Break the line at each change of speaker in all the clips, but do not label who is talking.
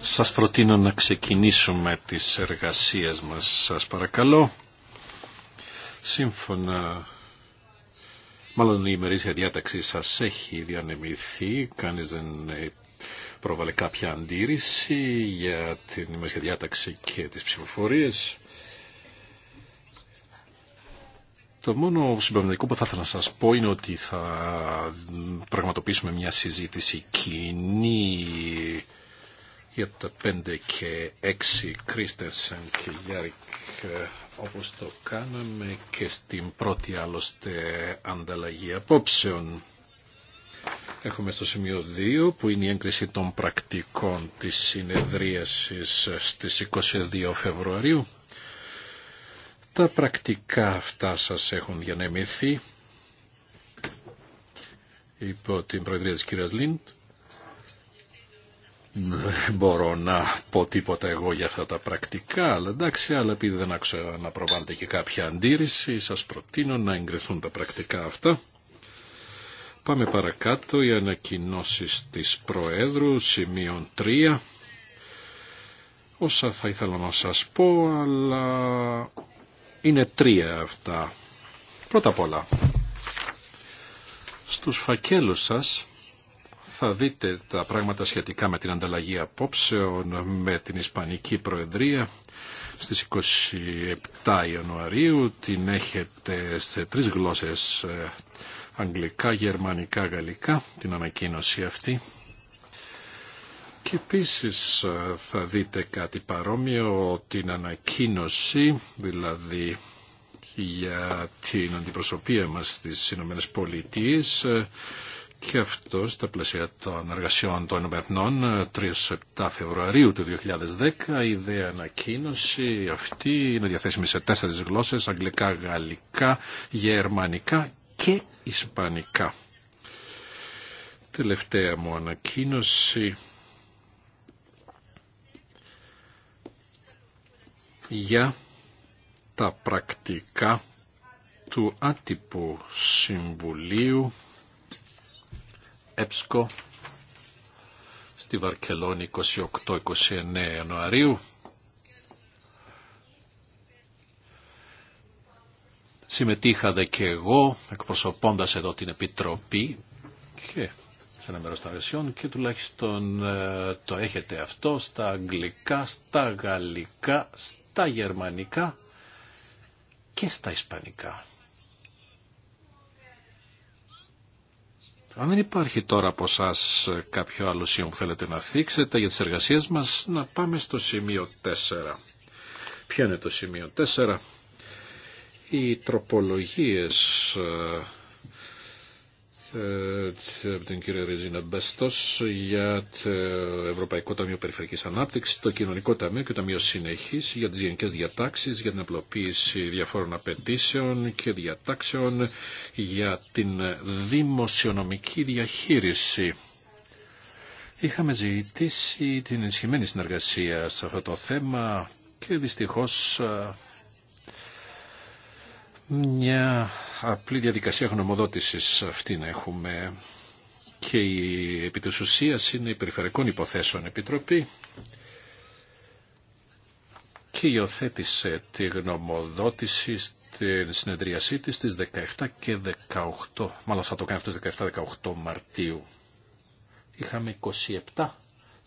Σας προτείνω να ξεκινήσουμε τις εργασίες μας, σας παρακαλώ. Σύμφωνα, μάλλον η ημερήσια διάταξη σας έχει διανεμηθεί, κανείς δεν πρόβαλε κάποια αντίρρηση για την ημερήσια διάταξη και τις ψηφοφορίες. Το μόνο συμπεριλαμβανικό που θα ήθελα να σας πω είναι ότι θα πραγματοποιήσουμε μια συζήτηση κοινή για τα 5 και 6 Κρίστερσεν και Γιάρικ όπως το κάναμε και στην πρώτη άλλωστε ανταλλαγή απόψεων. Έχουμε στο σημείο 2 που είναι η έγκριση των πρακτικών της συνεδρίασης στις 22 Φεβρουαρίου. Τα πρακτικά αυτά σας έχουν διανεμηθεί υπό την Προεδρία της κυρίας Λίντ. Μπορώ να πω τίποτα εγώ για αυτά τα πρακτικά, αλλά εντάξει, αλλά επειδή δεν άκουσα να προβάλλετε και κάποια αντίρρηση, σας προτείνω να εγκριθούν τα πρακτικά αυτά. Πάμε παρακάτω, οι ανακοινώσει της Προέδρου, σημείων 3. Όσα θα ήθελα να σας πω, αλλά είναι τρία αυτά. Πρώτα απ' όλα, στους φακέλους σας θα δείτε τα πράγματα σχετικά με την ανταλλαγή απόψεων με την Ισπανική Προεδρία στις 27 Ιανουαρίου. Την έχετε σε τρεις γλώσσες ε, αγγλικά, γερμανικά, γαλλικά, την ανακοίνωση αυτή. Και επίση ε, θα δείτε κάτι παρόμοιο, την ανακοίνωση, δηλαδή για την αντιπροσωπεία μας στις Ηνωμένες Πολιτείες ε, και αυτό στα πλαίσια των εργασιών των Εθνών 3-7 ε, Φεβρουαρίου του 2010 η ιδέα ανακοίνωση αυτή είναι διαθέσιμη σε τέσσερις γλώσσες αγγλικά, γαλλικά, γερμανικά και ισπανικά τελευταία μου ανακοίνωση για τα πρακτικά του άτυπου συμβουλίου ΕΠΣΚΟ στη Βαρκελόνη 28-29 Ιανουαρίου. Συμμετείχα δε και εγώ εκπροσωπώντας εδώ την Επιτροπή σε ένα μέρος των εργασιών και τουλάχιστον ε, το έχετε αυτό στα αγγλικά, στα γαλλικά, στα γερμανικά και στα ισπανικά. Αν δεν υπάρχει τώρα από εσά κάποιο άλλο σημείο που θέλετε να θίξετε για τις εργασίες μας, να πάμε στο σημείο 4. Ποιο είναι το σημείο 4? Οι τροπολογίες ε, από ε, την κυρία Ρεζίνα Μπεστός για το Ευρωπαϊκό Ταμείο Περιφερειακής Ανάπτυξης, το Κοινωνικό Ταμείο και το Ταμείο Συνεχή για τις γενικές διατάξεις, για την απλοποίηση διαφόρων απαιτήσεων και διατάξεων για την δημοσιονομική διαχείριση. Είχαμε ζητήσει την ενισχυμένη συνεργασία σε αυτό το θέμα και δυστυχώς ε, μια απλή διαδικασία γνωμοδότησης αυτή να έχουμε και η επί της ουσίας είναι η Περιφερειακών Υποθέσεων Επιτροπή και υιοθέτησε τη γνωμοδότηση στην συνεδρίασή της στις 17 και 18, μάλλον θα το κάνει 17-18 Μαρτίου. Είχαμε 27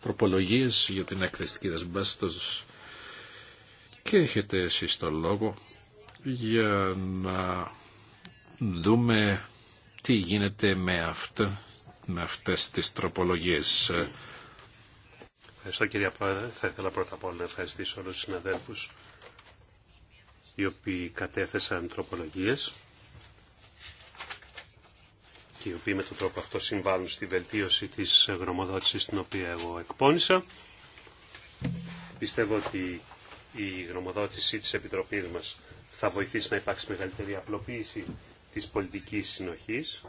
τροπολογίες για την έκθεση της κ. Μπάστος και έχετε εσείς το λόγο για να δούμε τι γίνεται με, αυτά, με αυτές τις τροπολογίες. Ευχαριστώ
κυρία Πρόεδρε. Θα ήθελα πρώτα απ' όλα να ευχαριστήσω όλους τους συναδέλφους οι οποίοι κατέθεσαν τροπολογίες και οι οποίοι με τον τρόπο αυτό συμβάλλουν στη βελτίωση της γνωμοδότησης την οποία εγώ εκπώνησα. Πιστεύω ότι η γνωμοδότηση της Επιτροπής μας θα βοηθήσει να υπάρξει μεγαλύτερη απλοποίηση της πολιτικής συνοχής,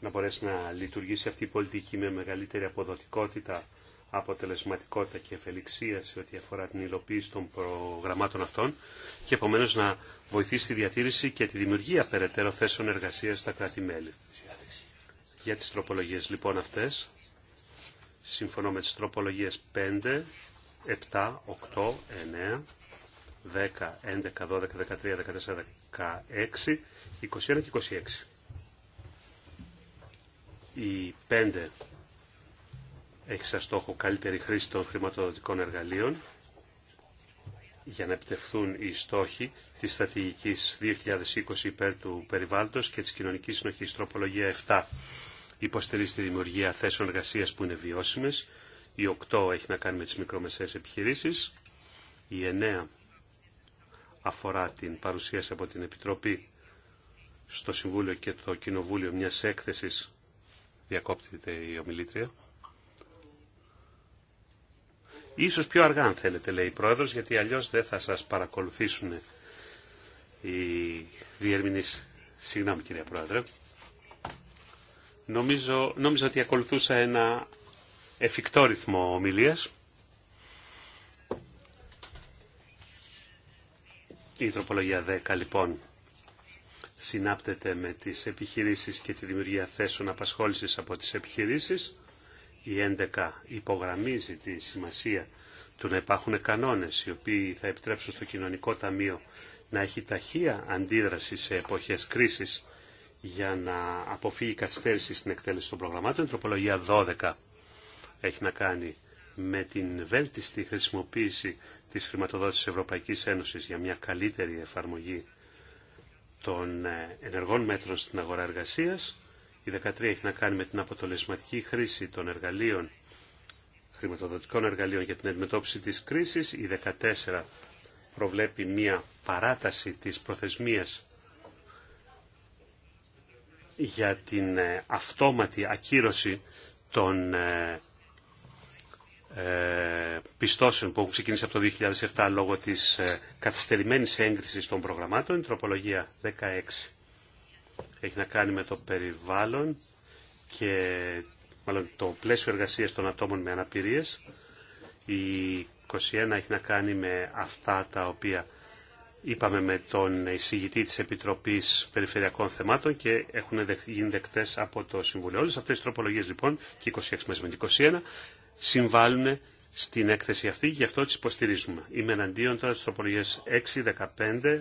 να μπορέσει να λειτουργήσει αυτή η πολιτική με μεγαλύτερη αποδοτικότητα, αποτελεσματικότητα και ευελιξία σε ό,τι αφορά την υλοποίηση των προγραμμάτων αυτών και επομένως να βοηθήσει τη διατήρηση και τη δημιουργία περαιτέρω θέσεων εργασίας στα κράτη-μέλη. Για τις τροπολογίες λοιπόν αυτές, συμφωνώ με τις τροπολογίες 5, 7, 8, 9, 10, 11, 12, 13, 14, 16, 21 και 26. Οι 5 έχει σαν στόχο καλύτερη χρήση των χρηματοδοτικών εργαλείων για να επιτευχθούν οι στόχοι της στρατηγικής 2020 υπέρ του περιβάλλοντος και της κοινωνικής συνοχής τροπολογία 7 υποστηρίζει τη δημιουργία θέσεων εργασίας που είναι βιώσιμες η 8 έχει να κάνει με τις μικρομεσαίες επιχειρήσεις η 9 αφορά την παρουσίαση από την Επιτροπή στο Συμβούλιο και το Κοινοβούλιο μιας έκθεσης διακόπτεται η ομιλήτρια. Ίσως πιο αργά αν θέλετε λέει η Πρόεδρος γιατί αλλιώς δεν θα σας παρακολουθήσουν οι διερμηνείς. Συγγνώμη κυρία Πρόεδρε. Νομίζω, νόμιζα ότι ακολουθούσα ένα εφικτό ρυθμό ομιλίας. Η τροπολογία 10 λοιπόν συνάπτεται με τις επιχειρήσεις και τη δημιουργία θέσεων απασχόλησης από τις επιχειρήσεις. Η 11 υπογραμμίζει τη σημασία του να υπάρχουν κανόνες οι οποίοι θα επιτρέψουν στο κοινωνικό ταμείο να έχει ταχεία αντίδραση σε εποχές κρίσης για να αποφύγει καθυστέρηση στην εκτέλεση των προγραμμάτων. Η τροπολογία 12 έχει να κάνει με την βέλτιστη χρησιμοποίηση της χρηματοδότησης Ευρωπαϊκής Ένωσης για μια καλύτερη εφαρμογή των ε, ενεργών μέτρων στην αγορά εργασίας. Η 13 έχει να κάνει με την αποτελεσματική χρήση των εργαλείων, χρηματοδοτικών εργαλείων για την αντιμετώπιση της κρίσης. Η 14 προβλέπει μια παράταση της προθεσμίας για την ε, αυτόματη ακύρωση των ε, ε, πιστώσεων που έχουν ξεκινήσει από το 2007 λόγω της ε, καθυστερημένης έγκρισης των προγραμμάτων. Η τροπολογία 16 έχει να κάνει με το περιβάλλον και μάλλον το πλαίσιο εργασίας των ατόμων με αναπηρίες. Η 21 έχει να κάνει με αυτά τα οποία είπαμε με τον εισηγητή της Επιτροπής Περιφερειακών Θεμάτων και έχουν γίνει δεκτές από το Συμβουλίο. Όλες αυτές οι τροπολογίες λοιπόν και 26 μαζί με 21 συμβάλλουν στην έκθεση αυτή, γι' αυτό τις υποστηρίζουμε. Είμαι εναντίον τώρα στις τροπολογίες 6, 15,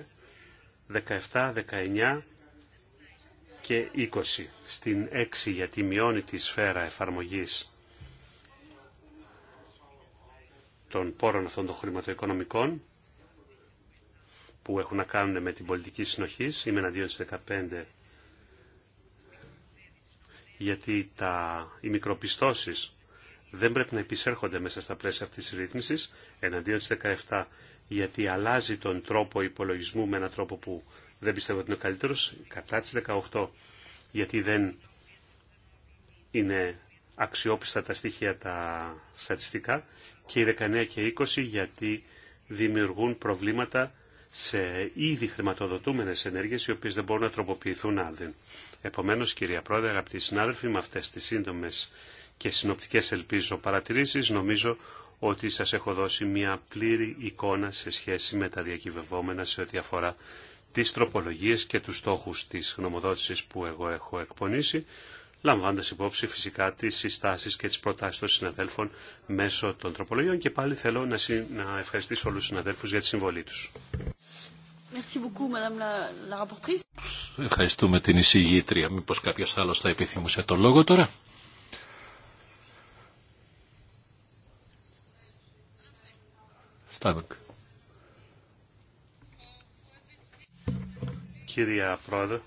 17, 19 και 20. Στην 6 γιατί μειώνει τη σφαίρα εφαρμογής των πόρων αυτών των χρηματοοικονομικών που έχουν να κάνουν με την πολιτική συνοχή. Είμαι εναντίον στις 15 γιατί τα, οι μικροπιστώσεις δεν πρέπει να επισέρχονται μέσα στα πλαίσια αυτής της ρύθμισης, εναντίον της 17, γιατί αλλάζει τον τρόπο υπολογισμού με έναν τρόπο που δεν πιστεύω ότι είναι ο καλύτερος, κατά της 18, γιατί δεν είναι αξιόπιστα τα στοιχεία τα στατιστικά, και η 19 και 20 γιατί δημιουργούν προβλήματα σε ήδη χρηματοδοτούμενες ενέργειες οι οποίες δεν μπορούν να τροποποιηθούν άρδιν. Επομένως, κυρία Πρόεδρε, αγαπητοί συνάδελφοι, με αυτές τις σύντομες και συνοπτικές ελπίζω παρατηρήσεις. Νομίζω ότι σας έχω δώσει μια πλήρη εικόνα σε σχέση με τα διακυβευόμενα σε ό,τι αφορά τις τροπολογίες και τους στόχους της γνωμοδότησης που εγώ έχω εκπονήσει, λαμβάνοντας υπόψη φυσικά τις συστάσεις και τις προτάσεις των συναδέλφων μέσω των τροπολογιών και πάλι θέλω να, συ... να ευχαριστήσω όλους τους συναδέλφους για τη συμβολή τους.
Ευχαριστούμε την εισηγήτρια. Μήπως κάποιος άλλος θα επιθυμούσε το λόγο τώρα.
Κυρία Πρόεδρε,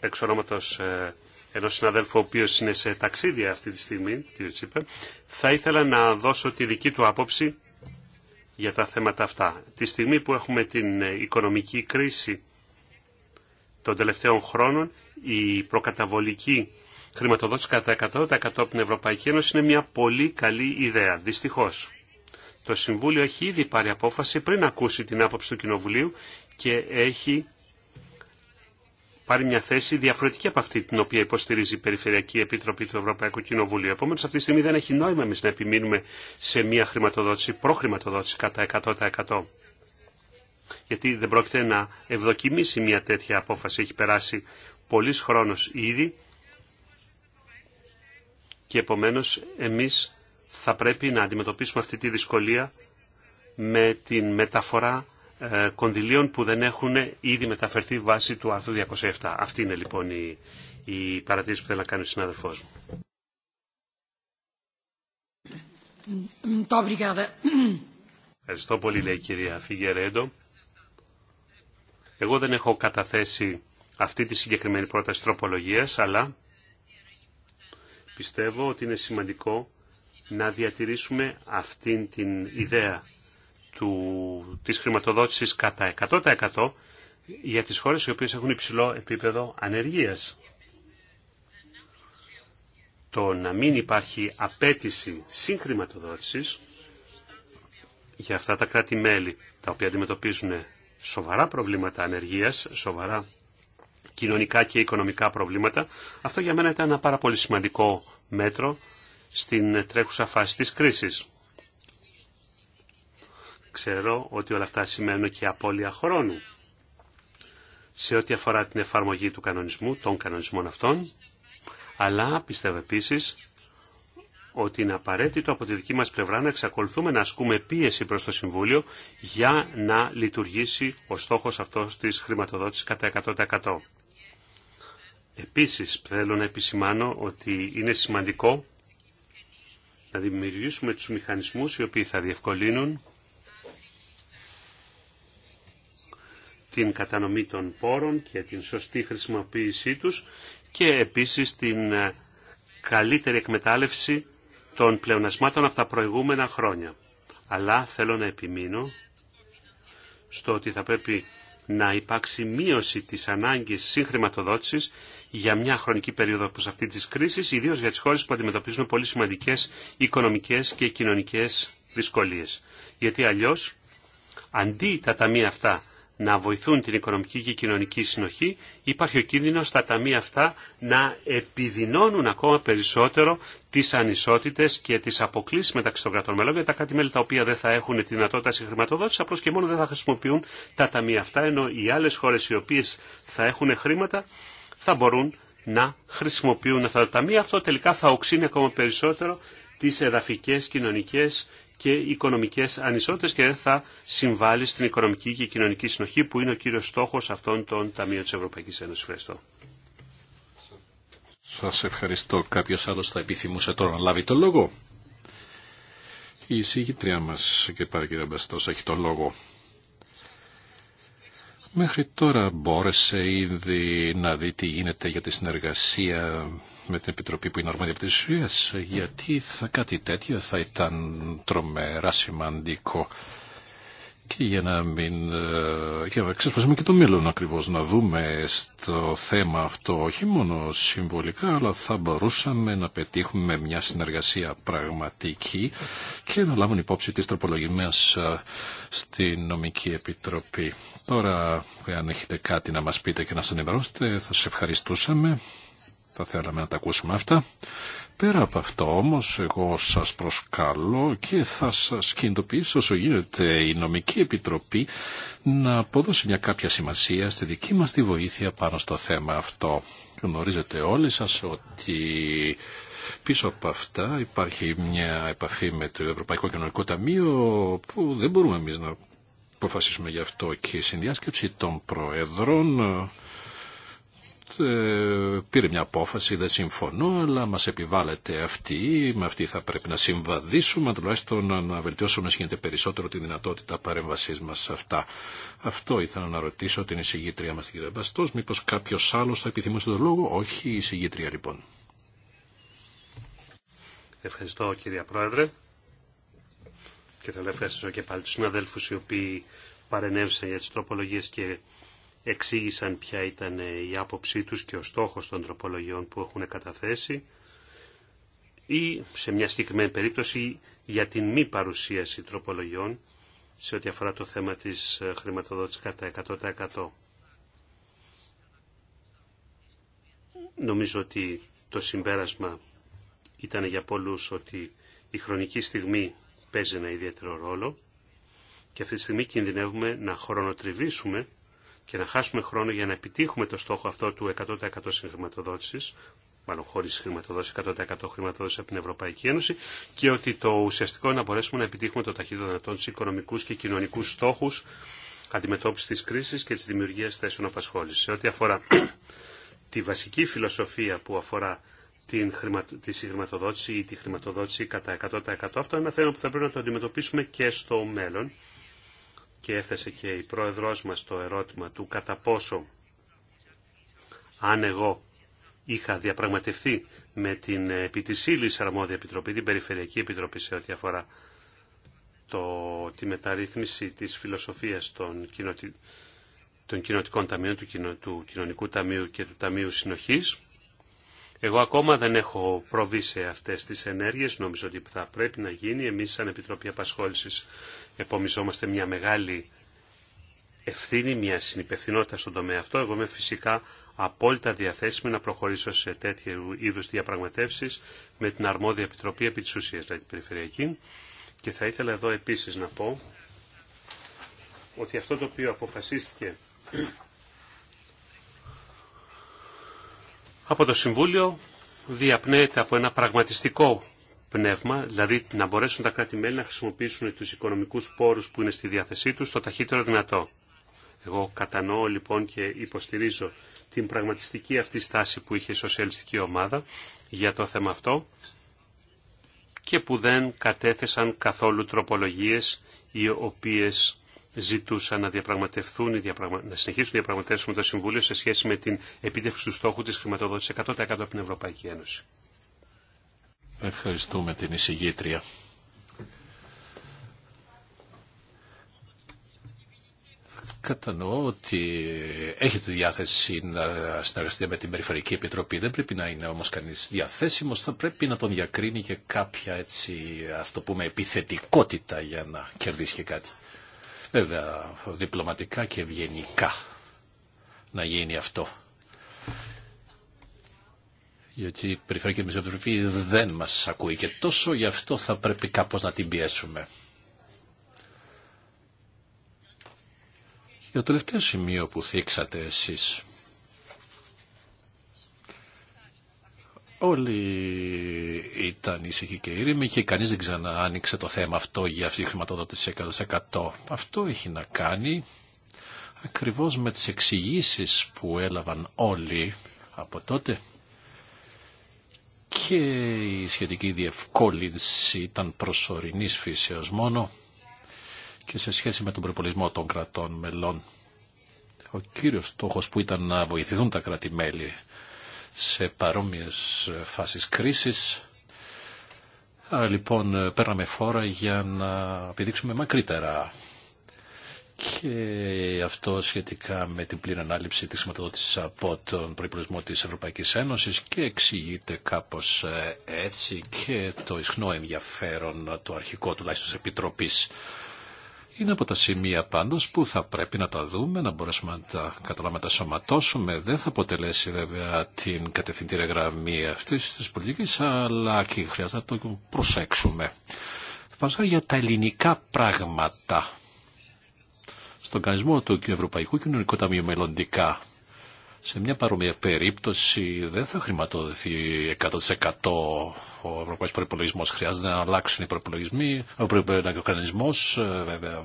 εξ ονόματος ε, ενός συναδέλφου ο οποίος είναι σε ταξίδια αυτή τη στιγμή, κύριε Τσίπε, θα ήθελα να δώσω τη δική του άποψη για τα θέματα αυτά. Τη στιγμή που έχουμε την ε, οικονομική κρίση των τελευταίων χρόνων, η προκαταβολική χρηματοδότηση κατά 100% από την Ευρωπαϊκή Ένωση είναι μια πολύ καλή ιδέα, δυστυχώς. Το Συμβούλιο έχει ήδη πάρει απόφαση πριν ακούσει την άποψη του Κοινοβουλίου και έχει πάρει μια θέση διαφορετική από αυτή την οποία υποστηρίζει η Περιφερειακή Επιτροπή του Ευρωπαϊκού Κοινοβουλίου. Επομένω, αυτή τη στιγμή δεν έχει νόημα εμεί να επιμείνουμε σε μια χρηματοδότηση, προχρηματοδότηση κατά 100%. Γιατί δεν πρόκειται να ευδοκιμήσει μια τέτοια απόφαση. Έχει περάσει πολλής χρόνος ήδη και επομένως εμείς θα πρέπει να αντιμετωπίσουμε αυτή τη δυσκολία με την μεταφορά ε, κονδυλίων που δεν έχουν ήδη μεταφερθεί βάσει του άρθρου 207. Αυτή είναι λοιπόν η, η παρατήρηση που θέλω να κάνει ο συνάδελφός μου. Ευχαριστώ πολύ, λέει η κυρία Φιγερέντο. Εγώ δεν έχω καταθέσει αυτή τη συγκεκριμένη πρόταση τροπολογίας, αλλά πιστεύω ότι είναι σημαντικό να διατηρήσουμε αυτήν την ιδέα του, της χρηματοδότησης κατά 100% για τις χώρες οι οποίες έχουν υψηλό επίπεδο ανεργίας. Το να μην υπάρχει απέτηση συγχρηματοδότησης για αυτά τα κράτη-μέλη τα οποία αντιμετωπίζουν σοβαρά προβλήματα ανεργίας, σοβαρά κοινωνικά και οικονομικά προβλήματα. Αυτό για μένα ήταν ένα πάρα πολύ σημαντικό μέτρο στην τρέχουσα φάση της κρίσης. Ξέρω ότι όλα αυτά σημαίνουν και απώλεια χρόνου. Σε ό,τι αφορά την εφαρμογή του κανονισμού, των κανονισμών αυτών, αλλά πιστεύω επίσης ότι είναι απαραίτητο από τη δική μας πλευρά να εξακολουθούμε να ασκούμε πίεση προς το Συμβούλιο για να λειτουργήσει ο στόχος αυτός της χρηματοδότησης κατά 100%. Επίσης θέλω να επισημάνω ότι είναι σημαντικό να δημιουργήσουμε τους μηχανισμούς οι οποίοι θα διευκολύνουν την κατανομή των πόρων και την σωστή χρησιμοποίησή τους και επίσης την ε, καλύτερη εκμετάλλευση των πλεονασμάτων από τα προηγούμενα χρόνια. Αλλά θέλω να επιμείνω στο ότι θα πρέπει να υπάρξει μείωση της ανάγκης συγχρηματοδότησης για μια χρονική περίοδο όπως αυτή της κρίσης, ιδίως για τις χώρες που αντιμετωπίζουν πολύ σημαντικές οικονομικές και κοινωνικές δυσκολίες. Γιατί αλλιώς, αντί τα ταμεία αυτά να βοηθούν την οικονομική και κοινωνική συνοχή, υπάρχει ο κίνδυνος τα ταμεία αυτά να επιδεινώνουν ακόμα περισσότερο τις ανισότητες και τις αποκλήσεις μεταξύ των κρατών μελών για τα κάτι μέλη τα οποία δεν θα έχουν τη δυνατότητα συγχρηματοδότηση, απλώς και μόνο δεν θα χρησιμοποιούν τα ταμεία αυτά, ενώ οι άλλες χώρες οι οποίες θα έχουν χρήματα θα μπορούν να χρησιμοποιούν αυτά τα ταμεία. Αυτό τελικά θα οξύνει ακόμα περισσότερο τις εδαφικές, κοινωνικές και οικονομικές ανισότητες και δεν θα συμβάλλει στην οικονομική και κοινωνική συνοχή που είναι ο κύριος στόχος αυτών των Ταμείων της Ευρωπαϊκής Ένωσης. Ευχαριστώ.
Σας ευχαριστώ. Κάποιος άλλος θα επιθυμούσε τώρα να λάβει το λόγο. Η εισηγητριά μας και πάρα κύριε Μπαστός έχει το λόγο. Μέχρι τώρα μπόρεσε ήδη να δει τι γίνεται για τη συνεργασία με την Επιτροπή που είναι ορμόδια από τις γιατί θα κάτι τέτοιο θα ήταν τρομερά σημαντικό και για να μην ε, και να ξεσπάσουμε και το μέλλον ακριβώς, να δούμε στο θέμα αυτό όχι μόνο συμβολικά, αλλά θα μπορούσαμε να πετύχουμε μια συνεργασία πραγματική και να λάβουν υπόψη τις τροπολογίες ε, στην Νομική Επιτροπή. Τώρα, αν έχετε κάτι να μας πείτε και να σας ενημερώσετε, θα σας ευχαριστούσαμε. Θα θέλαμε να τα ακούσουμε αυτά. Πέρα από αυτό όμως εγώ σας προσκαλώ και θα σας κινητοποιήσω όσο γίνεται η Νομική Επιτροπή να αποδώσει μια κάποια σημασία στη δική μας τη βοήθεια πάνω στο θέμα αυτό. Γνωρίζετε όλοι σας ότι πίσω από αυτά υπάρχει μια επαφή με το Ευρωπαϊκό Κοινωνικό Ταμείο που δεν μπορούμε εμείς να αποφασίσουμε γι' αυτό και η συνδιάσκεψη των Προεδρών ε, πήρε μια απόφαση, δεν συμφωνώ, αλλά μας επιβάλλεται αυτή, με αυτή θα πρέπει να συμβαδίσουμε, τουλάχιστον να βελτιώσουμε να γίνεται περισσότερο τη δυνατότητα παρέμβασής μας σε αυτά. Αυτό ήθελα να ρωτήσω την εισηγήτρια μας την κυρία Μπαστός, μήπως κάποιος άλλος θα επιθυμούσε τον λόγο, όχι η εισηγήτρια λοιπόν.
Ευχαριστώ κυρία Πρόεδρε και θα ευχαριστήσω και πάλι τους συναδέλφους οι οποίοι παρενέβησαν για τις τροπολογίες και εξήγησαν ποια ήταν η άποψή τους και ο στόχος των τροπολογιών που έχουν καταθέσει ή σε μια συγκεκριμένη περίπτωση για την μη παρουσίαση τροπολογιών σε ό,τι αφορά το θέμα της ε, χρηματοδότησης κατά 100%. Νομίζω ότι το συμπέρασμα ήταν για πολλούς ότι η χρονική στιγμή παίζει ένα ιδιαίτερο ρόλο και αυτή τη στιγμή κινδυνεύουμε να χρονοτριβήσουμε και να χάσουμε χρόνο για να επιτύχουμε το στόχο αυτό του 100% συγχρηματοδότησης, μάλλον χωρίς χρηματοδότηση, 100% χρηματοδότηση από την Ευρωπαϊκή Ένωση και ότι το ουσιαστικό είναι να μπορέσουμε να επιτύχουμε το ταχύτερο δυνατόν του οικονομικούς και κοινωνικούς στόχους αντιμετώπιση της κρίσης και της δημιουργίας θέσεων απασχόλησης. Σε ό,τι αφορά τη βασική φιλοσοφία που αφορά την τη συγχρηματοδότηση ή τη χρηματοδότηση κατά 100% αυτό είναι ένα θέμα που θα πρέπει να το αντιμετωπίσουμε και στο μέλλον και έθεσε και η πρόεδρός μας το ερώτημα του κατά πόσο αν εγώ είχα διαπραγματευτεί με την ε, Επιτησίλη αρμόδια επιτροπή, την Περιφερειακή Επιτροπή σε ό,τι αφορά το, τη μεταρρύθμιση της φιλοσοφίας των, κοινοτικών των ταμείων, του, του Κοινωνικού Ταμείου και του Ταμείου Συνοχής. Εγώ ακόμα δεν έχω προβεί σε αυτές τις ενέργειες, νομίζω ότι θα πρέπει να γίνει. Εμείς σαν Επιτροπή Απασχόλησης επομιζόμαστε μια μεγάλη ευθύνη, μια συνυπευθυνότητα στον τομέα αυτό. Εγώ είμαι φυσικά απόλυτα διαθέσιμη να προχωρήσω σε τέτοιου είδους διαπραγματεύσεις με την αρμόδια Επιτροπή επί της ουσίας, δηλαδή Περιφερειακή. Και θα ήθελα εδώ επίσης να πω ότι αυτό το οποίο αποφασίστηκε από το Συμβούλιο διαπνέεται από ένα πραγματιστικό πνεύμα, δηλαδή να μπορέσουν τα κράτη-μέλη να χρησιμοποιήσουν τους οικονομικούς πόρους που είναι στη διάθεσή τους το ταχύτερο δυνατό. Εγώ κατανοώ λοιπόν και υποστηρίζω την πραγματιστική αυτή στάση που είχε η σοσιαλιστική ομάδα για το θέμα αυτό και που δεν κατέθεσαν καθόλου τροπολογίες οι οποίες ζητούσαν να, διαπραγματευθούν, να συνεχίσουν διαπραγματεύσεις με το Συμβούλιο σε σχέση με την επίτευξη του στόχου της χρηματοδότησης 100% από την Ευρωπαϊκή Ένωση.
Ευχαριστούμε την εισηγήτρια. Κατανοώ ότι έχετε διάθεση να συνεργαστείτε με την Περιφερειακή Επιτροπή. Δεν πρέπει να είναι όμως κανείς διαθέσιμος. Θα πρέπει να τον διακρίνει και κάποια έτσι, ας το πούμε, επιθετικότητα για να κερδίσει και κάτι βέβαια διπλωματικά και ευγενικά να γίνει αυτό. Γιατί η Περιφερειακή Μισοτροφή δεν μας ακούει και τόσο γι' αυτό θα πρέπει κάπως να την πιέσουμε. Για το τελευταίο σημείο που θίξατε εσείς, Όλοι ήταν ήσυχοι και ήρεμοι και κανεί δεν ξανά άνοιξε το θέμα αυτό για αυτή τη χρηματοδότηση 100%. Αυτό έχει να κάνει ακριβώ με τι εξηγήσει που έλαβαν όλοι από τότε και η σχετική διευκόλυνση ήταν προσωρινή φύσεως μόνο και σε σχέση με τον προπολισμό των κρατών μελών. Ο κύριος στόχος που ήταν να βοηθηθούν τα κράτη-μέλη σε παρόμοιες φάσεις κρίσης. λοιπόν παίρναμε φόρα για να επιδείξουμε μακρύτερα και αυτό σχετικά με την πλήρη ανάληψη της χρηματοδότησης από τον προϋπολογισμό της Ευρωπαϊκής Ένωσης και εξηγείται κάπως ε, έτσι και το ισχνό ενδιαφέρον το αρχικό τουλάχιστον της Επιτροπής. Είναι από τα σημεία πάντως που θα πρέπει να τα δούμε, να μπορέσουμε να τα καταλάβουμε, να τα σωματώσουμε. Δεν θα αποτελέσει βέβαια την κατευθυντήρια γραμμή αυτής της πολιτικής, αλλά και χρειάζεται να το προσέξουμε. Θα πάμε για τα ελληνικά πράγματα στον κανονισμό του Ευρωπαϊκού Κοινωνικού Ταμείου μελλοντικά σε μια παρόμοια περίπτωση δεν θα χρηματοδοθεί 100% ο ευρωπαϊκό προπολογισμό. Χρειάζεται να αλλάξουν οι προπολογισμοί, ο προϋπολογισμός ε, βέβαια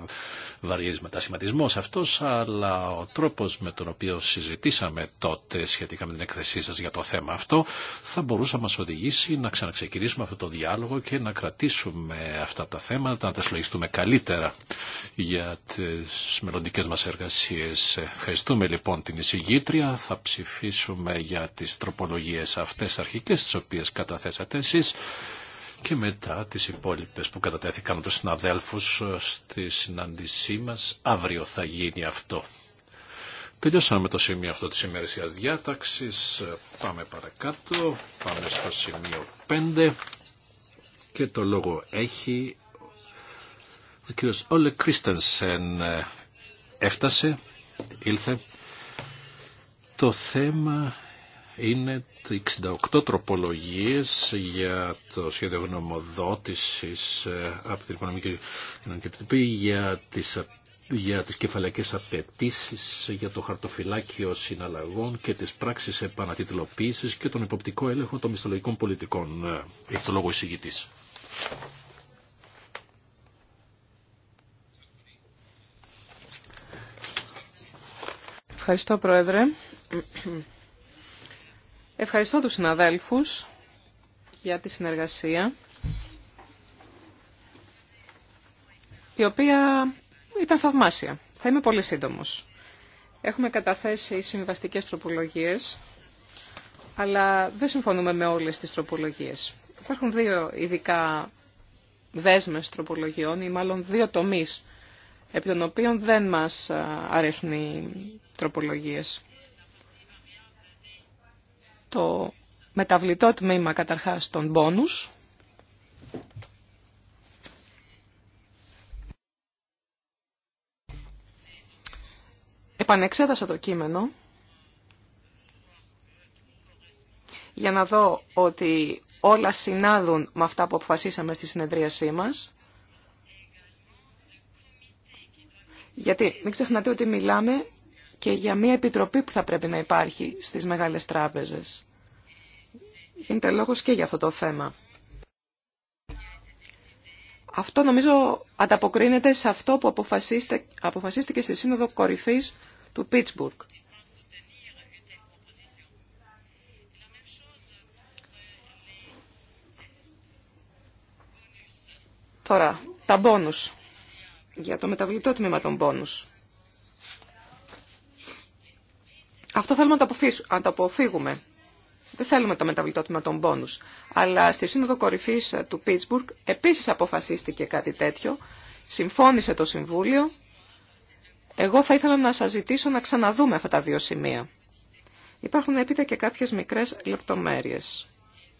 βαριέ μετασχηματισμό αυτό, αλλά ο τρόπο με τον οποίο συζητήσαμε τότε σχετικά με την έκθεσή σα για το θέμα αυτό θα μπορούσε να μα οδηγήσει να ξαναξεκινήσουμε αυτό το διάλογο και να κρατήσουμε αυτά τα θέματα, να τα συλλογιστούμε καλύτερα για τι μελλοντικέ μα εργασίε. Ευχαριστούμε λοιπόν την εισηγήτρια θα ψηφίσουμε για τις τροπολογίες αυτές αρχικές τις οποίες καταθέσατε εσείς και μετά τις υπόλοιπες που κατατέθηκαν τους συναδέλφους ε, στη συνάντησή μας. Αύριο θα γίνει αυτό. Τελειώσαμε το σημείο αυτό της ημερησίας διάταξης. Ε, πάμε παρακάτω. Πάμε στο σημείο 5. Και το λόγο έχει ο κύριος Όλε Κρίστενσεν. Ε, έφτασε, ήλθε το θέμα είναι 68 τροπολογίες για το σχέδιο γνωμοδότησης ε, από την Οικονομική Κοινωνική Τυπή για τις για τις κεφαλαϊκές απαιτήσει, για το χαρτοφυλάκιο συναλλαγών και τις πράξεις επανατιτλοποίησης και τον υποπτικό έλεγχο των μισθολογικών πολιτικών. Ε, έχει το λόγο εισηγητής.
Ευχαριστώ Πρόεδρε. Ευχαριστώ τους συναδέλφους για τη συνεργασία, η οποία ήταν θαυμάσια. Θα είμαι πολύ σύντομος. Έχουμε καταθέσει συμβαστικές τροπολογίες, αλλά δεν συμφωνούμε με όλες τις τροπολογίες. Υπάρχουν δύο ειδικά δέσμες τροπολογιών ή μάλλον δύο τομείς επί των οποίων δεν μας αρέσουν οι τροπολογίες το μεταβλητό τμήμα καταρχάς των πόνους. Επανεξέτασα το κείμενο για να δω ότι όλα συνάδουν με αυτά που αποφασίσαμε στη συνεδρίασή μας. Γιατί μην ξεχνάτε ότι μιλάμε και για μια επιτροπή που θα πρέπει να υπάρχει στις μεγάλες τράπεζες. Γίνεται λόγος και για αυτό το θέμα. Αυτό νομίζω ανταποκρίνεται σε αυτό που αποφασίστηκε στη Σύνοδο Κορυφής του Πίτσμπουργκ. Τώρα, τα μπόνους. Για το μεταβλητό τμήμα των μπόνους. Αυτό θέλουμε να το αποφύγουμε. Δεν θέλουμε το μεταβλητό των πόνους. Αλλά στη Σύνοδο Κορυφής ε, του Πίτσμπουργκ επίσης αποφασίστηκε κάτι τέτοιο. Συμφώνησε το Συμβούλιο. Εγώ θα ήθελα να σας ζητήσω να ξαναδούμε αυτά τα δύο σημεία. Υπάρχουν έπειτα και κάποιες μικρές λεπτομέρειες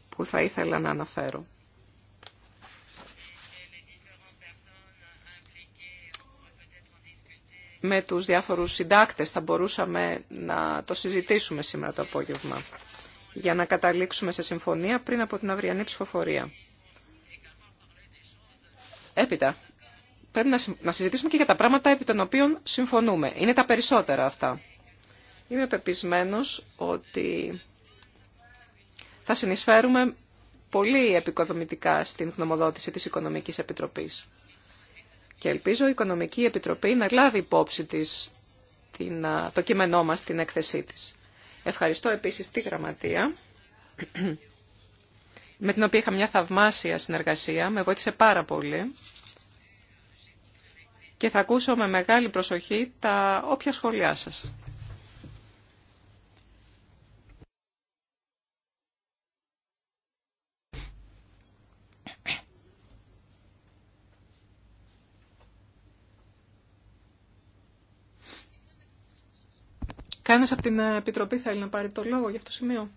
που θα ήθελα να αναφέρω. με τους διάφορους συντάκτες θα μπορούσαμε να το συζητήσουμε σήμερα το απόγευμα για να καταλήξουμε σε συμφωνία πριν από την αυριανή ψηφοφορία. Έπειτα, πρέπει να συζητήσουμε και για τα πράγματα επί των οποίων συμφωνούμε. Είναι τα περισσότερα αυτά. Είμαι πεπισμένος ότι θα συνεισφέρουμε πολύ επικοδομητικά στην γνωμοδότηση της Οικονομικής Επιτροπής. Και ελπίζω η Οικονομική Επιτροπή να λάβει υπόψη της την, το κείμενό μας, την έκθεσή της. Ευχαριστώ επίσης τη Γραμματεία, με την οποία είχα μια θαυμάσια συνεργασία, με βοήθησε πάρα πολύ και θα ακούσω με μεγάλη προσοχή τα όποια σχόλιά σας. Κανένας από την ε, Επιτροπή θέλει να πάρει το λόγο για αυτό το σημείο.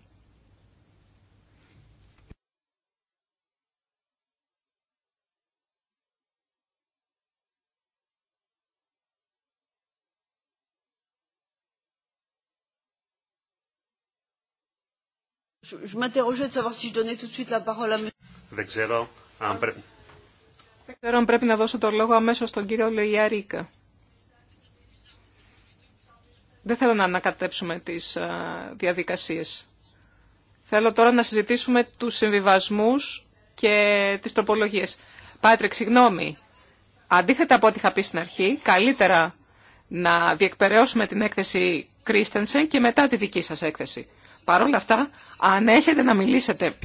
Δεν ξέρω αν
πρέπει... να δώσω το λόγο αμέσως στον κύριο Λεϊάρικα. Δεν θέλω να ανακατέψουμε τις διαδικασίες. Θέλω τώρα να συζητήσουμε τους συμβιβασμούς και τις τροπολογίες. Πάτρικ, συγγνώμη. Αντίθετα από ό,τι είχα πει στην αρχή, καλύτερα να διεκπαιρεώσουμε την έκθεση Κρίστενσεν και μετά τη δική σας έκθεση. Παρ' όλα αυτά, αν έχετε να μιλήσετε,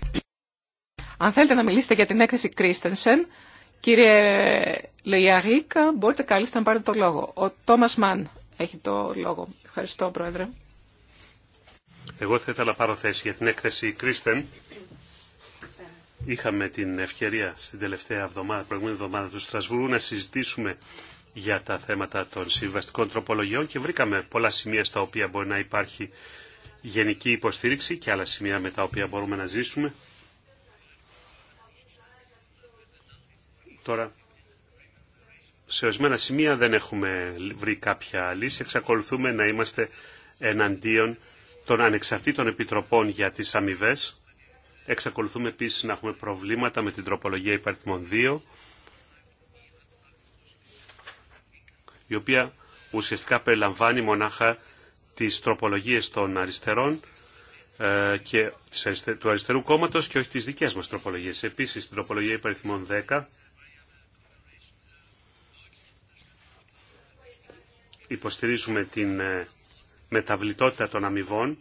αν θέλετε να μιλήσετε για την έκθεση Κρίστενσεν, κύριε Λεγιαρίκα, μπορείτε καλύτερα να πάρετε το λόγο. Ο Τόμας Μαν έχει το λόγο. Ευχαριστώ, Πρόεδρε.
Εγώ θα ήθελα να πάρω θέση για την έκθεση Κρίστεν. Είχαμε την ευκαιρία στην τελευταία εβδομάδα, προηγούμενη εβδομάδα του Στρασβούργου να συζητήσουμε για τα θέματα των συμβαστικών τροπολογιών και βρήκαμε πολλά σημεία στα οποία μπορεί να υπάρχει γενική υποστήριξη και άλλα σημεία με τα οποία μπορούμε να ζήσουμε. Τώρα, σε ορισμένα σημεία δεν έχουμε βρει κάποια λύση. Εξακολουθούμε να είμαστε εναντίον των ανεξαρτήτων επιτροπών για τις αμοιβέ. Εξακολουθούμε επίσης να έχουμε προβλήματα με την τροπολογία υπαριθμών 2, η οποία ουσιαστικά περιλαμβάνει μονάχα τις τροπολογίες των αριστερών ε, και του αριστερού κόμματος και όχι τις δικές μας τροπολογίες. Επίσης, στην τροπολογία υπαριθμών 10, υποστηρίζουμε την ε, μεταβλητότητα των αμοιβών.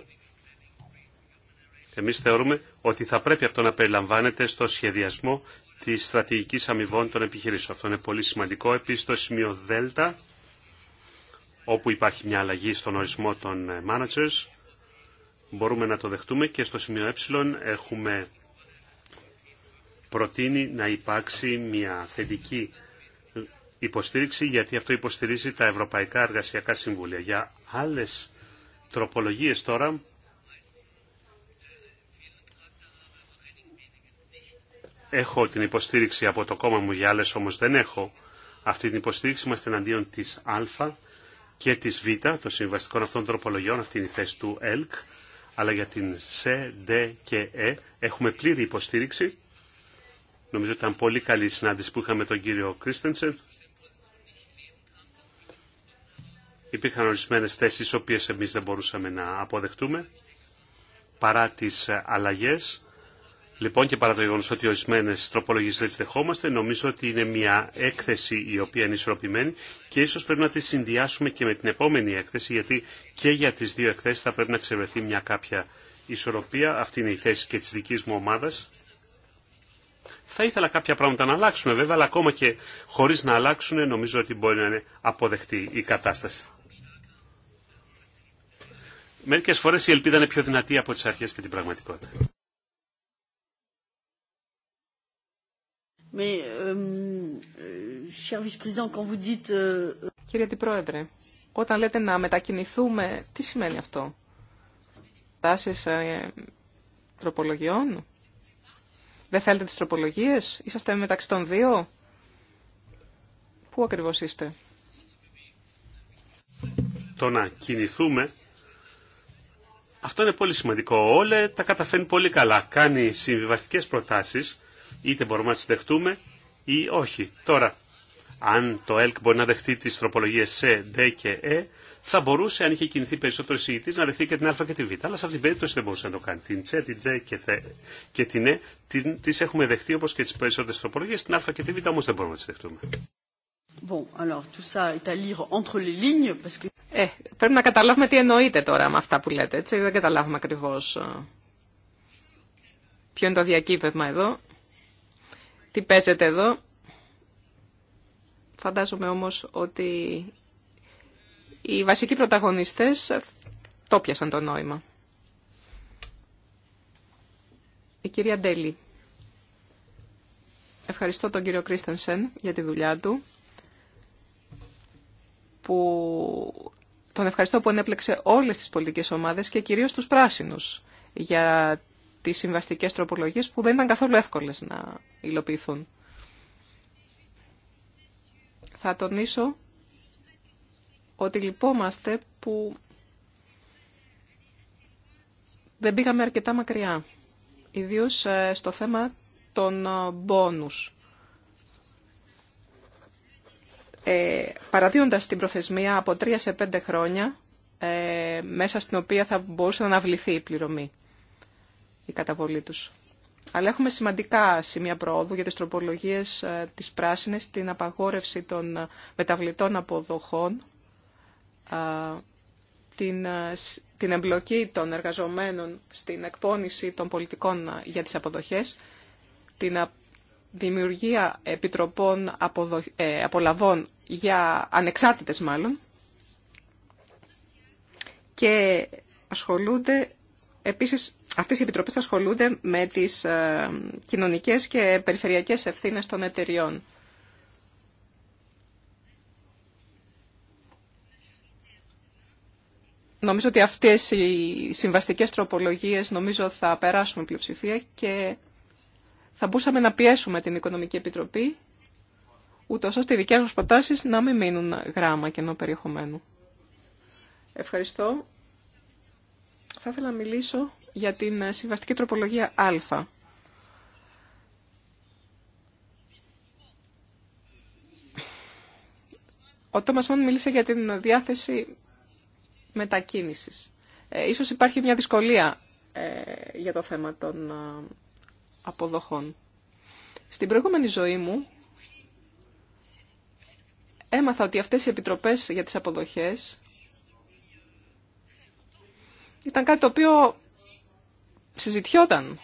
Εμείς θεωρούμε ότι θα πρέπει αυτό να περιλαμβάνεται στο σχεδιασμό της στρατηγικής αμοιβών των επιχειρήσεων. Αυτό είναι πολύ σημαντικό. Επίσης το σημείο Δέλτα, όπου υπάρχει μια αλλαγή στον ορισμό των ε, managers, μπορούμε να το δεχτούμε και στο σημείο ε έχουμε προτείνει να υπάρξει μια θετική υποστήριξη γιατί αυτό υποστηρίζει τα Ευρωπαϊκά Εργασιακά Συμβούλια. Για άλλες τροπολογίες τώρα έχω την υποστήριξη από το κόμμα μου για άλλες όμως δεν έχω αυτή την υποστήριξη Είμαστε εναντίον της Α και της Β των συμβαστικών αυτών τροπολογιών αυτή είναι η θέση του ΕΛΚ αλλά για την Σ, Δ και Ε έχουμε πλήρη υποστήριξη Νομίζω ήταν πολύ καλή η συνάντηση που είχαμε τον κύριο Κρίστενσεν Υπήρχαν ορισμένες θέσεις, οι οποίες εμείς δεν μπορούσαμε να αποδεχτούμε, παρά τις αλλαγές. Λοιπόν και παρά το γεγονό ότι ορισμένε τροπολογίε δεν τι δεχόμαστε, νομίζω ότι είναι μια έκθεση η οποία είναι ισορροπημένη και ίσω πρέπει να τη συνδυάσουμε και με την επόμενη έκθεση, γιατί και για τι δύο εκθέσει θα πρέπει να ξεβρεθεί μια κάποια ισορροπία. Αυτή είναι η θέση και τη δική μου ομάδα. Θα ήθελα κάποια πράγματα να αλλάξουμε, βέβαια, αλλά ακόμα και χωρί να αλλάξουν νομίζω ότι μπορεί να είναι αποδεκτή η κατάσταση μερικές φορέ η ελπίδα είναι πιο δυνατή από τι αρχέ και την πραγματικότητα.
Euh, euh, Κύριε την όταν λέτε να μετακινηθούμε, τι σημαίνει αυτό. τάσει ε, τροπολογιών. Δεν θέλετε τι τροπολογίε. Είσαστε μεταξύ των δύο. Πού ακριβώ είστε.
Το να κινηθούμε αυτό είναι πολύ σημαντικό. Όλε τα καταφέρνει πολύ καλά. Κάνει συμβιβαστικέ προτάσει, είτε μπορούμε να τι δεχτούμε ή όχι. Τώρα, αν το ΕΛΚ μπορεί να δεχτεί τι τροπολογίε C, D και Ε, θα μπορούσε, αν είχε κινηθεί περισσότερο εισηγητή, να δεχτεί και την Α και την Β. Αλλά σε αυτήν την περίπτωση δεν μπορούσε να το κάνει. Την C, την Τζ και, τε, και την Ε, e, τι έχουμε δεχτεί όπω και τι περισσότερε τροπολογίε. Την Α και την Β όμω δεν μπορούμε να τι δεχτούμε
ε, πρέπει να καταλάβουμε τι εννοείται τώρα με αυτά που λέτε, έτσι, δεν καταλάβουμε ακριβώ ε, ποιο είναι το διακύβευμα εδώ, τι παίζεται εδώ. Φαντάζομαι όμως ότι οι βασικοί πρωταγωνιστές το πιασαν το νόημα. Η κυρία Ντέλη. Ευχαριστώ τον κύριο Κρίστενσεν για τη δουλειά του που τον ευχαριστώ που ενέπλεξε όλες τις πολιτικές ομάδες και κυρίως τους πράσινους για τις συμβαστικές τροπολογίες που δεν ήταν καθόλου εύκολες να υλοποιηθούν. Θα τονίσω ότι λυπόμαστε που δεν πήγαμε αρκετά μακριά, ιδίως ε, στο θέμα των ε, μπόνους ε, την προθεσμία από τρία σε πέντε χρόνια ε, μέσα στην οποία θα μπορούσε να αναβληθεί η πληρωμή, η καταβολή τους. Αλλά έχουμε σημαντικά σημεία πρόοδου για τις τροπολογίες ε, της πράσινης, την απαγόρευση των μεταβλητών αποδοχών, ε, την, την εμπλοκή των εργαζομένων στην εκπόνηση των πολιτικών για τις αποδοχές, την δημιουργία επιτροπών ε, απολαβών για ανεξάρτητες μάλλον και ασχολούνται επίσης αυτές οι επιτροπές ασχολούνται με τις ε, κοινωνικές και περιφερειακές ευθύνες των εταιριών. Νομίζω ότι αυτές οι συμβαστικές τροπολογίες νομίζω θα περάσουν πλειοψηφία και θα μπορούσαμε να πιέσουμε την Οικονομική Επιτροπή, ούτω ώστε οι δικέ μα προτάσει να μην μείνουν γράμμα κενό περιεχομένου. Ευχαριστώ. Θα ήθελα να μιλήσω για την συμβαστική τροπολογία Α. Ο Τόμας Μάν μίλησε για την διάθεση μετακίνησης. Ε, ίσως υπάρχει μια δυσκολία ε, για το θέμα των αποδοχών. Στην προηγούμενη ζωή μου έμαθα ότι αυτές οι επιτροπές για τις αποδοχές ήταν κάτι το οποίο συζητιόταν.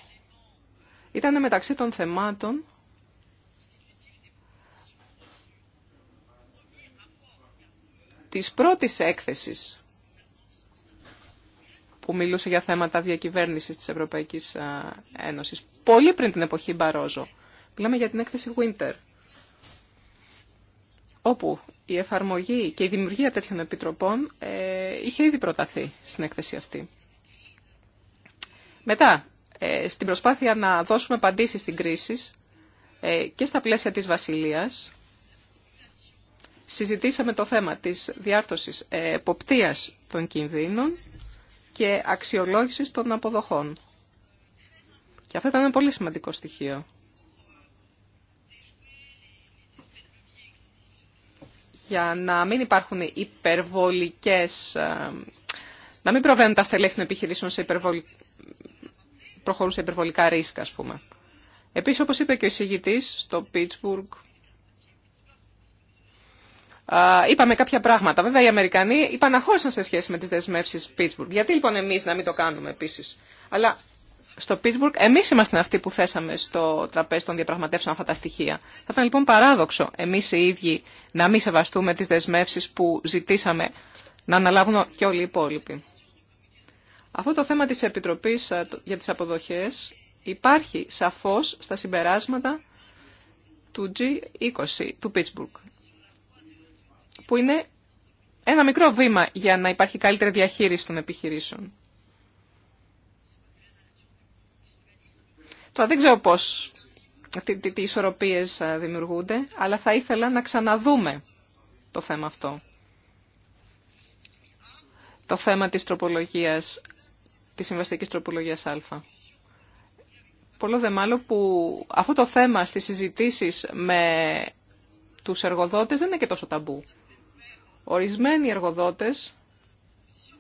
Ήταν μεταξύ των θεμάτων της πρώτης έκθεσης που μιλούσε για θέματα διακυβέρνησης της Ευρωπαϊκής Ένωσης, πολύ πριν την εποχή Μπαρόζο. Μιλάμε για την έκθεση Winter, όπου η εφαρμογή και η δημιουργία τέτοιων επιτροπών ε, είχε ήδη προταθεί στην έκθεση αυτή. Μετά, ε, στην προσπάθεια να δώσουμε απαντήσεις στην κρίση ε, και στα πλαίσια της Βασιλείας, συζητήσαμε το θέμα της διάρθρωσης εποπτείας των κινδύνων και αξιολόγησης των αποδοχών. Και αυτό ήταν ένα πολύ σημαντικό στοιχείο. Για να μην υπάρχουν υπερβολικές... Ε, να μην προβαίνουν τα στελέχη των επιχειρήσεων σε προχωρούν σε υπερβολικά ρίσκα, ας πούμε. Επίσης, όπως είπε και ο εισηγητής στο Pittsburgh, είπαμε κάποια πράγματα. Βέβαια, οι Αμερικανοί υπαναχώρησαν σε σχέση με τι δεσμεύσει Πίτσμπουργκ. Γιατί λοιπόν εμεί να μην το κάνουμε επίση. Αλλά στο Pittsburgh εμεί ήμασταν αυτοί που θέσαμε στο τραπέζι των διαπραγματεύσεων αυτά τα στοιχεία. Θα ήταν λοιπόν παράδοξο εμεί οι ίδιοι να μην σεβαστούμε τι δεσμεύσει που ζητήσαμε να αναλάβουν και όλοι οι υπόλοιποι. Αυτό το θέμα της Επιτροπής για τις αποδοχές υπάρχει σαφώς στα συμπεράσματα του G20 του Pittsburgh που είναι ένα μικρό βήμα για να υπάρχει καλύτερη διαχείριση των επιχειρήσεων. Τώρα δεν ξέρω πώς, τι, τι, ισορροπίες δημιουργούνται, αλλά θα ήθελα να ξαναδούμε το θέμα αυτό. Το θέμα της τροπολογίας, της συμβαστικής τροπολογίας Α. Πολλό δε μάλλον που αυτό το θέμα στις συζητήσεις με τους εργοδότες δεν είναι και τόσο ταμπού. Ορισμένοι εργοδότες,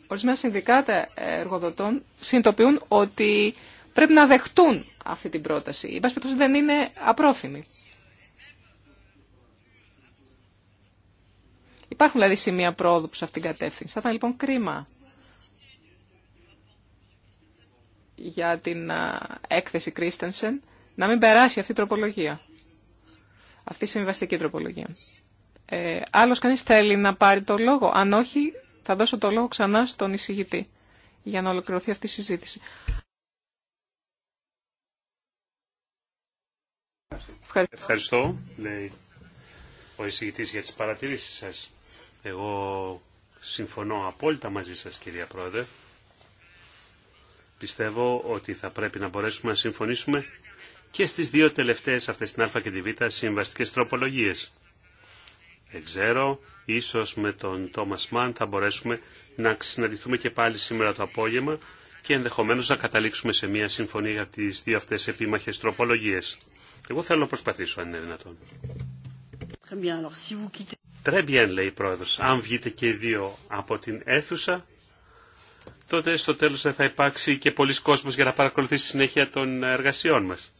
ορισμένα συνδικάτα εργοδοτών συνειδητοποιούν ότι πρέπει να δεχτούν αυτή την πρόταση. Η πάση δεν είναι απρόθυμη. Υπάρχουν δηλαδή σημεία πρόοδου σε αυτήν την κατεύθυνση. Θα ήταν λοιπόν κρίμα για την έκθεση Κρίστενσεν να μην περάσει αυτή η τροπολογία. Αυτή η συμβιβαστική τροπολογία. Ε, άλλος κανείς θέλει να πάρει το λόγο. Αν όχι, θα δώσω το λόγο ξανά στον εισηγητή για να ολοκληρωθεί αυτή η συζήτηση. Ευχαριστώ,
λέει ο εισηγητής για τις παρατηρήσεις σας. Εγώ συμφωνώ απόλυτα μαζί σας, κυρία Πρόεδρε. Πιστεύω ότι θα πρέπει να μπορέσουμε να συμφωνήσουμε και στις δύο τελευταίες αυτές την Α και την Β συμβαστικές τροπολογίες. Δεν ξέρω, ίσως με τον Τόμας Μαν θα μπορέσουμε να συναντηθούμε και πάλι σήμερα το απόγευμα και ενδεχομένως να καταλήξουμε σε μια συμφωνία για τις δύο αυτές επίμαχες τροπολογίες. Εγώ θέλω να προσπαθήσω αν είναι δυνατόν. Τρέμπιεν λέει η πρόεδρος, αν βγείτε και οι δύο από την αίθουσα, τότε στο τέλος δεν θα υπάρξει και πολλοί κόσμος για να παρακολουθήσει συνέχεια των εργασιών μας.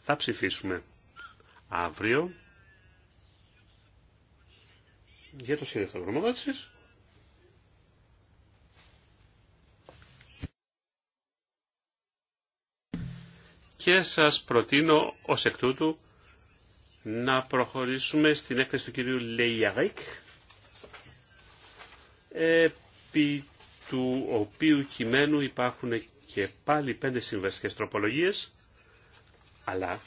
Θα ψηφίσουμε αύριο για το σχέδιο αυτογνωμοδότησης. Και σας προτείνω ως εκ τούτου να προχωρήσουμε στην έκθεση του κυρίου Λεϊαρίκ, επί του οποίου κειμένου υπάρχουν και πάλι πέντε συμβαστικές τροπολογίες, αλλά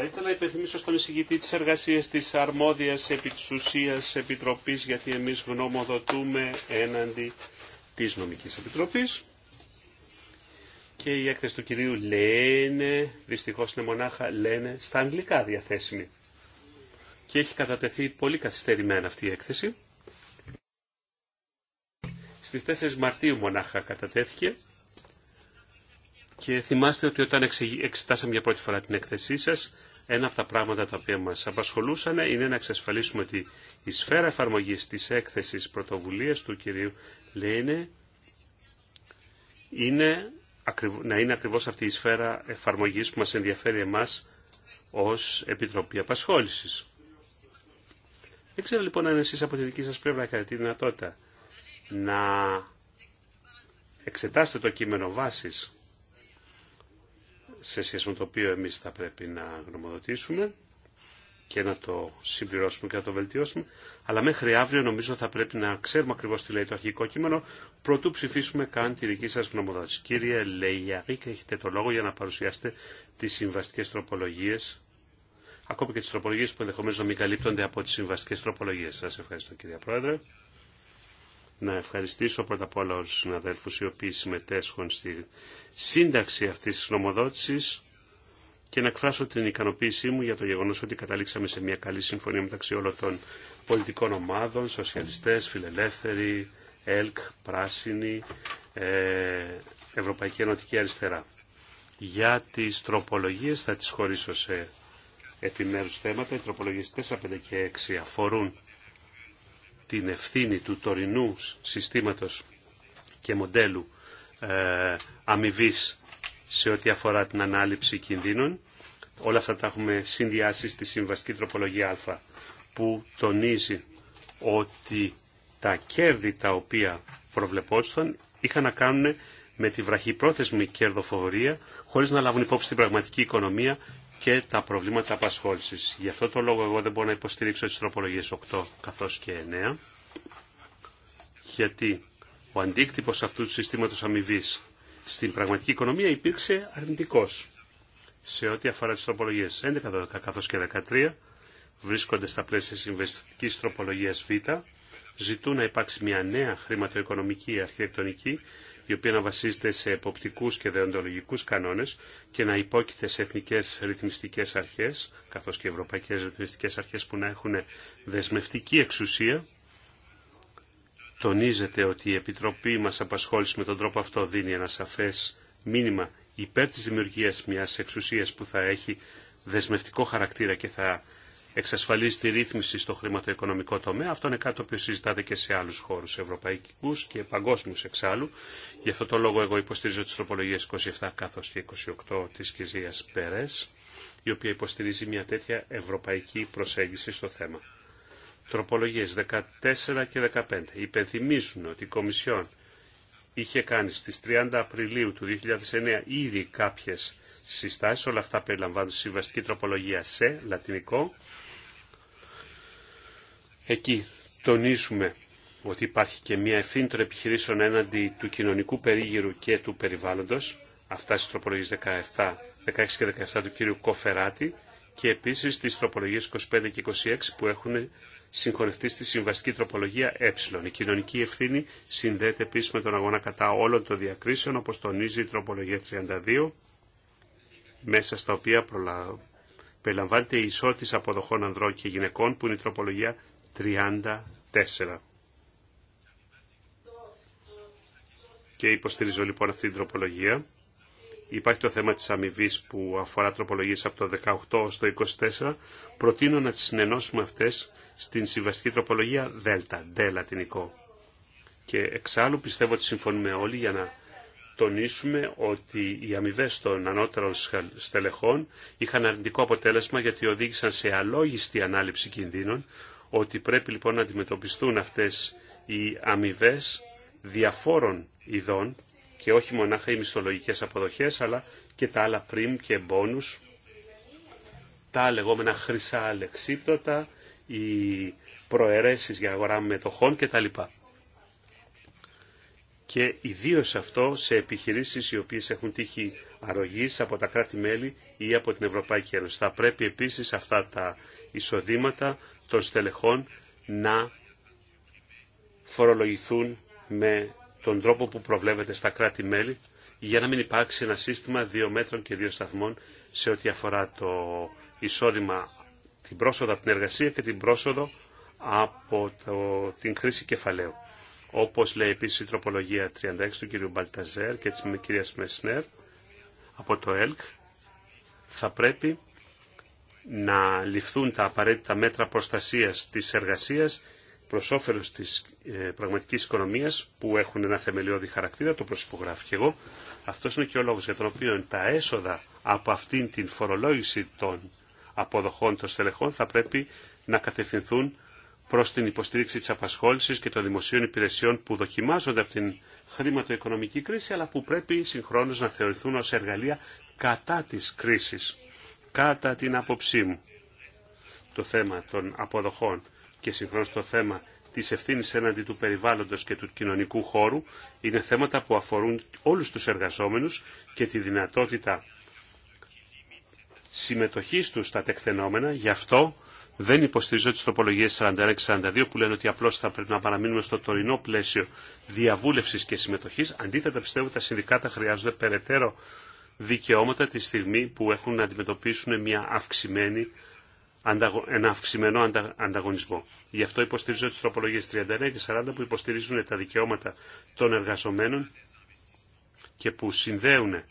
θα ήθελα να υπενθυμίσω στον εισηγητή τις εργασίες της αρμόδιας επί της ουσίας επιτροπής, γιατί εμείς γνωμοδοτούμε έναντι της νομικής επιτροπής. Και η έκθεση του κυρίου λένε, δυστυχώς είναι μονάχα, λένε στα αγγλικά διαθέσιμη. Και έχει κατατεθεί πολύ καθυστερημένα αυτή η έκθεση. Στις 4 Μαρτίου μονάχα κατατέθηκε. Και θυμάστε ότι όταν εξετάσαμε για πρώτη φορά την έκθεσή σας, ένα από τα πράγματα τα οποία μας απασχολούσαν είναι να εξασφαλίσουμε ότι η σφαίρα εφαρμογής της έκθεσης πρωτοβουλίας του κυρίου λένε είναι, να είναι ακριβώς αυτή η σφαίρα εφαρμογής που μας ενδιαφέρει εμάς ως Επιτροπή Απασχόλησης. Δεν ξέρω λοιπόν αν εσείς από τη δική σας πλευρά είχατε τη δυνατότητα να εξετάσετε το κείμενο βάσης σε σχέση με το οποίο εμείς θα πρέπει να γνωμοδοτήσουμε και να το συμπληρώσουμε και να το βελτιώσουμε. Αλλά μέχρι αύριο νομίζω θα πρέπει να ξέρουμε ακριβώ τι λέει το αρχικό κείμενο, προτού ψηφίσουμε καν τη δική σα γνωμοδότηση. Κύριε και έχετε το λόγο για να παρουσιάσετε τι συμβαστικέ τροπολογίε, ακόμη και τι τροπολογίε που ενδεχομένω να μην καλύπτονται από τι συμβαστικέ τροπολογίε. Σα ευχαριστώ, κύριε Πρόεδρε να ευχαριστήσω πρώτα απ' όλα όλους τους συναδέλφους οι οποίοι συμμετέσχουν στη σύνταξη αυτής της νομοδότησης και να εκφράσω την ικανοποίησή μου για το γεγονός ότι καταλήξαμε σε μια καλή συμφωνία μεταξύ όλων των πολιτικών ομάδων, σοσιαλιστές, φιλελεύθεροι, ΕΛΚ, Πράσινοι, ε, Ευρωπαϊκή Ενωτική Αριστερά. Για τις τροπολογίες θα τις χωρίσω σε επιμέρους θέματα. Οι τροπολογίες 4, 5 και 6 αφορούν την ευθύνη του τωρινού συστήματος και μοντέλου ε, αμοιβή σε ό,τι αφορά την ανάληψη κινδύνων. Όλα αυτά τα έχουμε συνδυάσει στη συμβαστική τροπολογία Α που τονίζει ότι τα κέρδη τα οποία προβλεπόταν είχαν να κάνουν με τη βραχυπρόθεσμη κερδοφορία χωρίς να λάβουν υπόψη την πραγματική οικονομία και τα προβλήματα απασχόληση. Γι' αυτό το λόγο εγώ δεν μπορώ να υποστηρίξω τις τροπολογίες 8 καθώς και 9 γιατί ο αντίκτυπος αυτού του συστήματος αμοιβή στην πραγματική οικονομία υπήρξε αρνητικός. Σε ό,τι αφορά τις τροπολογίες 11, 12 καθώς και 13 βρίσκονται στα πλαίσια συμβεστική τροπολογίας Β ζητούν να υπάρξει μια νέα χρηματοοικονομική αρχιτεκτονική, η οποία να βασίζεται σε εποπτικούς και δεοντολογικούς κανόνες και να υπόκειται σε εθνικές ρυθμιστικές αρχές, καθώς και ευρωπαϊκές ρυθμιστικές αρχές που να έχουν δεσμευτική εξουσία. Τονίζεται ότι η Επιτροπή μας απασχόληση με τον τρόπο αυτό δίνει ένα σαφές μήνυμα υπέρ της δημιουργίας μιας εξουσίας που θα έχει δεσμευτικό χαρακτήρα και θα εξασφαλίζει τη ρύθμιση στο χρηματοοικονομικό τομέα. Αυτό είναι κάτι το οποίο συζητάται και σε άλλου χώρου ευρωπαϊκού και παγκόσμιου εξάλλου. Γι' αυτό το λόγο εγώ υποστηρίζω τι τροπολογίε 27 καθώ και 28 τη κυρία Περέ, η οποία υποστηρίζει μια τέτοια ευρωπαϊκή προσέγγιση στο θέμα. Τροπολογίε 14 και 15 υπενθυμίζουν ότι η Κομισιόν είχε κάνει στις 30 Απριλίου του 2009 ήδη κάποιες συστάσεις, όλα αυτά περιλαμβάνουν συμβαστική τροπολογία σε λατινικό, Εκεί τονίζουμε ότι υπάρχει και μια ευθύνη των επιχειρήσεων έναντι του κοινωνικού περίγυρου και του περιβάλλοντος, αυτά στις τροπολογίες 16 και 17 του κύριου Κοφεράτη και επίσης στις τροπολογίες 25 και 26 που έχουν συγχωνευτεί στη συμβαστική τροπολογία ε. Η κοινωνική ευθύνη συνδέεται επίσης με τον αγώνα κατά όλων των διακρίσεων, όπως τονίζει η τροπολογία 32, μέσα στα οποία περιλαμβάνεται η ισότητα αποδοχών ανδρών και γυναικών, που είναι η τροπολογία 34 και υποστηρίζω λοιπόν αυτή την τροπολογία. Υπάρχει το θέμα της αμοιβή που αφορά τροπολογίες από το 18 το 24. Προτείνω να τις συνενώσουμε αυτές στην συμβαστική τροπολογία ΔΕΛΤΑ, ΔΕ λατινικό. Και εξάλλου πιστεύω ότι συμφωνούμε όλοι για να τονίσουμε ότι οι αμοιβέ των ανώτερων στελεχών είχαν αρνητικό αποτέλεσμα γιατί οδήγησαν σε αλόγιστη ανάληψη κινδύνων ότι πρέπει λοιπόν να αντιμετωπιστούν αυτές οι αμοιβέ διαφόρων ειδών και όχι μονάχα οι μισθολογικές αποδοχές αλλά και τα άλλα πριμ και μπόνους, τα λεγόμενα χρυσά αλεξίπτωτα, οι προαιρέσεις για αγορά μετοχών κτλ. Και ιδίω αυτό σε επιχειρήσεις οι οποίες έχουν τύχει αρρωγής από τα κράτη-μέλη ή από την Ευρωπαϊκή Ένωση. Θα πρέπει επίση αυτά τα εισοδήματα των στελεχών να φορολογηθούν με τον τρόπο που προβλέπεται στα κράτη-μέλη για να μην υπάρξει ένα σύστημα δύο μέτρων και δύο σταθμών σε ό,τι αφορά το εισόδημα, την πρόσοδο από την εργασία και την πρόσοδο από την χρήση κεφαλαίου. Όπως λέει επίσης η τροπολογία 36 του κ. Μπαλταζέρ και της κυρίας Μεσνέρ από το ΕΛΚ, θα πρέπει να ληφθούν τα απαραίτητα μέτρα προστασίας της εργασίας προς όφελος της ε, πραγματικής οικονομίας που έχουν ένα θεμελιώδη χαρακτήρα, το προσυπογράφει και εγώ. Αυτός είναι και ο λόγος για τον οποίο τα έσοδα από αυτήν την φορολόγηση των αποδοχών των στελεχών θα πρέπει να κατευθυνθούν προς την υποστήριξη της απασχόλησης και των δημοσίων υπηρεσιών που δοκιμάζονται από την χρηματοοικονομική κρίση αλλά που πρέπει συγχρόνως να θεωρηθούν ως εργαλεία κατά της κρίσης κατά την άποψή μου το θέμα των αποδοχών και συγχρόνως το θέμα της ευθύνης έναντι του περιβάλλοντος και του κοινωνικού χώρου είναι θέματα που αφορούν όλους τους εργαζόμενους και τη δυνατότητα συμμετοχής τους στα τεκθενόμενα. Γι' αυτό δεν υποστηρίζω τις τροπολογίες 41-42 που λένε ότι απλώς θα πρέπει να παραμείνουμε στο τωρινό πλαίσιο διαβούλευσης και συμμετοχής. Αντίθετα πιστεύω ότι τα συνδικάτα χρειάζονται περαιτέρω δικαιώματα τη στιγμή που έχουν να αντιμετωπίσουν μια αυξημένη, ένα αυξημένο ανταγωνισμό. Γι' αυτό υποστηρίζω τις τροπολογίες 39 και 40 που υποστηρίζουν τα δικαιώματα των εργαζομένων και που συνδέουν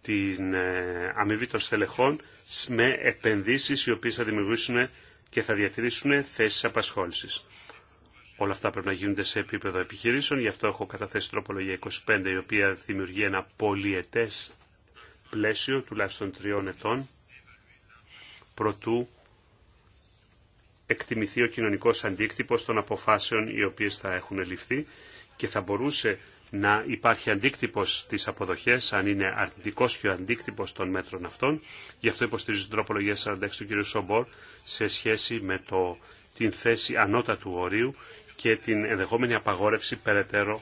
την ε, αμοιβή των στελεχών με επενδύσεις οι οποίες θα δημιουργήσουν και θα διατηρήσουν θέσεις απασχόλησης. Όλα αυτά πρέπει να γίνονται σε επίπεδο επιχειρήσεων, γι' αυτό έχω καταθέσει τροπολογία 25, η οποία δημιουργεί ένα πολυετές πλαίσιο τουλάχιστον τριών ετών, προτού εκτιμηθεί ο κοινωνικός αντίκτυπος των αποφάσεων οι οποίες θα έχουν ληφθεί και θα μπορούσε να υπάρχει αντίκτυπος στις αποδοχές, αν είναι αρνητικός και ο αντίκτυπος των μέτρων αυτών. Γι' αυτό υποστηρίζω την τροπολογία 46 του κ. Σομπόρ σε σχέση με το, την θέση ανώτατου ορίου και την ενδεχόμενη απαγόρευση περαιτέρω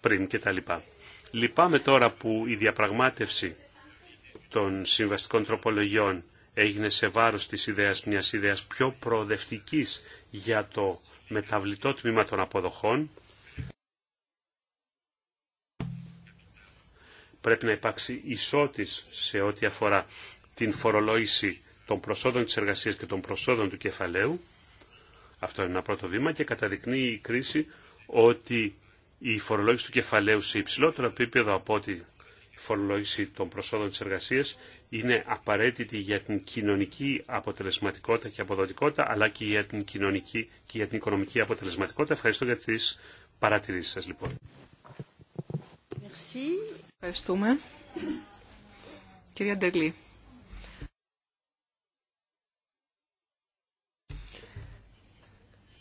πριν κτλ. Λυπάμαι τώρα που η διαπραγμάτευση των συμβαστικών τροπολογιών έγινε σε βάρος της ιδέας μιας ιδέας πιο προοδευτικής για το μεταβλητό τμήμα των αποδοχών. Πρέπει να υπάρξει ισότης σε ό,τι αφορά την φορολόγηση των προσόδων της εργασίας και των προσόδων του κεφαλαίου. Αυτό είναι ένα πρώτο βήμα και καταδεικνύει η κρίση ότι η φορολόγηση του κεφαλαίου σε υψηλότερο επίπεδο από ότι η φορολόγηση των προσόδων της εργασίας είναι απαραίτητη για την κοινωνική αποτελεσματικότητα και αποδοτικότητα αλλά και για την κοινωνική και για την οικονομική αποτελεσματικότητα. Ευχαριστώ για τις παρατηρήσεις σας λοιπόν.
Ευχαριστούμε. Κυρία Ντεγλή.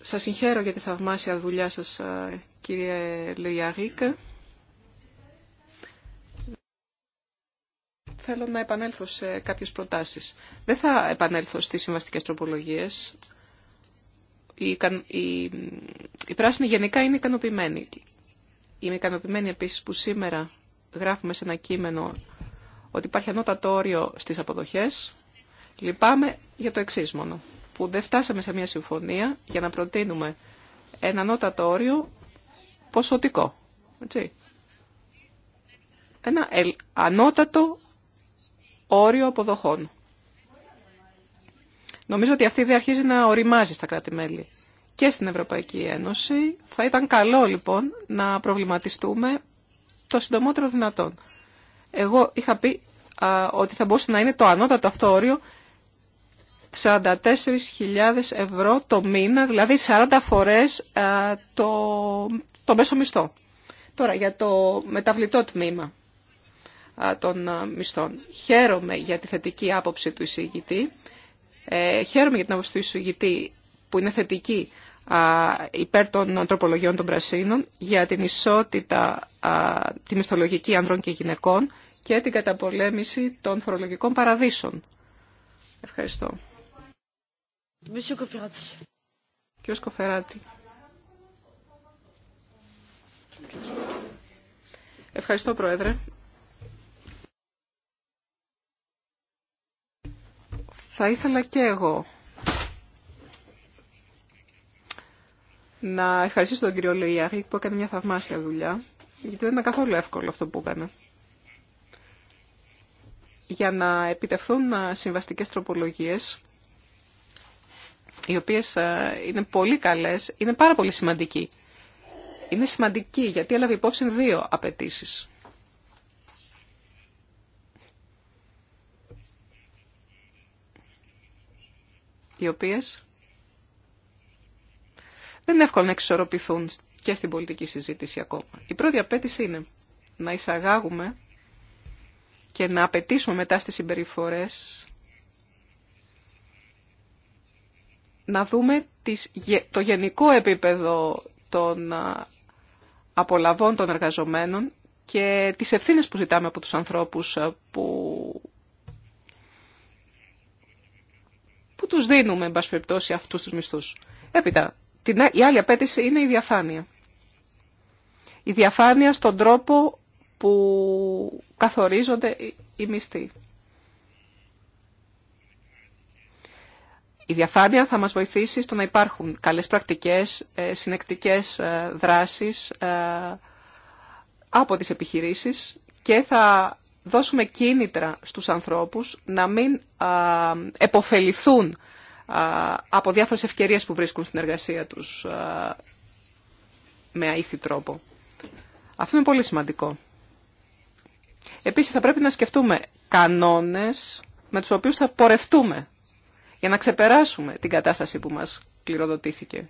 Σας συγχαίρω για τη θαυμάσια δουλειά σας, κύριε Λουιαρίκ. Θέλω να επανέλθω σε κάποιες προτάσεις. Δεν θα επανέλθω στις συμβαστικές τροπολογίες. Η, η, πράσινη γενικά είναι ικανοποιημένη. Είμαι ικανοποιημένη επίσης που σήμερα γράφουμε σε ένα κείμενο ότι υπάρχει ανώτατο όριο στις αποδοχές. Λυπάμαι για το εξή μόνο που δεν φτάσαμε σε μια συμφωνία για να προτείνουμε ένα ανώτατο όριο ποσοτικό. Έτσι. Ένα ανώτατο όριο αποδοχών. Νομίζω ότι αυτή η ιδέα αρχίζει να οριμάζει στα κράτη-μέλη και στην Ευρωπαϊκή Ένωση. Θα ήταν καλό λοιπόν να προβληματιστούμε το συντομότερο δυνατόν. Εγώ είχα πει ότι θα μπορούσε να είναι το ανώτατο αυτό όριο 44.000 ευρώ το μήνα, δηλαδή 40 φορές ε, το, το μέσο μισθό. Τώρα για το μεταβλητό τμήμα ε, των ε, μισθών. Χαίρομαι για τη θετική άποψη του εισηγητή. Ε, χαίρομαι για την άποψη του εισηγητή που είναι θετική υπέρ των ανθρωπολογιών των πρασίνων, για την ισότητα τη μισθολογική ανδρών και γυναικών και την καταπολέμηση των φορολογικών παραδείσων. Ευχαριστώ. Κύριος Κοφεράτη. Ευχαριστώ, Πρόεδρε. Θα ήθελα και εγώ να ευχαριστήσω τον κύριο Λεϊάρη που έκανε μια θαυμάσια δουλειά, γιατί δεν ήταν καθόλου εύκολο αυτό που έκανε. Για να επιτευχθούν συμβαστικές τροπολογίες, οι οποίες ε, είναι πολύ καλές, είναι πάρα πολύ σημαντική. Είναι σημαντική γιατί έλαβε υπόψη δύο απαιτήσει. οι οποίες δεν είναι εύκολο να εξορροπηθούν και στην πολιτική συζήτηση ακόμα. Η πρώτη απέτηση είναι να εισαγάγουμε και να απαιτήσουμε μετά στις συμπεριφορές να δούμε το γενικό επίπεδο των απολαβών των εργαζομένων και τις ευθύνες που ζητάμε από τους ανθρώπους που, που τους δίνουμε, εν πάση περιπτώσει, αυτούς τους μισθούς. Έπειτα, η άλλη απέτηση είναι η διαφάνεια. Η διαφάνεια στον τρόπο που καθορίζονται οι μισθοί. η διαφάνεια θα μας βοηθήσει στο να υπάρχουν καλές πρακτικές, ε, συνεκτικές ε, δράσεις ε, από τις επιχειρήσεις και θα δώσουμε κίνητρα στους ανθρώπους να μην επωφεληθούν από διάφορες ευκαιρίες που βρίσκουν στην εργασία τους με αήθη τρόπο. Αυτό είναι πολύ σημαντικό. Επίσης θα πρέπει να σκεφτούμε κανόνες με τους οποίους θα πορευτούμε για να ξεπεράσουμε την κατάσταση που μας κληροδοτήθηκε.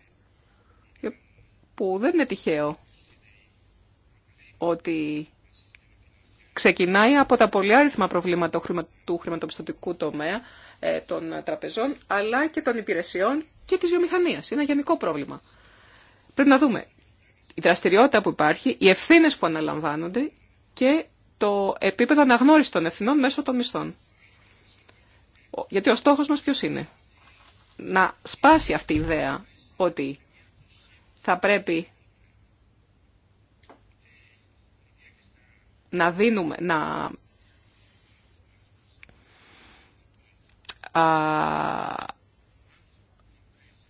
Ε, που δεν είναι τυχαίο ότι ξεκινάει από τα πολυάριθμα προβλήματα του χρηματοπιστωτικού τομέα ε, των τραπεζών, αλλά και των υπηρεσιών και της βιομηχανίας. Είναι ένα γενικό πρόβλημα. Πρέπει να δούμε η δραστηριότητα που υπάρχει, οι ευθύνε που αναλαμβάνονται και το επίπεδο αναγνώριση των ευθυνών μέσω των μισθών. Γιατί ο στόχος μας ποιος είναι. Να σπάσει αυτή η ιδέα ότι θα πρέπει να δίνουμε, να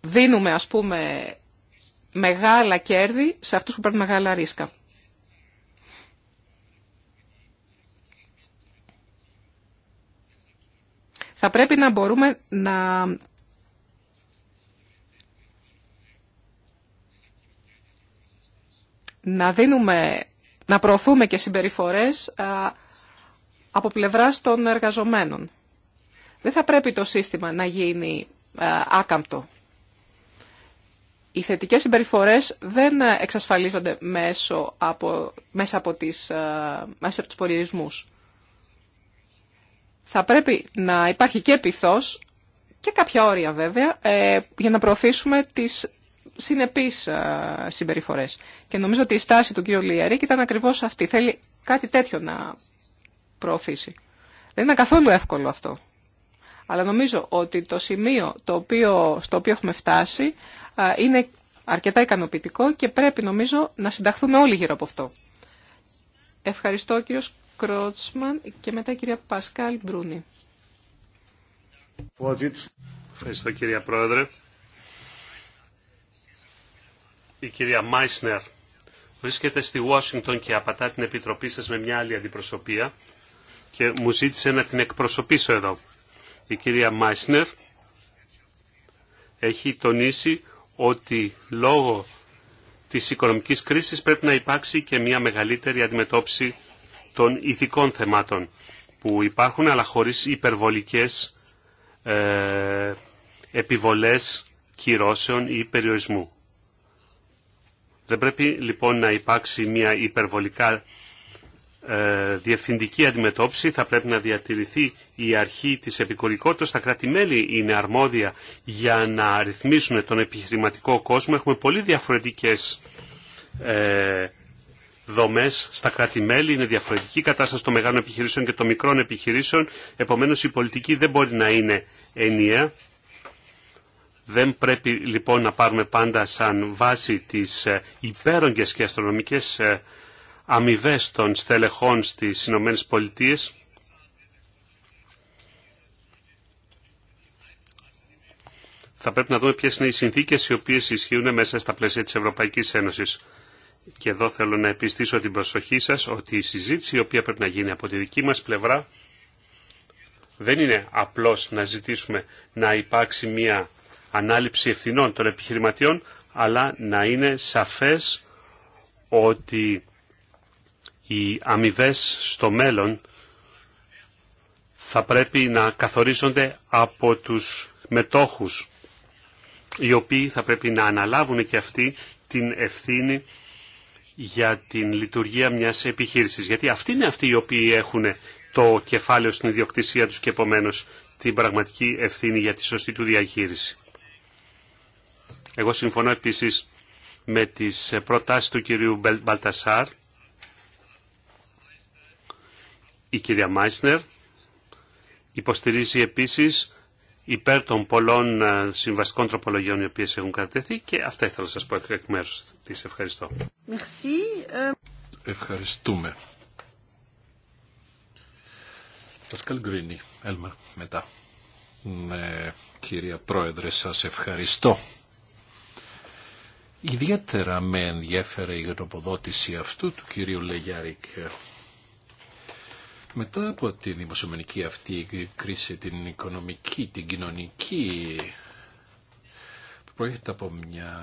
δίνουμε ας πούμε μεγάλα κέρδη σε αυτούς που παίρνουν μεγάλα ρίσκα. θα πρέπει να μπορούμε να να δίνουμε, να προωθούμε και συμπεριφορές από πλευράς των εργαζομένων. Δεν θα πρέπει το σύστημα να γίνει άκαμπτο. Οι θετικές συμπεριφορές δεν εξασφαλίζονται μέσω από, μέσα από, τις, μέσα από τους πολιτισμούς. Θα πρέπει να υπάρχει και πειθός και κάποια όρια βέβαια ε, για να προωθήσουμε τις συνεπείς ε, συμπεριφορές. Και νομίζω ότι η στάση του κ. Λιέρη ήταν ακριβώς αυτή. Θέλει κάτι τέτοιο να προωθήσει. Δεν είναι καθόλου εύκολο αυτό. Αλλά νομίζω ότι το σημείο το οποίο, στο οποίο έχουμε φτάσει ε, είναι αρκετά ικανοποιητικό και πρέπει νομίζω να συνταχθούμε όλοι γύρω από αυτό. Ευχαριστώ κύριος Κρότσμαν και μετά η κυρία Πασκάλ Μπρούνι.
Ευχαριστώ κυρία Πρόεδρε. Η κυρία Μάισνερ βρίσκεται στη Ουάσιγκτον και απατά την επιτροπή σας με μια άλλη αντιπροσωπεία και μου ζήτησε να την εκπροσωπήσω εδώ. Η κυρία Μάισνερ έχει τονίσει ότι λόγω της οικονομικής κρίσης πρέπει να υπάρξει και μια μεγαλύτερη αντιμετώπιση των ηθικών θεμάτων που υπάρχουν, αλλά χωρίς υπερβολικές ε, επιβολές κυρώσεων ή περιορισμού. Δεν πρέπει λοιπόν να υπάρξει μια υπερβολικά ε, διευθυντική αντιμετώπιση, θα πρέπει να διατηρηθεί η περιορισμου δεν πρεπει λοιπον να υπαρξει μια υπερβολικα διευθυντικη αντιμετωπιση θα πρεπει να διατηρηθει η αρχη της επικορικότητας. Τα κράτη-μέλη είναι αρμόδια για να ρυθμίσουν τον επιχειρηματικό κόσμο. Έχουμε πολύ διαφορετικές ε, δομές στα κράτη-μέλη, είναι διαφορετική κατάσταση των μεγάλων επιχειρήσεων και των μικρών επιχειρήσεων, επομένως η πολιτική δεν μπορεί να είναι ενιαία. Δεν πρέπει λοιπόν να πάρουμε πάντα σαν βάση τις ε, υπέρογγες και αστρονομικές ε, αμοιβέ των στελεχών στις ΗΠΑ. Θα πρέπει να δούμε ποιες είναι οι συνθήκες οι οποίες ισχύουν μέσα στα πλαίσια της Ευρωπαϊκής Ένωσης και εδώ θέλω να επιστήσω την προσοχή σας ότι η συζήτηση η οποία πρέπει να γίνει από τη δική μας πλευρά δεν είναι απλώς να ζητήσουμε να υπάρξει μια ανάληψη ευθυνών των επιχειρηματιών, αλλά να είναι σαφές ότι οι αμοιβέ στο μέλλον θα πρέπει να καθορίζονται από τους μετόχους, οι οποίοι θα πρέπει να αναλάβουν και αυτοί την ευθύνη για την λειτουργία μιας επιχείρησης. Γιατί αυτοί είναι αυτοί οι οποίοι έχουν το κεφάλαιο στην ιδιοκτησία τους και επομένω την πραγματική ευθύνη για τη σωστή του διαχείριση. Εγώ συμφωνώ επίσης με τις προτάσεις του κυρίου Μπαλτασάρ, η κυρία Μάισνερ, υποστηρίζει επίσης υπέρ των πολλών ε, συμβαστικών τροπολογιών οι οποίες έχουν κατατεθεί και αυτά ήθελα να σας πω εκ μέρους της. Ευχαριστώ.
Ε, Ευχαριστούμε. Πασκάλ Γκρίνι, Έλμα, μετά. Ναι, κυρία Πρόεδρε, σας ευχαριστώ. Ιδιαίτερα με ενδιέφερε η γνωμοδότηση αυτού του κυρίου Λεγιάρικ μετά από τη δημοσιομενική αυτή κρίση, την οικονομική, την κοινωνική, που προέρχεται από μια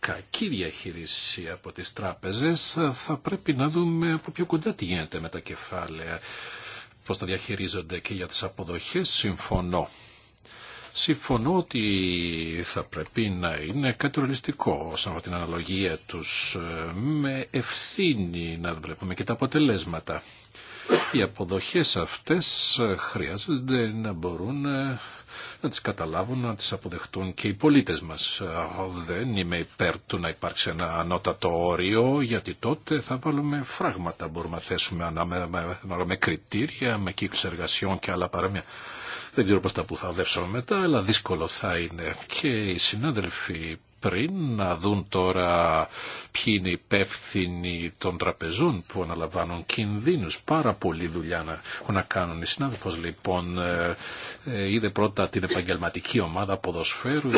κακή διαχείριση από τις τράπεζες, θα πρέπει να δούμε από πιο κοντά τι γίνεται με τα κεφάλαια, πώς τα διαχειρίζονται και για τις αποδοχές, συμφωνώ. Συμφωνώ ότι θα πρέπει να είναι κάτι σαν όσον την αναλογία τους με ευθύνη να βλέπουμε και τα αποτελέσματα. Οι αποδοχές αυτές ε, χρειάζονται να μπορούν ε, να τις καταλάβουν, να τις αποδεχτούν και οι πολίτες μας. Ε, δεν είμαι υπέρ του να υπάρξει ένα ανώτατο όριο, γιατί τότε θα βάλουμε φράγματα. Μπορούμε να θέσουμε ανάμερα με, κριτήρια, με κύκλους εργασιών και άλλα παραμία. Δεν ξέρω πώς τα που θα οδεύσω μετά, αλλά δύσκολο θα είναι. Και οι συνάδελφοι πριν να δουν τώρα ποιοι είναι υπεύθυνοι των τραπεζών που αναλαμβάνουν κινδύνους. Πάρα πολλή δουλειά να, να κάνουν. Η συνάδελφος λοιπόν ε, ε, είδε πρώτα την επαγγελματική ομάδα ποδοσφαίρου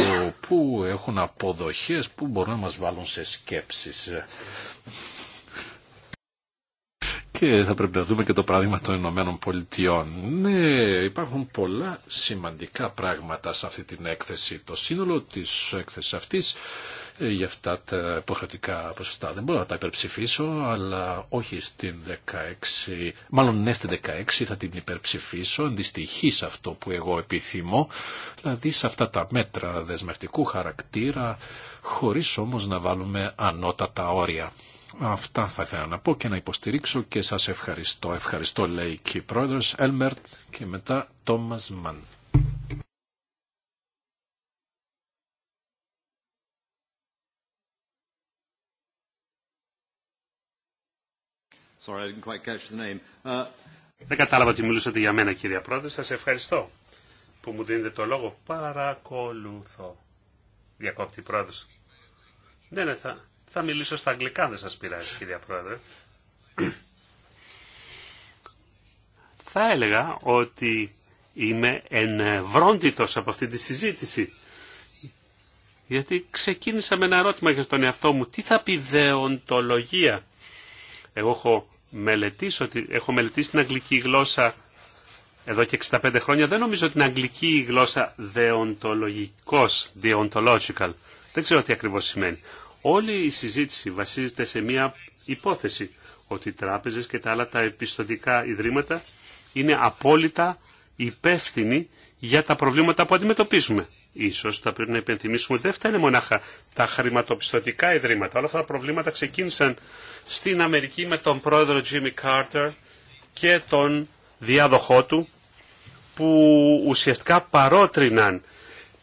που έχουν αποδοχές που μπορούν να μας βάλουν σε σκέψεις. Και θα πρέπει να δούμε και το παράδειγμα των Ηνωμένων Πολιτειών. Ναι, υπάρχουν πολλά σημαντικά πράγματα σε αυτή την έκθεση. Το σύνολο της έκθεσης αυτής ε, για αυτά τα υποχρεωτικά ποσοστά δεν μπορώ να τα υπερψηφίσω, αλλά όχι στην 16, μάλλον ναι στην 16 θα την υπερψηφίσω, αντιστοιχεί σε αυτό που εγώ επιθυμώ, δηλαδή σε αυτά τα μέτρα δεσμευτικού χαρακτήρα, χωρίς όμως να βάλουμε ανώτατα όρια. Αυτά θα ήθελα να πω και να υποστηρίξω και σας ευχαριστώ. Ευχαριστώ λέει και η πρόεδρος Έλμερτ και μετά Τόμας Μαν.
Uh, Δεν κατάλαβα ότι μιλούσατε για μένα κυρία
Πρόεδρε. Σας ευχαριστώ που μου δίνετε το λόγο. Παρακολουθώ. Διακόπτη Πρόεδρος. Ναι, ναι, θα... Θα μιλήσω στα αγγλικά, δεν σας πειράζει, κυρία Πρόεδρε. Θα έλεγα ότι είμαι ενευρόντιτος από αυτή τη συζήτηση. Γιατί ξεκίνησα με ένα ερώτημα για τον εαυτό μου. Τι θα πει δεοντολογία. Εγώ έχω μελετήσει, έχω μελετήσει την αγγλική γλώσσα εδώ και 65 χρόνια. Δεν νομίζω ότι την αγγλική γλώσσα δεοντολογικός, deontological. Δεν ξέρω τι ακριβώς σημαίνει. Όλη η συζήτηση βασίζεται σε μια υπόθεση ότι οι τράπεζες και τα άλλα τα επιστοτικά ιδρύματα είναι απόλυτα υπεύθυνοι για τα προβλήματα που αντιμετωπίζουμε. Ίσως θα πρέπει να υπενθυμίσουμε ότι δεν φτάνει μονάχα τα χρηματοπιστωτικά ιδρύματα. Όλα αυτά τα προβλήματα ξεκίνησαν στην Αμερική με τον πρόεδρο Jimmy Carter και τον διάδοχό του που ουσιαστικά παρότριναν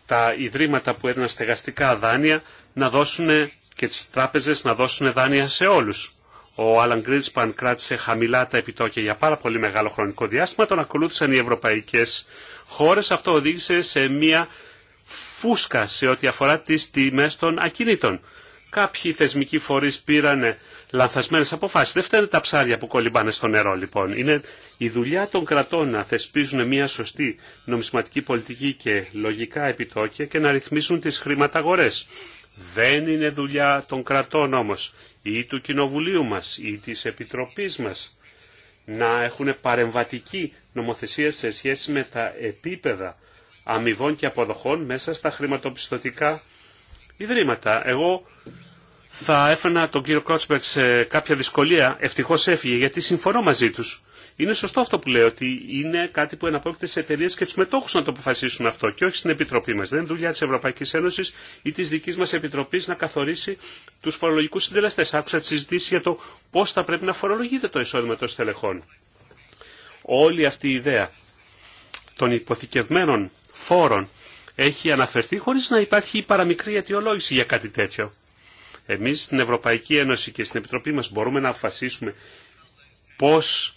τα ιδρύματα που έδιναν στεγαστικά δάνεια να δώσουν και τις τράπεζες να δώσουν δάνεια σε όλους. Ο Άλαν Γκρίτσπαν κράτησε χαμηλά τα επιτόκια για πάρα πολύ μεγάλο χρονικό διάστημα, τον ακολούθησαν οι ευρωπαϊκές χώρες. Αυτό οδήγησε σε μια φούσκα σε ό,τι αφορά τις τιμές των ακινήτων. Κάποιοι θεσμικοί φορείς πήραν λανθασμένες αποφάσεις. Δεν φταίνε τα ψάρια που κολυμπάνε στο νερό λοιπόν. Είναι η δουλειά των κρατών να θεσπίζουν μια σωστή νομισματική πολιτική και λογικά επιτόκια και να ρυθμίσουν τις χρηματαγορές. Δεν είναι δουλειά των κρατών όμως ή του Κοινοβουλίου μας ή της Επιτροπής μας να έχουν παρεμβατική νομοθεσία σε σχέση με τα επίπεδα αμοιβών και αποδοχών μέσα στα χρηματοπιστωτικά ιδρύματα. Εγώ θα έφερα τον κύριο Κρότσπερτ σε κάποια δυσκολία. Ευτυχώς έφυγε γιατί συμφωνώ μαζί τους είναι σωστό αυτό που λέει ότι είναι κάτι που εναπόκειται σε εταιρείε και του μετόχου να το αποφασίσουν αυτό και όχι στην Επιτροπή μα. Δεν είναι δουλειά τη Ευρωπαϊκή Ένωση ή τη δική μα Επιτροπή να καθορίσει του φορολογικού συντελεστέ. Άκουσα τη συζήτηση για το πώ θα πρέπει να φορολογείται το εισόδημα των στελεχών. Όλη αυτή η ιδέα των υποθηκευμένων φόρων έχει αναφερθεί χωρί να υπάρχει παραμικρή αιτιολόγηση για κάτι τέτοιο. Εμεί, στην Ευρωπαϊκή Ένωση και στην Επιτροπή μα μπορούμε να αποφασίσουμε πώς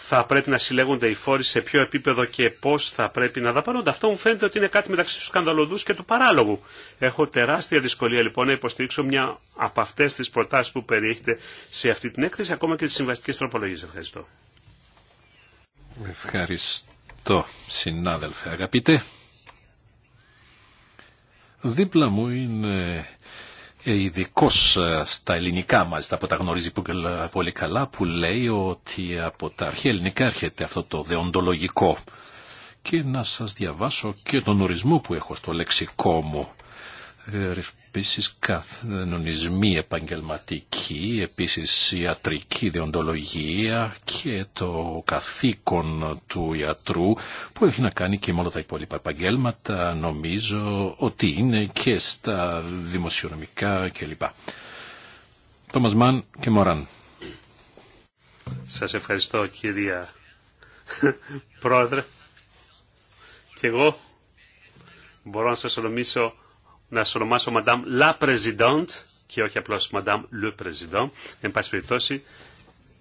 θα πρέπει να συλλέγονται οι φόροι, σε ποιο επίπεδο και πώς θα πρέπει να δαπανούνται. Αυτό μου φαίνεται ότι είναι κάτι μεταξύ του σκανδαλωδού και του παράλογου. Έχω τεράστια δυσκολία λοιπόν να υποστηρίξω μια από αυτέ τι προτάσει που περιέχεται σε αυτή την έκθεση, ακόμα και τι συμβαστικές τροπολογίε. Ευχαριστώ.
Ευχαριστώ συνάδελφε αγαπητέ. Δίπλα μου είναι ε, ειδικό ε, στα ελληνικά μάλιστα τα γνωρίζει πολύ καλά που λέει ότι από τα αρχαία ελληνικά έρχεται αυτό το δεοντολογικό και να σας διαβάσω και τον ορισμό που έχω στο λεξικό μου επίσης καθενονισμοί επαγγελματικοί, επίσης ιατρική διοντολογία και το καθήκον του ιατρού που έχει να κάνει και με όλα τα υπόλοιπα επαγγέλματα νομίζω ότι είναι και στα δημοσιονομικά κλπ. Τόμας Μαν και Μωράν.
Σας ευχαριστώ κυρία Πρόεδρε. Και εγώ μπορώ να σας ονομήσω να σε ονομάσω Madame La Présidente και όχι απλώς Madame Le Président. Εν πάση περιπτώσει,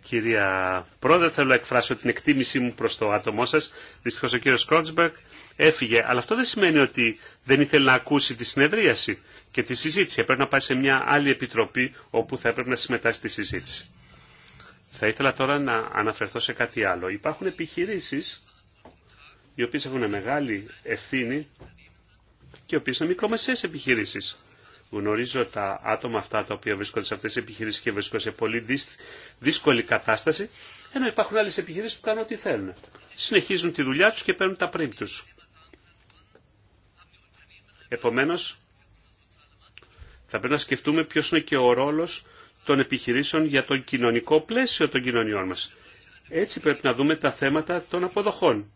κυρία Πρόεδρε, θέλω να εκφράσω την εκτίμησή μου προς το άτομό σας. Δυστυχώς ο κύριος Κρότσμπερκ έφυγε, αλλά αυτό δεν σημαίνει ότι δεν ήθελε να ακούσει τη συνεδρίαση και τη συζήτηση. Πρέπει να πάει σε μια άλλη επιτροπή όπου θα έπρεπε να συμμετάσχει στη συζήτηση. Θα ήθελα τώρα να αναφερθώ σε κάτι άλλο. Υπάρχουν επιχειρήσεις οι οποίες έχουν μεγάλη ευθύνη και οι οποίε είναι μικρομεσαίε επιχειρήσει. Γνωρίζω τα άτομα αυτά τα οποία βρίσκονται σε αυτέ τι επιχειρήσει και βρίσκονται σε πολύ δύσκολη κατάσταση, ενώ υπάρχουν άλλε επιχειρήσει που κάνουν ό,τι θέλουν. Συνεχίζουν τη δουλειά του και παίρνουν τα πριν του. Επομένω, θα πρέπει να σκεφτούμε ποιο είναι και ο ρόλο των επιχειρήσεων για τον κοινωνικό πλαίσιο των κοινωνιών μα. Έτσι πρέπει να δούμε τα θέματα των αποδοχών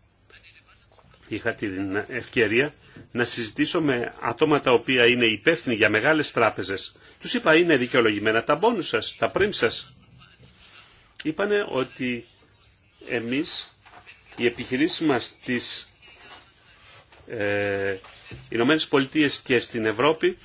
είχα την ευκαιρία να συζητήσω με άτομα τα οποία είναι υπεύθυνοι για μεγάλες τράπεζες. Τους είπα είναι δικαιολογημένα τα μπόνους σας, τα πρέμ σας. Είπανε ότι εμείς οι επιχειρήσεις μας στις ε, Ηνωμένες Πολιτείες και στην Ευρώπη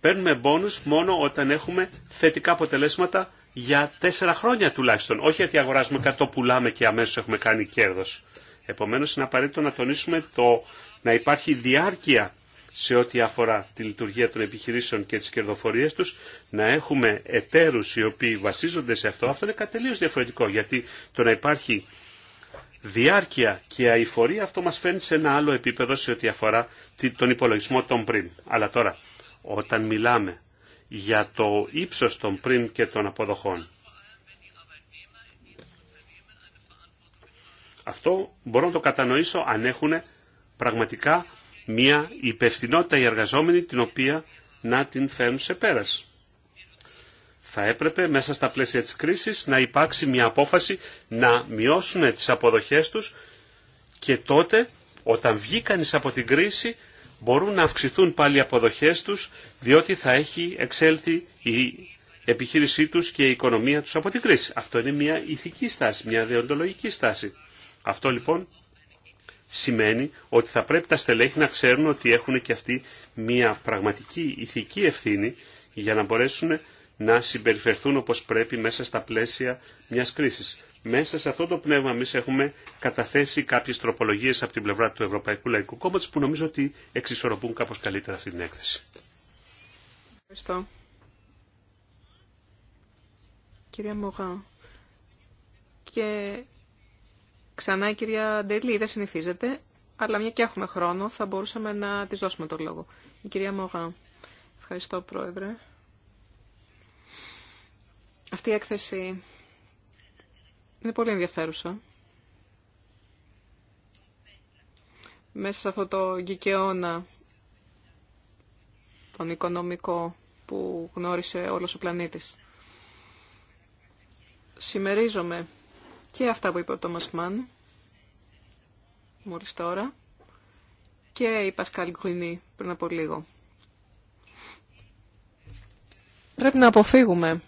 παίρνουμε μπόνους μόνο όταν έχουμε θετικά αποτελέσματα για τέσσερα χρόνια τουλάχιστον. Όχι γιατί αγοράζουμε κάτι, πουλάμε και αμέσως έχουμε κάνει κέρδος. Επομένως είναι απαραίτητο να τονίσουμε το να υπάρχει διάρκεια σε ό,τι αφορά τη λειτουργία των επιχειρήσεων και τις κερδοφορίες τους, να έχουμε εταίρους οι οποίοι βασίζονται σε αυτό, αυτό είναι κατελείως διαφορετικό, γιατί το να υπάρχει διάρκεια και αηφορία, αυτό μας φέρνει σε ένα άλλο επίπεδο σε ό,τι αφορά τον υπολογισμό των πριν. Αλλά τώρα, όταν μιλάμε για το ύψος των πριν και των αποδοχών, Αυτό μπορώ να το κατανοήσω αν έχουν πραγματικά μια υπευθυνότητα οι εργαζόμενοι την οποία να την φέρουν σε πέρας. Θα έπρεπε μέσα στα πλαίσια της κρίσης να υπάρξει μια απόφαση να μειώσουν τις αποδοχές τους και τότε όταν βγει κανείς από την κρίση μπορούν να αυξηθούν πάλι οι αποδοχές τους διότι θα έχει εξέλθει η επιχείρησή τους και η οικονομία τους από την κρίση. Αυτό είναι μια ηθική στάση, μια διοντολογική στάση. Αυτό λοιπόν σημαίνει ότι θα πρέπει τα στελέχη να ξέρουν ότι έχουν και αυτοί μια πραγματική ηθική ευθύνη για να μπορέσουν να συμπεριφερθούν όπως πρέπει μέσα στα πλαίσια μιας κρίσης. Μέσα σε αυτό το πνεύμα εμεί έχουμε καταθέσει κάποιες τροπολογίες από την πλευρά του Ευρωπαϊκού Λαϊκού Κόμματος που νομίζω ότι εξισορροπούν κάπως καλύτερα αυτή την έκθεση.
Ευχαριστώ. Κυρία Μογά, και Ξανά η κυρία Ντελή δεν συνηθίζεται, αλλά μια και έχουμε χρόνο θα μπορούσαμε να τη δώσουμε το λόγο. Η κυρία Μογά. Ευχαριστώ πρόεδρε. Αυτή η έκθεση είναι πολύ ενδιαφέρουσα. Μέσα σε αυτό το γικαιώνα τον οικονομικό που γνώρισε όλος ο πλανήτης. Σημερίζομαι και αυτά που είπε ο Τόμας Μάν μόλις τώρα και η Πασκάλ Γκουινή πριν από λίγο. Πρέπει να αποφύγουμε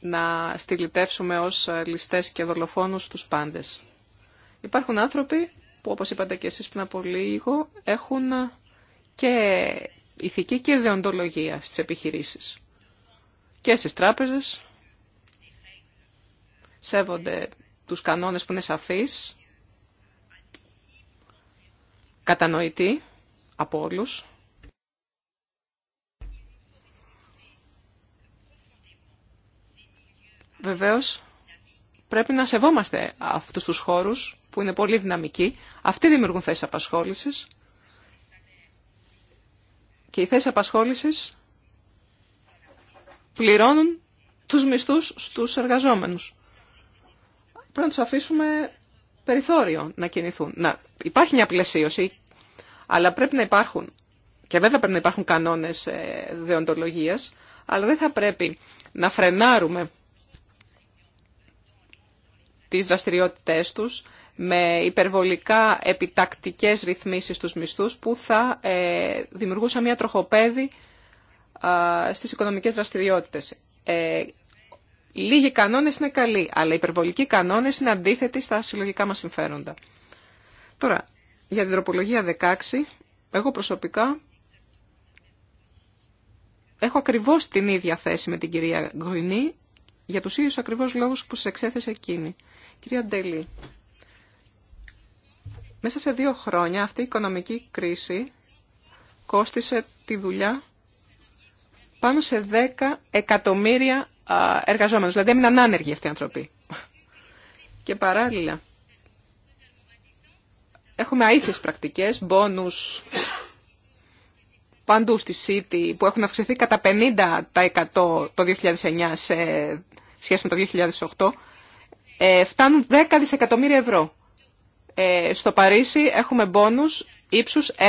να στυλιτεύσουμε ως ληστές και δολοφόνους τους πάντες. Υπάρχουν άνθρωποι που όπως είπατε και εσείς πριν από λίγο έχουν και ηθική και ιδεοντολογία στις επιχειρήσεις και στις τράπεζες σέβονται τους κανόνες που είναι σαφείς, κατανοητοί από όλους. Βεβαίως, πρέπει να σεβόμαστε αυτούς τους χώρους που είναι πολύ δυναμικοί. Αυτοί δημιουργούν θέσεις απασχόλησης. Και οι θέσεις απασχόλησης πληρώνουν τους μισθούς στους εργαζόμενους. Πρέπει να τους αφήσουμε περιθώριο να κινηθούν. Να, υπάρχει μια πλαισίωση, αλλά πρέπει να υπάρχουν, και βέβαια πρέπει να υπάρχουν κανόνες ε, δεοντολογίας, αλλά δεν θα πρέπει να φρενάρουμε τις δραστηριότητές τους με υπερβολικά επιτακτικές ρυθμίσεις στους μισθούς που θα ε, δημιουργούσαν μια τροχοπέδη στις οικονομικές δραστηριότητες. Ε, λίγοι κανόνες είναι καλοί, αλλά οι υπερβολικοί κανόνες είναι αντίθετοι στα συλλογικά μας συμφέροντα. Τώρα, για την τροπολογία 16, εγώ προσωπικά έχω ακριβώς την ίδια θέση με την κυρία Γκοϊνή για τους ίδιους ακριβώς λόγους που σε εξέθεσε εκείνη. Κυρία Ντελή, μέσα σε δύο χρόνια αυτή η οικονομική κρίση κόστισε τη δουλειά πάνω σε 10 εκατομμύρια εργαζόμενους. Δηλαδή έμειναν άνεργοι αυτοί οι άνθρωποι. Και παράλληλα έχουμε αήθιες πρακτικές, μπόνους παντού στη ΣΥΤΗ που έχουν αυξηθεί κατά 50% το 2009 σε σχέση με το 2008 ε, φτάνουν 10 δισεκατομμύρια ευρώ. Ε, στο Παρίσι έχουμε μπόνους ύψους 1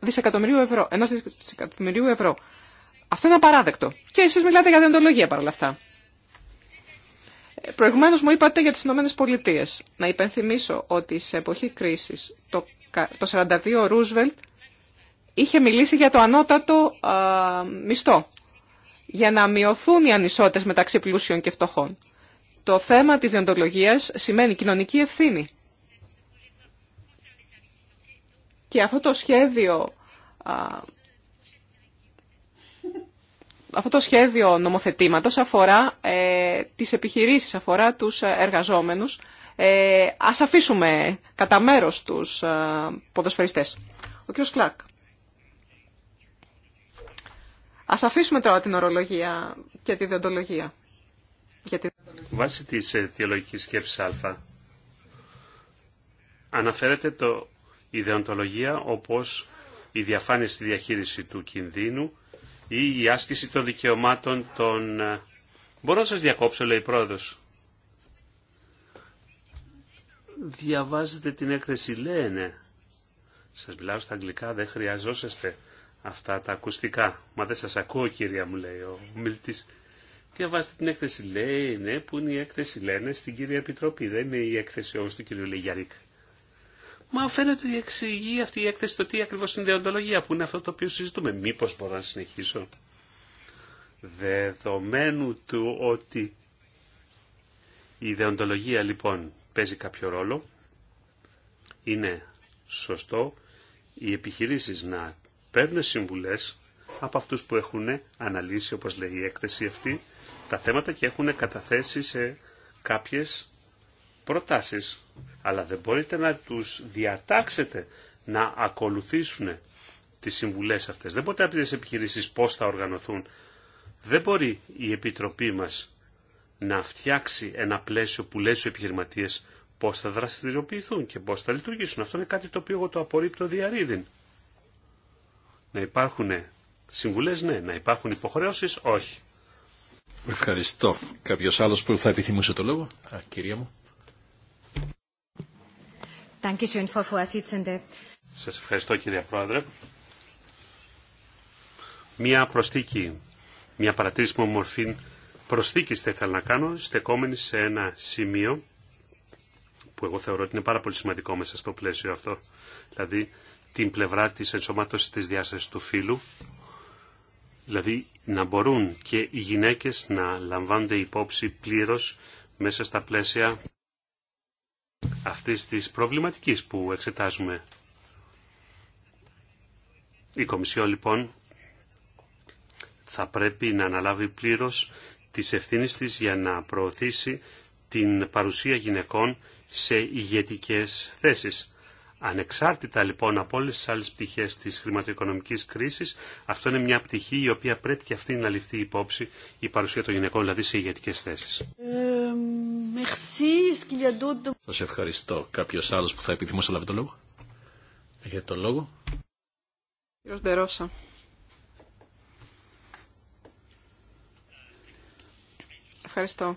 δισεκατομμυρίου ευρώ. 1 δισεκατομμυρίου ευρώ. Αυτό είναι απαράδεκτο. Και εσείς μιλάτε για διοντολογία παρ' όλα αυτά. Προηγουμένω μου είπατε για τι Ηνωμένε Πολιτείε. Να υπενθυμίσω ότι σε εποχή κρίση το, το 42 Ρούσβελτ είχε μιλήσει για το ανώτατο α, μισθό για να μειωθούν οι ανισότητες μεταξύ πλούσιων και φτωχών. Το θέμα της διοντολογία σημαίνει κοινωνική ευθύνη. Και αυτό το σχέδιο αυτό το σχέδιο νομοθετήματος αφορά ε, τις επιχειρήσεις, αφορά τους εργαζόμενους. Ε, ας αφήσουμε κατά μέρος τους ε, ποδοσφαιριστές. Ο κ. Κλάρκ. Ας αφήσουμε τώρα την ορολογία και τη διοντολογία. Γιατί...
Βάσει της αιτιολογικής σκέψης α, αναφέρεται το, η διοντολογία όπως η διαφάνεια στη διαχείριση του κινδύνου, ή η άσκηση των δικαιωμάτων των... Ε, Μπορώ να σας διακόψω, λέει η πρόεδρος. Διαβάζετε την έκθεση, λένε. Ναι. Σας μιλάω στα αγγλικά, δεν χρειαζόσαστε αυτά τα ακουστικά. Μα δεν σας ακούω, κυρία μου, λέει ο μιλητής. Διαβάζετε την έκθεση, λένε, ναι, που είναι η έκθεση, λένε, στην κυρία Επιτροπή. Δεν είναι η έκθεση όμως του κυρίου Λεγιαρίκ. Μα φαίνεται ότι εξηγεί αυτή η έκθεση το τι ακριβώς είναι η δεοντολογία που είναι αυτό το οποίο συζητούμε. Μήπως μπορώ να συνεχίσω. Δεδομένου του ότι η δεοντολογία λοιπόν παίζει κάποιο ρόλο, είναι σωστό οι επιχειρήσεις να παίρνουν συμβουλές από αυτούς που έχουν αναλύσει, όπως λέει η έκθεση αυτή, τα θέματα και έχουν καταθέσει σε κάποιες προτάσεις αλλά δεν μπορείτε να τους διατάξετε να ακολουθήσουν τις συμβουλές αυτές. Δεν μπορείτε να πείτε στις επιχειρήσεις πώς θα οργανωθούν. Δεν μπορεί η Επιτροπή μας να φτιάξει ένα πλαίσιο που λέει στους επιχειρηματίες πώς θα δραστηριοποιηθούν και πώς θα λειτουργήσουν. Αυτό είναι κάτι το οποίο εγώ το απορρίπτω διαρρήδην. Να υπάρχουν συμβουλές, ναι. Να υπάρχουν υποχρεώσεις, όχι.
Ευχαριστώ. Κάποιος άλλος που θα επιθυμούσε το λόγο. Α, κυρία μου.
Σας ευχαριστώ κύριε Πρόεδρε. Μία προσθήκη, μία παρατήρηση μου μορφή προστίκης θα ήθελα να κάνω, στεκόμενη σε ένα σημείο που εγώ θεωρώ ότι είναι πάρα πολύ σημαντικό μέσα στο πλαίσιο αυτό, δηλαδή την πλευρά της ενσωμάτωσης της διάστασης του φύλου, δηλαδή να μπορούν και οι γυναίκες να λαμβάνονται υπόψη πλήρως μέσα στα πλαίσια αυτής της προβληματικής που εξετάζουμε. Η Κομισιό λοιπόν θα πρέπει να αναλάβει πλήρως τις ευθύνες της για να προωθήσει την παρουσία γυναικών σε ηγετικές θέσεις. Ανεξάρτητα λοιπόν από όλες τις άλλες πτυχές της χρηματοοικονομικής κρίσης, αυτό είναι μια πτυχή η οποία πρέπει και αυτή να ληφθεί υπόψη η παρουσία των γυναικών,
δηλαδή σε ηγετικές θέσεις. Ε, Σας ευχαριστώ. Κάποιος άλλος που θα επιθυμούσε να λάβει το λόγο. Έχετε το λόγο.
Κύριος Ντερόσα. Ευχαριστώ.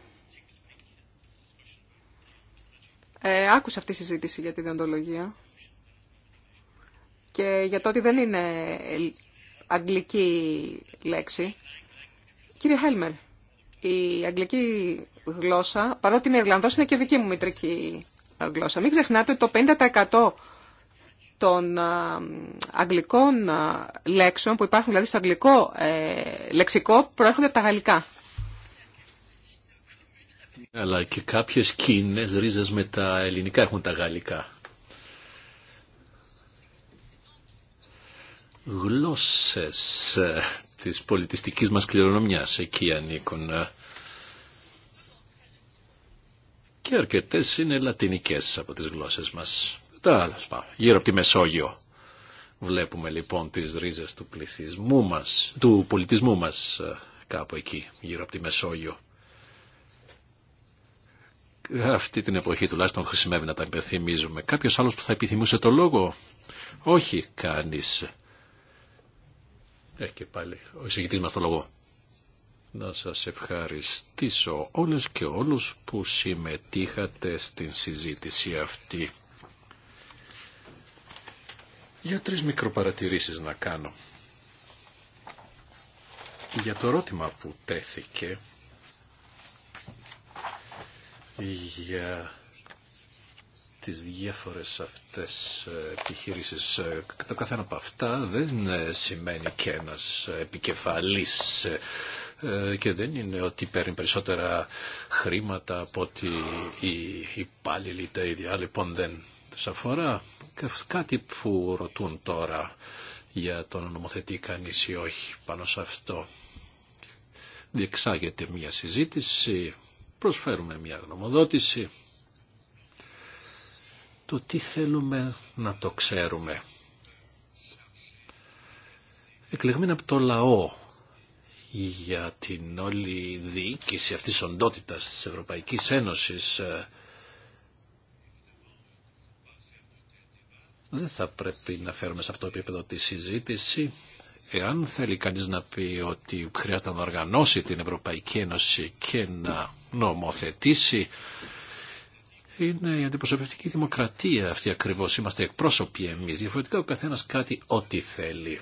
Ε, άκουσα αυτή τη συζήτηση για τη διοντολογία και για το ότι δεν είναι αγγλική λέξη. Κύριε Χέλμερ, η αγγλική γλώσσα, παρότι είναι Ιρλανδός, είναι και δική μου μητρική γλώσσα. Μην ξεχνάτε ότι το 50% των αγγλικών λέξεων που υπάρχουν δηλαδή στο αγγλικό ε, λεξικό προέρχονται από τα γαλλικά.
Αλλά και κάποιες κοινέ ρίζες με τα ελληνικά έχουν τα γαλλικά. γλώσσες ε, της πολιτιστικής μας κληρονομιάς εκεί ανήκουν. Ε. Και αρκετές είναι λατινικές από τις γλώσσες μας. Τα γύρω από τη Μεσόγειο. Βλέπουμε λοιπόν τις ρίζες του πληθυσμού μας, του πολιτισμού μας ε, κάπου εκεί, γύρω από τη Μεσόγειο. Αυτή την εποχή τουλάχιστον χρησιμεύει να τα υπενθυμίζουμε. Κάποιος άλλος που θα επιθυμούσε το λόγο. Όχι κανείς. Έχει και πάλι, ο εισηγητής μας το λόγο. Να σας ευχαριστήσω όλες και όλους που συμμετείχατε στην συζήτηση αυτή. Για τρεις μικροπαρατηρήσεις να κάνω. Για το ερώτημα που τέθηκε για τις διάφορες αυτές ε, επιχείρησεις. Ε, το καθένα από αυτά δεν ε, σημαίνει και ένας επικεφαλής και δεν είναι ότι παίρνει περισσότερα χρήματα από ότι οι υπάλληλοι τα ίδια λοιπόν δεν τους αφορά. Κάτι που ρωτούν τώρα για τον νομοθετή κανείς ή όχι πάνω σε αυτό. Διεξάγεται μια συζήτηση, προσφέρουμε μια γνωμοδότηση το τι θέλουμε να το ξέρουμε. Εκλεγμένα από το λαό για την όλη διοίκηση αυτής της οντότητας της Ευρωπαϊκής Ένωσης ε, δεν θα πρέπει να φέρουμε σε αυτό το επίπεδο τη συζήτηση. Εάν θέλει κανείς να πει ότι χρειάζεται να οργανώσει την Ευρωπαϊκή Ένωση και να νομοθετήσει, είναι η αντιπροσωπευτική δημοκρατία αυτή ακριβώ Είμαστε εκπρόσωποι εμεί. Διαφορετικά ο καθένα κάτι ό,τι θέλει.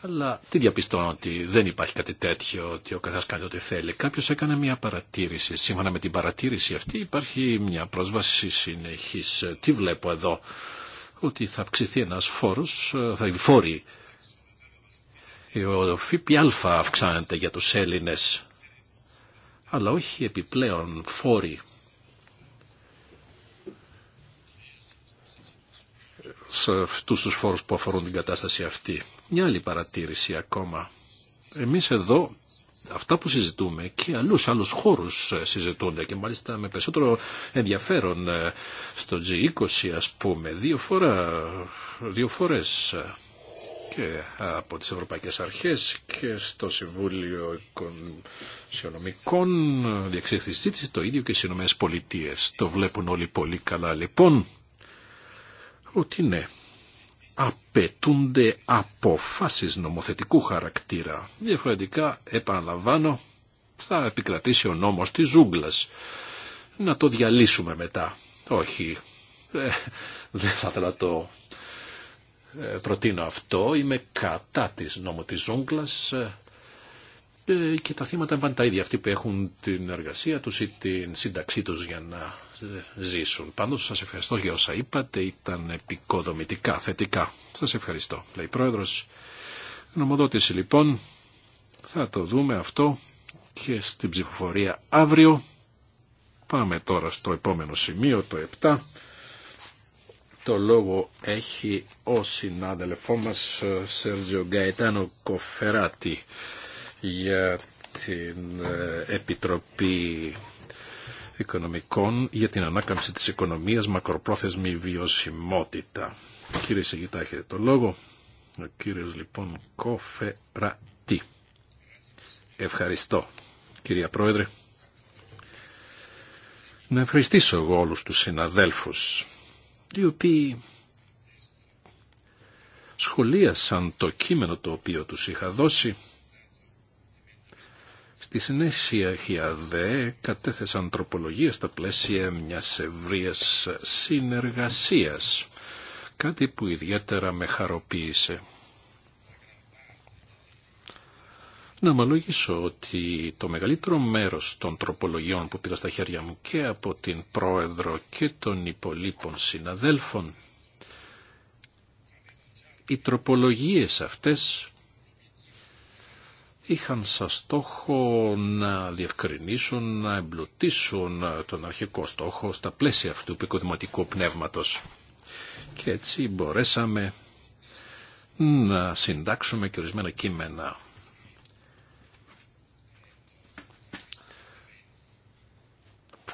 Αλλά τι διαπιστώνω ότι δεν υπάρχει κάτι τέτοιο, ότι ο καθένα κάνει ό,τι θέλει. Κάποιο έκανε μια παρατήρηση. Σύμφωνα με την παρατήρηση αυτή υπάρχει μια πρόσβαση συνεχή. Τι βλέπω εδώ, ότι θα αυξηθεί ένα φόρο, θα είναι φόροι. Ο ΦΠΑ αυξάνεται για του Έλληνε, αλλά όχι επιπλέον φόροι σε αυτούς τους φόρους που αφορούν την κατάσταση αυτή. Μια άλλη παρατήρηση ακόμα. Εμείς εδώ αυτά που συζητούμε και αλλού άλλους χώρους ε, συζητούνται και μάλιστα με περισσότερο ενδιαφέρον ε, στο G20 ας πούμε δύο, φορά, δύο φορές ε, και από τις Ευρωπαϊκές Αρχές και στο Συμβούλιο Οικονομικών διεξήχθησή το ίδιο και στις Ηνωμένες Πολιτείες. Το βλέπουν όλοι πολύ καλά λοιπόν ότι ναι, απαιτούνται αποφάσεις νομοθετικού χαρακτήρα. Διαφορετικά, επαναλαμβάνω, θα επικρατήσει ο νόμος της ζούγκλας. Να το διαλύσουμε μετά. Όχι, ε, δεν θα ήθελα το ε, προτείνω αυτό. Είμαι κατά της νόμου της ζούγκλας ε, και τα θύματα είναι τα ίδια αυτοί που έχουν την εργασία τους ή την σύνταξή τους για να ζήσουν. Πάντως σας ευχαριστώ για όσα είπατε, ήταν επικοδομητικά, θετικά. Σας ευχαριστώ, λέει Πρόεδρος. Νομοδότηση λοιπόν, θα το δούμε αυτό και στην ψηφοφορία αύριο. Πάμε τώρα στο επόμενο σημείο, το 7. Το λόγο έχει ο συνάδελφό μας Σέρτζιο Γκαϊτάνο Κοφεράτη για την ε, Επιτροπή Οικονομικών για την ανάκαμψη της οικονομίας μακροπρόθεσμη βιωσιμότητα. Κύριε Σεγητά, έχετε το λόγο. Ο κύριος λοιπόν Κοφερατή. Ευχαριστώ, κυρία Πρόεδρε. Να ευχαριστήσω εγώ όλους τους συναδέλφους, οι οποίοι σχολίασαν το κείμενο το οποίο τους είχα δώσει Στη συνέχεια δε κατέθεσαν τροπολογία στα πλαίσια μιας ευρείας συνεργασίας, κάτι που ιδιαίτερα με χαροποίησε. Να ομολογήσω ότι το μεγαλύτερο μέρος των τροπολογιών που πήρα στα χέρια μου και από την Πρόεδρο και των υπολείπων συναδέλφων, οι τροπολογίες αυτές είχαν σαν στόχο να διευκρινίσουν, να εμπλουτίσουν τον αρχικό στόχο στα πλαίσια αυτού του οικοδηματικού πνεύματος. Και έτσι μπορέσαμε να συντάξουμε και ορισμένα κείμενα.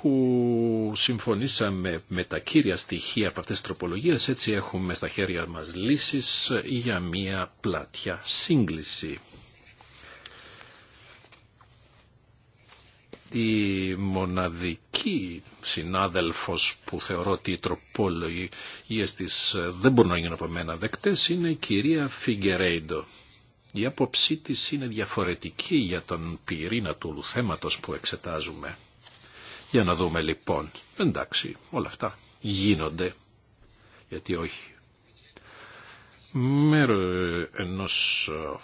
που συμφωνήσαμε με τα κύρια στοιχεία από αυτές τις τροπολογίες, έτσι έχουμε στα χέρια μας λύσεις για μία πλατιά σύγκληση. η μοναδική συνάδελφος που θεωρώ ότι οι τροπόλογοι της ε, δεν μπορούν να γίνουν από μένα δεκτές είναι η κυρία Φιγκερέιντο. Η άποψή της είναι διαφορετική για τον πυρήνα του θέματος που εξετάζουμε. Για να δούμε λοιπόν. Εντάξει, όλα αυτά γίνονται. Γιατί όχι. Μέρο ε, ενός ε,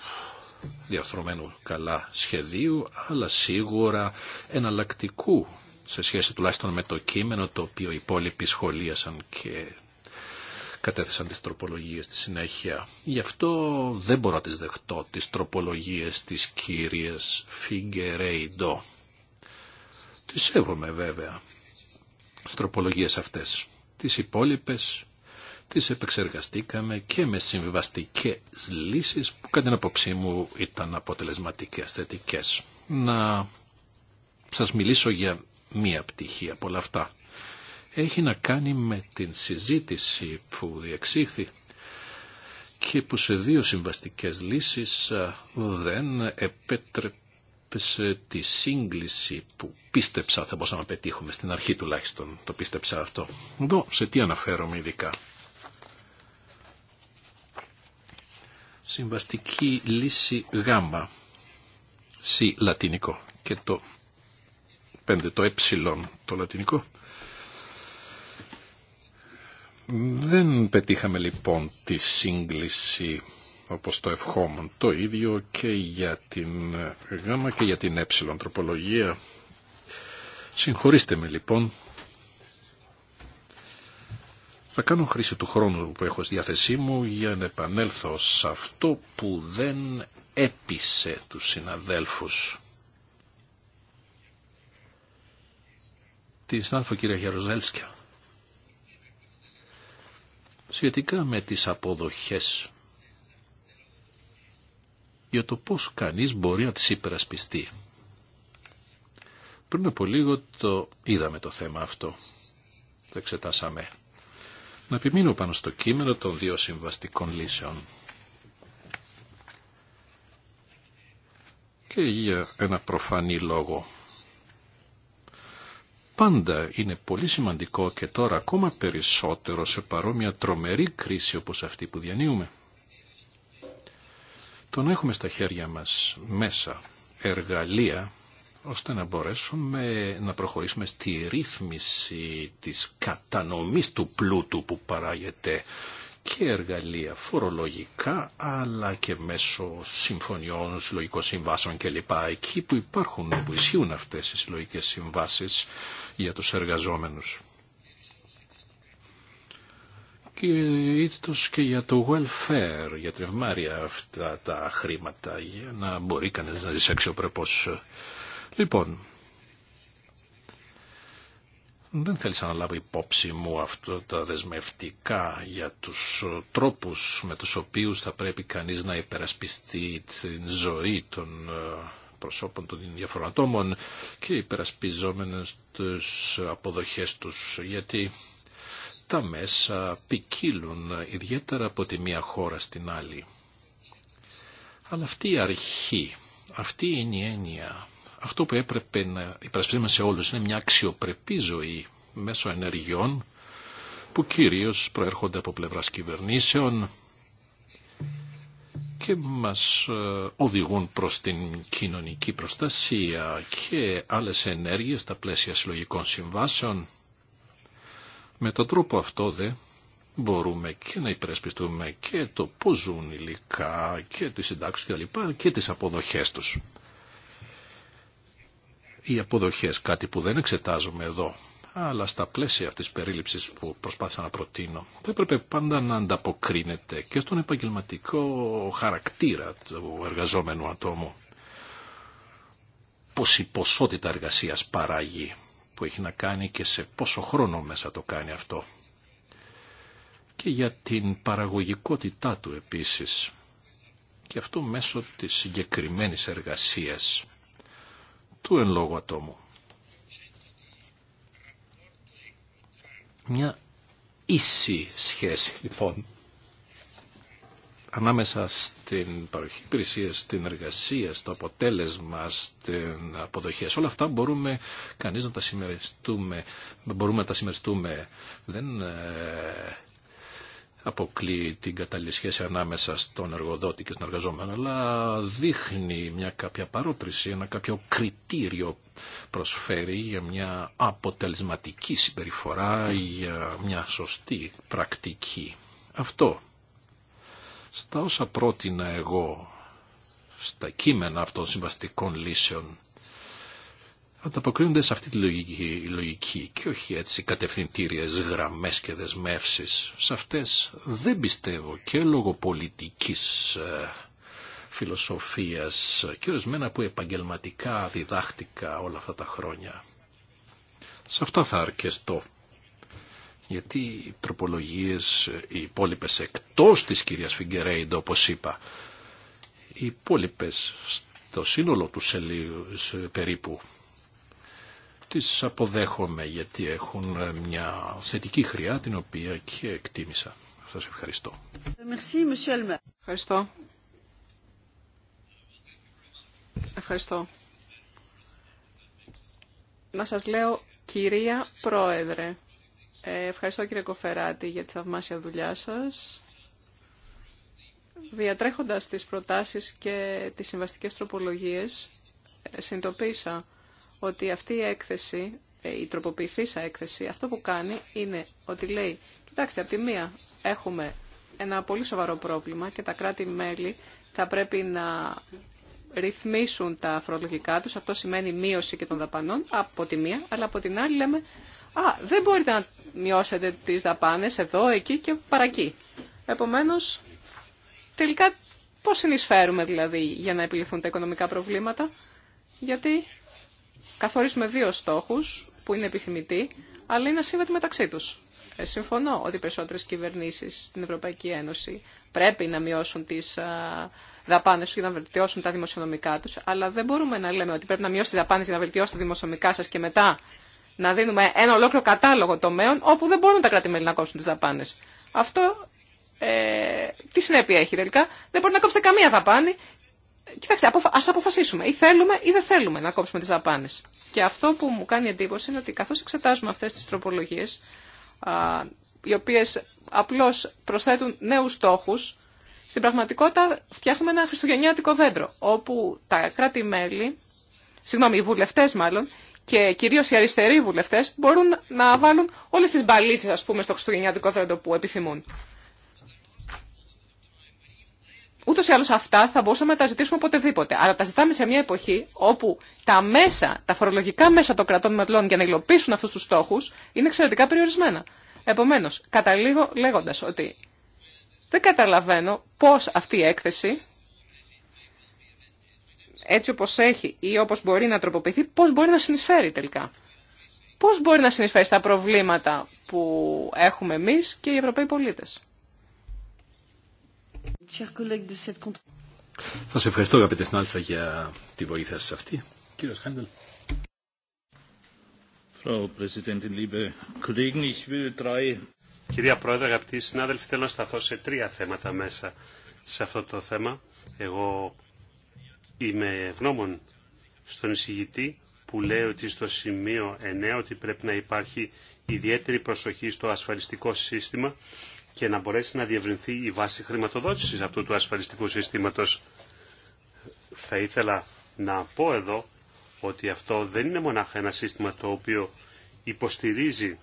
διαρθρωμένου καλά σχεδίου, αλλά σίγουρα εναλλακτικού σε σχέση τουλάχιστον με το κείμενο το οποίο οι υπόλοιποι σχολίασαν και κατέθεσαν τις τροπολογίες στη συνέχεια. Γι' αυτό δεν μπορώ να τις δεχτώ, τις τροπολογίες της κύριας Φιγκερέιντο. Τις σέβομαι βέβαια, τις τροπολογίες αυτές. Τις υπόλοιπες τις επεξεργαστήκαμε και με συμβιβαστικές λύσεις που κατά την απόψή μου ήταν αποτελεσματικές, θετικές. Να σας μιλήσω για μία πτυχή από όλα αυτά. Έχει να κάνει με την συζήτηση που διεξήχθη και που σε δύο συμβαστικές λύσεις δεν επέτρεψε τη σύγκληση που πίστεψα θα μπορούσαμε να πετύχουμε στην αρχή τουλάχιστον το πίστεψα αυτό. Εδώ σε τι αναφέρομαι ειδικά. Συμβαστική λύση γάμα. Σι λατινικό. Και το πέντε το ε το λατινικό. Δεν πετύχαμε λοιπόν τη σύγκληση όπως το ευχόμουν. Το ίδιο και για την γάμα και για την ΕΨΙΛΟΝ τροπολογία. Συγχωρήστε με λοιπόν θα κάνω χρήση του χρόνου που έχω στη διάθεσή μου για να επανέλθω σε αυτό που δεν έπεισε τους συναδέλφους. Την συνάδελφο κυρία Γεροζέλσκια. Σχετικά με τις αποδοχές για το πώς κανείς μπορεί να τις υπερασπιστεί. Πριν από λίγο το είδαμε το θέμα αυτό. Το εξετάσαμε να επιμείνω πάνω στο κείμενο των δύο συμβαστικών λύσεων. Και για ένα προφανή λόγο. Πάντα είναι πολύ σημαντικό και τώρα ακόμα περισσότερο σε παρόμοια τρομερή κρίση όπως αυτή που διανύουμε. Το να έχουμε στα χέρια μας μέσα εργαλεία ώστε να μπορέσουμε να προχωρήσουμε στη ρύθμιση της κατανομής του πλούτου που παράγεται και εργαλεία φορολογικά αλλά και μέσω συμφωνιών, συλλογικών συμβάσεων κλπ. Εκεί που υπάρχουν, που ισχύουν αυτές οι συλλογικές συμβάσεις για τους εργαζόμενους. Και ήττος και για το welfare, για τρευμάρια αυτά τα χρήματα για να μπορεί κανένας να ζήσει αξιοπρεπώς Λοιπόν, δεν θέλεις να λάβω υπόψη μου αυτό τα δεσμευτικά για τους τρόπους με τους οποίους θα πρέπει κανείς να υπερασπιστεί την ζωή των ε, προσώπων των διαφορών ατόμων και υπερασπιζόμενες τις αποδοχές τους, γιατί τα μέσα ποικίλουν ιδιαίτερα από τη μία χώρα στην άλλη. Αλλά αυτή η αρχή, αυτή είναι η έννοια αυτό που έπρεπε να υπερασπιστούμε σε όλους είναι μια αξιοπρεπή ζωή μέσω ενεργειών που κυρίως προέρχονται από πλευράς κυβερνήσεων και μας ε, οδηγούν προς την κοινωνική προστασία και άλλες ενέργειες στα πλαίσια συλλογικών συμβάσεων. Με τον τρόπο αυτό δε μπορούμε και να υπερασπιστούμε και το πώς ζουν υλικά και τις συντάξεις και και τις αποδοχές τους οι αποδοχές, κάτι που δεν εξετάζουμε εδώ, αλλά στα πλαίσια αυτής της περίληψης που προσπάθησα να προτείνω, θα έπρεπε πάντα να ανταποκρίνεται και στον επαγγελματικό χαρακτήρα του εργαζόμενου ατόμου. Πώς η ποσότητα εργασίας παράγει, που έχει να κάνει και σε πόσο χρόνο μέσα το κάνει αυτό. Και για την παραγωγικότητά του επίσης. Και αυτό μέσω της συγκεκριμένης εργασίας του εν λόγω ατόμου. Μια ίση σχέση λοιπόν ανάμεσα στην παροχή υπηρεσία, στην εργασία, στο αποτέλεσμα, στην αποδοχή. όλα αυτά μπορούμε κανείς να τα συμμεριστούμε, μπορούμε να τα συμμεριστούμε. Δεν ε, αποκλείει την κατάλληλη σχέση ανάμεσα στον εργοδότη και στον εργαζόμενο, αλλά δείχνει μια κάποια παρότριση, ένα κάποιο κριτήριο προσφέρει για μια αποτελεσματική συμπεριφορά, για μια σωστή πρακτική. Αυτό, στα όσα πρότεινα εγώ, στα κείμενα αυτών συμβαστικών λύσεων, ανταποκρίνονται σε αυτή τη λογική, λογική και όχι έτσι κατευθυντήριες γραμμές και δεσμεύσεις. Σε αυτές δεν πιστεύω και λόγω πολιτικής ε, φιλοσοφίας και ορισμένα που επαγγελματικά διδάχτηκα όλα αυτά τα χρόνια. Σε αυτά θα αρκεστώ. Γιατί οι τροπολογίες, οι υπόλοιπες εκτός της κυρίας Φιγκερέιντο, όπως είπα, οι υπόλοιπε στο σύνολο του Σελίου περίπου τις αποδέχομαι γιατί έχουν ε, μια θετική χρειά την οποία και εκτίμησα. Σας ευχαριστώ.
Ευχαριστώ. Ευχαριστώ. Να σας λέω κυρία Πρόεδρε. Ε, ευχαριστώ κύριε Κοφεράτη για τη θαυμάσια δουλειά σας. Διατρέχοντας τις προτάσεις και τις συμβαστικές τροπολογίες, ε, συνειδητοποίησα ότι αυτή η έκθεση, ε, η τροποποιηθήσα έκθεση, αυτό που κάνει είναι ότι λέει, κοιτάξτε, από τη μία έχουμε ένα πολύ σοβαρό πρόβλημα και τα κράτη-μέλη θα πρέπει να ρυθμίσουν τα αφρολογικά τους. Αυτό σημαίνει μείωση και των δαπανών από τη μία, αλλά από την άλλη λέμε «Α, δεν μπορείτε να μειώσετε τις δαπάνες εδώ, εκεί και παρακεί». Επομένως, τελικά πώς συνεισφέρουμε δηλαδή για να επιληθούν τα οικονομικά προβλήματα, γιατί καθορίσουμε δύο στόχου που είναι επιθυμητοί, αλλά είναι ασύμβατοι μεταξύ Ε, συμφωνώ ότι οι περισσότερε κυβερνήσει στην Ευρωπαϊκή Ένωση πρέπει να μειώσουν τι δαπάνε του για να βελτιώσουν τα δημοσιονομικά του, αλλά δεν μπορούμε να λέμε ότι πρέπει να μειώσετε τι δαπάνε για να βελτιώσετε τα δημοσιονομικά σα και μετά να δίνουμε ένα ολόκληρο κατάλογο τομέων όπου δεν μπορούν τα κράτη-μέλη να κόψουν τι δαπάνε. Αυτό ε, τι συνέπεια έχει τελικά. Δεν μπορεί να κόψετε καμία δαπάνη Κοιτάξτε, ας αποφασίσουμε. Ή θέλουμε ή δεν θέλουμε να κόψουμε τις δαπάνες. Και αυτό που μου κάνει εντύπωση είναι ότι καθώς εξετάζουμε αυτές τις τροπολογίες, οι οποίες απλώς προσθέτουν νέους στόχους, στην πραγματικότητα φτιάχνουμε ένα χριστουγεννιάτικο δέντρο, όπου τα κράτη-μέλη, συγγνώμη, οι βουλευτές μάλλον, και κυρίω οι αριστεροί βουλευτέ μπορούν να βάλουν όλε τι μπαλίτσε, α πούμε, στο χριστουγεννιάτικο δέντρο που επιθυμούν. Ούτω ή άλλω αυτά θα μπορούσαμε να τα ζητήσουμε οποτεδήποτε. Αλλά τα ζητάμε σε μια εποχή όπου τα μέσα, τα φορολογικά μέσα των κρατών μελών για να υλοποιήσουν αυτού του στόχου είναι εξαιρετικά περιορισμένα. Επομένω, καταλήγω λέγοντα ότι δεν καταλαβαίνω πώ αυτή η έκθεση, έτσι όπω έχει ή όπω μπορεί να τροποποιηθεί, πώ μπορεί να συνεισφέρει τελικά. Πώ μπορεί να συνεισφέρει στα προβλήματα που έχουμε εμεί και οι Ευρωπαίοι πολίτε.
Σας ευχαριστώ αγαπητέ για τη βοήθεια αυτή. Κύριος
Κυρία Πρόεδρε, αγαπητοί συνάδελφοι, θέλω να σταθώ σε τρία θέματα μέσα σε αυτό το θέμα. Εγώ είμαι ευγνώμων στον εισηγητή που λέει ότι στο σημείο 9 ότι πρέπει να υπάρχει ιδιαίτερη προσοχή στο ασφαλιστικό σύστημα και να μπορέσει να διευρυνθεί η βάση χρηματοδότησης αυτού του ασφαλιστικού συστήματος. Θα ήθελα να πω εδώ ότι αυτό δεν είναι μονάχα ένα σύστημα το οποίο υποστηρίζει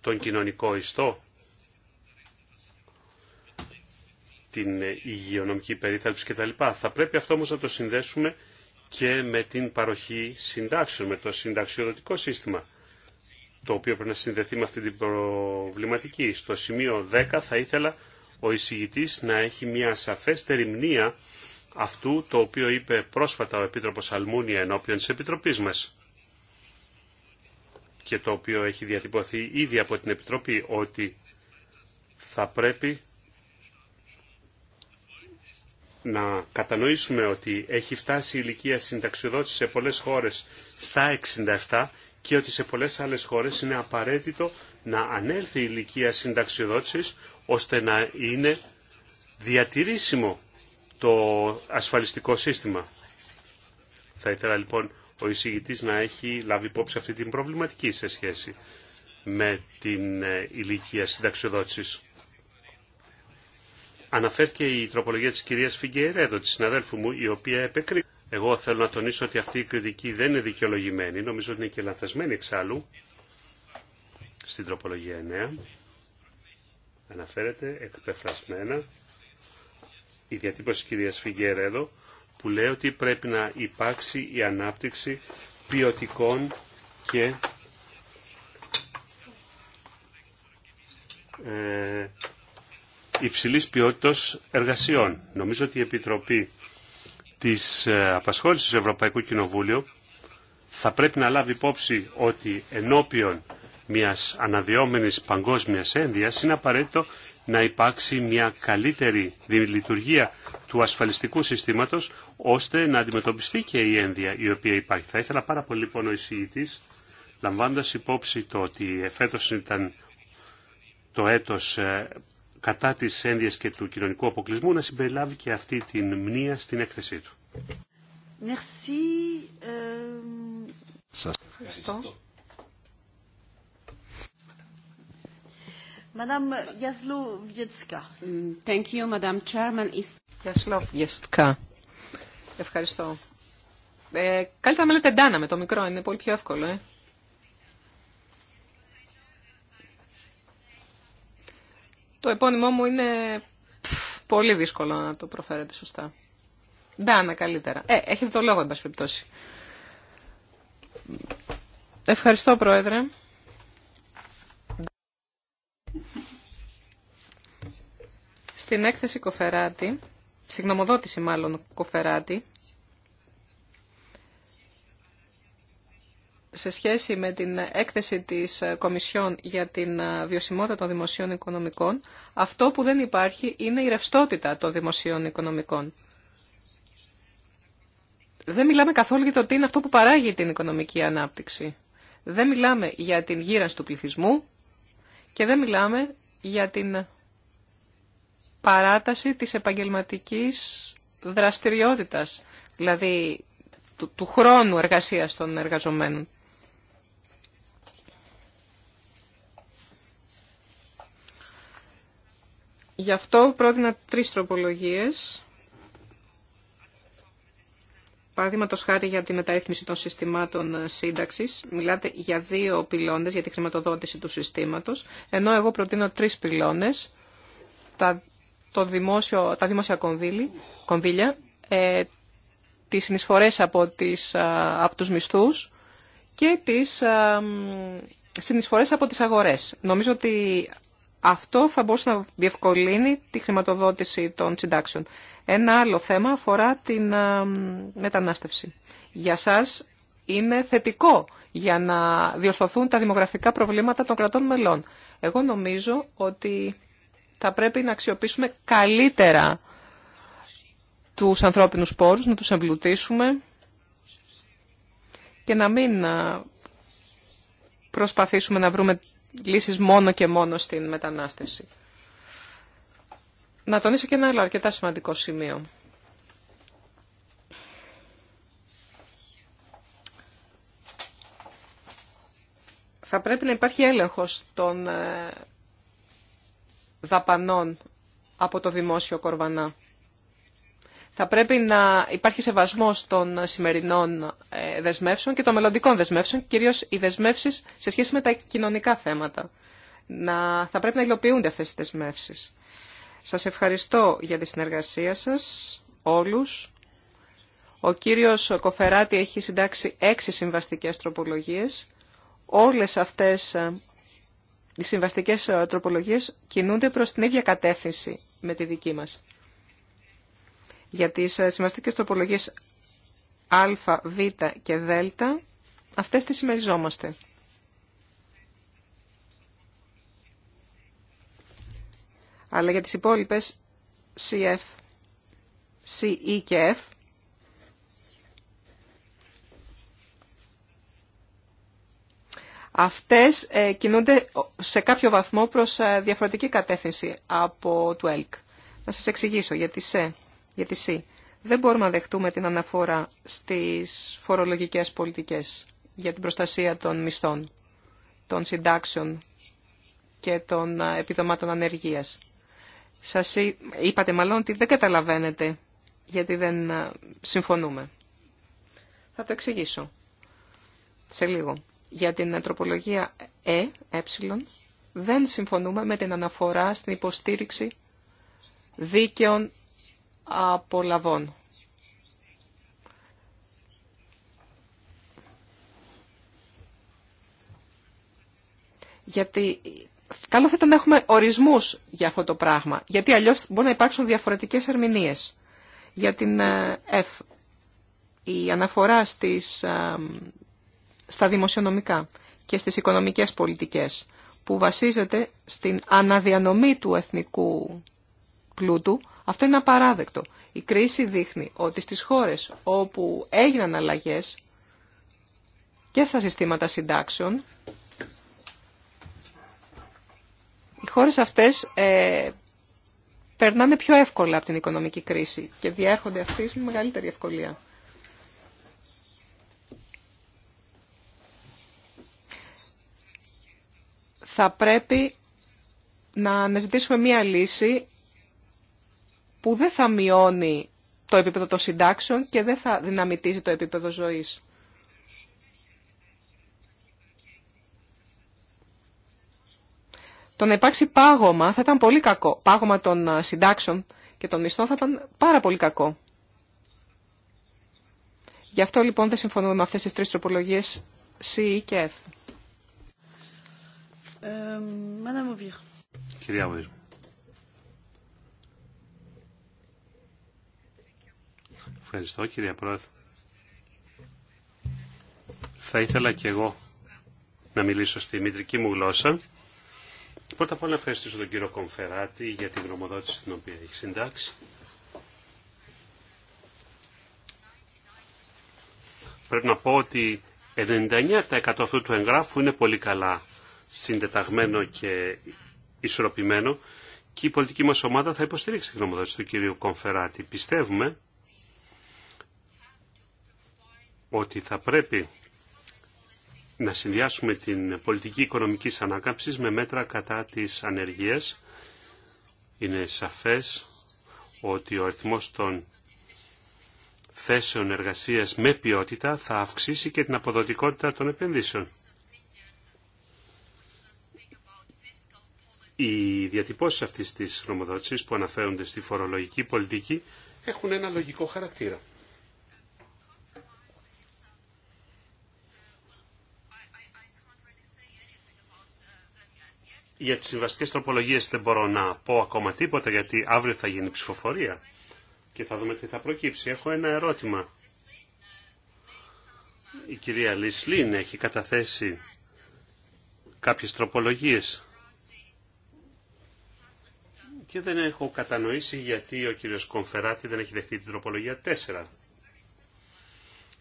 τον κοινωνικό ιστό, την υγειονομική περίθαλψη κτλ. Θα πρέπει αυτό όμως να το συνδέσουμε και με την παροχή συντάξεων, με το συνταξιοδοτικό σύστημα το οποίο πρέπει να συνδεθεί με αυτή την προβληματική. Στο σημείο 10 θα ήθελα ο εισηγητής να έχει μια σαφέστερη μνήα αυτού το οποίο είπε πρόσφατα ο Επίτροπος Αλμούνια ενώπιον της Επιτροπής μας και το οποίο έχει διατυπωθεί ήδη από την Επιτροπή ότι θα πρέπει να κατανοήσουμε ότι έχει φτάσει η ηλικία συνταξιοδότηση σε πολλές χώρες στα 67 και ότι σε πολλές άλλες χώρες είναι απαραίτητο να ανέλθει η ηλικία συνταξιοδότησης ώστε να είναι διατηρήσιμο το ασφαλιστικό σύστημα. Θα ήθελα λοιπόν ο εισηγητής να έχει λάβει υπόψη αυτή την προβληματική σε σχέση με την ε, ηλικία συνταξιοδότησης. Αναφέρθηκε η τροπολογία της κυρίας Φιγκερέδο, της συναδέλφου μου, η οποία επεκρίνει εγώ θέλω να τονίσω ότι αυτή η κριτική δεν είναι δικαιολογημένη, νομίζω ότι είναι και λανθασμένη εξάλλου. Στην τροπολογία 9 αναφέρεται εκπεφρασμένα η διατύπωση της κυρίας Φιγκερέδο που λέει ότι πρέπει να υπάρξει η ανάπτυξη ποιοτικών και ε, υψηλής ποιότητας εργασιών. Νομίζω ότι η Επιτροπή της ε, απασχόλησης του Ευρωπαϊκού Κοινοβούλιο θα πρέπει να λάβει υπόψη ότι ενώπιον μιας αναδυόμενης παγκόσμιας ένδυας είναι απαραίτητο να υπάρξει μια καλύτερη λειτουργία του ασφαλιστικού συστήματος ώστε να αντιμετωπιστεί και η ένδυα η οποία υπάρχει. Θα ήθελα πάρα πολύ λοιπόν ο εισηγητής, λαμβάνοντας υπόψη το ότι εφέτος ήταν το έτος ε, κατά της ένδυας και του κοινωνικού αποκλεισμού να συμπεριλάβει και αυτή την μνήα στην έκθεσή του.
Merci. Ε, Σας ευχαριστώ.
Thank you, Chairman. Ευχαριστώ. Ε, καλύτερα να λέτε Ντάνα με το μικρό, είναι πολύ πιο εύκολο. Ε. Το επώνυμό μου είναι πολύ δύσκολο να το προφέρετε σωστά. Ντάνα καλύτερα. Ε, έχετε το λόγο, εν πάση περιπτώσει. Ευχαριστώ, Πρόεδρε. Στην έκθεση Κοφεράτη, στην γνωμοδότηση μάλλον Κοφεράτη, σε σχέση με την έκθεση της Κομισιόν για την βιωσιμότητα των δημοσίων οικονομικών, αυτό που δεν υπάρχει είναι η ρευστότητα των δημοσίων οικονομικών. Δεν μιλάμε καθόλου για το τι είναι αυτό που παράγει την οικονομική ανάπτυξη. Δεν μιλάμε για την γύρανση του πληθυσμού και δεν μιλάμε για την παράταση της επαγγελματικής δραστηριότητας, δηλαδή του, χρόνου εργασίας των εργαζομένων. Γι' αυτό πρότεινα τρεις τροπολογίες. Παραδείγματο χάρη για τη μεταρρύθμιση των συστημάτων σύνταξη, μιλάτε για δύο πυλώνε για τη χρηματοδότηση του συστήματο, ενώ εγώ προτείνω τρει πυλώνε, τα, το δημόσιο, τα δημόσια κονδύλι, κονδύλια, ε, τι συνεισφορέ από, τις, από του μισθού και τι συνεισφορέ από τις αγορέ. Νομίζω ότι αυτό θα μπορούσε να διευκολύνει τη χρηματοδότηση των συντάξεων. Ένα άλλο θέμα αφορά την ε, μετανάστευση. Για σας είναι θετικό για να διορθωθούν τα δημογραφικά προβλήματα των κρατών μελών. Εγώ νομίζω ότι θα πρέπει να αξιοποιήσουμε καλύτερα τους ανθρώπινους πόρους, να τους εμπλουτίσουμε και να μην ε, προσπαθήσουμε να βρούμε λύσεις μόνο και μόνο στην μετανάστευση. Να τονίσω και ένα άλλο αρκετά σημαντικό σημείο. Θα πρέπει να υπάρχει έλεγχος των ε, δαπανών από το δημόσιο κορβανά θα πρέπει να υπάρχει σεβασμός των σημερινών ε, δεσμεύσεων και των μελλοντικών δεσμεύσεων, κυρίως οι δεσμεύσεις σε σχέση με τα κοινωνικά θέματα. Να, θα πρέπει να υλοποιούνται αυτές οι δεσμεύσεις. Σας ευχαριστώ για τη συνεργασία σας όλους. Ο κύριος Κοφεράτη έχει συντάξει έξι συμβαστικές τροπολογίες. Όλες αυτές ε, οι συμβαστικές ε, τροπολογίες κινούνται προς την ίδια κατεύθυνση με τη δική μας για τις ε, συμβαστικές τροπολογίες α, β και δ, αυτές τις συμμεριζόμαστε. Αλλά για τις υπόλοιπες CF, CE και F, Αυτές ε, κινούνται σε κάποιο βαθμό προς ε, διαφορετική κατεύθυνση από του ΕΛΚ. Να σας εξηγήσω γιατί σε για ΣΥ. Δεν μπορούμε να δεχτούμε την αναφορά στις φορολογικές πολιτικές για την προστασία των μισθών, των συντάξεων και των επιδομάτων ανεργίας. Σας είπατε μάλλον ότι δεν καταλαβαίνετε γιατί δεν συμφωνούμε. Θα το εξηγήσω σε λίγο. Για την τροπολογία Ε, ε, δεν συμφωνούμε με την αναφορά στην υποστήριξη δίκαιων απολαβών. Γιατί καλό θα ήταν να έχουμε ορισμούς για αυτό το πράγμα, γιατί αλλιώς μπορεί να υπάρξουν διαφορετικές ερμηνείες. Για την ε, F, η αναφορά στις, ε, στα δημοσιονομικά και στις οικονομικές πολιτικές, που βασίζεται στην αναδιανομή του εθνικού πλούτου, αυτό είναι απαράδεκτο. Η κρίση δείχνει ότι στις χώρες όπου έγιναν αλλαγές και στα συστήματα συντάξεων, οι χώρες αυτές ε, περνάνε πιο εύκολα από την οικονομική κρίση και διέρχονται αυτής με μεγαλύτερη ευκολία. Θα πρέπει να αναζητήσουμε μία λύση που δεν θα μειώνει το επίπεδο των συντάξεων και δεν θα δυναμητίζει το επίπεδο ζωής. Το να υπάρξει πάγωμα θα ήταν πολύ κακό. Πάγωμα των συντάξεων και των μισθών θα ήταν πάρα πολύ κακό. Γι' αυτό λοιπόν δεν συμφωνούμε με αυτές τις τρεις τροπολογίες C, και F. Ε,
Κυρία μου. Ευχαριστώ κύριε Πρόεδρε. Θα ήθελα και εγώ να μιλήσω στη μητρική μου γλώσσα. Πρώτα απ' όλα ευχαριστήσω τον κύριο Κομφεράτη για την γνωμοδότηση την οποία έχει συντάξει. Πρέπει να πω ότι 99% αυτού του εγγράφου είναι πολύ καλά συντεταγμένο και ισορροπημένο και η πολιτική μας ομάδα θα υποστηρίξει τη γνωμοδότηση του κυρίου Κομφεράτη. Πιστεύουμε ότι θα πρέπει να συνδυάσουμε την πολιτική οικονομικής ανάκαμψης με μέτρα κατά της ανεργίας. Είναι σαφές ότι ο αριθμός των θέσεων εργασίας με ποιότητα θα αυξήσει και την αποδοτικότητα των επενδύσεων. Οι διατυπώσεις αυτής της χρωμοδότησης που αναφέρονται στη φορολογική πολιτική έχουν ένα λογικό χαρακτήρα. Για τις συμβαστικές τροπολογίες δεν μπορώ να πω ακόμα τίποτα γιατί αύριο θα γίνει ψηφοφορία και θα δούμε τι θα προκύψει. Έχω ένα ερώτημα. Η κυρία Λισλίν έχει καταθέσει κάποιες τροπολογίες και δεν έχω κατανοήσει γιατί ο κύριος Κομφεράτη δεν έχει δεχτεί την τροπολογία 4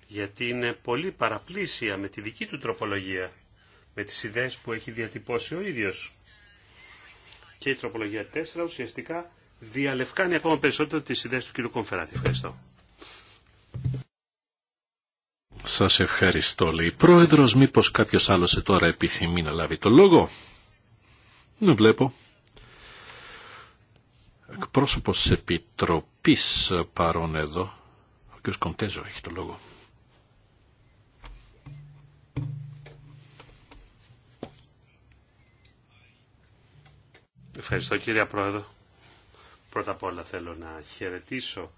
γιατί είναι πολύ παραπλήσια με τη δική του τροπολογία, με τις ιδέες που έχει διατυπώσει ο ίδιος και η τροπολογία 4 ουσιαστικά διαλευκάνει ακόμα περισσότερο τις ιδέες του κ. Κομφεράτη. Ευχαριστώ.
Σας ευχαριστώ, λέει. Πρόεδρος, μήπως κάποιος άλλος τώρα επιθυμεί να λάβει το λόγο. Δεν βλέπω. Εκπρόσωπος Επιτροπής παρόν εδώ. Ο κ. Κοντέζο έχει το λόγο.
Ευχαριστώ κύριε Πρόεδρο. Πρώτα απ' όλα θέλω να χαιρετήσω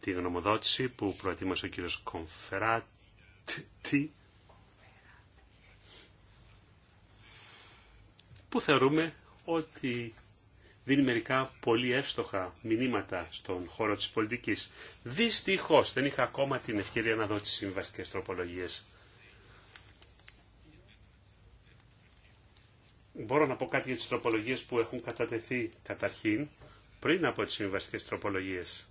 τη γνωμοδότηση που προετοίμασε ο κύριος Κομφεράτη που θεωρούμε ότι δίνει μερικά πολύ εύστοχα μηνύματα στον χώρο της πολιτικής. Δυστυχώς δεν είχα ακόμα την ευκαιρία να δω τις συμβαστικές τροπολογίες μπορώ να πω κάτι για τις τροπολογίες που έχουν κατατεθεί καταρχήν πριν από τις συμβαστικές τροπολογίες.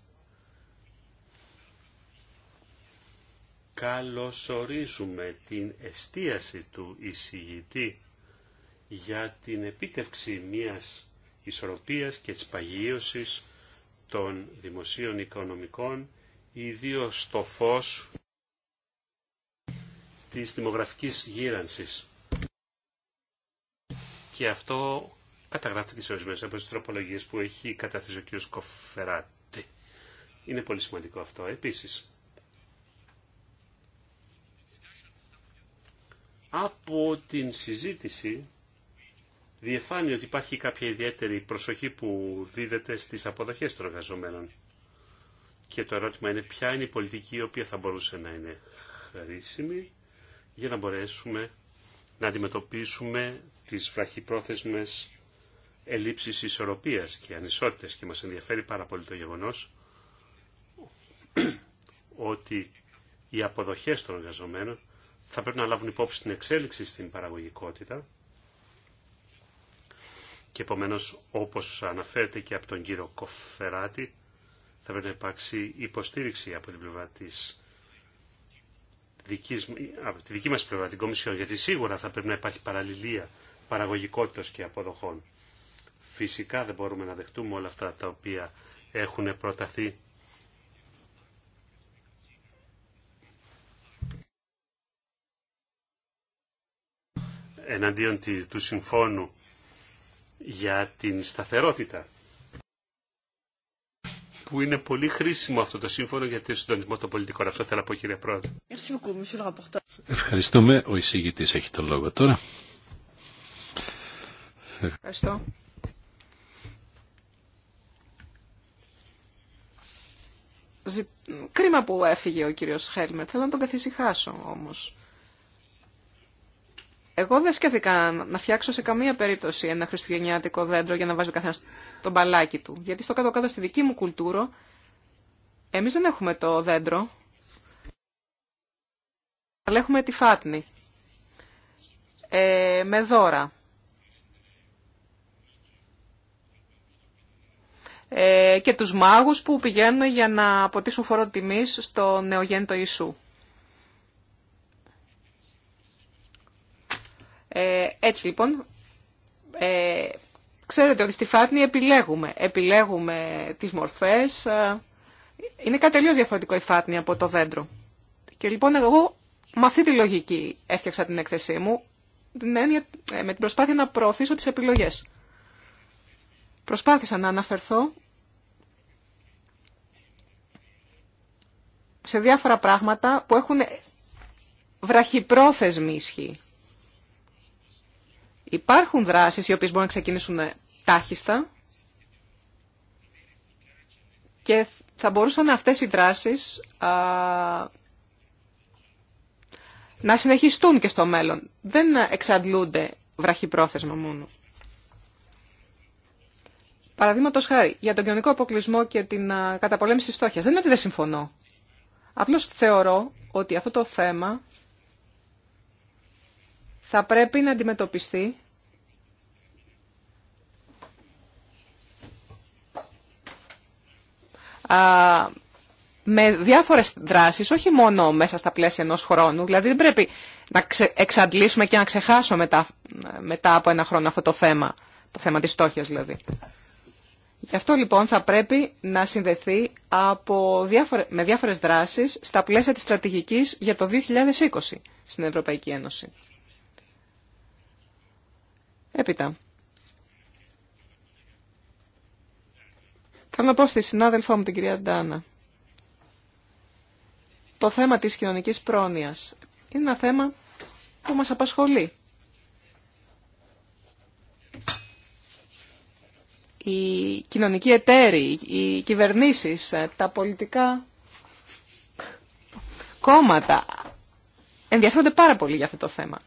Καλωσορίζουμε την εστίαση του εισηγητή για την επίτευξη μιας ισορροπίας και της παγίωσης των δημοσίων οικονομικών, ιδίως στο φως της δημογραφικής γύρανσης και αυτό καταγράφεται και σε ορισμένε από τι τροπολογίε που έχει καταθέσει ο κ. Κοφεράτη. Είναι πολύ σημαντικό αυτό. Επίση, από την συζήτηση διεφάνει ότι υπάρχει κάποια ιδιαίτερη προσοχή που δίδεται στις αποδοχές των εργαζομένων. Και το ερώτημα είναι ποια είναι η πολιτική η οποία θα μπορούσε να είναι χρήσιμη για να μπορέσουμε να αντιμετωπίσουμε τις βραχυπρόθεσμες ελλείψεις ισορροπίας και ανισότητες και μας ενδιαφέρει πάρα πολύ το γεγονός ότι οι αποδοχές των εργαζομένων θα πρέπει να λάβουν υπόψη την εξέλιξη στην παραγωγικότητα και επομένως όπως αναφέρεται και από τον κύριο Κοφεράτη θα πρέπει να υπάρξει υποστήριξη από την πλευρά της από τη δική μας πλευρά, την Κομισιόν, γιατί σίγουρα θα πρέπει να υπάρχει παραλληλία παραγωγικότητας και αποδοχών. Φυσικά δεν μπορούμε να δεχτούμε όλα αυτά τα οποία έχουν προταθεί εναντίον του συμφώνου για την σταθερότητα που είναι πολύ χρήσιμο αυτό το σύμφωνο για τον συντονισμό των πολιτικών. Αυτό θέλω να πω κύριε Πρόεδρε.
Ευχαριστούμε. Ο εισηγητή έχει τον λόγο τώρα. Ευχαριστώ.
Κρίμα που έφυγε ο κύριος Χέλμερ. Θέλω να τον καθησυχάσω όμως. Εγώ δεν σκέφτηκα να φτιάξω σε καμία περίπτωση ένα χριστουγεννιάτικο δέντρο για να βάζει ο καθένα τον μπαλάκι του. Γιατί στο κάτω-κάτω στη δική μου κουλτούρα, εμεί δεν έχουμε το δέντρο, αλλά έχουμε τη φάτνη. Ε, με δώρα. Ε, και τους μάγους που πηγαίνουν για να αποτίσουν φορό τιμής στο νεογέννητο Ιησού. Ε, έτσι λοιπόν, ε, ξέρετε ότι στη Φάτνη επιλέγουμε. Επιλέγουμε τις μορφές. Ε, είναι κάτι τελείως διαφορετικό η Φάτνη από το δέντρο. Και λοιπόν εγώ με αυτή τη λογική έφτιαξα την έκθεσή μου, την ε, με την προσπάθεια να προωθήσω τις επιλογές. Προσπάθησα να αναφερθώ σε διάφορα πράγματα που έχουν βραχυπρόθεσμη ισχύ. Υπάρχουν δράσεις οι οποίες μπορούν να ξεκινήσουν τάχιστα και θα μπορούσαν αυτές οι δράσεις α, να συνεχιστούν και στο μέλλον. Δεν εξαντλούνται βραχυπρόθεσμα μόνο. Παραδείγματο χάρη, για τον κοινωνικό αποκλεισμό και την καταπολέμηση φτώχεια. Δεν είναι ότι δεν συμφωνώ. Απλώ θεωρώ ότι αυτό το θέμα θα πρέπει να αντιμετωπιστεί με διάφορες δράσεις, όχι μόνο μέσα στα πλαίσια ενός χρόνου, δηλαδή δεν πρέπει να εξαντλήσουμε και να ξεχάσουμε μετά, μετά από ένα χρόνο αυτό το θέμα, το θέμα της στόχιας δηλαδή. Γι' αυτό λοιπόν θα πρέπει να συνδεθεί από διάφορε, με διάφορες δράσεις στα πλαίσια της στρατηγικής για το 2020 στην Ευρωπαϊκή Ένωση. Έπειτα. Θέλω να πω στη συνάδελφό μου την κυρία Ντάνα. Το θέμα της κοινωνικής πρόνοιας είναι ένα θέμα που μας απασχολεί. Οι κοινωνικοί εταίροι, οι κυβερνήσεις, ε, τα πολιτικά κόμματα ενδιαφέρονται πάρα πολύ για αυτό το θέμα.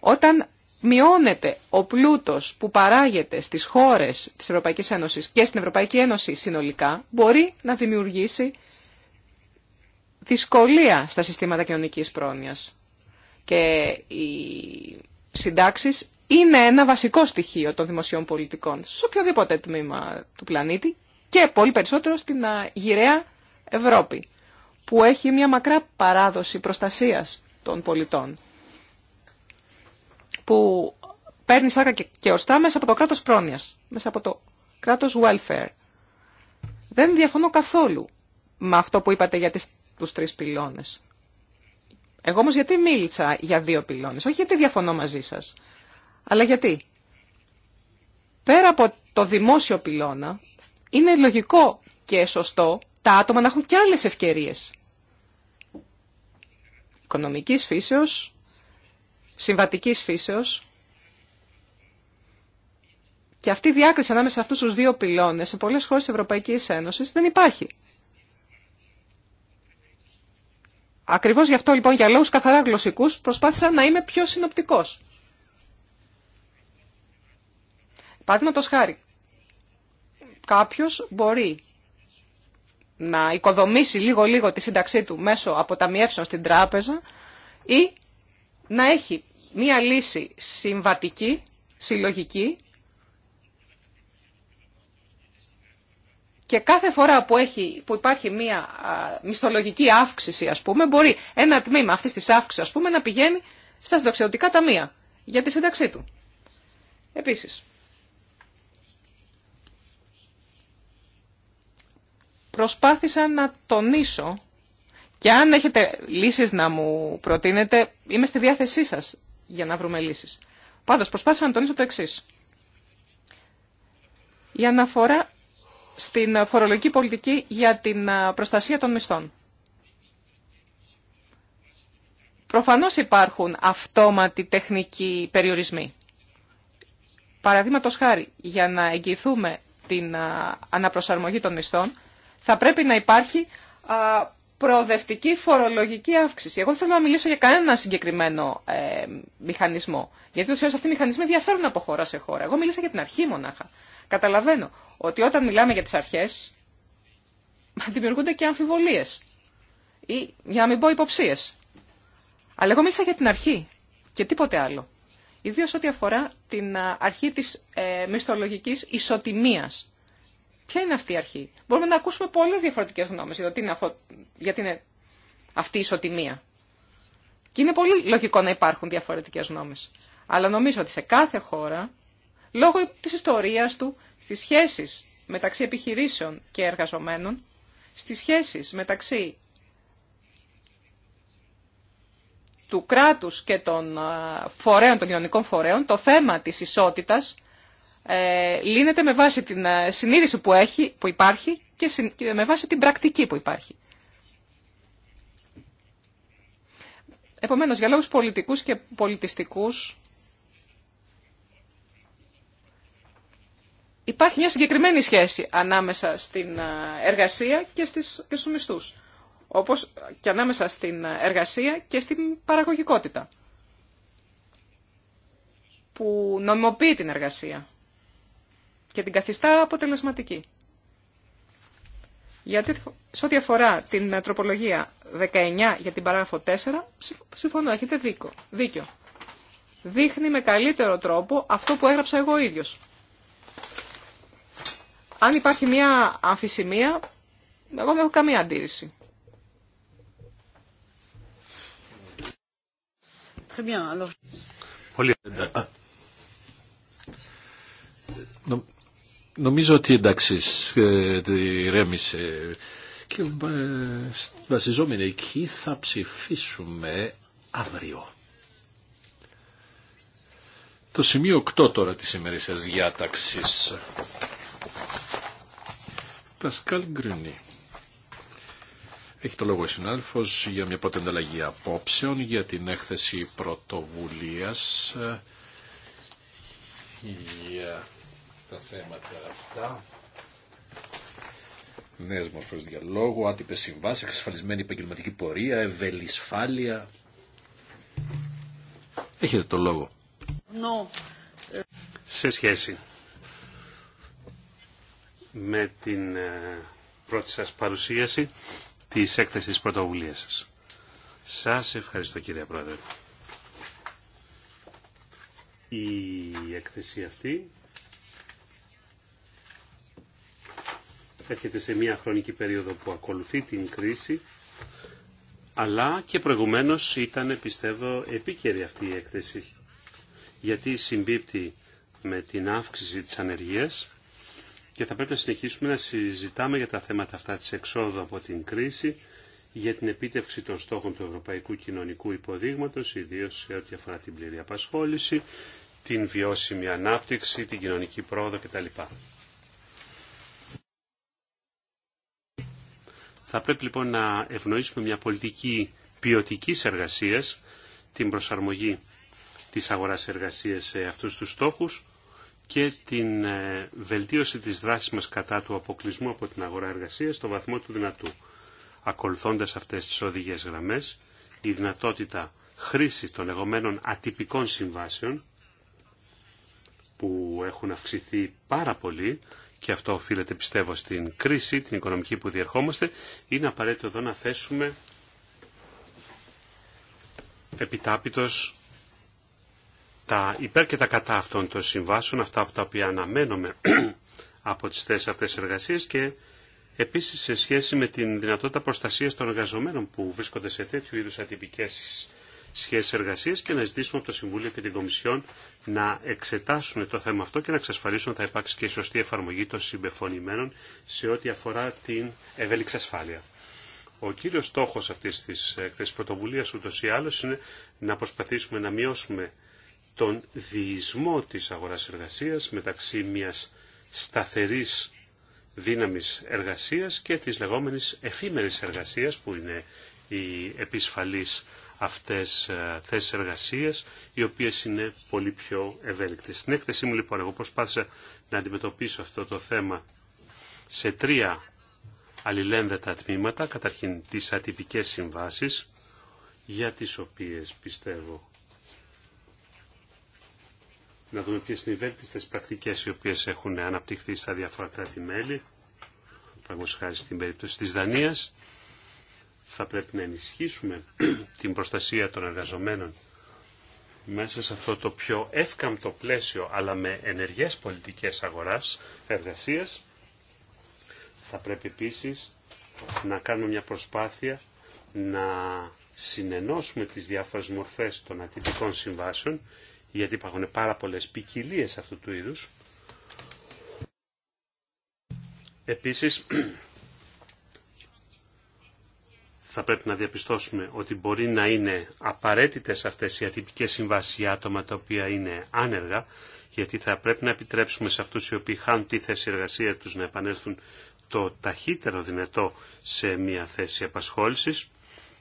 Όταν μειώνεται ο πλούτος που παράγεται στις χώρες της Ευρωπαϊκής Ένωσης και στην Ευρωπαϊκή Ένωση συνολικά, μπορεί να δημιουργήσει δυσκολία στα συστήματα κοινωνικής πρόνοιας. Και οι συντάξεις είναι ένα βασικό στοιχείο των δημοσίων πολιτικών σε οποιοδήποτε τμήμα του πλανήτη και πολύ περισσότερο στην γυραιά Ευρώπη, που έχει μια μακρά παράδοση προστασίας των πολιτών που παίρνει σάκα και οστά μέσα από το κράτος πρόνοιας, μέσα από το κράτος welfare. Δεν διαφωνώ καθόλου με αυτό που είπατε για τις, τους τρεις Εγώ όμως γιατί μίλησα για δύο πυλώνες, όχι γιατί διαφωνώ μαζί σας, αλλά γιατί. Πέρα από το δημόσιο πυλώνα, είναι λογικό και σωστό τα άτομα να έχουν και άλλες ευκαιρίες. Οικονομικής φύσεως, συμβατικής φύσεως. Και αυτή η διάκριση ανάμεσα σε αυτούς τους δύο πυλώνες σε πολλές χώρες της Ευρωπαϊκής Ένωσης δεν υπάρχει. Ακριβώς γι' αυτό λοιπόν για λόγους καθαρά γλωσσικούς προσπάθησα να είμαι πιο συνοπτικός. το χάρη, κάποιος μπορεί να οικοδομήσει λίγο-λίγο τη σύνταξή του μέσω αποταμιεύσεων στην τράπεζα ή να έχει μία λύση συμβατική, συλλογική και κάθε φορά που, έχει, που υπάρχει μία μισθολογική αύξηση, ας πούμε, μπορεί ένα τμήμα αυτής της αύξησης, ας πούμε, να πηγαίνει στα συνταξιωτικά ταμεία για τη σύνταξή του. Επίσης, προσπάθησα να τονίσω και αν έχετε λύσεις να μου προτείνετε, είμαι στη διάθεσή σας για να βρούμε λύσεις. Πάντως, προσπάθησα να τονίσω το εξή. Η αναφορά στην φορολογική πολιτική για την προστασία των μισθών. Προφανώς υπάρχουν αυτόματοι τεχνικοί περιορισμοί. Παραδείγματο χάρη, για να εγγυηθούμε την αναπροσαρμογή των μισθών, θα πρέπει να υπάρχει προοδευτική φορολογική αύξηση. Εγώ δεν θέλω να μιλήσω για κανένα συγκεκριμένο ε, μηχανισμό. Γιατί ουσιαστικά αυτοί οι μηχανισμοί διαφέρουν από χώρα σε χώρα. Εγώ μίλησα για την αρχή μονάχα. Καταλαβαίνω ότι όταν μιλάμε για τι αρχέ, δημιουργούνται και αμφιβολίε. Ή για να μην πω υποψίε. Αλλά εγώ μίλησα για την αρχή και τίποτε άλλο. Ιδίω ό,τι αφορά την ε, αρχή τη ε, μισθολογική ισοτιμίας Ποια είναι αυτή η αρχή. Μπορούμε να ακούσουμε πολλές διαφορετικές γνώμες για είναι, αυτό, γιατί είναι αυτή η ισοτιμία. Και είναι πολύ λογικό να υπάρχουν διαφορετικές γνώμες. Αλλά νομίζω ότι σε κάθε χώρα, λόγω της ιστορίας του, στις σχέσεις μεταξύ επιχειρήσεων και εργαζομένων, στις σχέσεις μεταξύ του κράτους και των ε, φορέων, των κοινωνικών φορέων, το θέμα της ισότητας ε, λύνεται με βάση την ε, συνείδηση που, έχει, που υπάρχει και, με βάση την πρακτική που υπάρχει. Επομένως, για λόγους πολιτικούς και πολιτιστικούς, υπάρχει μια συγκεκριμένη σχέση ανάμεσα στην ε, εργασία και, στις, και στους μισθούς. Όπως και ανάμεσα στην ε, εργασία και στην παραγωγικότητα, που νομιμοποιεί την εργασία και την καθιστά αποτελεσματική. Γιατί σε ό,τι αφορά την ε, τροπολογία 19 για την παράγραφο 4, συμφωνώ, έχετε δίκο, δίκιο. Δείχνει με καλύτερο τρόπο αυτό που έγραψα εγώ ίδιος. Αν υπάρχει μια αμφισημία, εγώ δεν έχω καμία αντίρρηση.
Πολύ
Νομίζω ότι εντάξει, ε, ρεμισε Και ε, βασιζόμενοι εκεί θα ψηφίσουμε αύριο. Το σημείο 8 τώρα τη ημερήσιας διάταξης. Πασκάλ Γκρινί. Έχει το λόγο ο συνάδελφος για μια πρώτη ανταλλαγή απόψεων για την έκθεση πρωτοβουλίας ε, για τα θέματα αυτά. Νέε μορφέ διαλόγου, άτυπε συμβάσει, εξασφαλισμένη επαγγελματική πορεία, ευελισφάλεια. Έχετε το λόγο. No. Σε σχέση
με την ε, πρώτη σας παρουσίαση της έκθεσης πρωτοβουλίας σας. Σας ευχαριστώ κύριε Πρόεδρε. Η έκθεση αυτή έρχεται σε μια χρονική περίοδο που ακολουθεί την κρίση, αλλά και προηγουμένως ήταν, πιστεύω, επίκαιρη αυτή η έκθεση, γιατί συμπίπτει με την αύξηση της ανεργίας και θα πρέπει να συνεχίσουμε να συζητάμε για τα θέματα αυτά της εξόδου από την κρίση, για την επίτευξη των στόχων του Ευρωπαϊκού Κοινωνικού Υποδείγματος, ιδίως σε ό,τι αφορά την πλήρη απασχόληση, την βιώσιμη ανάπτυξη, την κοινωνική πρόοδο κτλ. Θα πρέπει λοιπόν να ευνοήσουμε μια πολιτική ποιοτική εργασία, την προσαρμογή της αγοράς εργασίας σε αυτούς τους στόχους και την ε, βελτίωση της δράσης μας κατά του αποκλεισμού από την αγορά εργασίας στο βαθμό του δυνατού. Ακολουθώντας αυτές τις οδηγές γραμμές, η δυνατότητα χρήσης των λεγόμενων ατυπικών συμβάσεων που έχουν αυξηθεί πάρα πολύ και αυτό οφείλεται πιστεύω στην κρίση, την οικονομική που διερχόμαστε, είναι απαραίτητο εδώ να θέσουμε επιτάπητος τα υπέρ και τα κατά αυτών των συμβάσεων, αυτά από τα οποία αναμένουμε από τις θέσεις αυτές εργασίες και επίσης σε σχέση με την δυνατότητα προστασίας των εργαζομένων που βρίσκονται σε τέτοιου είδους ατυπικές Σχέσει εργασία και να ζητήσουμε από το Συμβούλιο και την Κομισιόν να εξετάσουν το θέμα αυτό και να εξασφαλίσουν ότι θα υπάρξει και η σωστή εφαρμογή των συμπεφωνημένων σε ό,τι αφορά την ευέλικτη ασφάλεια. Ο κύριο στόχο αυτή τη εκθέση πρωτοβουλία ούτω ή άλλω είναι να προσπαθήσουμε να μειώσουμε τον διεισμό τη αγορά εργασία, μεταξύ μια σταθερή δύναμη εργασία και τη λεγόμενη εφήμερη εργασία, που είναι η επισφαλής αυτές ε, θέσεις εργασίας, οι οποίες είναι πολύ πιο ευέλικτες. Στην έκθεσή μου λοιπόν, εγώ προσπάθησα να αντιμετωπίσω αυτό το θέμα σε τρία αλληλένδετα τμήματα, καταρχήν τις ατυπικές συμβάσεις, για τις οποίες πιστεύω να δούμε ποιες είναι οι βέλτιστες πρακτικές οι οποίες έχουν αναπτυχθεί στα διάφορα κράτη-μέλη, στην περίπτωση της Δανίας, θα πρέπει να ενισχύσουμε την προστασία των εργαζομένων μέσα σε αυτό το πιο εύκαμπτο πλαίσιο αλλά με ενεργές πολιτικές αγοράς εργασίας θα πρέπει επίσης να κάνουμε μια προσπάθεια να συνενώσουμε τις διάφορες μορφές των ατυπικών συμβάσεων γιατί υπάρχουν πάρα πολλές ποικιλίε αυτού του είδους. Επίσης θα πρέπει να διαπιστώσουμε ότι μπορεί να είναι απαραίτητες αυτές οι ατυπικές συμβάσεις για άτομα τα οποία είναι άνεργα, γιατί θα πρέπει να επιτρέψουμε σε αυτούς οι οποίοι χάνουν τη θέση εργασία τους να επανέλθουν το ταχύτερο δυνατό σε μια θέση απασχόλησης.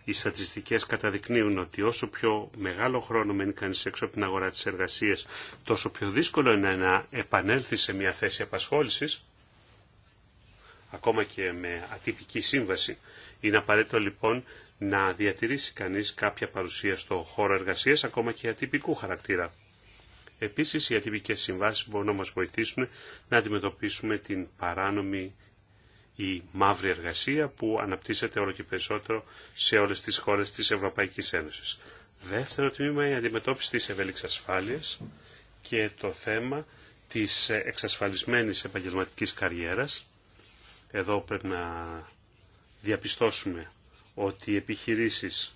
Οι στατιστικές καταδεικνύουν ότι όσο πιο μεγάλο χρόνο μένει κανείς έξω από την αγορά της εργασίας, τόσο πιο δύσκολο είναι να επανέλθει σε μια θέση απασχόλησης ακόμα και με ατυπική σύμβαση. Είναι απαραίτητο λοιπόν να διατηρήσει κανείς κάποια παρουσία στο χώρο εργασίας, ακόμα και ατυπικού χαρακτήρα. Επίσης, οι ατυπικές συμβάσεις μπορούν να μας βοηθήσουν να αντιμετωπίσουμε την παράνομη η μαύρη εργασία που αναπτύσσεται όλο και περισσότερο σε όλες τις χώρες της Ευρωπαϊκής Ένωσης. Δεύτερο τμήμα ειναι η αντιμετώπιση της ευέλικης ασφάλειας και το θέμα της εξασφαλισμένης επαγγελματικής καριέρας εδώ πρέπει να διαπιστώσουμε ότι οι επιχειρήσεις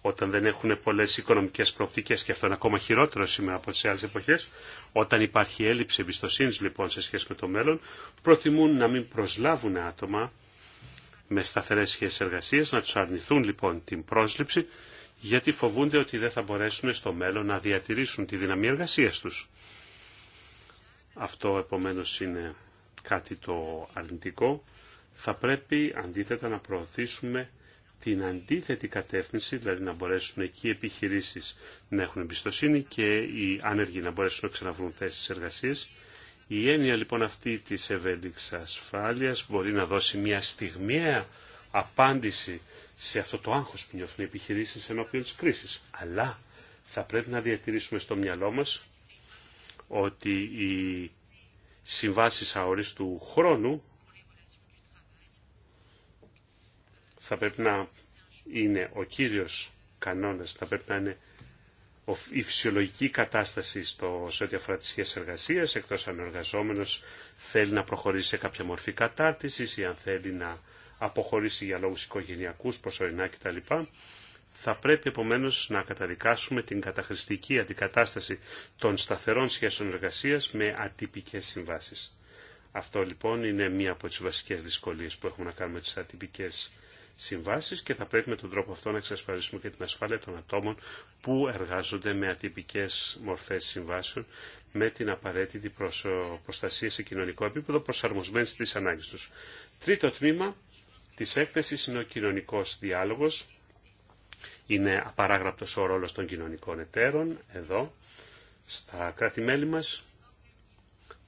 όταν δεν έχουν πολλές οικονομικές προοπτικές και αυτό είναι ακόμα χειρότερο σήμερα από τις άλλες εποχές, όταν υπάρχει έλλειψη εμπιστοσύνης λοιπόν σε σχέση με το μέλλον, προτιμούν να μην προσλάβουν άτομα με σταθερές σχέσεις εργασίας, να τους αρνηθούν λοιπόν την πρόσληψη, γιατί φοβούνται ότι δεν θα μπορέσουν στο μέλλον να διατηρήσουν τη δύναμη εργασίας τους. Αυτό επομένως είναι κάτι το αρνητικό. Θα πρέπει αντίθετα να προωθήσουμε την αντίθετη κατεύθυνση, δηλαδή να μπορέσουν εκεί οι επιχειρήσεις να έχουν εμπιστοσύνη και οι άνεργοι να μπορέσουν να ξαναβρούν θέσεις εργασίας. Η έννοια λοιπόν αυτή της ευέλικης ασφάλειας μπορεί να δώσει μια στιγμιαία απάντηση σε αυτό το άγχος που νιώθουν οι επιχειρήσεις ενώπιον της κρίσης. Αλλά θα πρέπει να διατηρήσουμε στο μυαλό μας ότι οι συμβάσεις αορίστου χρόνου θα πρέπει να είναι ο κύριος κανόνας, θα πρέπει να είναι η φυσιολογική κατάσταση στο, σε ό,τι αφορά τις σχέσεις εργασίας, εκτός αν ο εργαζόμενος θέλει να προχωρήσει σε κάποια μορφή κατάρτισης ή αν θέλει να αποχωρήσει για λόγους οικογενειακούς, προσωρινά κτλ. Θα πρέπει επομένως να καταδικάσουμε την καταχρηστική αντικατάσταση των σταθερών σχέσεων εργασίας με ατυπικές συμβάσεις. Αυτό λοιπόν είναι μία από τις βασικές δυσκολίες που έχουμε να κάνουμε τις ατυπικές συμβάσεις και θα πρέπει με τον τρόπο αυτό να εξασφαλίσουμε και την ασφάλεια των ατόμων που εργάζονται με ατυπικές μορφές συμβάσεων με την απαραίτητη προστασία σε κοινωνικό επίπεδο προσαρμοσμένη στις ανάγκες τους. Τρίτο τμήμα τη έκθεση είναι ο κοινωνικό διάλογο. Είναι απαράγραπτος ο ρόλος των κοινωνικών εταίρων εδώ, στα κράτη-μέλη μας.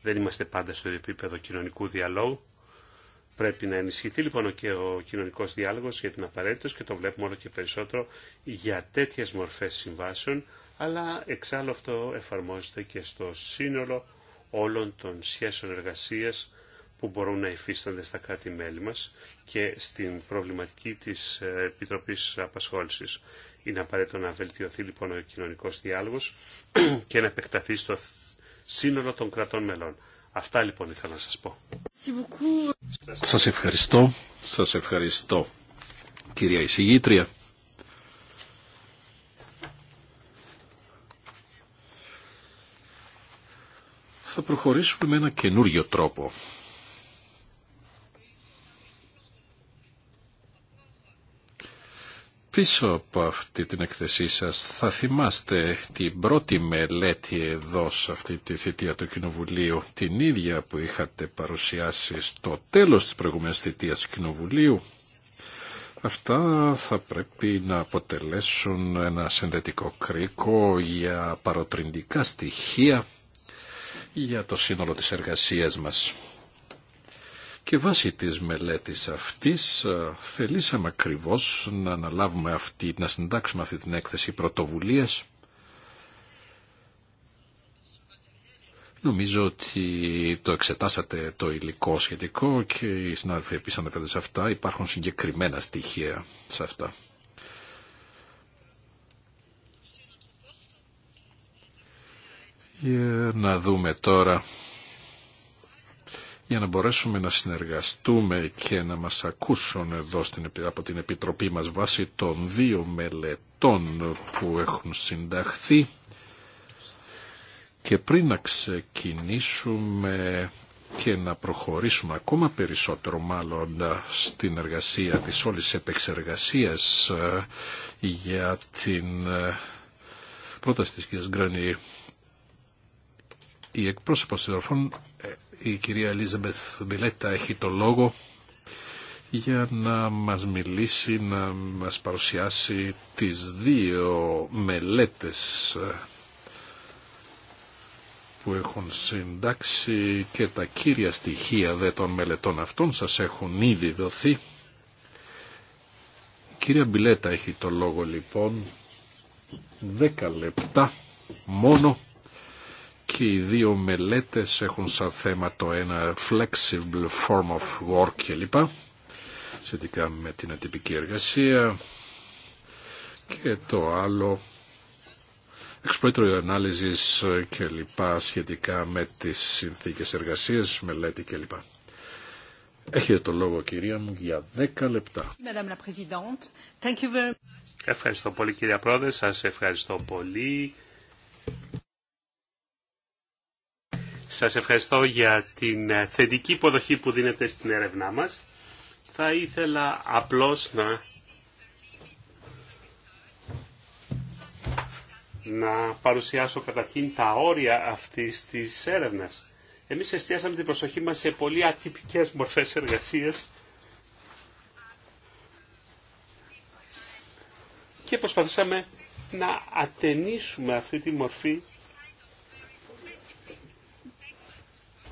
Δεν είμαστε πάντα στο επίπεδο κοινωνικού διαλόγου. Πρέπει να ενισχυθεί λοιπόν και ο κοινωνικός διάλογος για την απαραίτητο και το βλέπουμε όλο και περισσότερο για τέτοιες μορφές συμβάσεων, αλλά εξάλλου αυτό εφαρμόζεται και στο σύνολο όλων των σχέσεων εργασίας που μπορούν να υφίστανται στα κράτη-μέλη μας και στην προβληματική της ε, Επιτροπής Απασχόλησης. Είναι απαραίτητο να βελτιωθεί λοιπόν ο κοινωνικός διάλογος και να επεκταθεί στο σύνολο των κρατών μελών. Αυτά λοιπόν ήθελα να σας πω.
Σας ευχαριστώ. Σας ευχαριστώ κυρία εισηγήτρια. Θα προχωρήσουμε με ένα καινούριο τρόπο. πίσω από αυτή την εκθεσή σας. Θα θυμάστε την πρώτη μελέτη εδώ σε αυτή τη θητεία του Κοινοβουλίου, την ίδια που είχατε παρουσιάσει στο τέλος της προηγούμενης θητείας του Κοινοβουλίου. Αυτά θα πρέπει να αποτελέσουν ένα συνδετικό κρίκο για παροτριντικά στοιχεία για το σύνολο της εργασίας μας. Και βάσει της μελέτης αυτής ε, θελήσαμε ακριβώ να αναλάβουμε αυτή, να συντάξουμε αυτή την έκθεση πρωτοβουλίας. Νομίζω ότι το εξετάσατε το υλικό σχετικό και οι συνάδελφοι επίσης αναφέρονται σε αυτά. Υπάρχουν συγκεκριμένα στοιχεία σε αυτά. Για να δούμε τώρα για να μπορέσουμε να συνεργαστούμε και να μας ακούσουν εδώ από την Επιτροπή μας βάσει των δύο μελετών που έχουν συνταχθεί και πριν να ξεκινήσουμε και να προχωρήσουμε ακόμα περισσότερο μάλλον στην εργασία της όλης επεξεργασίας ε, για την ε, πρόταση της κ. Γκρανή. Η εκπρόσωπος ε, η κυρία Ελίζαμπεθ Μπιλέτα έχει το λόγο για να μας μιλήσει, να μας παρουσιάσει τις δύο μελέτες που έχουν συντάξει και τα κύρια στοιχεία δε των μελετών αυτών σας έχουν ήδη δοθεί. Η κυρία Μπιλέτα έχει το λόγο λοιπόν, δέκα λεπτά μόνο και οι δύο μελέτες έχουν σαν θέμα το ένα flexible form of work κλπ. Σχετικά με την ατυπική εργασία και το άλλο exploratory analysis κλπ σχετικά με τις συνθήκες εργασίας, μελέτη κλπ. Έχετε το λόγο κυρία μου για 10 λεπτά.
Ευχαριστώ πολύ κυρία Πρόεδρε, σας ευχαριστώ πολύ Σας ευχαριστώ για την ε, θετική υποδοχή που δίνετε στην έρευνά μας. Θα ήθελα απλώς να, να παρουσιάσω καταρχήν τα όρια αυτής της έρευνας. Εμείς εστιάσαμε την προσοχή μας σε πολύ ατυπικές μορφές εργασίας και προσπαθήσαμε να ατενίσουμε αυτή τη μορφή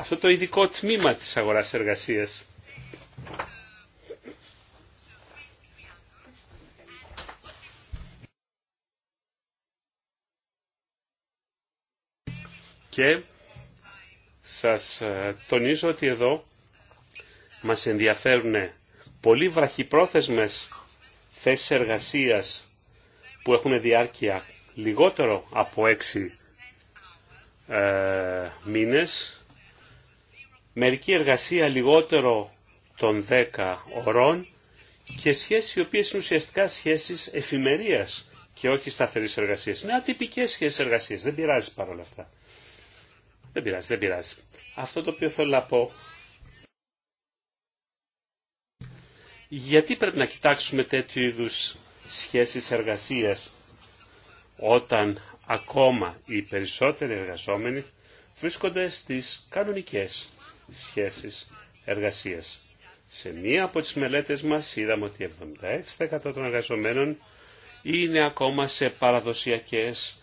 αυτό το ειδικό τμήμα της αγοράς εργασίας. Και σας ε, τονίζω ότι εδώ μας ενδιαφέρουν πολύ βραχυπρόθεσμες θέσεις εργασίας που έχουν διάρκεια λιγότερο από έξι ε, μήνες μερική εργασία λιγότερο των 10 ωρών και σχέσεις οι οποίες είναι ουσιαστικά σχέσεις εφημερίας και όχι σταθερής εργασίας. Είναι ατυπικές σχέσεις εργασίας, δεν πειράζει παρόλα αυτά. Δεν πειράζει, δεν πειράζει. Αυτό το οποίο θέλω να πω, γιατί πρέπει να κοιτάξουμε τέτοιου είδους σχέσεις εργασίας όταν ακόμα οι περισσότεροι εργαζόμενοι βρίσκονται στις κανονικές σχέσεις εργασίας. Σε μία από τις μελέτες μας είδαμε ότι 76% των εργαζομένων είναι ακόμα σε παραδοσιακές,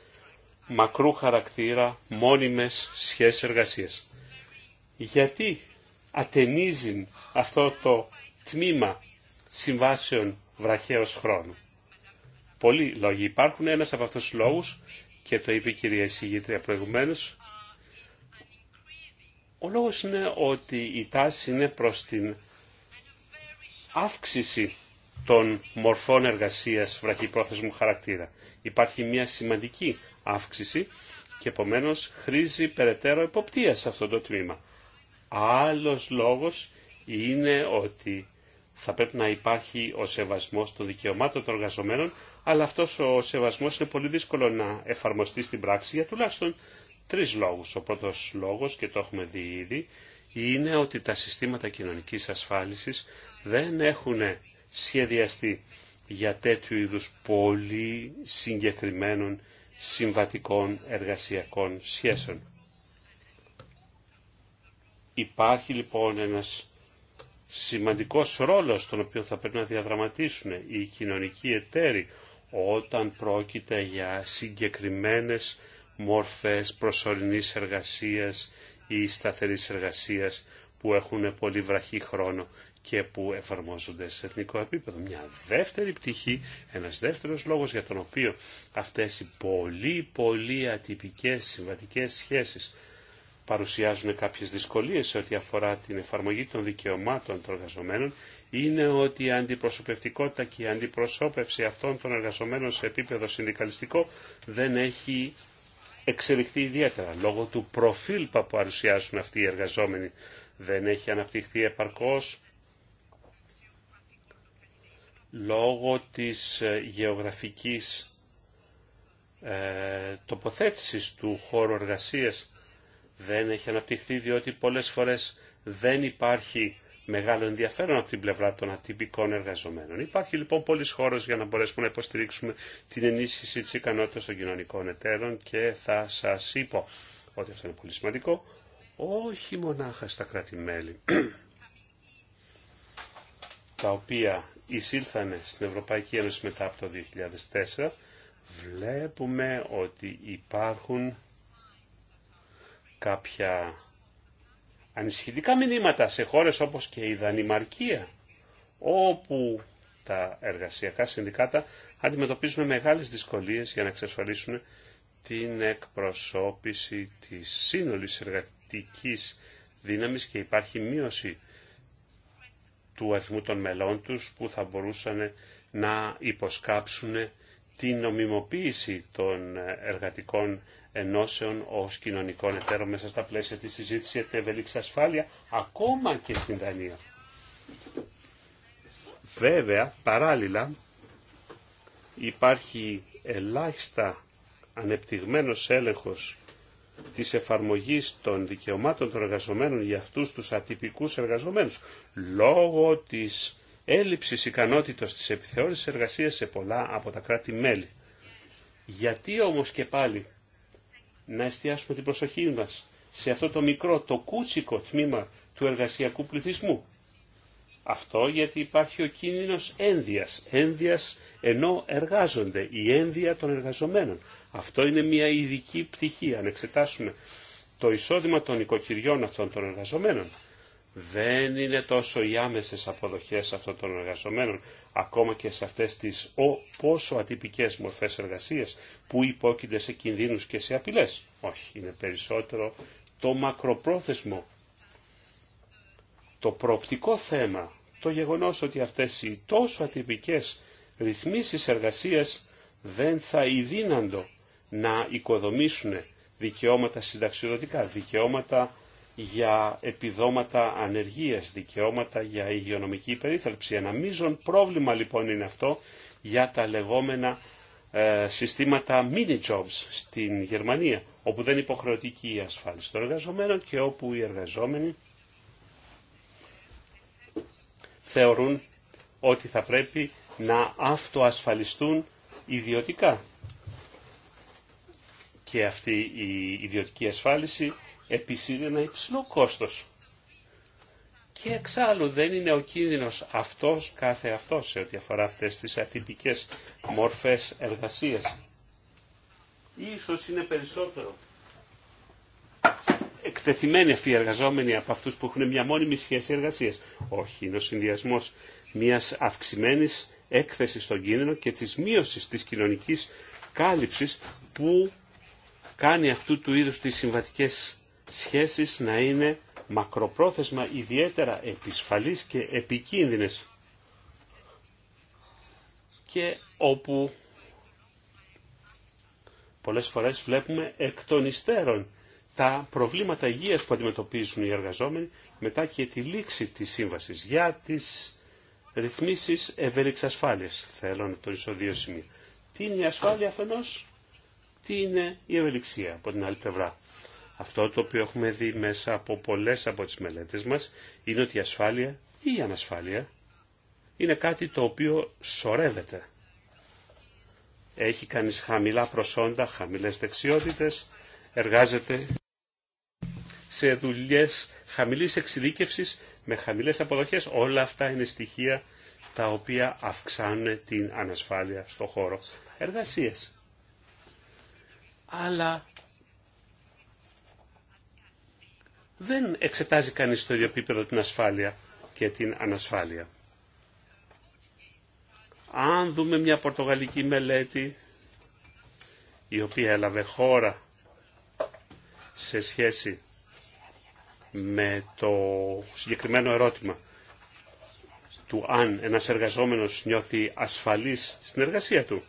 μακρού χαρακτήρα, μόνιμες σχέσεις εργασίας. Γιατί ατενίζει αυτό το τμήμα συμβάσεων βραχαίως χρόνου. Πολλοί λόγοι υπάρχουν. Ένας από αυτούς τους λόγους, και το είπε η κυρία εισηγήτρια προηγουμένως, ο λόγος είναι ότι η τάση είναι προς την αύξηση των μορφών εργασίας βραχυπρόθεσμου χαρακτήρα. Υπάρχει μια σημαντική αύξηση και επομένως χρήζει περαιτέρω εποπτεία σε αυτό το τμήμα. Άλλος λόγος είναι ότι θα πρέπει να υπάρχει ο σεβασμός των δικαιωμάτων των εργαζομένων, αλλά αυτός ο σεβασμός είναι πολύ δύσκολο να εφαρμοστεί στην πράξη για τουλάχιστον τρεις λόγους. Ο πρώτος λόγος, και το έχουμε δει ήδη, είναι ότι τα συστήματα κοινωνικής ασφάλισης δεν έχουν σχεδιαστεί για τέτοιου είδους πολύ συγκεκριμένων συμβατικών εργασιακών σχέσεων. Υπάρχει λοιπόν ένας σημαντικός ρόλος τον οποίο θα πρέπει να διαδραματίσουν οι κοινωνικοί εταίροι όταν πρόκειται για συγκεκριμένες μόρφες προσωρινής εργασίας ή σταθερής εργασίας που έχουν πολύ βραχή χρόνο και που εφαρμόζονται σε εθνικό επίπεδο. Μια δεύτερη πτυχή, ένας δεύτερος λόγος για τον οποίο αυτές οι πολύ πολύ ατυπικές συμβατικές σχέσεις παρουσιάζουν κάποιες δυσκολίες σε ό,τι αφορά την εφαρμογή των δικαιωμάτων των εργαζομένων είναι ότι η αντιπροσωπευτικότητα και η αντιπροσώπευση αυτών των εργαζομένων σε επίπεδο συνδικαλιστικό δεν έχει εξελιχθεί ιδιαίτερα λόγω του προφίλ που παρουσιάσουν αυτοί οι εργαζόμενοι. Δεν έχει αναπτυχθεί επαρκώς λόγω της ε, γεωγραφικής ε, τοποθέτησης του χώρου εργασίας. Δεν έχει αναπτυχθεί διότι πολλές φορές δεν υπάρχει μεγάλο ενδιαφέρον από την πλευρά των ατυπικών εργαζομένων. Υπάρχει λοιπόν πολλή χώρο για να μπορέσουμε να υποστηρίξουμε την ενίσχυση τη ικανότητα των κοινωνικών εταίρων και θα σα είπα ότι αυτό είναι πολύ σημαντικό, όχι μονάχα στα κράτη-μέλη, τα οποία εισήλθανε στην Ευρωπαϊκή Ένωση μετά από το 2004, βλέπουμε ότι υπάρχουν κάποια ανησυχητικά μηνύματα σε χώρες όπως και η Δανημαρκία, όπου τα εργασιακά συνδικάτα αντιμετωπίζουν μεγάλες δυσκολίες για να εξασφαλίσουν την εκπροσώπηση της σύνολης εργατικής δύναμης και υπάρχει μείωση του αριθμού των μελών τους που θα μπορούσαν να υποσκάψουν την νομιμοποίηση των εργατικών ενώσεων ω κοινωνικών εταίρων μέσα στα πλαίσια τη συζήτηση για την ευελίξη ασφάλεια, ακόμα και στην Δανία. Βέβαια, παράλληλα, υπάρχει ελάχιστα ανεπτυγμένος έλεγχος της εφαρμογής των δικαιωμάτων των εργαζομένων για αυτούς τους ατυπικούς εργαζομένους, λόγω της έλλειψης ικανότητας της επιθεώρησης εργασίας σε πολλά από τα κράτη-μέλη. Γιατί όμως και πάλι να εστιάσουμε την προσοχή μας σε αυτό το μικρό, το κούτσικο τμήμα του εργασιακού πληθυσμού. Αυτό γιατί υπάρχει ο κίνδυνος ένδυας, ένδυας ενώ εργάζονται, η ένδυα των εργαζομένων. Αυτό είναι μια ειδική πτυχή, αν εξετάσουμε το εισόδημα των οικοκυριών αυτών των εργαζομένων. Δεν είναι τόσο οι άμεσες αποδοχές αυτών των εργαζομένων ακόμα και σε αυτές τις ο, πόσο ατυπικές μορφές εργασίας που υπόκεινται σε κινδύνους και σε απειλές. Όχι, είναι περισσότερο το μακροπρόθεσμο, το προοπτικό θέμα, το γεγονός ότι αυτές οι τόσο ατυπικές ρυθμίσεις εργασίας δεν θα ειδύναντο να οικοδομήσουν δικαιώματα συνταξιοδοτικά, δικαιώματα για επιδόματα ανεργίας, δικαιώματα για υγειονομική υπερίθαλψη. Ένα μείζον πρόβλημα λοιπόν είναι αυτό για τα λεγόμενα ε, συστήματα mini-jobs στην Γερμανία, όπου δεν υποχρεωτική η ασφάλιση των εργαζομένων και όπου οι εργαζόμενοι θεωρούν ότι θα πρέπει να αυτοασφαλιστούν ιδιωτικά. Και αυτή η ιδιωτική ασφάλιση Επίσης είναι ένα υψηλό κόστος. Και εξάλλου δεν είναι ο κίνδυνος αυτός κάθε αυτός σε ό,τι αφορά αυτές τις ατυπικές μορφές εργασίας. Ίσως είναι περισσότερο εκτεθειμένοι αυτοί οι εργαζόμενοι από αυτούς που έχουν μια μόνιμη σχέση εργασίας. Όχι, είναι ο συνδυασμός μιας αυξημένης έκθεσης στον κίνδυνο και της μείωσης της κοινωνικής κάλυψης που κάνει αυτού του είδους τις συμβατικές σχέσεις να είναι μακροπρόθεσμα ιδιαίτερα επισφαλείς και επικίνδυνες και όπου πολλές φορές βλέπουμε εκ των υστέρων τα προβλήματα υγείας που αντιμετωπίζουν οι εργαζόμενοι μετά και τη λήξη της σύμβασης για τις ρυθμίσεις ευέλικης ασφάλειας. Θέλω να το δύο σημεία. Τι είναι η ασφάλεια αφενός, τι είναι η ευελιξία από την άλλη πλευρά. Αυτό το οποίο έχουμε δει μέσα από πολλές από τις μελέτες μας είναι ότι η ασφάλεια ή η ανασφάλεια είναι κάτι το οποίο σωρεύεται. Έχει κανείς χαμηλά προσόντα, χαμηλές δεξιότητες, εργάζεται σε δουλειές χαμηλής εξειδίκευσης με χαμηλές αποδοχές. Όλα αυτά είναι στοιχεία τα οποία αυξάνουν την ανασφάλεια στο χώρο εργασίας.
Αλλά
δεν εξετάζει κανείς στο ίδιο επίπεδο την ασφάλεια και την ανασφάλεια. Αν δούμε μια πορτογαλική μελέτη η οποία έλαβε χώρα σε σχέση με το συγκεκριμένο ερώτημα του αν ένας εργαζόμενος νιώθει ασφαλής στην εργασία του.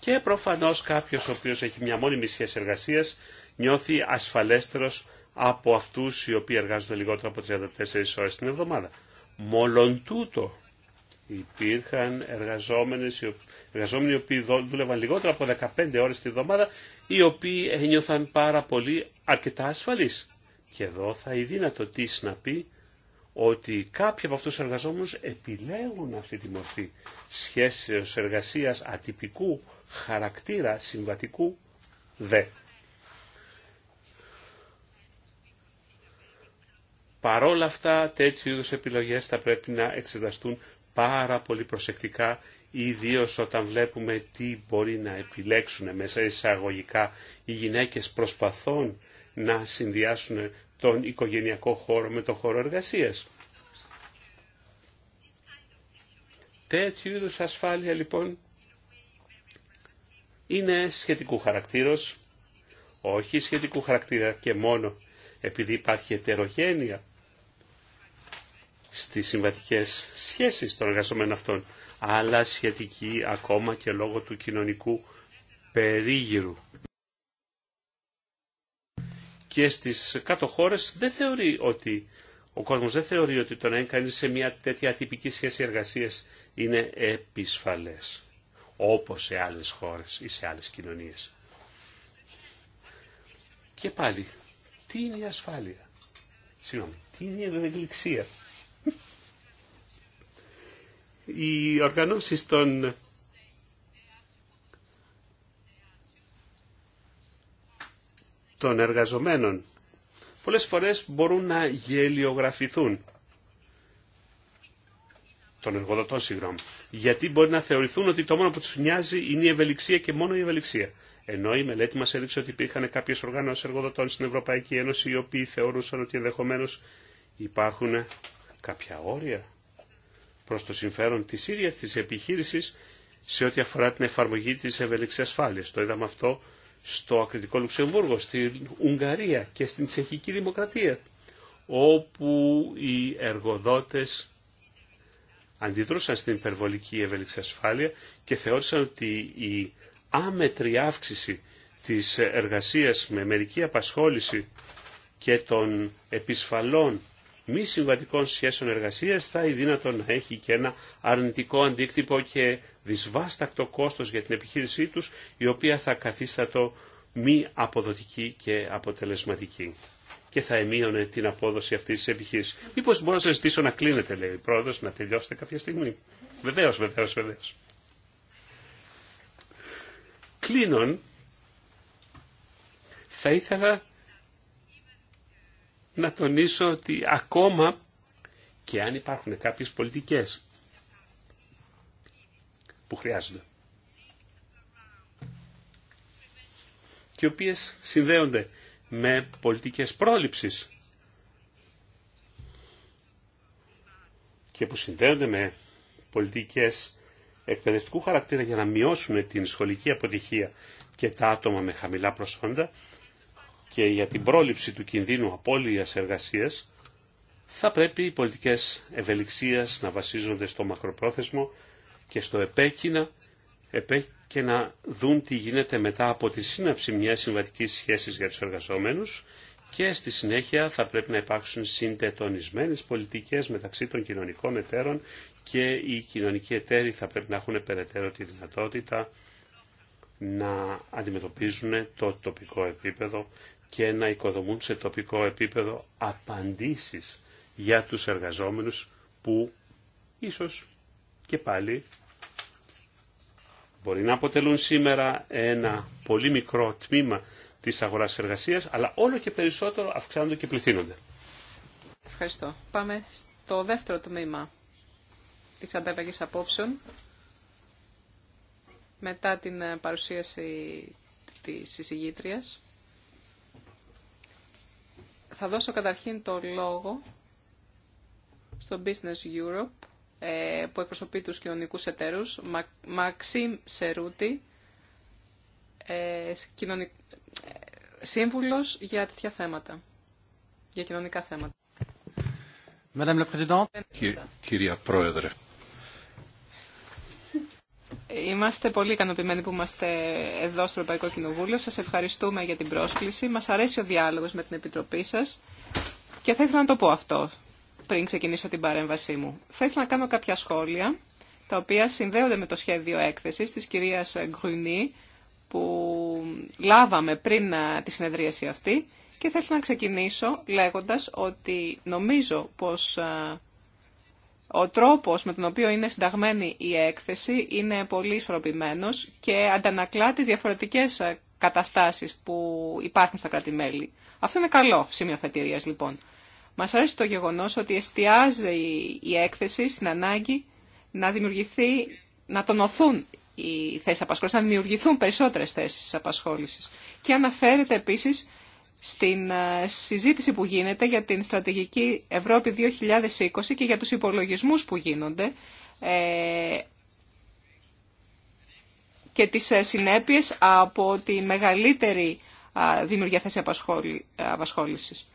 Και προφανώς κάποιος ο οποίος έχει μια μόνιμη σχέση εργασίας νιώθει ασφαλέστερος από αυτούς οι οποίοι εργάζονται λιγότερο από 34 ώρες την εβδομάδα. Μόλον τούτο υπήρχαν εργαζόμενοι οι οποίοι δούλευαν λιγότερο από 15 ώρες την εβδομάδα οι οποίοι ένιωθαν πάρα πολύ αρκετά ασφαλείς. Και εδώ θα η τι να πει ότι κάποιοι από αυτούς τους εργαζόμενους επιλέγουν αυτή τη μορφή σχέσεως εργασίας ατυπικού χαρακτήρα συμβατικού δε. Παρόλα αυτά, τέτοιου είδους επιλογές θα πρέπει να εξεταστούν πάρα πολύ προσεκτικά, ιδίω όταν βλέπουμε τι μπορεί να επιλέξουν μέσα εισαγωγικά οι γυναίκες προσπαθών να συνδυάσουν τον οικογενειακό χώρο με τον χώρο εργασίας. Τέτοιου είδους ασφάλεια λοιπόν είναι σχετικού χαρακτήρος, όχι σχετικού χαρακτήρα και μόνο επειδή υπάρχει ετερογένεια στις συμβατικές σχέσεις των εργαζομένων αυτών, αλλά σχετική ακόμα και λόγω του κοινωνικού περίγυρου. Και στις κάτω χώρες δεν θεωρεί ότι, ο κόσμος δεν θεωρεί ότι το να είναι κανείς σε μια τέτοια ατυπική σχέση εργασίας είναι επισφαλές, όπως σε άλλες χώρες ή σε άλλες κοινωνίες. Και πάλι, τι είναι η ασφάλεια. Συγγνώμη, τι είναι η ευελιξία οι οργανώσει των των εργαζομένων πολλές φορές μπορούν να γελιογραφηθούν των εργοδοτών, συγγνώμη. Γιατί μπορεί να θεωρηθούν ότι το μόνο που τους νοιάζει είναι η ευελιξία και μόνο η ευελιξία. Ενώ η μελέτη μας έδειξε ότι υπήρχαν κάποιες οργανώσεις εργοδοτών στην Ευρωπαϊκή Ένωση οι οποίοι θεωρούσαν ότι ενδεχομένω υπάρχουν κάποια όρια προς το συμφέρον της ίδιας της επιχείρησης σε ό,τι αφορά την εφαρμογή της ευελιξίας ασφάλειας. Το είδαμε αυτό στο ακριτικό Λουξεμβούργο, στην Ουγγαρία και στην Τσεχική Δημοκρατία, όπου οι εργοδότες αντιδρούσαν στην υπερβολική ευελιξία ασφάλεια και θεώρησαν ότι η άμετρη αύξηση της εργασίας με μερική απασχόληση και των επισφαλών μη συμβατικών σχέσεων εργασίας θα είναι δύνατο να έχει και ένα αρνητικό αντίκτυπο και δυσβάστακτο κόστος για την επιχείρησή τους, η οποία θα καθίστατο μη αποδοτική και αποτελεσματική και θα εμείωνε την απόδοση αυτή τη επιχείρηση. Μήπω μπορώ να σα ζητήσω να κλείνετε, λέει η πρόεδρο, να τελειώσετε κάποια στιγμή. Βεβαίω, βεβαίω, βεβαίω. Κλείνον, θα ήθελα να τονίσω ότι ακόμα και αν υπάρχουν κάποιες πολιτικές που χρειάζονται και οι οποίες συνδέονται με πολιτικές πρόληψης και που συνδέονται με πολιτικές εκπαιδευτικού χαρακτήρα για να μειώσουν την σχολική αποτυχία και τα άτομα με χαμηλά προσόντα, και για την πρόληψη του κινδύνου απώλειας εργασίας, θα πρέπει οι πολιτικές ευελιξίας να βασίζονται στο μακροπρόθεσμο και στο επέκεινα και να δουν τι γίνεται μετά από τη σύναψη μιας συμβατικής σχέσης για τους εργαζόμενους και στη συνέχεια θα πρέπει να υπάρξουν συντετονισμένες πολιτικές μεταξύ των κοινωνικών εταίρων και οι κοινωνικοί εταίροι θα πρέπει να έχουν περαιτέρω τη δυνατότητα να αντιμετωπίζουν το τοπικό επίπεδο και να οικοδομούν σε τοπικό επίπεδο απαντήσεις για τους εργαζόμενους που ίσως και πάλι μπορεί να αποτελούν σήμερα ένα πολύ μικρό τμήμα της αγοράς εργασίας, αλλά όλο και περισσότερο αυξάνονται και πληθύνονται.
Ευχαριστώ. Πάμε στο δεύτερο τμήμα της ανταλλαγής απόψεων. Μετά την παρουσίαση της συζητήτριας. Θα δώσω καταρχήν το λόγο στο Business Europe ε, που εκπροσωπεί τους κοινωνικούς εταίρους, Μαξίμ Σερούτη, ε, ε, σύμβουλος για τέτοια θέματα, για κοινωνικά θέματα.
κυρία Πρόεδρε,
Είμαστε πολύ ικανοποιημένοι που είμαστε εδώ στο Ευρωπαϊκό Κοινοβούλιο. Σας ευχαριστούμε για την πρόσκληση. Μας αρέσει ο διάλογος με την Επιτροπή σας και θα ήθελα να το πω αυτό πριν ξεκινήσω την παρέμβασή μου. Θα ήθελα να κάνω κάποια σχόλια τα οποία συνδέονται με το σχέδιο έκθεσης της κυρίας Γκρουνή που λάβαμε πριν τη συνεδρίαση αυτή και θα ήθελα να ξεκινήσω λέγοντας ότι νομίζω πως ο τρόπος με τον οποίο είναι συνταγμένη η έκθεση είναι πολύ ισορροπημένος και αντανακλά τις διαφορετικές ε, καταστάσεις που υπάρχουν στα κράτη-μέλη. Αυτό είναι καλό σημείο αφετηρίας λοιπόν. Μας αρέσει το γεγονός ότι εστιάζει η έκθεση στην ανάγκη να δημιουργηθεί, να τονωθούν οι θέσεις απασχόλησης, να δημιουργηθούν περισσότερες θέσεις απασχόλησης. Και αναφέρεται επίσης στην ε, συζήτηση που γίνεται για την στρατηγική Ευρώπη 2020 και για τους υπολογισμούς που γίνονται ε, και τις ε, συνέπειες από τη μεγαλύτερη δημιουργία θέση απασχόλησης.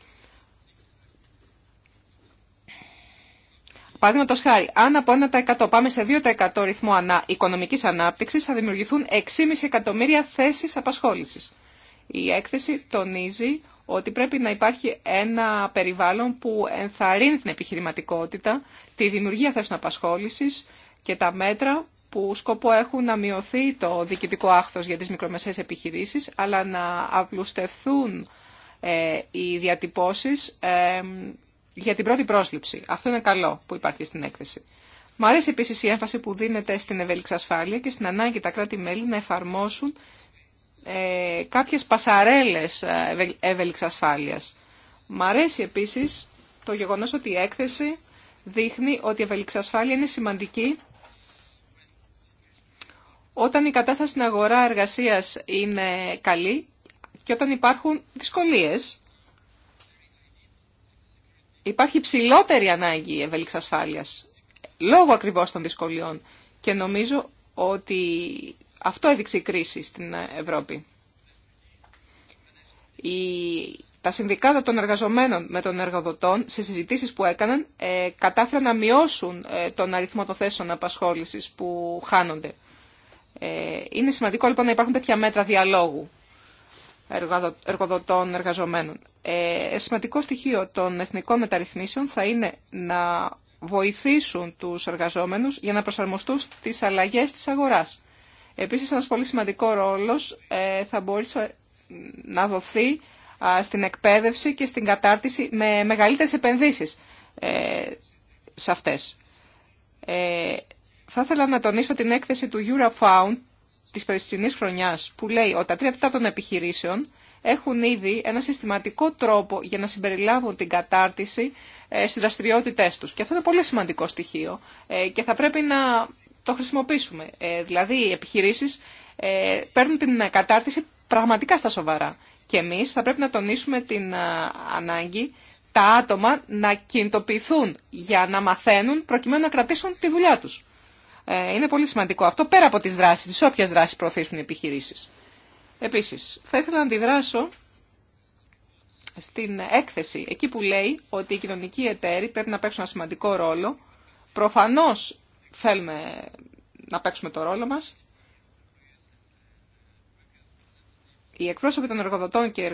Παραδείγματο χάρη, αν από 1% πάμε σε 2% ρυθμό ανα, οικονομικής ανάπτυξης, θα δημιουργηθούν 6,5 εκατομμύρια θέσεις απασχόλησης. Η έκθεση τονίζει ότι πρέπει να υπάρχει ένα περιβάλλον που ενθαρρύνει την επιχειρηματικότητα, τη δημιουργία θέσεων απασχόληση και τα μέτρα που σκοπό έχουν να μειωθεί το διοικητικό άχθος για τις μικρομεσαίες επιχειρήσεις, αλλά να απλουστευθούν ε, οι διατυπώσεις ε, για την πρώτη πρόσληψη. Αυτό είναι καλό που υπάρχει στην έκθεση. Μου αρέσει επίσης η έμφαση που δίνεται στην ευέλικτη ασφάλεια και στην ανάγκη τα κράτη-μέλη να εφαρμόσουν ε, κάποιες πασαρέλες εύελιξης ασφάλειας. Μ' αρέσει επίσης το γεγονός ότι η έκθεση δείχνει ότι η ευελιξιασφάλεια είναι σημαντική όταν η κατάσταση στην αγορά εργασίας είναι καλή και όταν υπάρχουν δυσκολίες. Υπάρχει ψηλότερη ανάγκη ευελιξης ασφάλειας, λόγω ακριβώς των δυσκολιών. Και νομίζω ότι αυτό έδειξε η κρίση στην Ευρώπη. Η... Τα συνδικάτα των εργαζομένων με των εργοδοτών σε συζητήσεις που έκαναν ε, κατάφεραν να μειώσουν ε, τον αριθμό των θέσεων απασχόλησης που χάνονται. Ε, είναι σημαντικό λοιπόν να υπάρχουν τέτοια μέτρα διαλόγου εργοδοτών εργαζομένων. Ε, σημαντικό στοιχείο των εθνικών μεταρρυθμίσεων θα είναι να βοηθήσουν τους εργαζόμενους για να προσαρμοστούν στις αλλαγές της αγοράς. Επίσης, ένας πολύ σημαντικό ρόλος ε, θα μπορούσε να δοθεί στην εκπαίδευση και στην κατάρτιση με μεγαλύτερες επενδύσεις ε, σε αυτές. Ε, θα ήθελα να τονίσω την έκθεση του Eurofound της περσινής χρονιάς που λέει ότι τα τρία των επιχειρήσεων έχουν ήδη ένα συστηματικό τρόπο για να συμπεριλάβουν την κατάρτιση στις δραστηριότητε τους. Και αυτό είναι πολύ σημαντικό στοιχείο και θα πρέπει να το χρησιμοποιήσουμε. Ε, δηλαδή οι επιχειρήσεις ε, παίρνουν την κατάρτιση πραγματικά στα σοβαρά. Και εμείς θα πρέπει να τονίσουμε την ε, ανάγκη τα άτομα να κινητοποιηθούν για να μαθαίνουν προκειμένου να κρατήσουν τη δουλειά τους. Ε, είναι πολύ σημαντικό αυτό πέρα από τις δράσεις, τις όποιες δράσεις προωθήσουν οι επιχειρήσεις. Επίσης, θα ήθελα να αντιδράσω στην έκθεση, εκεί που λέει ότι οι κοινωνικοί εταίροι πρέπει να παίξουν ένα σημαντικό ρόλο. Προφανώς θέλουμε να παίξουμε το ρόλο μας. Οι εκπρόσωποι των εργοδοτών και,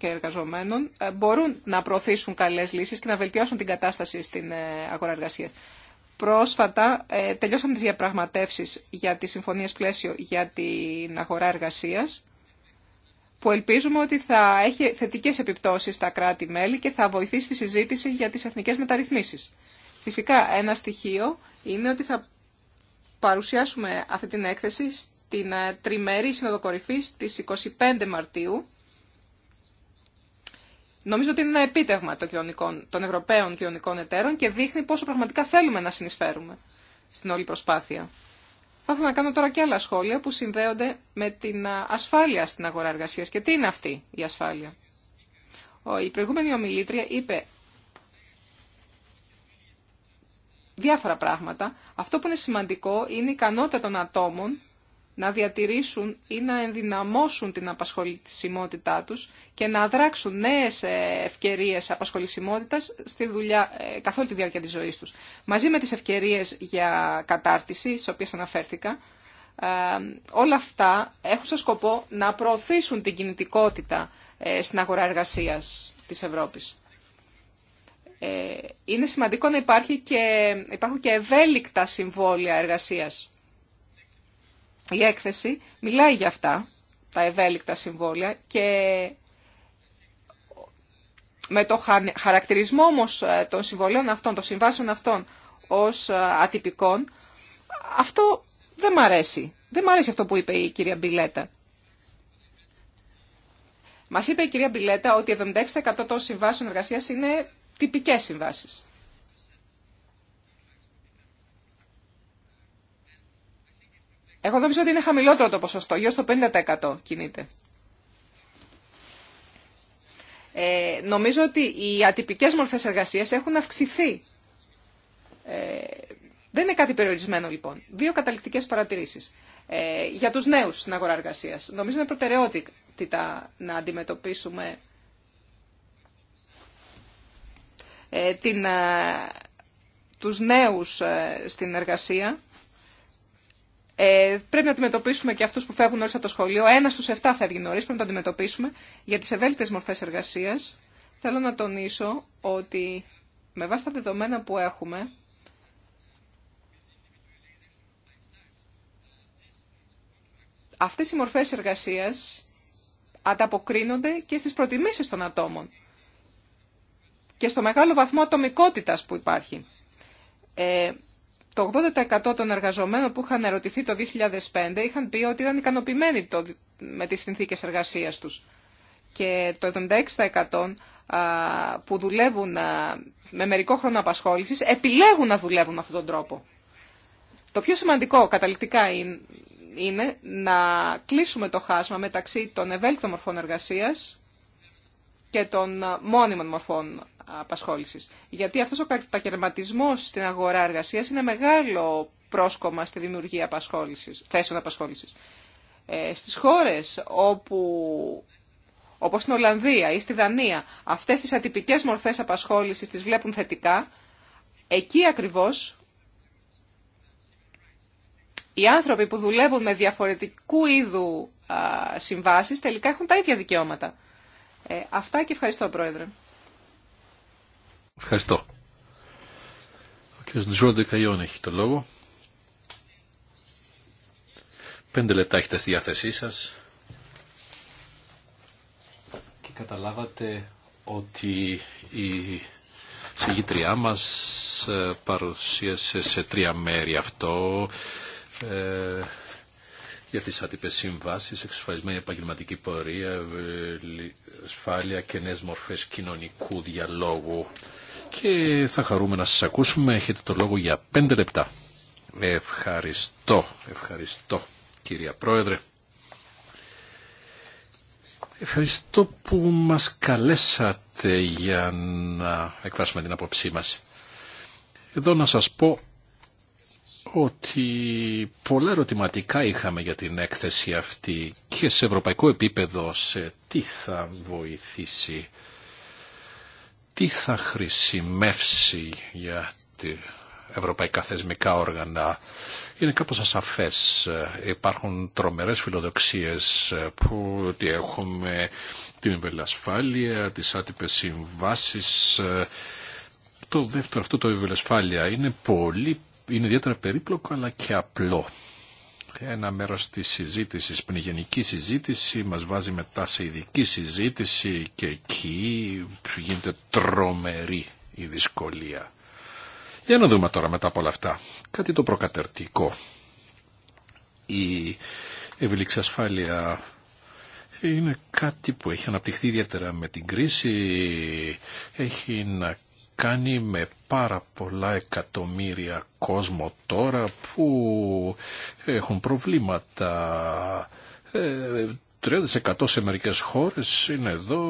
εργαζομένων ε, μπορούν να προωθήσουν καλές λύσεις και να βελτιώσουν την κατάσταση στην ε, αγορά εργασίας. Πρόσφατα ε, τελειώσαμε τις διαπραγματεύσεις για τις συμφωνίες πλαίσιο για την αγορά εργασίας που ελπίζουμε ότι θα έχει θετικές επιπτώσεις στα κράτη-μέλη και θα βοηθήσει τη συζήτηση για τις εθνικές μεταρρυθμίσεις. Φυσικά ένα στοιχείο είναι ότι θα παρουσιάσουμε αυτή την έκθεση στην ε, τριμερή Σύνοδο Κορυφής 25 Μαρτίου. Νομίζω ότι είναι ένα επίτευγμα των, των Ευρωπαίων κοινωνικών εταίρων και δείχνει πόσο πραγματικά θέλουμε να συνεισφέρουμε στην όλη προσπάθεια. Θα ήθελα να κάνω τώρα και άλλα σχόλια που συνδέονται με την ε, ασφάλεια στην αγορά εργασία Και τι είναι αυτή η ασφάλεια. Η προηγούμενη ομιλήτρια είπε διάφορα πράγματα. Αυτό που είναι σημαντικό είναι η ικανότητα των ατόμων να διατηρήσουν ή να ενδυναμώσουν την απασχολησιμότητά τους και να δράξουν νέες ε, ευκαιρίες απασχολησιμότητας στη δουλειά, ε, καθ' όλη τη διάρκεια της ζωής τους. Μαζί με τις ευκαιρίες για κατάρτιση, στις οποίες αναφέρθηκα, ε, όλα αυτά έχουν σαν σκοπό να προωθήσουν την κινητικότητα στην αγορά εργασίας της Ευρώπης. Ε, είναι σημαντικό να υπάρχει και, υπάρχουν και ευέλικτα συμβόλαια εργασίας. Η έκθεση μιλάει για αυτά, τα ευέλικτα συμβόλαια και με το χαρακτηρισμό όμως ε, των συμβολέων αυτών, των συμβάσεων αυτών ως ε, ατυπικών, αυτό δεν μ' αρέσει. Δεν μ' αρέσει αυτό που είπε η κυρία Μπιλέτα. Μας είπε η κυρία Μπιλέτα ότι 76% των συμβάσεων εργασία είναι τυπικές συμβάσεις. Εγώ νομίζω ότι είναι χαμηλότερο το ποσοστό, γύρω στο 50% κινείται. Ε, νομίζω ότι οι ατυπικές μορφές εργασίας έχουν αυξηθεί. Ε, δεν είναι κάτι περιορισμένο λοιπόν. Δύο καταληκτικές παρατηρήσεις. Ε, για τους νέους στην αγορά εργασίας. Νομίζω είναι προτεραιότητα να αντιμετωπίσουμε Ε, την, ε, τους νέους ε, στην εργασία. πρέπει να αντιμετωπίσουμε και αυτούς που φεύγουν νωρίς από το σχολείο. Ένα στους 7 φεύγει νωρίς, πρέπει να το αντιμετωπίσουμε. Για τις ευέλικτες μορφές εργασίας θέλω να τονίσω ότι με βάση τα δεδομένα που έχουμε, αυτές οι μορφές εργασίας ανταποκρίνονται και στις προτιμήσεις των ατόμων και στο μεγάλο βαθμό ατομικότητας που υπάρχει. Ε, το 80% των εργαζομένων που είχαν ερωτηθεί το 2005 είχαν πει ότι ήταν ικανοποιημένοι το, με τις συνθήκες εργασίας τους. Και το 76% που δουλεύουν με μερικό χρόνο απασχόλησης επιλέγουν να δουλεύουν με αυτόν τον τρόπο. Το πιο σημαντικό καταληκτικά είναι να κλείσουμε το χάσμα μεταξύ των ευέλικτων μορφών εργασίας και των μόνιμων μορφών απασχόλησης. Γιατί αυτός ο κατακαιρματισμό στην αγορά εργασίας είναι μεγάλο πρόσκομα στη δημιουργία απασχόλησης, θέσεων απασχόλησης. Ε, στις χώρες όπου, όπως στην Ολλανδία ή στη Δανία, αυτές τις ατυπικές μορφές απασχόλησης τις βλέπουν θετικά, εκεί ακριβώς οι άνθρωποι που δουλεύουν με διαφορετικού είδου τελικά έχουν τα ίδια δικαιώματα. Ε, αυτά και ευχαριστώ, Πρόεδρε.
Ευχαριστώ. Ο κ. Τζόντε Καϊόν έχει το λόγο. Πέντε λεπτά έχετε στη διάθεσή σας και καταλάβατε ότι η συγγήτριά μας ε, παρουσίασε σε τρία μέρη αυτό ε, για τις άτυπες συμβάσεις, εξασφαλισμένη επαγγελματική πορεία, ε, ασφάλεια και νέες μορφές κοινωνικού διαλόγου και θα χαρούμε να σας ακούσουμε. Έχετε το λόγο για πέντε λεπτά. Ευχαριστώ, ευχαριστώ κυρία Πρόεδρε. Ευχαριστώ που μας καλέσατε για να εκφράσουμε την απόψή μας. Εδώ να σας πω ότι πολλά ερωτηματικά είχαμε για την έκθεση αυτή και σε ευρωπαϊκό επίπεδο σε τι θα βοηθήσει τι θα χρησιμεύσει για τη ευρωπαϊκά θεσμικά όργανα. Είναι κάπως ασαφές. Υπάρχουν τρομερές φιλοδοξίες που έχουμε την ευελασφάλεια, τις άτυπες συμβάσεις. Το δεύτερο αυτό το ευελασφάλεια είναι πολύ, είναι ιδιαίτερα περίπλοκο αλλά και απλό ένα μέρος της συζήτησης, πνιγενική συζήτηση, μας βάζει μετά σε ειδική συζήτηση και εκεί γίνεται τρομερή η δυσκολία. Για να δούμε τώρα μετά από όλα αυτά. Κάτι το προκατερτικό. Η ευελίξη ασφάλεια είναι κάτι που έχει αναπτυχθεί ιδιαίτερα με την κρίση, έχει να κάνει με πάρα πολλά εκατομμύρια κόσμο τώρα που έχουν προβλήματα ε, 30% σε μερικές χώρες είναι εδώ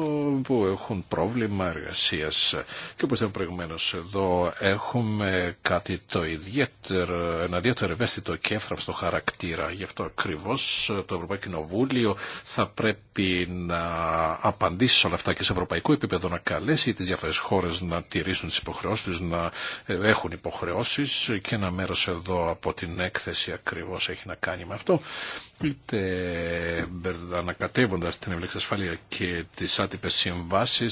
που έχουν πρόβλημα εργασίας. Και όπως είπαμε προηγουμένως εδώ έχουμε κάτι το ιδιαίτερο, ένα ιδιαίτερο ευαίσθητο και έφραυστο χαρακτήρα. Γι' αυτό ακριβώς το Ευρωπαϊκό Κοινοβούλιο θα πρέπει να απαντήσει σε όλα αυτά και σε ευρωπαϊκό επίπεδο να καλέσει τις διάφορες χώρες να τηρήσουν τις υποχρεώσεις τους, να έχουν υποχρεώσεις και ένα μέρος εδώ από την έκθεση ακριβώς έχει να κάνει με αυτό. Είτε Ανακατεύοντα την ασφάλεια και τις άτυπες συμβάσει,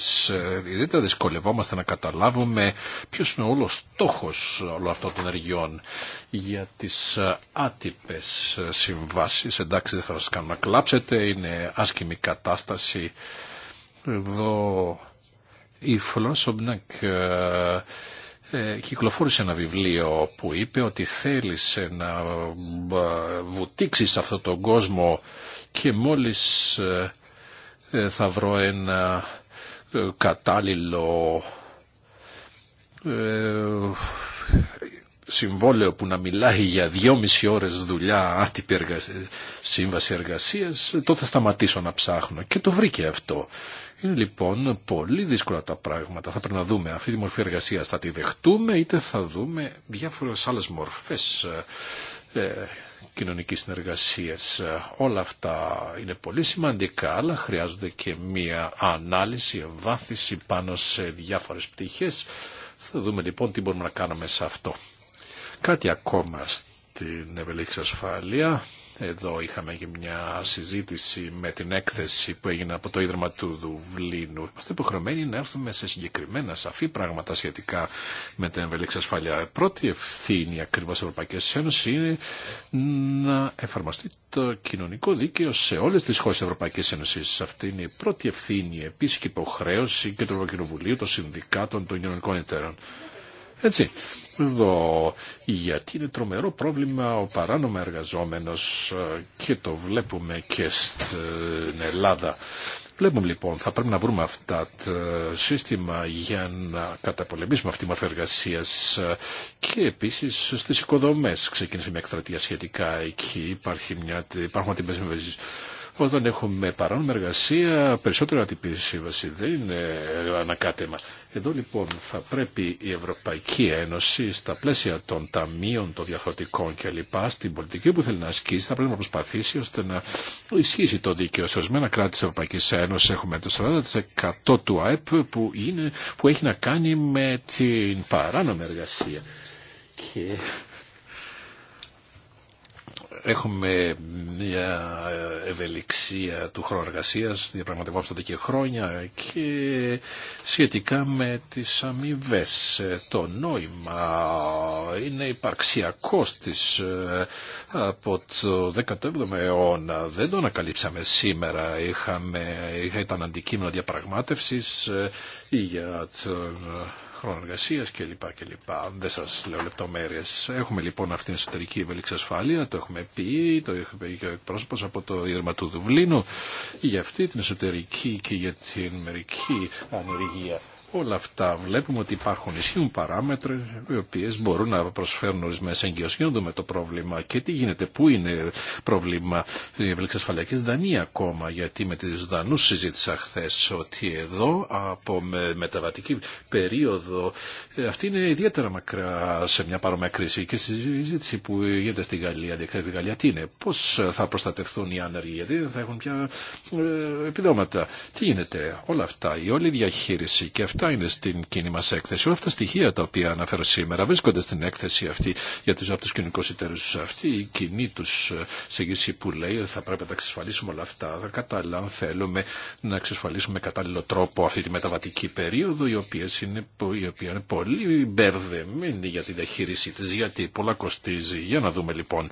ε, ιδιαίτερα δυσκολευόμαστε να καταλάβουμε ποιο είναι όλος στόχος όλων αυτών των εργειών για τις ε, άτυπες ε, συμβάσει. Εντάξει, δεν θα σα κάνω να κλάψετε, είναι άσκημη κατάσταση. Εδώ η Σομπνάκ κυκλοφόρησε ένα βιβλίο που είπε ότι θέλησε να βουτήξει σε αυτόν τον κόσμο και μόλις ε, ε, θα βρω ένα ε, κατάλληλο συμβόλαιο που να μιλάει για δυόμιση ώρες δουλειά άτυπη εργασία, σύμβαση εργασίας, τότε θα σταματήσω να ψάχνω. Και το βρήκε αυτό. Είναι λοιπόν πολύ δύσκολα τα πράγματα. Θα πρέπει να δούμε αυτή τη μορφή εργασίας θα τη δεχτούμε είτε θα δούμε διάφορες άλλες μορφές κοινωνικής συνεργασίας. Όλα αυτά είναι πολύ σημαντικά, αλλά χρειάζονται και μία ανάλυση, βάθηση πάνω σε διάφορες πτυχές. Θα δούμε λοιπόν τι μπορούμε να κάνουμε σε αυτό. Κάτι ακόμα στην ευελίξη ασφάλεια. Εδώ είχαμε και μια συζήτηση με την έκθεση που έγινε από το Ίδρυμα του Δουβλίνου. Είμαστε υποχρεωμένοι να έρθουμε σε συγκεκριμένα σαφή πράγματα σχετικά με την ευελίξη ασφαλεία. Πρώτη ευθύνη ακριβώς της Ευρωπαϊκής Ένωσης είναι να εφαρμοστεί το κοινωνικό δίκαιο σε όλες τις χώρες της Ευρωπαϊκής Ένωσης. Αυτή είναι η πρώτη ευθύνη επίσης και υποχρέωση και του Ευρωκοινοβουλίου, των συνδικάτων, των κοινωνικών εταίρων. Έτσι επίπεδο, γιατί είναι τρομερό πρόβλημα ο παράνομα εργαζόμενος ε, και το βλέπουμε και στην Ελλάδα. Βλέπουμε λοιπόν, θα πρέπει να βρούμε αυτά το σύστημα για να καταπολεμήσουμε αυτή τη μορφή εργασία και επίση στι οικοδομέ. Ξεκίνησε μια εκστρατεία σχετικά εκεί. Υπάρχει μια, υπάρχουν αντιμετωπίσει όταν λοιπόν, έχουμε παράνομη εργασία, περισσότερο αντιπίσυβαση δεν είναι ανακάτεμα. Εδώ λοιπόν θα πρέπει η Ευρωπαϊκή Ένωση στα πλαίσια των ταμείων, των διαχωτικών κλπ. στην πολιτική που θέλει να ασκήσει θα πρέπει να προσπαθήσει ώστε να ισχύσει το δίκαιο. Σε ορισμένα κράτη τη Ευρωπαϊκή Ένωση έχουμε το 40% του ΑΕΠ που, είναι, που έχει να κάνει με την παράνομη εργασία. Και έχουμε μια ευελιξία του χρόνου εργασία, διαπραγματευόμαστε και χρόνια και σχετικά με τις αμοιβέ. Το νόημα είναι υπαρξιακό τη ε, από το 17ο αιώνα. Δεν το ανακαλύψαμε σήμερα. Είχαμε, ήταν αντικείμενο διαπραγμάτευσης ε, για τον χρόνο εργασία κλπ. κλπ. Δεν σα λέω λεπτομέρειε. Έχουμε λοιπόν αυτή την εσωτερική ασφάλεια το έχουμε πει, το έχει πει και ο εκπρόσωπο από το Ίδρυμα του Δουβλίνου, για αυτή την εσωτερική και για την μερική ανεργία όλα αυτά βλέπουμε ότι υπάρχουν ισχύουν παράμετροι οι οποίε μπορούν να προσφέρουν ορισμένε εγγυώσει. για να το πρόβλημα και τι γίνεται, πού είναι πρόβλημα η ευλεξασφαλιακή Δανία ακόμα γιατί με τις Δανού συζήτησα χθε ότι εδώ από με μεταβατική περίοδο ε, αυτή είναι ιδιαίτερα μακρά σε μια παρόμοια κρίση και στη συζήτηση που γίνεται στη Γαλλία, διακρίνεται Γαλλία τι είναι, Πώ θα προστατευθούν οι άνεργοι γιατί δεν θα έχουν πια ε, επιδόματα. Τι γίνεται, όλα αυτά, η όλη διαχείριση και αυτά είναι στην κοινή μα έκθεση. Όλα αυτά τα στοιχεία τα οποία αναφέρω σήμερα βρίσκονται στην έκθεση αυτή για του από του κοινικού εταίρου αυτή. Η κοινή του εγγύηση που λέει ότι θα πρέπει να τα εξασφαλίσουμε όλα αυτά. Θα κατάλληλα αν θέλουμε να εξασφαλίσουμε κατάλληλο τρόπο αυτή τη μεταβατική περίοδο, η οποία είναι, η οποία είναι πολύ μπερδεμένη για τη διαχείρισή τη, γιατί πολλά κοστίζει. Για να δούμε λοιπόν.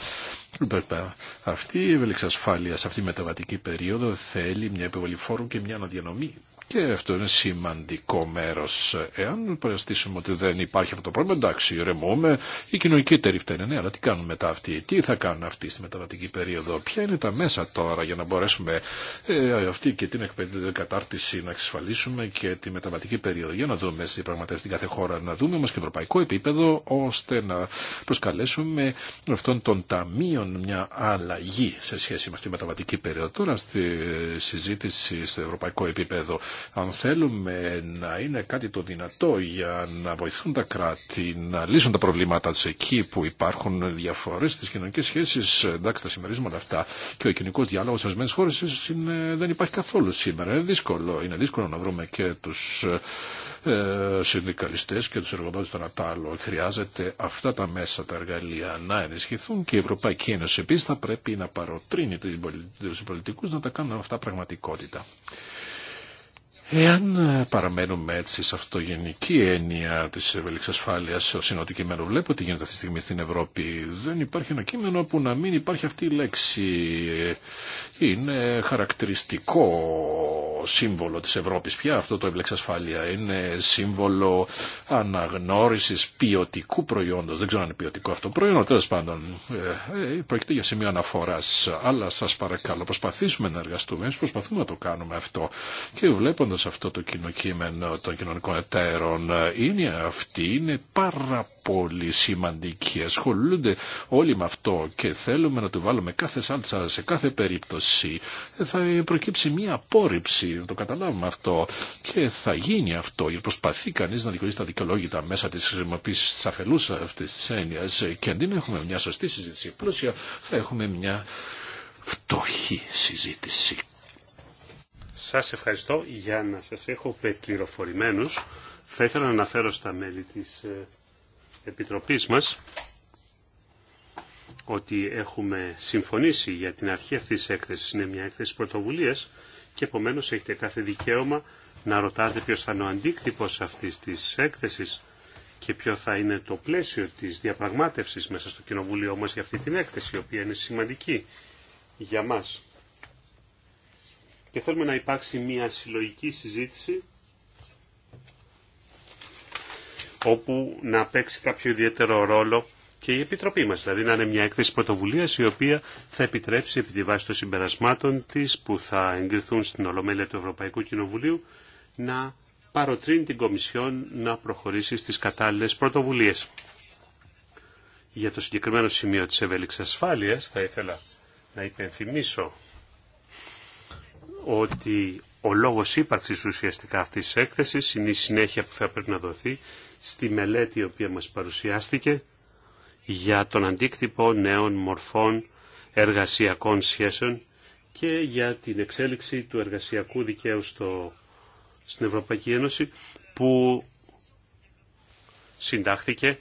Αυτή η ευελιξασφάλεια σε αυτή τη μεταβατική περίοδο θέλει μια επιβολή φόρου και μια αναδιανομή και αυτό είναι σημαντικό μέρος. Εάν παραστήσουμε ότι δεν υπάρχει αυτό το πρόβλημα, εντάξει, ρεμούμε, η κοινωνική εταιρεία φταίνει, ναι, αλλά τι κάνουν μετά αυτοί, τι θα κάνουν αυτοί στη μεταβατική περίοδο, ποια είναι τα μέσα τώρα για να μπορέσουμε ε, αυτή και την κατάρτιση να εξασφαλίσουμε και τη μεταβατική περίοδο. Για να δούμε στι πραγματεύσει στην κάθε χώρα, να δούμε όμω και ευρωπαϊκό επίπεδο, ώστε να προσκαλέσουμε αυτών των ταμείων μια αλλαγή σε σχέση με αυτή τη μεταβατική περίοδο. Τώρα στη συζήτηση στο ευρωπαϊκό επίπεδο αν θέλουμε να είναι κάτι το δυνατό για να βοηθούν τα κράτη να λύσουν τα προβλήματά τους εκεί που υπάρχουν διαφορές στις κοινωνικές σχέσεις, εντάξει τα συμμερίζουμε όλα αυτά και ο κοινωνικός διάλογος στις ορισμένες χώρες είναι, δεν υπάρχει καθόλου σήμερα. Είναι δύσκολο, είναι δύσκολο να βρούμε και τους ε, συνδικαλιστές και τους εργοδότες των Ατάλλων. Χρειάζεται αυτά τα μέσα, τα εργαλεία να ενισχυθούν και η Ευρωπαϊκή Ένωση επίσης θα πρέπει να παροτρύνει τους πολιτικούς να τα κάνουν αυτά πραγματικότητα. Εάν ε, παραμένουμε έτσι σε αυτό το γενική έννοια της ασφάλεια ω είναι κείμενο βλέπω ότι γίνεται αυτή τη στιγμή στην Ευρώπη. Δεν υπάρχει ένα κείμενο που να μην υπάρχει αυτή η λέξη. Είναι χαρακτηριστικό σύμβολο τη Ευρώπη. πια αυτό το ασφάλεια Είναι σύμβολο αναγνώριση ποιοτικού προϊόντο. Δεν ξέρω αν είναι ποιοτικό αυτό προϊόν, τέλο πάντων. Ε, ε, πρόκειται για σημείο αναφορά. Αλλά σα παρακαλώ προσπαθήσουμε να εργαστούμε. Εμεί προσπαθούμε να το κάνουμε αυτό. Και βλέποντα σε αυτό το κοινοκείμενο των κοινωνικών εταίρων ε, είναι αυτή, είναι πάρα πολύ σημαντική. Ασχολούνται όλοι με αυτό και θέλουμε να του βάλουμε κάθε σάλτσα σε κάθε περίπτωση. Ε, θα προκύψει μία απόρριψη, να το καταλάβουμε αυτό. Και θα γίνει αυτό. Προσπαθεί κανεί να δικαιωθεί τα δικαιολόγητα μέσα τη χρησιμοποίηση τη αφελού αυτή τη έννοια. Ε, και αντί να έχουμε μια σωστή συζήτηση πλούσια, θα έχουμε μια φτωχή συζήτηση
σας ευχαριστώ για να σας έχω πληροφορημένους. Θα ήθελα να αναφέρω στα μέλη της ε, Επιτροπής μας ότι έχουμε συμφωνήσει για την αρχή αυτής της έκθεσης. Είναι μια έκθεση πρωτοβουλίας και επομένως έχετε κάθε δικαίωμα να ρωτάτε ποιος θα είναι ο αντίκτυπος αυτής της έκθεσης και ποιο θα είναι το πλαίσιο της διαπραγμάτευσης μέσα στο Κοινοβούλιο μας για αυτή την έκθεση, η οποία είναι σημαντική για μας και θέλουμε να υπάρξει μια συλλογική συζήτηση όπου να παίξει κάποιο ιδιαίτερο ρόλο και η Επιτροπή μας, δηλαδή να είναι μια έκθεση πρωτοβουλία η οποία θα επιτρέψει επί τη βάση των συμπερασμάτων της που θα εγκριθούν στην Ολομέλεια του Ευρωπαϊκού Κοινοβουλίου να παροτρύνει την Κομισιόν να προχωρήσει στις κατάλληλες πρωτοβουλίες. Για το συγκεκριμένο σημείο της ευέλιξης ασφάλειας θα ήθελα να υπενθυμίσω ότι ο λόγος ύπαρξης ουσιαστικά αυτής της έκθεσης είναι η συνέχεια που θα πρέπει να δοθεί στη μελέτη η οποία μας παρουσιάστηκε για τον αντίκτυπο νέων μορφών εργασιακών σχέσεων και για την εξέλιξη του εργασιακού δικαίου στο, στην Ευρωπαϊκή Ένωση που συντάχθηκε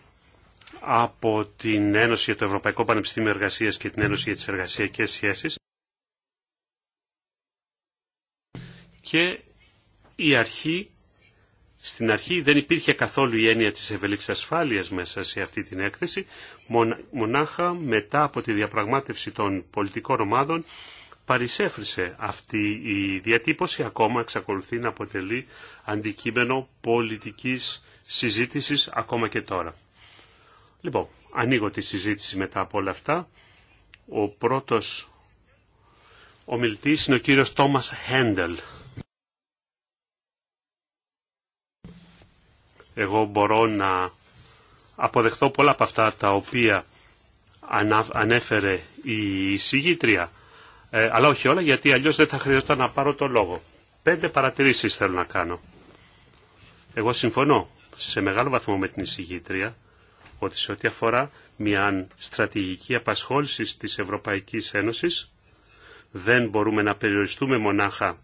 από την Ένωση για το Ευρωπαϊκό Πανεπιστήμιο Εργασίας και την Ένωση για τις Εργασιακές Σχέσεις και η αρχή, στην αρχή δεν υπήρχε καθόλου η έννοια της ευελίξης ασφάλειας μέσα σε αυτή την έκθεση, μονάχα μετά από τη διαπραγμάτευση των πολιτικών ομάδων παρισέφρισε αυτή η διατύπωση, ακόμα εξακολουθεί να αποτελεί αντικείμενο πολιτικής συζήτησης ακόμα και τώρα. Λοιπόν, ανοίγω τη συζήτηση μετά από όλα αυτά. Ο πρώτος ομιλητής είναι ο κύριος Τόμας Χέντελ. Εγώ μπορώ να αποδεχθώ πολλά από αυτά τα οποία ανέφερε η συγγήτρια. Ε, αλλά όχι όλα, γιατί αλλιώς δεν θα χρειαζόταν να πάρω το λόγο. Πέντε παρατηρήσεις θέλω να κάνω. Εγώ συμφωνώ σε μεγάλο βαθμό με την εισηγήτρια ότι σε ό,τι αφορά μια στρατηγική απασχόληση της Ευρωπαϊκής Ένωσης δεν μπορούμε να περιοριστούμε μονάχα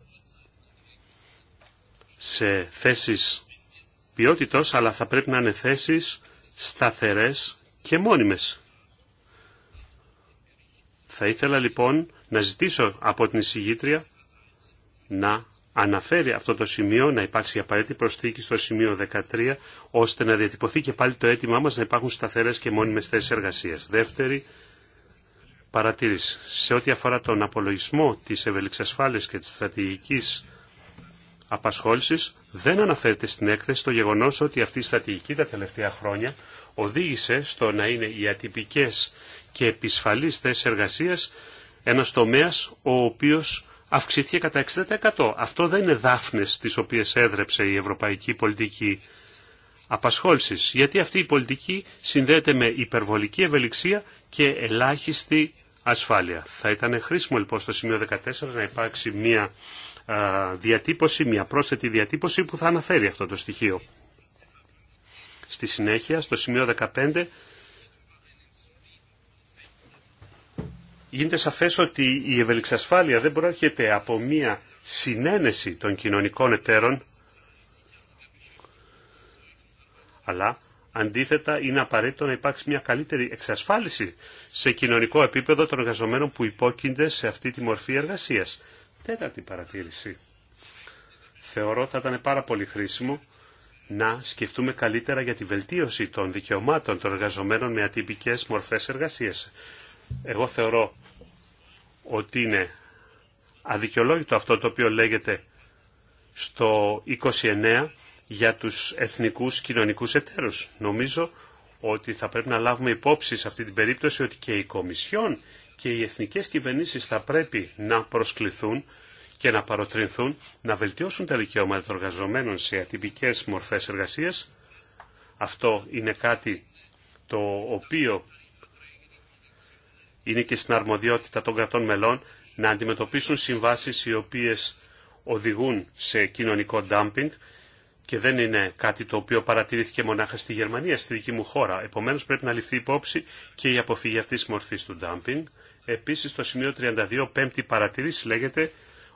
σε θέσεις ποιότητος, αλλά θα πρέπει να είναι θέσεις σταθερές και μόνιμες. Θα ήθελα λοιπόν να ζητήσω από την εισηγήτρια να αναφέρει αυτό το σημείο, να υπάρξει απαραίτητη προσθήκη στο σημείο 13, ώστε να διατυπωθεί και πάλι το αίτημά μας να υπάρχουν σταθερές και μόνιμες θέσεις εργασίας. Δεύτερη παρατήρηση. Σε ό,τι αφορά τον απολογισμό της ευελιξασφάλειας και της στρατηγικής απασχόλησης δεν αναφέρεται στην έκθεση το γεγονός ότι αυτή η στρατηγική τα τελευταία χρόνια οδήγησε στο να είναι οι ατυπικέ και επισφαλείς θέσει εργασία ένα τομέα ο οποίος αυξήθηκε κατά 60%. Αυτό δεν είναι δάφνες τις οποίες έδρεψε η ευρωπαϊκή πολιτική απασχόλησης, γιατί αυτή η πολιτική συνδέεται με υπερβολική ευελιξία και ελάχιστη ασφάλεια. Θα ήταν χρήσιμο λοιπόν στο σημείο 14 να υπάρξει μια διατύπωση, μια πρόσθετη διατύπωση που θα αναφέρει αυτό το στοιχείο. Στη συνέχεια, στο σημείο 15, γίνεται σαφές ότι η ευελιξασφάλεια δεν προέρχεται από μια συνένεση των κοινωνικών εταίρων, αλλά Αντίθετα, είναι απαραίτητο να υπάρξει μια καλύτερη εξασφάλιση σε κοινωνικό επίπεδο των εργαζομένων που υπόκεινται σε αυτή τη μορφή εργασίας. Τέταρτη παρατήρηση. Θεωρώ θα ήταν πάρα πολύ χρήσιμο να σκεφτούμε καλύτερα για τη βελτίωση των δικαιωμάτων των εργαζομένων με ατυπικές μορφές εργασίας. Εγώ θεωρώ ότι είναι αδικαιολόγητο αυτό το οποίο λέγεται στο 29 για τους εθνικούς κοινωνικούς εταίρους. Νομίζω ότι θα πρέπει να λάβουμε υπόψη σε αυτή την περίπτωση ότι και η Κομισιόν και οι εθνικές κυβερνήσεις θα πρέπει να προσκληθούν και να παροτρινθούν να βελτιώσουν τα δικαιώματα των εργαζομένων σε ατυπικές μορφές εργασίες. Αυτό είναι κάτι το οποίο είναι και στην αρμοδιότητα των κρατών μελών να αντιμετωπίσουν συμβάσεις οι οποίες οδηγούν σε κοινωνικό ντάμπινγκ και δεν είναι κάτι το οποίο παρατηρήθηκε μονάχα στη Γερμανία, στη δική μου χώρα. Επομένως πρέπει να ληφθεί υπόψη και η αποφυγή αυτής της μορφής του ντάμπινγκ Επίσης στο σημείο 32, πέμπτη παρατηρήση λέγεται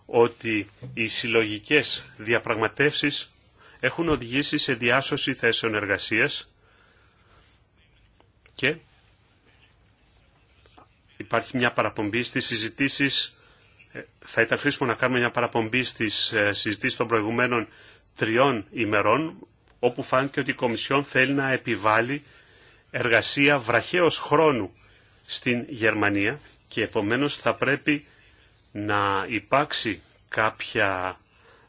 ότι οι συλλογικές διαπραγματεύσεις έχουν οδηγήσει σε διάσωση θέσεων εργασίας και υπάρχει μια παραπομπή στις συζητήσεις, ε, θα ήταν να κάνουμε μια παραπομπή στις ε, συζητήσεις των προηγουμένων τριών ημερών, όπου φάνηκε ότι η Κομισιόν θέλει να επιβάλλει εργασία βραχαίως χρόνου στην Γερμανία και επομένως θα πρέπει να υπάρξει κάποια,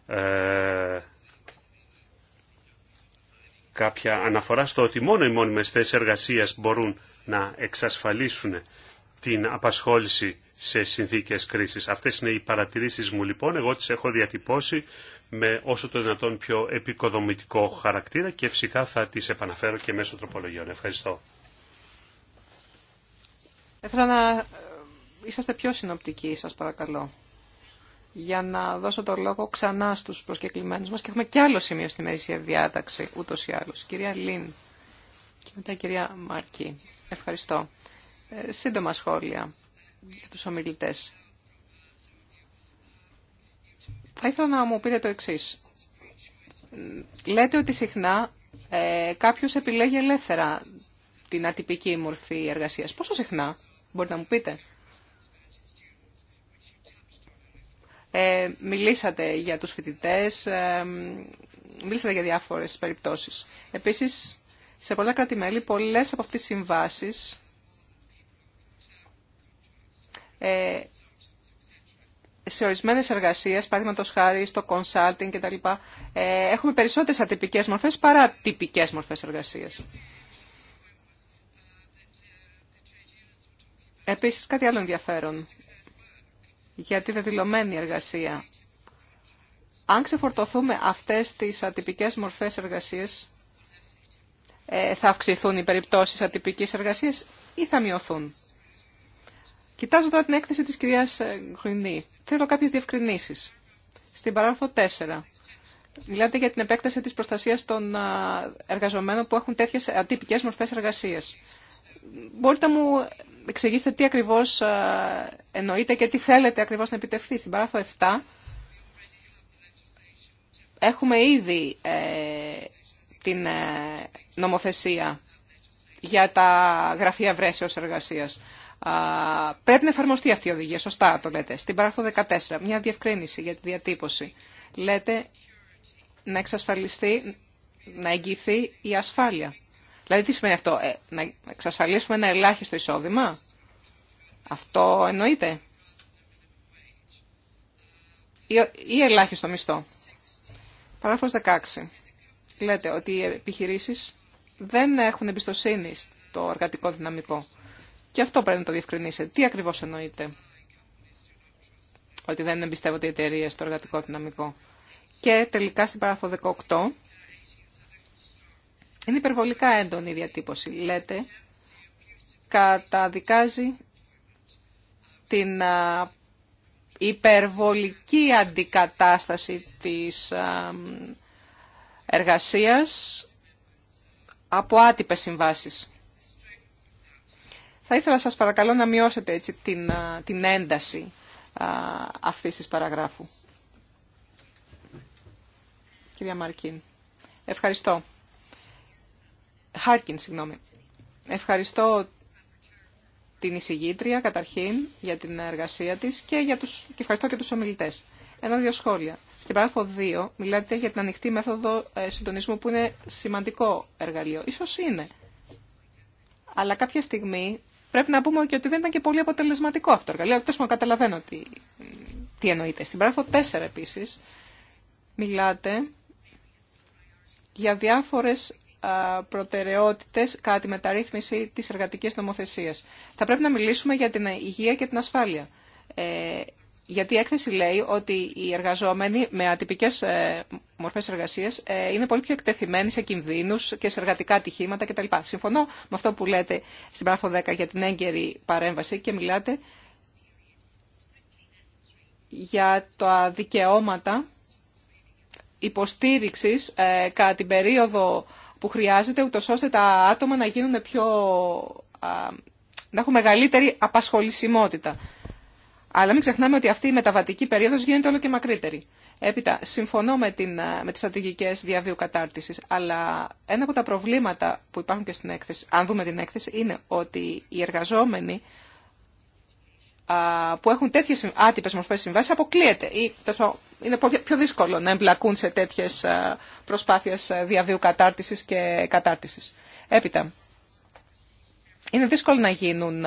ε, κάποια αναφορά στο ότι μόνο οι μόνιμες θέσεις εργασίας μπορούν να εξασφαλίσουν την απασχόληση σε συνθήκες κρίσης. Αυτές είναι οι παρατηρήσεις μου λοιπόν, εγώ τις έχω διατυπώσει με όσο το δυνατόν πιο επικοδομητικό χαρακτήρα και φυσικά θα τις επαναφέρω και μέσω τροπολογιών. Ευχαριστώ
είσαστε πιο συνοπτικοί, σας παρακαλώ, για να δώσω το λόγο ξανά στους προσκεκλημένους μας και έχουμε και άλλο σημείο στη μερίσια διάταξη, ούτως ή άλλως. Κυρία Λίν και μετά κυρία Μάρκη. Ευχαριστώ. Ε, σύντομα σχόλια για τους ομιλητές. Θα ήθελα να μου πείτε το εξής. Λέτε ότι συχνά ε, κάποιος επιλέγει ελεύθερα την ατυπική μορφή εργασίας. Πόσο συχνά, μπορείτε να μου πείτε. Ε, μιλήσατε για τους φοιτητές, ε, μιλήσατε για διάφορες περιπτώσεις. Επίσης, σε πολλά κράτη-μέλη, πολλές από αυτές τις συμβάσεις ε, σε ορισμένε εργασίε, παραδείγματο χάρη στο consulting κτλ., ε, έχουμε περισσότερες ατυπικές μορφές παρά τυπικέ μορφές εργασία. Επίσης, κάτι άλλο ενδιαφέρον για τη δεδηλωμένη εργασία. Αν ξεφορτωθούμε αυτές τις ατυπικές μορφές εργασίας, ε, θα αυξηθούν οι περιπτώσεις ατυπικής εργασίας ή θα μειωθούν. Κοιτάζω τώρα την έκθεση της κυρίας ε, Γκρινή. Θέλω κάποιες διευκρινήσεις. Στην παράγραφο 4. Μιλάτε για την επέκταση της προστασίας των ε, εργαζομένων που έχουν τέτοιες ατύπικες μορφές εργασίας. Μπορείτε να μου Εξηγήστε τι ακριβώς ε, εννοείτε και τι θέλετε ακριβώς να επιτευχθεί. Στην παράγραφο 7 έχουμε ήδη ε, την ε, νομοθεσία για τα γραφεία βρέσεως εργασίας. πρέπει να εφαρμοστεί αυτή η οδηγία, σωστά το λέτε. Στην παράγραφο 14, μια διευκρίνηση για τη διατύπωση. Λέτε να εξασφαλιστεί, να εγγυηθεί η ασφάλεια. Δηλαδή τι σημαίνει αυτό, ε, να εξασφαλίσουμε ένα ελάχιστο εισόδημα. Αυτό εννοείται. Ή, ή ελάχιστο μισθό. Παράγραφος 16. Λέτε ότι οι επιχειρήσεις δεν έχουν εμπιστοσύνη στο εργατικό δυναμικό. Και αυτό πρέπει να το διευκρινίσετε. Τι ακριβώς εννοείται ότι δεν εμπιστεύονται οι εταιρείε στο εργατικό δυναμικό. Και τελικά στην παράγραφο 18 είναι υπερβολικά έντονη η διατύπωση. Λέτε, καταδικάζει την υπερβολική αντικατάσταση της εργασίας από άτυπες συμβάσεις. Θα ήθελα σας παρακαλώ να μειώσετε έτσι την, την ένταση αυτής της παραγράφου. Κυρία Μαρκίν, ευχαριστώ. Χάρκιν, συγγνώμη. Ευχαριστώ την εισηγήτρια καταρχήν για την εργασία της και, για τους, και ευχαριστώ και τους ομιλητές. Ένα-δύο σχόλια. Στην παράγραφο 2 μιλάτε για την ανοιχτή μέθοδο ε, συντονισμού που είναι σημαντικό εργαλείο. Ίσως είναι. Αλλά κάποια στιγμή πρέπει να πούμε και ότι δεν ήταν και πολύ αποτελεσματικό αυτό το εργαλείο. μου καταλαβαίνω τι, τι εννοείται. Στην παράγραφο 4 επίσης μιλάτε για διάφορες προτεραιότητες κατά τη μεταρρύθμιση της εργατικής νομοθεσίας. Θα πρέπει να μιλήσουμε για την υγεία και την ασφάλεια. Ε, γιατί η έκθεση λέει ότι οι εργαζόμενοι με ατυπικές ε, μορφές εργασίας ε, είναι πολύ πιο εκτεθειμένοι σε κινδύνους και σε εργατικά ατυχήματα κτλ. Συμφωνώ με αυτό που λέτε στην πράγμα 10 για την έγκαιρη παρέμβαση και μιλάτε για τα δικαιώματα υποστήριξης κατά την περίοδο που χρειάζεται, ούτως ώστε τα άτομα να γίνουν πιο... να έχουν μεγαλύτερη απασχολησιμότητα. Αλλά μην ξεχνάμε ότι αυτή η μεταβατική περίοδος γίνεται όλο και μακρύτερη. Έπειτα, συμφωνώ με, την, με τις στρατηγικές διαβίου κατάρτισης, αλλά ένα από τα προβλήματα που υπάρχουν και στην έκθεση, αν δούμε την έκθεση, είναι ότι οι εργαζόμενοι που έχουν τέτοιε άτυπε μορφέ συμβάσει αποκλείεται ή είναι πιο δύσκολο να εμπλακούν σε τέτοιε προσπάθειε διαβίου κατάρτιση και κατάρτιση. Έπειτα, είναι δύσκολο να γίνουν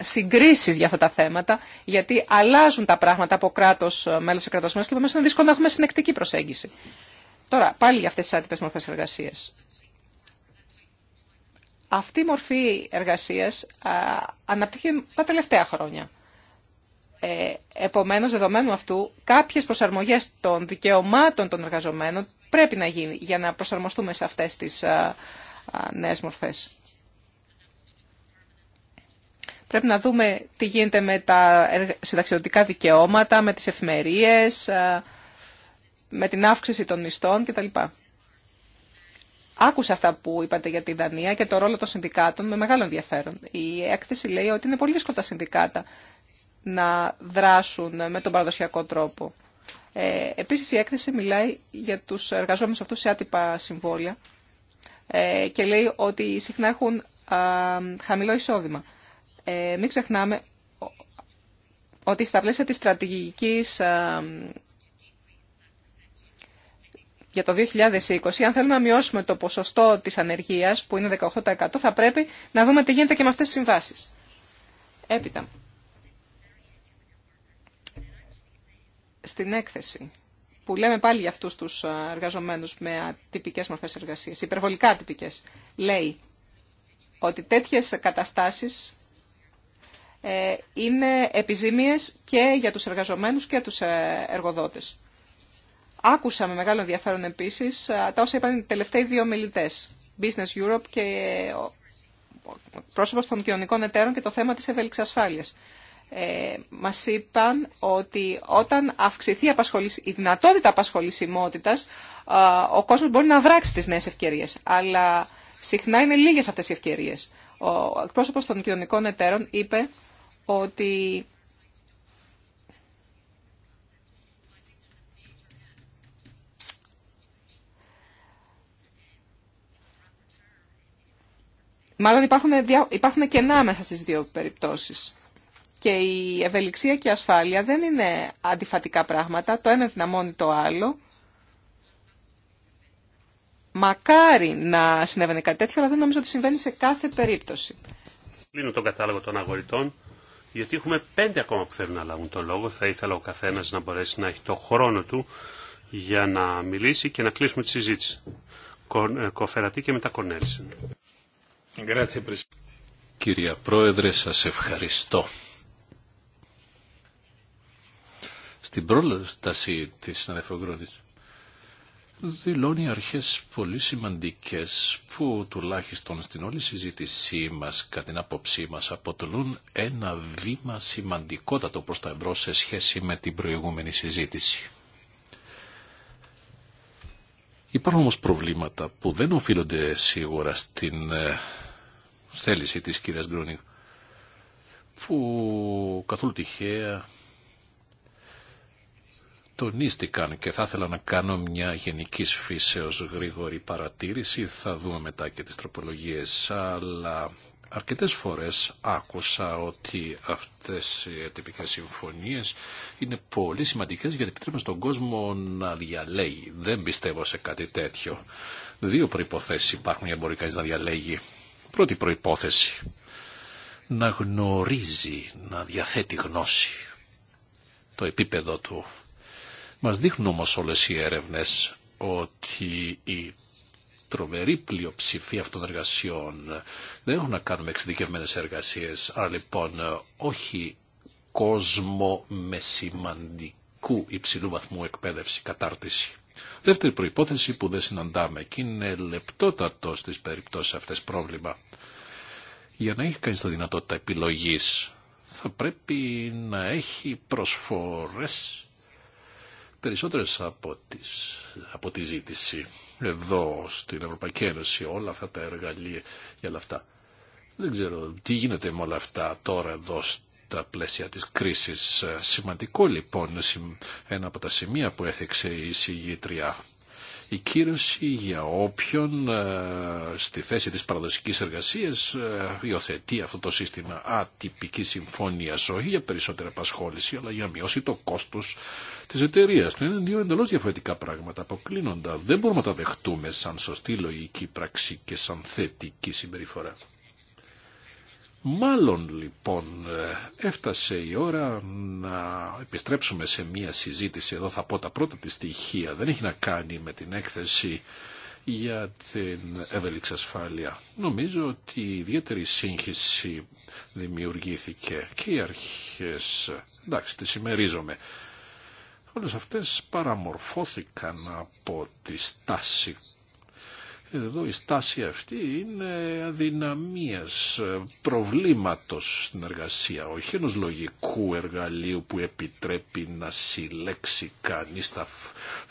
συγκρίσεις για αυτά τα θέματα, γιατί αλλάζουν τα πράγματα από κράτο μέλο σε κράτο μέλο και επομένω είναι δύσκολο να έχουμε συνεκτική προσέγγιση. Τώρα, πάλι για αυτέ τι άτυπε μορφέ εργασία. Αυτή η μορφή εργασία δυσκολο να γινουν συγκρίσει για αυτα τα τελευταία χρόνια. Ε, επομένως, δεδομένου αυτού, κάποιες προσαρμογές των δικαιωμάτων των εργαζομένων πρέπει να γίνει για να προσαρμοστούμε σε αυτές τις νέες μορφές. Πρέπει να δούμε τι γίνεται με τα συνταξιδοτικά δικαιώματα, με τις εφημερίες, με την αύξηση των μισθών κτλ. Άκουσα αυτά που είπατε για τη Δανία και το ρόλο των συνδικάτων με μεγάλο ενδιαφέρον. Η έκθεση λέει ότι είναι πολύ δύσκολα τα συνδικάτα να δράσουν με τον παραδοσιακό τρόπο. Ε, επίσης η έκθεση μιλάει για τους εργαζόμενους αυτούς σε άτυπα συμβόλια ε, και λέει ότι συχνά έχουν α, χαμηλό εισόδημα. Ε, μην ξεχνάμε ότι στα πλαίσια της στρατηγικής για το 2020, αν θέλουμε να μειώσουμε το ποσοστό της ανεργίας, που είναι 18%, θα πρέπει να δούμε τι γίνεται και με αυτές τις συμβάσεις. Έπειτα, στην έκθεση που λέμε πάλι για αυτούς τους ε, εργαζομένους με ατυπικές μορφές εργασίας, υπερβολικά ατυπικές, λέει ότι τέτοιες καταστάσεις ε, είναι επιζήμιες και για τους εργαζομένους και τους ε, εργοδότες. Άκουσα με μεγάλο ενδιαφέρον επίσης τα όσα είπαν οι τελευταίοι δύο μιλητές, Business Europe και ο πρόσωπος των κοινωνικών εταίρων και το θέμα της ευέλικης ασφάλειας ε, μας είπαν ότι όταν αυξηθεί η δυνατότητα απασχολησιμότητας, ε, ο κόσμος μπορεί να δράξει τις νέες ευκαιρίες. Αλλά συχνά είναι λίγες αυτές οι ευκαιρίες. Ο εκπροσωπο των κοινωνικών εταίρων είπε ότι Μάλλον υπάρχουν, υπάρχουν κενά μέσα στις δύο περιπτώσεις και η ευελιξία και η ασφάλεια δεν είναι αντιφατικά πράγματα. Το ένα δυναμώνει το άλλο. Μακάρι να συνέβαινε κάτι τέτοιο, αλλά δεν νομίζω ότι συμβαίνει σε κάθε περίπτωση.
Κλείνω τον κατάλογο των αγοριτών, γιατί έχουμε πέντε ακόμα που θέλουν να λάβουν τον λόγο. Θα ήθελα ο καθένα να μπορέσει να έχει το χρόνο του για να μιλήσει και να κλείσουμε τη συζήτηση. Ε, Κοφερατή και μετά Κορνέλσεν.
Κυρία Πρόεδρε, σας ευχαριστώ. στην πρόταση της ανεφογκρόνης δηλώνει αρχές πολύ σημαντικές που τουλάχιστον στην όλη συζήτησή μας κατά την άποψή μας αποτελούν ένα βήμα σημαντικότατο προς τα εμπρό σε σχέση με την προηγούμενη συζήτηση. Υπάρχουν όμως προβλήματα που δεν οφείλονται σίγουρα στην ε, θέληση της κυρίας Γκρόνιγκ που καθόλου τυχαία τονίστηκαν και θα ήθελα να κάνω μια γενικής φύσεως γρήγορη παρατήρηση, θα δούμε μετά και τις τροπολογίες, αλλά αρκετές φορές άκουσα ότι αυτές οι τυπικές συμφωνίες είναι πολύ σημαντικές γιατί επιτρέπουν στον κόσμο να διαλέγει. Δεν πιστεύω σε κάτι τέτοιο. Δύο προϋποθέσεις υπάρχουν για μπορεί κανείς να διαλέγει. Πρώτη προϋπόθεση, να γνωρίζει, να διαθέτει γνώση το επίπεδο του μας δείχνουν όμως όλες οι έρευνες ότι η τρομερή πλειοψηφία αυτών των εργασιών δεν έχουν να κάνουν με εξειδικευμένες εργασίες, αλλά λοιπόν ε, όχι κόσμο με σημαντικού υψηλού βαθμού εκπαίδευση, κατάρτιση. Δεύτερη προϋπόθεση που δεν συναντάμε και είναι λεπτότατο στις περιπτώσεις αυτές πρόβλημα. Για να έχει κανείς τα δυνατότητα επιλογής θα πρέπει να έχει προσφορές περισσότερες από, τη ζήτηση εδώ στην Ευρωπαϊκή Ένωση όλα αυτά τα εργαλεία για όλα αυτά. Δεν ξέρω τι γίνεται με όλα αυτά τώρα εδώ στα πλαίσια της κρίσης. Σημαντικό λοιπόν ένα από τα σημεία που έθεξε η συγγήτρια η κύρωση για όποιον ε, στη θέση της παραδοσικής εργασίας ε, υιοθετεί αυτό το σύστημα ατυπική συμφωνίας όχι για περισσότερη απασχόληση αλλά για μειώσει το κόστος Τη εταιρεία του. Είναι δύο εντελώ διαφορετικά πράγματα, αποκλίνοντα. Δεν μπορούμε να τα δεχτούμε σαν σωστή λογική πράξη και σαν θετική συμπεριφορά. Μάλλον λοιπόν ε, έφτασε η ώρα να επιστρέψουμε σε μία συζήτηση, εδώ θα πω τα πρώτα τη στοιχεία, δεν έχει να κάνει με την έκθεση για την ευελίξη ασφάλεια. Νομίζω ότι ιδιαίτερη σύγχυση δημιουργήθηκε και οι αρχές, εντάξει, τη συμμερίζομαι, Όλες αυτές παραμορφώθηκαν από τη στάση. Εδώ η στάση αυτή είναι αδυναμίας, προβλήματος στην εργασία, όχι ενός λογικού εργαλείου που επιτρέπει να συλλέξει κανείς τα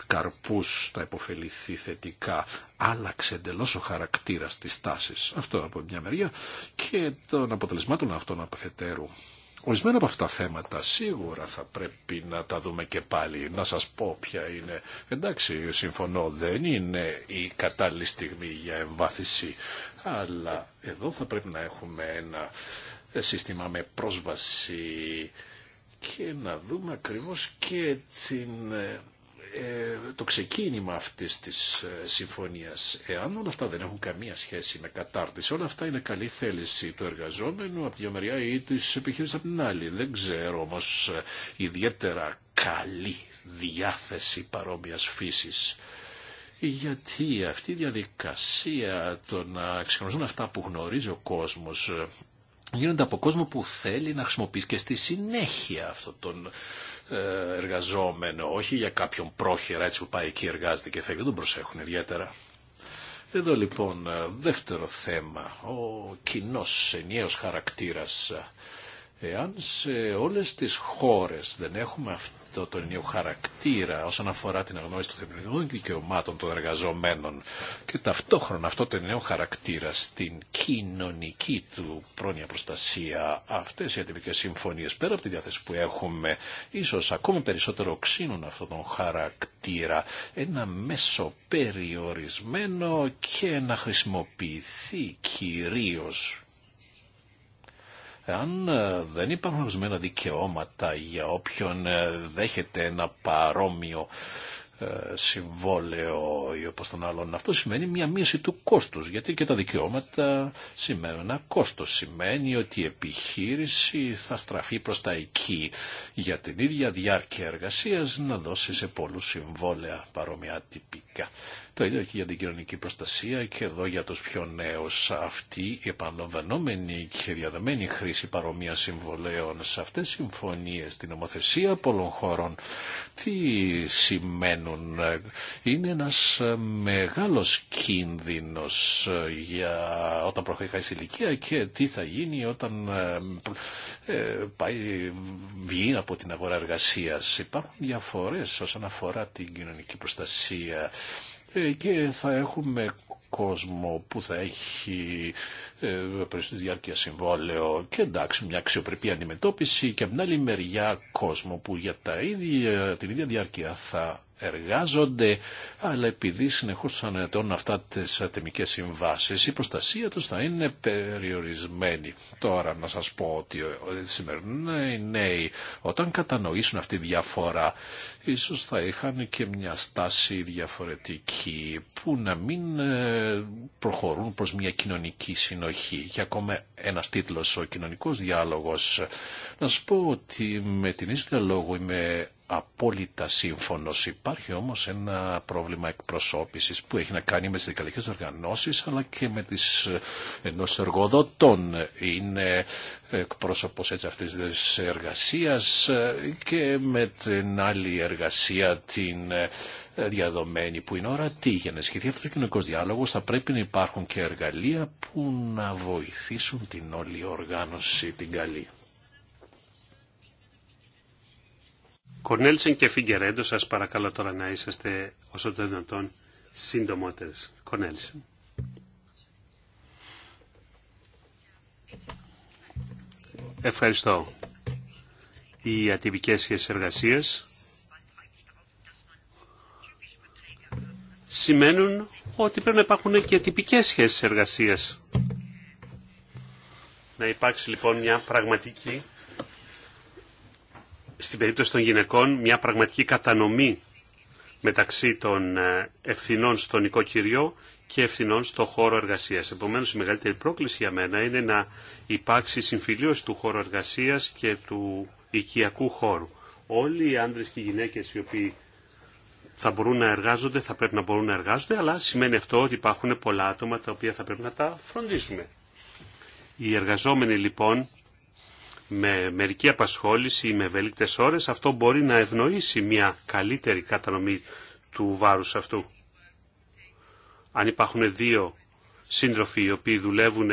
καρπούς, να υποφεληθεί θετικά. Άλλαξε εντελώ ο χαρακτήρας της στάσης. Αυτό από μια μεριά και των αποτελεσμάτων αυτών αποφετέρου. Ορισμένα από αυτά τα θέματα σίγουρα θα πρέπει να τα δούμε και πάλι. Να σας πω ποια είναι. Εντάξει, συμφωνώ, δεν είναι η κατάλληλη στιγμή για εμβάθυση. Αλλά εδώ θα πρέπει να έχουμε ένα σύστημα με πρόσβαση και να δούμε ακριβώς και την ε, ε, το ξεκίνημα αυτής της ε, συμφωνίας. Εάν όλα αυτά δεν έχουν καμία σχέση με κατάρτιση, όλα αυτά είναι καλή θέληση του εργαζόμενου από τη μεριά ή της επιχείρησης από την άλλη. Δεν ξέρω όμως ε, ιδιαίτερα καλή διάθεση παρόμοιας φύσης. Γιατί αυτή η διαδικασία το να ξεχνωρίζουν αυτά που γνωρίζει ο κόσμος γίνονται από κόσμο που θέλει να χρησιμοποιήσει και στη συνέχεια αυτό τον ε, εργαζόμενο, όχι για κάποιον πρόχειρα έτσι που πάει εκεί εργάζεται και φεύγει, δεν τον προσέχουν ιδιαίτερα. Εδώ λοιπόν ε, δεύτερο θέμα, ο κοινός ενιαίος χαρακτήρας ε, Εάν σε όλες τις χώρες δεν έχουμε αυτό το νέο χαρακτήρα όσον αφορά την αγνώριση των θεμελιωδών δικαιωμάτων των εργαζομένων και ταυτόχρονα αυτό το νέο χαρακτήρα στην κοινωνική του πρόνοια προστασία, αυτές οι ατυπικές συμφωνίες πέρα από τη διάθεση που έχουμε, ίσως ακόμη περισσότερο ξύνουν αυτόν τον χαρακτήρα, ένα μέσο περιορισμένο και να χρησιμοποιηθεί κυρίως αν ε, δεν υπάρχουν ορισμένα δικαιώματα για όποιον ε, δέχεται ένα παρόμοιο ε, συμβόλαιο ή όπως τον άλλον. Αυτό σημαίνει μια μείωση του κόστους, γιατί και τα δικαιώματα σημαίνουν ένα κόστος. Σημαίνει ότι η επιχείρηση θα στραφεί προς τα εκεί για την ίδια διάρκεια εργασίας να δώσει σε πολλούς συμβόλαια παρόμοια τυπικά. Το ίδιο και για την κοινωνική προστασία και εδώ για τους πιο νέους. Αυτή η επανοβανόμενη και διαδεμένη χρήση ...παρομοίων συμβολέων σε αυτές τις συμφωνίες, στην νομοθεσία πολλών χωρών, τι σημαίνουν. Είναι ένας μεγάλος κίνδυνος για όταν προχωρήσει ηλικία και τι θα γίνει όταν ε, ε, πάει, βγει από την αγορά εργασίας. Υπάρχουν διαφορές όσον αφορά την κοινωνική προστασία και θα έχουμε κόσμο που θα έχει ε, τη διάρκεια συμβόλαιο και εντάξει μια αξιοπρεπή αντιμετώπιση και από την άλλη μεριά κόσμο που για τα ίδια, την ίδια διάρκεια θα εργάζονται, αλλά επειδή συνεχώς θα ανατεώνουν αυτά τις ατομικέ συμβάσεις, η προστασία τους θα είναι περιορισμένη. Τώρα να σας πω ότι σημερινά οι νέοι, όταν κατανοήσουν αυτή τη διαφορά, ίσως θα είχαν και μια στάση διαφορετική που να μην ε, προχωρούν προς μια κοινωνική συνοχή. Και ακόμα ένας τίτλος, ο κοινωνικός διάλογος. Να σας πω ότι με την ίδια είμαι απόλυτα σύμφωνο. Υπάρχει όμως ένα πρόβλημα εκπροσώπηση που έχει να κάνει με τις δικαλικέ οργανώσει, αλλά και με τις ε, ενό εργοδοτών. Είναι εκπρόσωπο έτσι αυτής της ε, και με την άλλη εργασία την ε, διαδομένη που είναι ορατή για να ισχυθεί αυτό ο κοινωνικό διάλογο θα πρέπει να υπάρχουν και εργαλεία που να βοηθήσουν την όλη οργάνωση την καλή.
Κορνέλσεν και Φιγκερέντο, σας παρακαλώ τώρα να είσαστε όσο το δυνατόν σύντομότερες. Κορνέλσεν. Ευχαριστώ. Οι ατυπικές σχέσεις εργασίας σημαίνουν ότι πρέπει να υπάρχουν και τυπικές σχέσεις εργασίας. Να υπάρξει λοιπόν μια πραγματική στην περίπτωση των γυναικών μια πραγματική κατανομή μεταξύ των ε, ευθυνών στον οικοκυριό και ευθυνών στο χώρο εργασίας. Επομένως, η μεγαλύτερη πρόκληση για μένα είναι να υπάρξει συμφιλίωση του χώρου εργασίας και του οικιακού χώρου. Όλοι οι άντρες και οι γυναίκες οι οποίοι θα μπορούν να εργάζονται, θα πρέπει να μπορούν να εργάζονται, αλλά σημαίνει αυτό ότι υπάρχουν πολλά άτομα τα οποία θα πρέπει να τα φροντίσουμε. Οι εργαζόμενοι λοιπόν με μερική απασχόληση ή με ευελίκτες ώρες, αυτό μπορεί να ευνοήσει μια καλύτερη κατανομή του βάρους αυτού. Αν υπάρχουν δύο σύντροφοι οι οποίοι δουλεύουν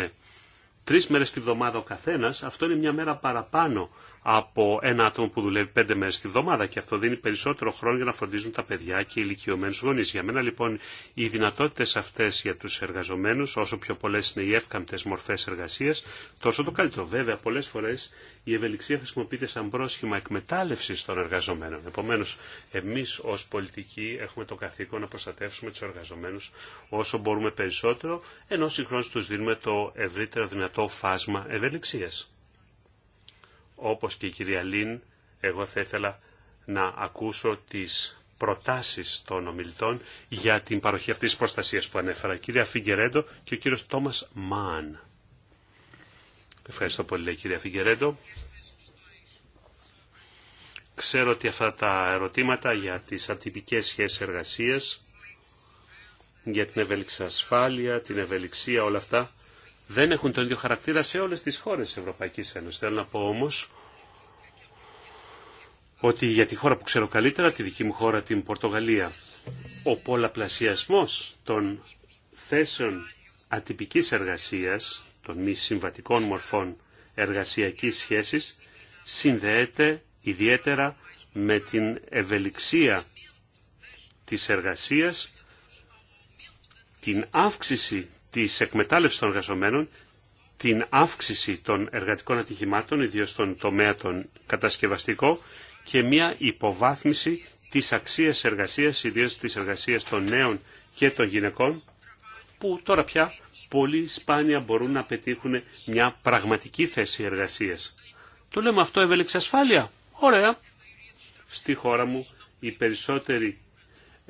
τρεις μέρες τη βδομάδα ο καθένας, αυτό είναι μια μέρα παραπάνω από ένα άτομο που δουλεύει πέντε μέρε τη βδομάδα και αυτό δίνει περισσότερο χρόνο για να φροντίζουν τα παιδιά και οι ηλικιωμένου γονεί. Για μένα λοιπόν οι δυνατότητε αυτέ για του εργαζομένου, όσο πιο πολλέ είναι οι εύκαμπτε μορφέ εργασία, τόσο το καλύτερο. Βέβαια, πολλέ φορέ η ευελιξία χρησιμοποιείται σαν πρόσχημα εκμετάλλευση των εργαζομένων. Επομένω, εμεί ω πολιτικοί έχουμε το καθήκον να προστατεύσουμε του εργαζομένου όσο μπορούμε περισσότερο, ενώ συγχρόνω του δίνουμε το ευρύτερο δυνατό φάσμα ευελιξία. Όπως και η κυρία Λίν, εγώ θα ήθελα να ακούσω τις προτάσεις των ομιλητών για την παροχή αυτής της προστασίας που ανέφερα. κυρία Φιγκερέντο και ο κύριος Τόμας Μάν. Ευχαριστώ πολύ, κυρία Φιγκερέντο. Ξέρω ότι αυτά τα ερωτήματα για τις ατυπικές σχέσεις εργασίας, για την ασφάλεια, την ευελιξία, όλα αυτά, δεν έχουν τον ίδιο χαρακτήρα σε όλες τις χώρες της Ευρωπαϊκής Ένωσης. Θέλω να πω όμως ότι για τη χώρα που ξέρω καλύτερα, τη δική μου χώρα, την Πορτογαλία, ο πολλαπλασιασμός των θέσεων ατυπικής εργασίας, των μη συμβατικών μορφών εργασιακής σχέσης, συνδέεται ιδιαίτερα με την ευελιξία της εργασίας, την αύξηση της εκμετάλλευσης των εργαζομένων, την αύξηση των εργατικών ατυχημάτων, ιδίως στον τομέα των κατασκευαστικό, και μια υποβάθμιση της αξίας εργασίας, ιδίως της εργασίας των νέων και των γυναικών, που τώρα πια πολύ σπάνια μπορούν να πετύχουν μια πραγματική θέση εργασίας. Το λέμε αυτό ευέλεξε ασφάλεια. Ωραία. Στη χώρα μου οι περισσότεροι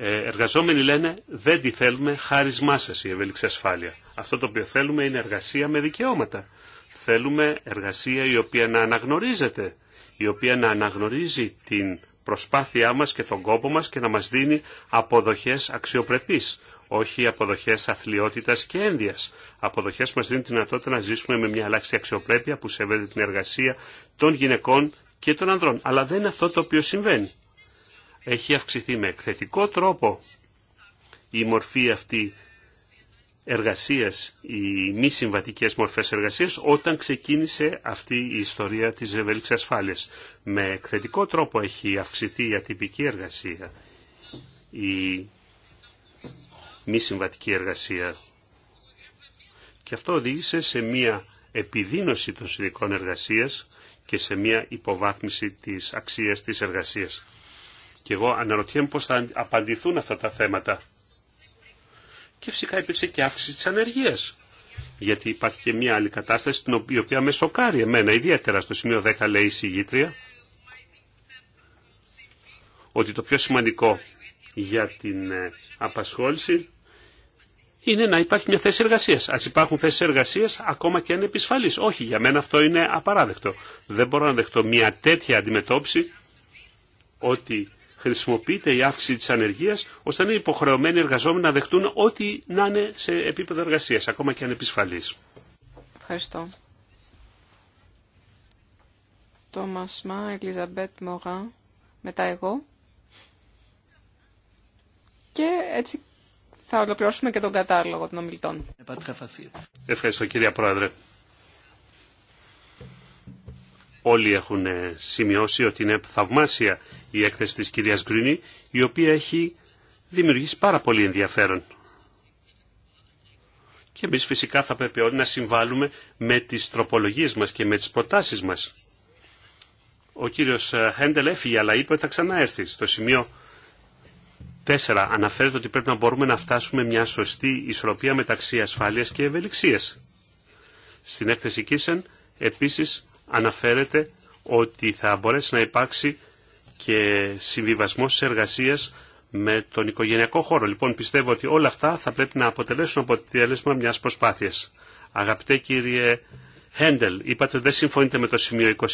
ε, εργαζόμενοι λένε δεν τη θέλουμε χάρισμά σα η ευέλικτη ασφάλεια. Αυτό το οποίο θέλουμε είναι εργασία με δικαιώματα. Θέλουμε εργασία η οποία να αναγνωρίζεται, η οποία να αναγνωρίζει την προσπάθειά μας και τον κόπο μας και να μας δίνει αποδοχές αξιοπρεπής, όχι αποδοχές αθλειότητας και ένδυας. Αποδοχές μας δίνουν τη δυνατότητα να ζήσουμε με μια αλλάξη αξιοπρέπεια που σέβεται την εργασία των γυναικών και των ανδρών. Αλλά δεν είναι αυτό το οποίο συμβαίνει έχει αυξηθεί με εκθετικό τρόπο η μορφή αυτή εργασίας, οι μη συμβατικέ μορφές εργασίας, όταν ξεκίνησε αυτή η ιστορία της ευέλικης ασφάλειας. Με εκθετικό τρόπο έχει αυξηθεί η ατυπική εργασία, η μη συμβατική εργασία. Και αυτό οδήγησε σε μία επιδίνωση των συνδικών εργασίας και σε μία υποβάθμιση της αξίας της εργασίας. Και εγώ αναρωτιέμαι πώς θα απαντηθούν αυτά τα θέματα. Και φυσικά υπήρξε και αύξηση της ανεργίας. Γιατί υπάρχει και μια άλλη κατάσταση, την οποία με σοκάρει εμένα, ιδιαίτερα στο σημείο 10 λέει η συγγήτρια, ότι το πιο σημαντικό για την ε, απασχόληση είναι να υπάρχει μια θέση εργασία. Α υπάρχουν θέσει εργασία ακόμα και αν επισφαλεί. Όχι, για μένα αυτό είναι απαράδεκτο. Δεν μπορώ να δεχτώ μια τέτοια αντιμετώπιση ότι χρησιμοποιείται η αύξηση της ανεργίας ώστε να είναι υποχρεωμένοι οι εργαζόμενοι να δεχτούν ό,τι να είναι σε επίπεδο εργασίας, ακόμα και ανεπισφαλής.
Ευχαριστώ. Το Μασμά, Ελιζαμπέτ Μωρά, μετά εγώ. Και έτσι θα ολοκληρώσουμε και τον κατάλογο των ομιλητών.
Ευχαριστώ κυρία Πρόεδρε. Όλοι έχουν ε, σημειώσει ότι είναι θαυμάσια η έκθεση της κυρίας Γκρίνη, η οποία έχει δημιουργήσει πάρα πολύ ενδιαφέρον. Και εμείς φυσικά θα πρέπει όλοι να συμβάλλουμε με τις τροπολογίες μας και με τις προτάσεις μας. Ο κύριος ε, Χέντελ έφυγε, αλλά είπε ότι θα ξαναέρθει. Στο σημείο 4 αναφέρεται ότι πρέπει να μπορούμε να φτάσουμε μια σωστή ισορροπία μεταξύ ασφάλειας και ευελιξίας. Στην έκθεση Κίσεν επίσης αναφέρεται ότι θα μπορέσει να υπάρξει και συμβιβασμό τη εργασίας με τον οικογενειακό χώρο. Λοιπόν, πιστεύω ότι όλα αυτά θα πρέπει να αποτελέσουν αποτέλεσμα μιας προσπάθειας. Αγαπητέ κύριε Χέντελ, είπατε ότι δεν συμφωνείτε με το σημείο 29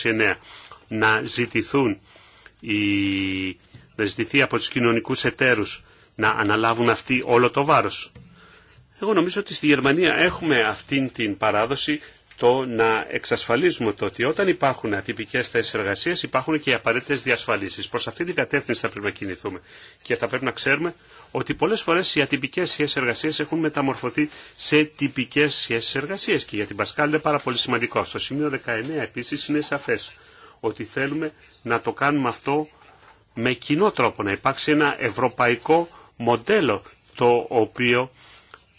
να ζητηθούν οι... να ζητηθεί από τους κοινωνικούς εταίρους να αναλάβουν αυτοί όλο το βάρος. Εγώ νομίζω ότι στη Γερμανία έχουμε αυτή την παράδοση το να εξασφαλίζουμε το ότι όταν υπάρχουν ατυπικέ θέσει εργασία υπάρχουν και οι απαραίτητε διασφαλίσει. Προ αυτή την κατεύθυνση θα πρέπει να κινηθούμε. Και θα πρέπει να ξέρουμε ότι πολλέ φορέ οι ατυπικέ σχέσει εργασία έχουν μεταμορφωθεί σε τυπικέ σχέσει εργασία. Και για την Πασκάλ είναι πάρα πολύ σημαντικό. Στο σημείο 19 επίση είναι σαφέ ότι θέλουμε να το κάνουμε αυτό με κοινό τρόπο, να υπάρξει ένα ευρωπαϊκό μοντέλο το οποίο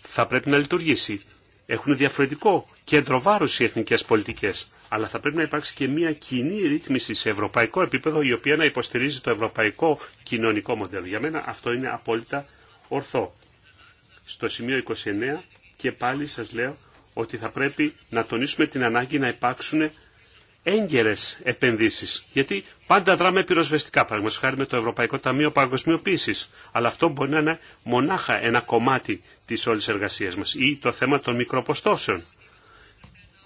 θα πρέπει να λειτουργήσει. Έχουν διαφορετικό κέντρο βάρου οι εθνικέ πολιτικέ. Αλλά θα πρέπει να υπάρξει και μια κοινή ρύθμιση σε ευρωπαϊκό επίπεδο η οποία να υποστηρίζει το ευρωπαϊκό κοινωνικό μοντέλο. Για μένα αυτό είναι απόλυτα ορθό. Στο σημείο 29 και πάλι σα λέω ότι θα πρέπει να τονίσουμε την ανάγκη να υπάρξουν έγκαιρε επενδύσει, Γιατί πάντα δράμε πυροσβεστικά, παραδείγματο χάρη με το Ευρωπαϊκό Ταμείο παγκοσμιοποίηση, Αλλά αυτό μπορεί να είναι μονάχα ένα κομμάτι τη όλη εργασία μα ή το θέμα των μικροποστώσεων.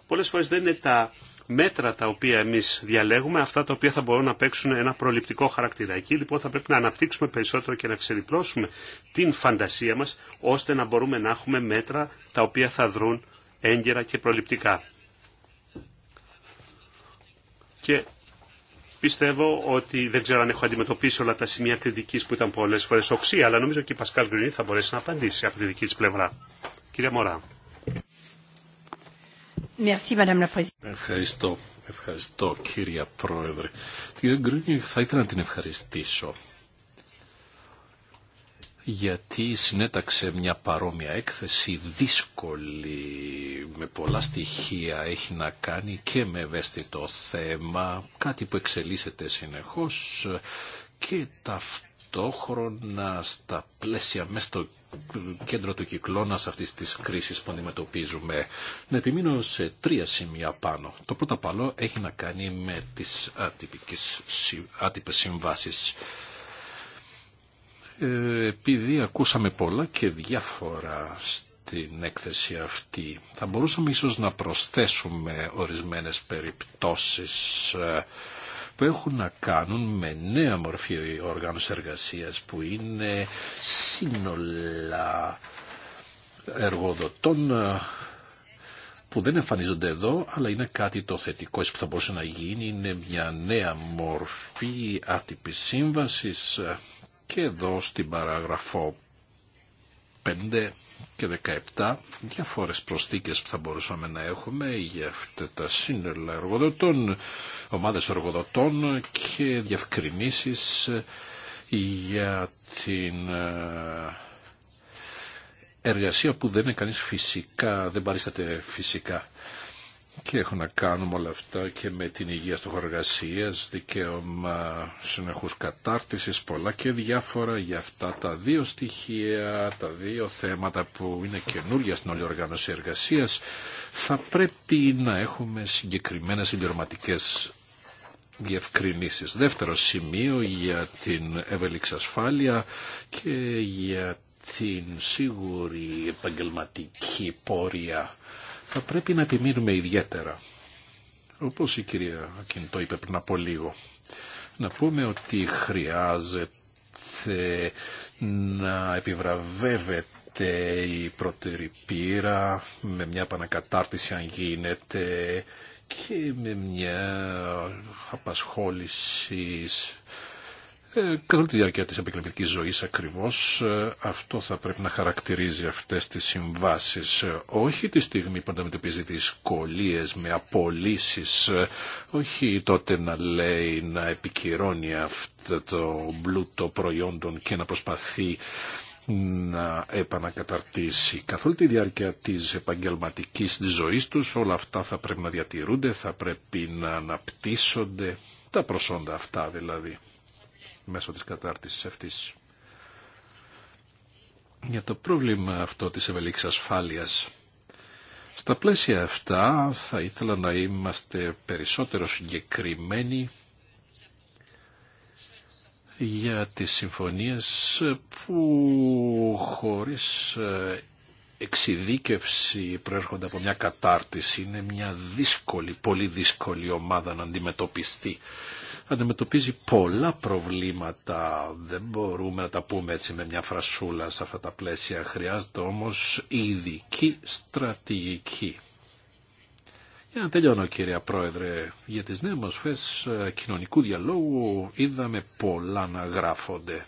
Πολλές φορές δεν είναι τα μέτρα τα οποία εμείς διαλέγουμε, αυτά τα οποία θα μπορούν να παίξουν ένα προληπτικό χαρακτήρα. Εκεί λοιπόν θα πρέπει να αναπτύξουμε περισσότερο και να ξεδιπλώσουμε την φαντασία μας, ώστε να μπορούμε να έχουμε μέτρα τα οποία θα δρουν έγκαιρα και προληπτικά. Και πιστεύω ότι δεν ξέρω αν έχω αντιμετωπίσει όλα τα σημεία κριτική που ήταν πολλέ φορέ οξύ, αλλά νομίζω και η Πασκάλ Γκρινή θα μπορέσει να απαντήσει από τη δική τη πλευρά. Κυρία Μωρά.
Ευχαριστώ, ευχαριστώ κύρια Πρόεδρε. Την Γκρίνιγκ θα ήθελα να την ευχαριστήσω γιατί συνέταξε μια παρόμοια έκθεση δύσκολη με πολλά στοιχεία έχει να κάνει και με ευαίσθητο θέμα, κάτι που εξελίσσεται συνεχώς και ταυτόχρονα ταυτόχρονα στα πλαίσια μέσα στο κέντρο του κυκλώνα αυτή τη κρίσης που αντιμετωπίζουμε. Να επιμείνω σε τρία σημεία πάνω. Το πρώτο παλό έχει να κάνει με τις άτυπε άτυπες συμβάσεις. Ε, επειδή ακούσαμε πολλά και διάφορα στην έκθεση αυτή. Θα μπορούσαμε ίσως να προσθέσουμε ορισμένες περιπτώσεις ε, που έχουν να κάνουν με νέα μορφή οργάνωση εργασίας που είναι σύνολα εργοδοτών ε, που δεν εμφανίζονται εδώ, αλλά είναι κάτι το θετικό που θα μπορούσε να γίνει. Είναι μια νέα μορφή άτυπη σύμβασης και εδώ στην παράγραφο 5 και 17 διάφορες προσθήκες που θα μπορούσαμε να έχουμε για αυτά τα σύνολα εργοδοτών, ομάδες εργοδοτών και διευκρινήσεις για την ε, εργασία που δεν είναι κανείς φυσικά, δεν παρίσταται φυσικά και έχουν να κάνουμε όλα αυτά και με την υγεία στο δικαίωμα συνεχού κατάρτιση πολλά και διάφορα για αυτά τα δύο στοιχεία, τα δύο θέματα που είναι καινούργια στην όλη οργάνωση εργασίας, θα πρέπει να έχουμε συγκεκριμένε συντηρηματικέ διευκρινήσει. Δεύτερο σημείο για την ευελίξη ασφάλεια και για την σίγουρη επαγγελματική πόρια θα πρέπει να επιμείνουμε ιδιαίτερα. Όπως η κυρία Ακίν το είπε πριν από λίγο. Να πούμε ότι χρειάζεται να επιβραβεύεται η πρώτερη με μια πανακατάρτιση αν γίνεται και με μια απασχόληση ε, κατά τη διάρκεια της επαγγελματικής ζωής ακριβώς ε, αυτό θα πρέπει να χαρακτηρίζει αυτές τις συμβάσεις. Ε, όχι τη στιγμή που αντιμετωπίζει κολλίες με απολύσεις, όχι τότε να λέει να επικυρώνει αυτό το μπλούτο προϊόντων και να προσπαθεί να επανακαταρτήσει καθ' όλη τη διάρκεια της επαγγελματικής της ζωής τους. Όλα αυτά θα πρέπει να διατηρούνται, θα πρέπει να αναπτύσσονται, τα προσόντα αυτά δηλαδή μέσω της κατάρτισης αυτής. Για το πρόβλημα αυτό της ευελίξης ασφάλειας. Στα πλαίσια αυτά θα ήθελα να είμαστε περισσότερο συγκεκριμένοι για τις συμφωνίες που χωρίς ε, εξειδίκευση προέρχονται από μια κατάρτιση. Είναι μια δύσκολη, πολύ δύσκολη ομάδα να αντιμετωπιστεί αντιμετωπίζει πολλά προβλήματα. Δεν μπορούμε να τα πούμε έτσι με μια φρασούλα σε αυτά τα πλαίσια. Χρειάζεται όμως ειδική στρατηγική. Για να τελειώνω κύριε Πρόεδρε, για τις νέες μοσφές ε, κοινωνικού διαλόγου είδαμε πολλά να γράφονται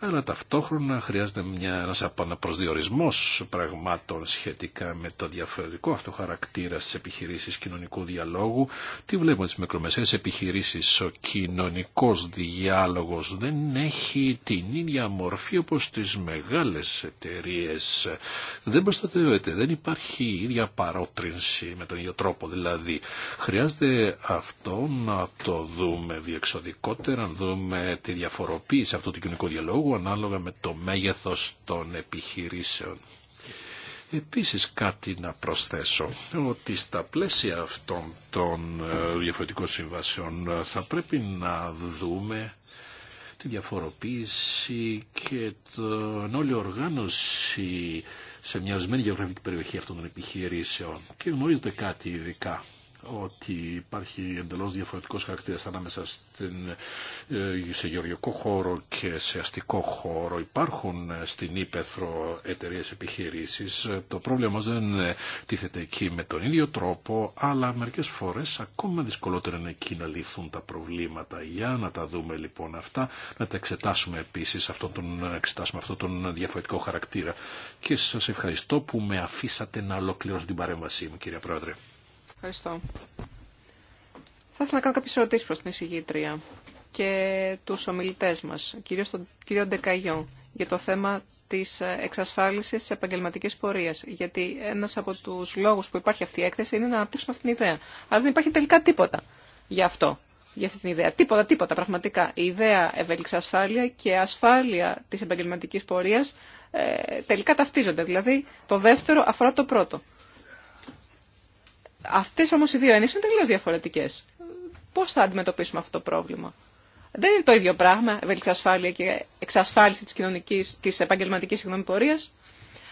αλλά ταυτόχρονα χρειάζεται μια, ένας επαναπροσδιορισμός πραγμάτων σχετικά με το διαφορετικό αυτό χαρακτήρα στις επιχειρήσεις κοινωνικού διαλόγου. Τι βλέπουμε τις μικρομεσαίες επιχειρήσεις, ο κοινωνικός διάλογος δεν έχει την ίδια μορφή όπως τις μεγάλες εταιρείε. Δεν προστατεύεται, δεν υπάρχει η ίδια παρότρινση με τον ίδιο τρόπο δηλαδή. Χρειάζεται αυτό να το δούμε διεξοδικότερα, να δούμε τη διαφοροποίηση αυτού του κοινωνικού διαλόγου ανάλογα με το μέγεθος των επιχειρήσεων. Επίσης κάτι να προσθέσω, ότι στα πλαίσια αυτών των ε, διαφορετικών συμβάσεων ε, θα πρέπει να δούμε τη διαφοροποίηση και την όλη οργάνωση σε μια ορισμένη γεωγραφική περιοχή αυτών των επιχειρήσεων. Και γνωρίζετε κάτι ειδικά ότι υπάρχει εντελώς διαφορετικός χαρακτήρας ανάμεσα στην, ε, σε γεωργικό χώρο και σε αστικό χώρο. Υπάρχουν ε, στην Ήπεθρο εταιρείε επιχειρήσεις. Το πρόβλημα δεν ε, τίθεται εκεί με τον ίδιο τρόπο, αλλά μερικές φορές ακόμα δυσκολότερο είναι εκεί να λυθούν τα προβλήματα. Για να τα δούμε λοιπόν αυτά, να τα εξετάσουμε επίσης, αυτόν τον, εξετάσουμε αυτόν τον διαφορετικό χαρακτήρα. Και σας ευχαριστώ που με αφήσατε να ολοκληρώσω την παρέμβασή μου, κύριε Πρόεδρε.
Ευχαριστώ. Θα ήθελα να κάνω κάποιε ερωτήσει προ την εισηγήτρια και του ομιλητέ μα, κυρίω τον κύριο Ντεκαγιό, για το θέμα τη εξασφάλιση τη επαγγελματική πορεία. Γιατί ένα από του λόγου που υπάρχει αυτή η έκθεση είναι να αναπτύξουμε αυτή την ιδέα. Αλλά δεν υπάρχει τελικά τίποτα για αυτό, για αυτή την ιδέα. Τίποτα, τίποτα πραγματικά. Η ιδέα ευέλικτη ασφάλεια και ασφάλεια τη επαγγελματική πορεία ε, τελικά ταυτίζονται. Δηλαδή το δεύτερο αφορά το πρώτο. Αυτέ όμω οι δύο έννοιε είναι τελείω διαφορετικέ. Πώ θα αντιμετωπίσουμε αυτό το πρόβλημα. Δεν είναι το ίδιο πράγμα, ευελιξασφάλεια και εξασφάλιση τη κοινωνικής, της επαγγελματικής συγγνώμη, πορεία.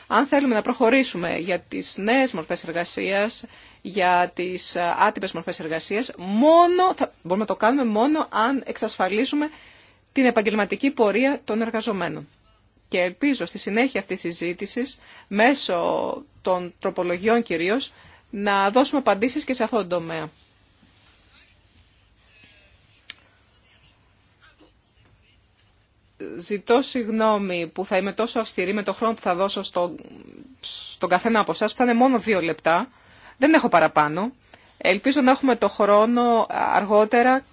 Αν θέλουμε να προχωρήσουμε για τι νέε μορφέ εργασία, για τι άτυπε μορφέ εργασία, μόνο, θα, μπορούμε να το κάνουμε μόνο αν εξασφαλίσουμε την επαγγελματική πορεία των εργαζομένων. Και ελπίζω στη συνέχεια αυτή τη συζήτηση μέσω των τροπολογιών κυρίω να δώσουμε απαντήσεις και σε αυτό το τομέα. Ζητώ συγγνώμη που θα είμαι τόσο αυστηρή με το χρόνο που θα δώσω στο, στον καθένα από εσά, που θα είναι μόνο δύο λεπτά. Δεν έχω παραπάνω. Ελπίζω να έχουμε το χρόνο αργότερα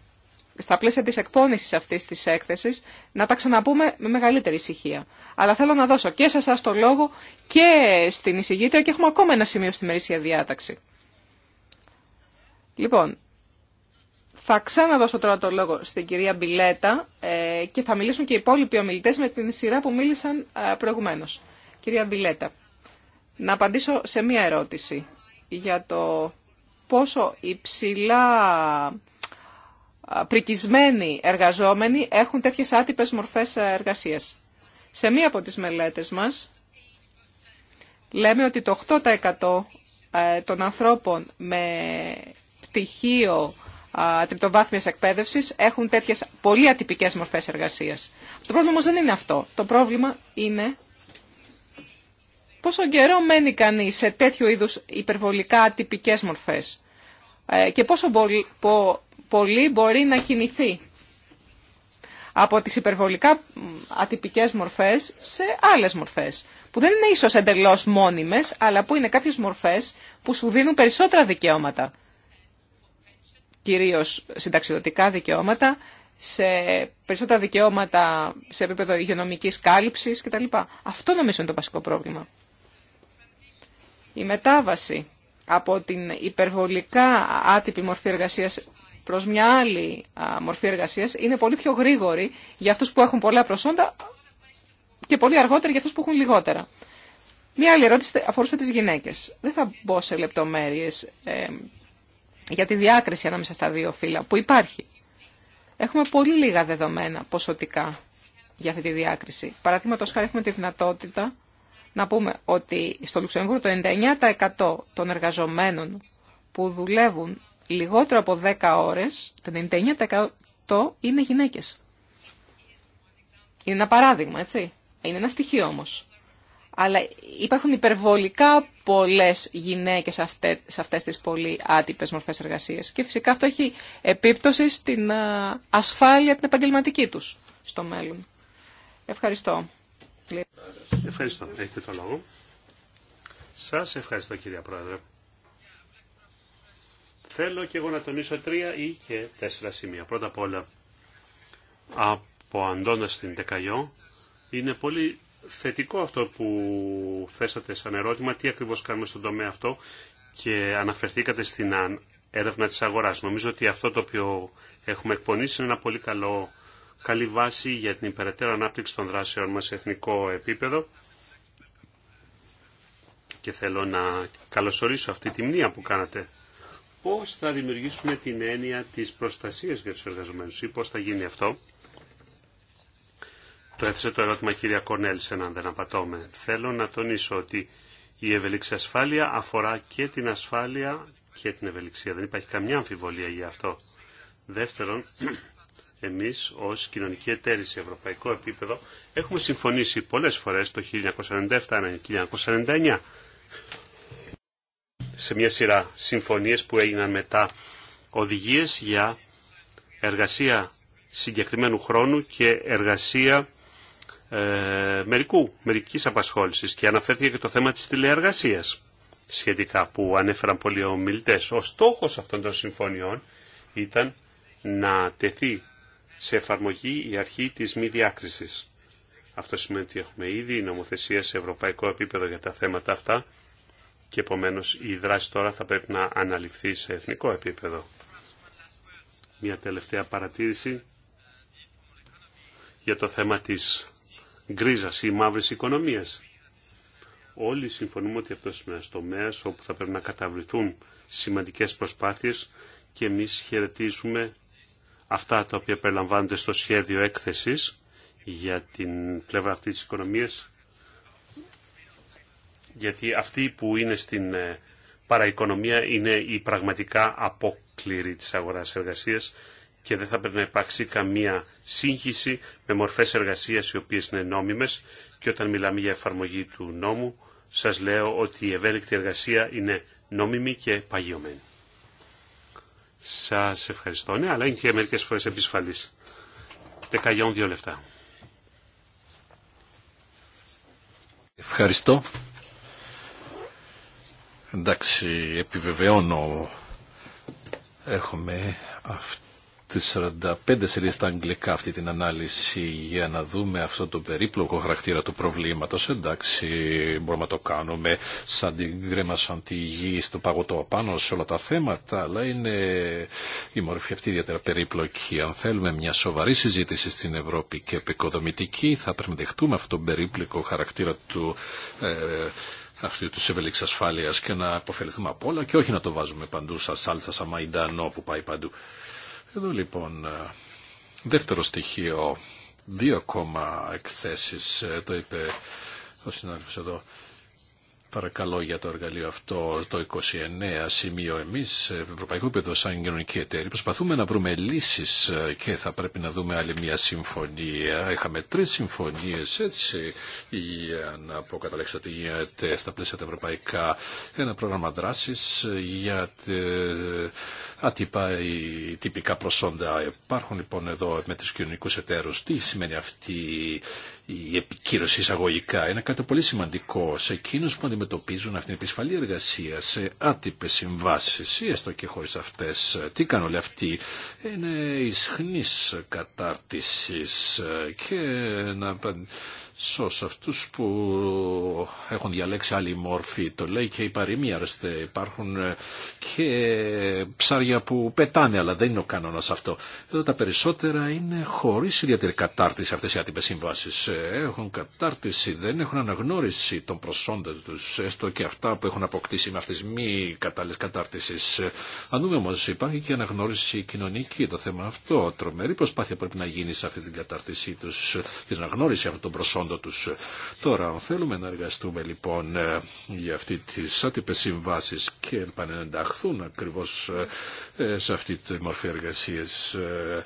στα πλαίσια της εκπόνησης αυτής της έκθεσης να τα ξαναπούμε με μεγαλύτερη ησυχία. Αλλά θέλω να δώσω και σε εσά το λόγο και στην εισηγήτρια και έχουμε ακόμα ένα σημείο στη μερίσια διάταξη. Λοιπόν, θα ξαναδώσω τώρα το λόγο στην κυρία Μπιλέτα ε, και θα μιλήσουν και οι υπόλοιποι ομιλητέ με την σειρά που μίλησαν ε, προηγουμένω. Κυρία Μπιλέτα, να απαντήσω σε μία ερώτηση για το πόσο υψηλά πρικισμένοι εργαζόμενοι έχουν τέτοιες άτυπες μορφές εργασίας. Σε μία από τις μελέτες μας λέμε ότι το 8% ε, των ανθρώπων με πτυχίο τριτοβάθμιας εκπαίδευσης έχουν τέτοιες πολύ ατυπικές μορφές εργασίας. Το πρόβλημα όμως δεν είναι αυτό. Το πρόβλημα είναι πόσο καιρό μένει κανείς σε τέτοιου είδους υπερβολικά ατυπικές μορφές ε, και πόσο πολύ μπορεί να κινηθεί από τις υπερβολικά ατυπικές μορφές σε άλλες μορφές, που δεν είναι ίσως εντελώς μόνιμες, αλλά που είναι κάποιες μορφές που σου δίνουν περισσότερα δικαιώματα, κυρίως συνταξιδοτικά δικαιώματα, σε περισσότερα δικαιώματα σε επίπεδο υγειονομικής κάλυψης κτλ. Αυτό νομίζω είναι το βασικό πρόβλημα. Η μετάβαση από την υπερβολικά άτυπη μορφή εργασίας Προ μια άλλη μορφή εργασία είναι πολύ πιο γρήγορη για αυτού που έχουν πολλά προσόντα και πολύ αργότερη για αυτού που έχουν λιγότερα. Μία άλλη ερώτηση αφορούσε τι γυναίκε. Δεν θα μπω σε λεπτομέρειε ε, για τη διάκριση ανάμεσα στα δύο φύλλα που υπάρχει. Έχουμε πολύ λίγα δεδομένα ποσοτικά για αυτή τη διάκριση. Παραδείγματο χάρη έχουμε τη δυνατότητα να πούμε ότι στο Λουξεμβούργο το 99% των εργαζομένων που δουλεύουν λιγότερο από 10 ώρες, το 99% είναι γυναίκες. Είναι ένα παράδειγμα, έτσι. Είναι ένα στοιχείο όμως. Αλλά υπάρχουν υπερβολικά πολλές γυναίκες σε αυτές τις πολύ άτυπες μορφές εργασίας. Και φυσικά αυτό έχει επίπτωση στην ασφάλεια την επαγγελματική τους στο μέλλον. Ευχαριστώ.
Ευχαριστώ. Έχετε το λόγο. Σας ευχαριστώ κυρία Πρόεδρε. Θέλω και εγώ να τονίσω τρία ή και τέσσερα σημεία. Πρώτα απ' όλα, από Αντώνα στην Τεκαγιό, είναι πολύ θετικό αυτό που θέσατε σαν ερώτημα, τι ακριβώς κάνουμε στον τομέα αυτό και αναφερθήκατε στην έρευνα της αγοράς. Νομίζω ότι αυτό το οποίο έχουμε εκπονήσει είναι ένα πολύ καλό, καλή βάση για την υπεραιτέρω ανάπτυξη των δράσεων μας σε εθνικό επίπεδο και θέλω να καλωσορίσω αυτή τη μνήμα που κάνατε πώς θα δημιουργήσουμε την έννοια της προστασίας για τους εργαζομένους ή πώς θα γίνει αυτό. Το έθεσε το ερώτημα κυρία Κονέλσεν, αν δεν απατώμε. Θέλω να τονίσω ότι η ευελιξή ασφάλεια αφορά και την ασφάλεια και την ευελιξία. Δεν υπάρχει καμιά αμφιβολία για αυτό. Δεύτερον, εμείς ως κοινωνική εταίρηση σε ευρωπαϊκό επίπεδο έχουμε συμφωνήσει πολλές φορές το 1997-1999 σε μια σειρά συμφωνίες που έγιναν μετά οδηγίες για εργασία συγκεκριμένου χρόνου και εργασία ε, μερικού, μερικής απασχόλησης και αναφέρθηκε και το θέμα της τηλεεργασίας σχετικά που ανέφεραν πολλοί ομιλητέ. Ο στόχος αυτών των συμφωνιών ήταν να τεθεί σε εφαρμογή η αρχή της μη διάκρισης. Αυτό σημαίνει ότι έχουμε ήδη νομοθεσία σε ευρωπαϊκό επίπεδο για τα θέματα αυτά και επομένως η δράση τώρα θα πρέπει να αναλυφθεί σε εθνικό επίπεδο. Μια τελευταία παρατήρηση για το θέμα της γκρίζα ή μαύρης οικονομίας. Όλοι συμφωνούμε ότι αυτός είναι ένας τομέας όπου θα πρέπει να καταβληθούν σημαντικές προσπάθειες και εμείς χαιρετίζουμε αυτά τα οποία περιλαμβάνονται στο σχέδιο έκθεσης για την πλευρά αυτής της οικονομίας γιατί αυτοί που είναι στην ε, παραοικονομία είναι οι πραγματικά απόκληροι της αγοράς εργασίας και δεν θα πρέπει να υπάρξει καμία σύγχυση με μορφές εργασίας οι οποίες είναι νόμιμες και όταν μιλάμε για εφαρμογή του νόμου σας λέω ότι η ευέλικτη εργασία είναι νόμιμη και παγιωμένη. Σας ευχαριστώ. Ναι, αλλά είναι και μερικές φορές επισφαλής. Δεκαγιών δύο λεπτά.
Ευχαριστώ. Εντάξει, επιβεβαιώνω. Έχουμε τι 45 σελίδες στα αγγλικά αυτή την ανάλυση για να δούμε αυτό το περίπλοκο χαρακτήρα του προβλήματος. Εντάξει, μπορούμε να το κάνουμε σαν την γκρέμα, σαν τη γη στο παγωτό απάνω σε όλα τα θέματα, αλλά είναι η μορφή αυτή ιδιαίτερα περίπλοκη. Αν θέλουμε μια σοβαρή συζήτηση στην Ευρώπη και επικοδομητική, θα πρέπει να δεχτούμε αυτόν τον περίπλοκο χαρακτήρα του ε, αυτού του ευελίξη ασφάλεια και να αποφεληθούμε από όλα και όχι να το βάζουμε παντού σαν σάλθα, σαν μαϊντανό που πάει παντού. Εδώ λοιπόν ε, δεύτερο στοιχείο, δύο ακόμα εκθέσει. Ε, το είπε ο συνάδελφο εδώ, Παρακαλώ για το εργαλείο αυτό το 29 σημείο εμείς ευρωπαϊκό επίπεδο σαν κοινωνική εταίρη, προσπαθούμε να βρούμε λύσεις ε, και θα πρέπει να δούμε άλλη μια συμφωνία. Είχαμε τρεις συμφωνίες έτσι για να πω καταλέξω ότι γίνεται στα πλαίσια τα ευρωπαϊκά ένα πρόγραμμα δράσης για ατυπά ε, τυπικά προσόντα. Υπάρχουν λοιπόν εδώ με του κοινωνικούς εταίρους τι σημαίνει αυτή η επικύρωση εισαγωγικά είναι κάτι πολύ σημαντικό σε εκείνου που αντιμετωπίζουν αυτήν την επισφαλή εργασία σε άτυπε συμβάσει. Ή έστω και χωρί αυτέ. Τι κάνω όλοι αυτοί, είναι ή έστω και χωρι αυτε Τι κάνουν όλοι αυτοί. Είναι ισχνη κατάρτισης και να Σω αυτού που έχουν διαλέξει άλλη μόρφη, το λέει και η παροιμία, υπάρχουν ε, και ψάρια που πετάνε, αλλά δεν είναι ο κανόνα αυτό. Εδώ τα περισσότερα είναι χωρί ιδιαίτερη κατάρτιση αυτέ οι άτυπε συμβάσει. Ε, έχουν κατάρτιση, δεν έχουν αναγνώριση των προσόντων του. έστω και αυτά που έχουν αποκτήσει με αυτές μη κατάλληλε κατάρτιση. Ε, αν δούμε όμω, υπάρχει και αναγνώριση κοινωνική το θέμα αυτό. Τρομερή προσπάθεια πρέπει να γίνει σε αυτή την κατάρτισή του και αναγνώριση αυτών των προσόντων Τώρα, θέλουμε να εργαστούμε λοιπόν ε, για αυτή τις άτυπες συμβάσει και επανενταχθούν ακριβώς ε, σε αυτή τη μορφή εργασίες ε,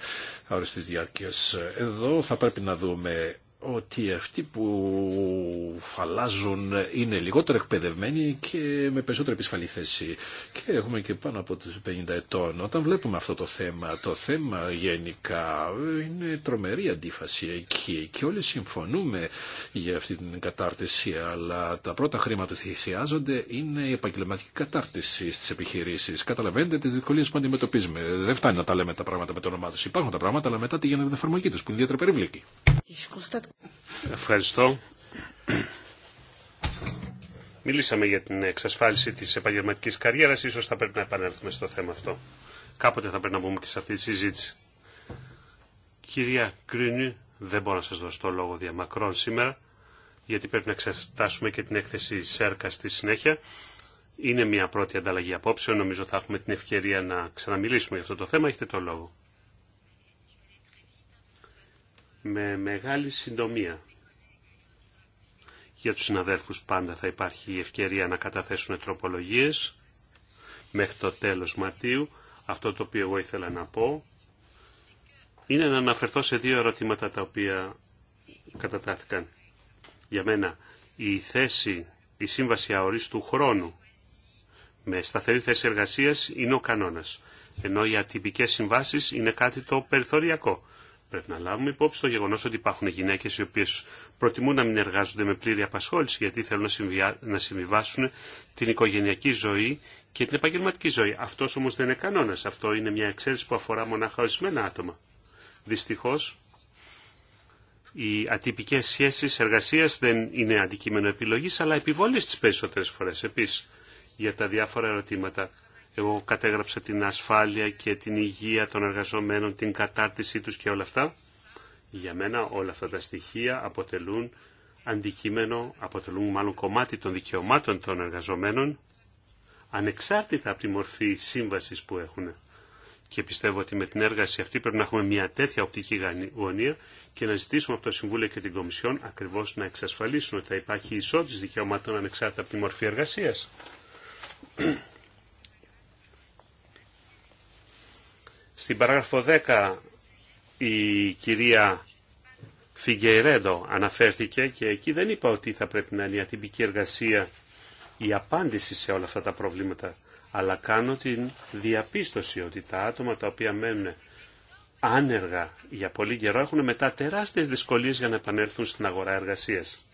αόριστης διάρκειας, εδώ θα πρέπει να δούμε ότι αυτοί που φαλάζουν είναι λιγότερο εκπαιδευμένοι και με περισσότερη επισφαλή θέση. Και έχουμε και πάνω από τους 50 ετών. Όταν βλέπουμε αυτό το θέμα, το θέμα γενικά είναι τρομερή αντίφαση εκεί και όλοι συμφωνούμε για αυτή την κατάρτιση, αλλά τα πρώτα χρήματα που θυσιάζονται είναι η επαγγελματική κατάρτιση στις επιχειρήσεις. Καταλαβαίνετε τις δυσκολίες που αντιμετωπίζουμε. Δεν φτάνει να τα λέμε τα πράγματα με το όνομά τους. Υπάρχουν τα πράγματα, αλλά μετά τη γίνεται εφαρμογή του που είναι ιδιαίτερα περίπλοκη.
Ευχαριστώ. Μιλήσαμε για την εξασφάλιση της επαγγελματικής καριέρας, ίσως θα πρέπει να επανέλθουμε στο θέμα αυτό. Κάποτε θα πρέπει να μπούμε και σε αυτή τη συζήτηση. Κυρία Κρίνου, δεν μπορώ να σας δώσω το λόγο διαμακρόν σήμερα, γιατί πρέπει να εξετάσουμε και την έκθεση ΣΕΡΚΑ στη συνέχεια. Είναι μια πρώτη ανταλλαγή απόψεων, νομίζω θα έχουμε την ευκαιρία να ξαναμιλήσουμε για αυτό το θέμα. Έχετε το λόγο με μεγάλη συντομία. Για τους συναδέλφους πάντα θα υπάρχει η ευκαιρία να καταθέσουν τροπολογίες μέχρι το τέλος Μαρτίου. Αυτό το οποίο εγώ ήθελα να πω είναι να αναφερθώ σε δύο ερωτήματα τα οποία κατατάθηκαν. Για μένα η θέση, η σύμβαση αορίστου χρόνου με σταθερή θέση εργασίας είναι ο κανόνας, ενώ οι ατυπικές συμβάσεις είναι κάτι το περιθωριακό. Πρέπει να λάβουμε υπόψη το γεγονό ότι υπάρχουν γυναίκε οι οποίε προτιμούν να μην εργάζονται με πλήρη απασχόληση γιατί θέλουν να συμβιβάσουν την οικογενειακή ζωή και την επαγγελματική ζωή. Αυτό όμω δεν είναι κανόνα. Αυτό είναι μια εξαίρεση που αφορά μονάχα ορισμένα άτομα. Δυστυχώ οι ατυπικέ σχέσει εργασία δεν είναι αντικείμενο επιλογή αλλά επιβολή τι περισσότερε φορέ. Επίση για τα διάφορα ερωτήματα εγώ κατέγραψα την ασφάλεια και την υγεία των εργαζομένων, την κατάρτισή τους και όλα αυτά. Για μένα όλα αυτά τα στοιχεία αποτελούν αντικείμενο, αποτελούν μάλλον κομμάτι των δικαιωμάτων των εργαζομένων, ανεξάρτητα από τη μορφή σύμβασης που έχουν. Και πιστεύω ότι με την έργαση αυτή πρέπει να έχουμε μια τέτοια οπτική γωνία και να ζητήσουμε από το Συμβούλιο και την Κομισιόν ακριβώς να εξασφαλίσουν ότι θα υπάρχει ισότητα δικαιωμάτων ανεξάρτητα από τη μορφή εργασία. Στην παράγραφο 10 η κυρία Φιγκερέντο αναφέρθηκε και εκεί δεν είπα ότι θα πρέπει να είναι η ατυπική εργασία η απάντηση σε όλα αυτά τα προβλήματα, αλλά κάνω την διαπίστωση ότι τα άτομα τα οποία μένουν άνεργα για πολύ καιρό έχουν μετά τεράστιες δυσκολίες για να επανέλθουν στην αγορά εργασίας.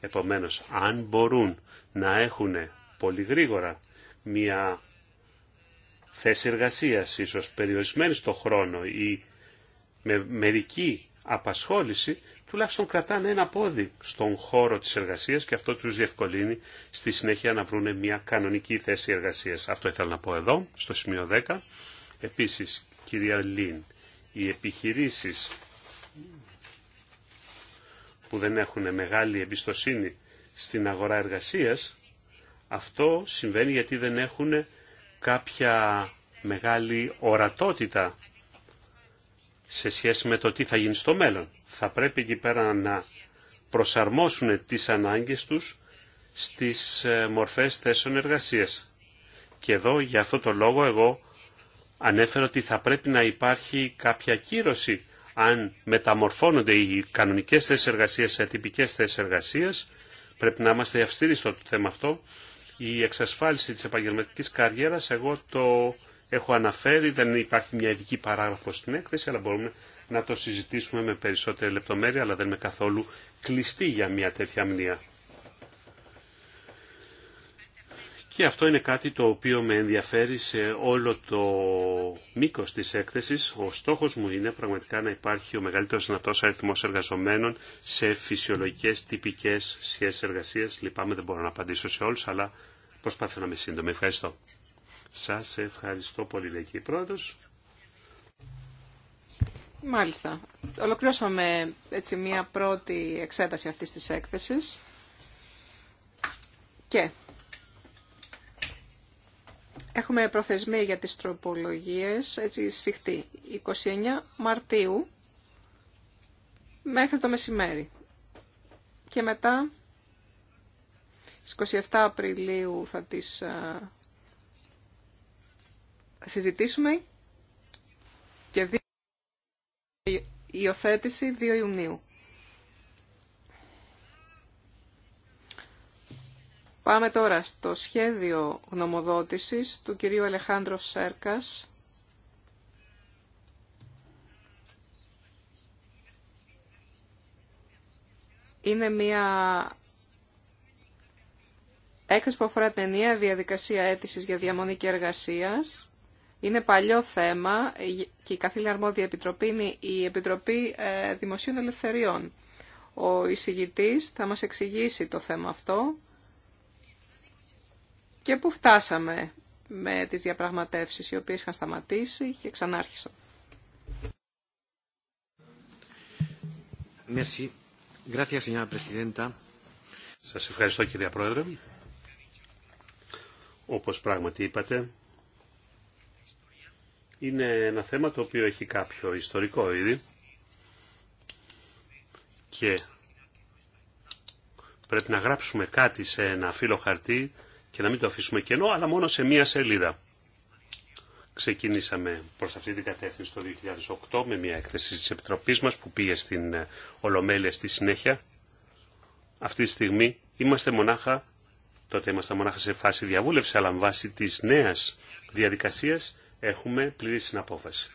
Επομένως, αν μπορούν να έχουν πολύ γρήγορα μια θέση εργασίας, ίσως περιορισμένη στο χρόνο ή με μερική απασχόληση, τουλάχιστον κρατάνε ένα πόδι στον χώρο της εργασίας και αυτό τους διευκολύνει στη συνέχεια να βρουν μια κανονική θέση εργασίας. Αυτό ήθελα να πω εδώ, στο σημείο 10. Επίσης, κυρία Λίν, οι επιχειρήσεις που δεν έχουν μεγάλη εμπιστοσύνη στην αγορά εργασίας, αυτό συμβαίνει γιατί δεν έχουν κάποια μεγάλη ορατότητα σε σχέση με το τι θα γίνει στο μέλλον. Θα πρέπει εκεί πέρα να προσαρμόσουν τις ανάγκες τους στις ε, μορφές θέσεων εργασίας. Και εδώ για αυτό το λόγο εγώ ανέφερα ότι θα πρέπει να υπάρχει κάποια κύρωση αν μεταμορφώνονται οι κανονικές θέσεις εργασίας σε ατυπικές θέσεις εργασίας. Πρέπει να είμαστε αυστηροί στο θέμα αυτό η εξασφάλιση της επαγγελματικής καριέρας, εγώ το έχω αναφέρει, δεν υπάρχει μια ειδική παράγραφο στην έκθεση, αλλά μπορούμε να το συζητήσουμε με περισσότερη λεπτομέρεια, αλλά δεν είμαι καθόλου κλειστή για μια τέτοια μνήμα. Και αυτό είναι κάτι το οποίο με ενδιαφέρει σε όλο το μήκος της έκθεσης. Ο στόχος μου είναι πραγματικά να υπάρχει ο μεγαλύτερος δυνατός αριθμός εργαζομένων σε φυσιολογικές τυπικές σχέσεις εργασίες. Λυπάμαι δεν μπορώ να απαντήσω σε όλους, αλλά προσπάθω να είμαι σύντομη. Ευχαριστώ. Σας ευχαριστώ πολύ, Δεκή Πρόεδρος.
Μάλιστα. Ολοκληρώσαμε έτσι μία πρώτη εξέταση αυτή της έκθεσης. Και Έχουμε προθεσμία για τις τροπολογίες, έτσι σφιχτή, 29 Μαρτίου μέχρι το μεσημέρι. Και μετά, στις 27 Απριλίου θα τις α, συζητήσουμε και η υιοθέτηση 2 Ιουνίου. Πάμε τώρα στο σχέδιο γνωμοδότησης του κυρίου Αλεχάνδρου Σέρκας. Είναι μια έκθεση που αφορά την ενιαία διαδικασία αίτησης για διαμονή και εργασίας. Είναι παλιό θέμα και η καθήλια αρμόδια επιτροπή είναι η Επιτροπή ε, Δημοσίων Ελευθεριών. Ο εισηγητής θα μας εξηγήσει το θέμα αυτό και πού φτάσαμε με τις διαπραγματεύσεις οι οποίες είχαν σταματήσει και ξανάρχισαν. Merci.
Σας ευχαριστώ κυρία Πρόεδρε. Όπως πράγματι είπατε, είναι ένα θέμα το οποίο έχει κάποιο ιστορικό ήδη και πρέπει να γράψουμε κάτι σε ένα φύλλο χαρτί και να μην το αφήσουμε κενό, αλλά μόνο σε μία σελίδα. Ξεκινήσαμε προς αυτή την κατεύθυνση το 2008 με μία έκθεση της Επιτροπής μας που πήγε στην ε, Ολομέλεια στη συνέχεια. Αυτή τη στιγμή είμαστε μονάχα, τότε είμαστε μονάχα σε φάση διαβούλευση, αλλά με βάση της νέας διαδικασίας έχουμε πλήρη συναπόφαση.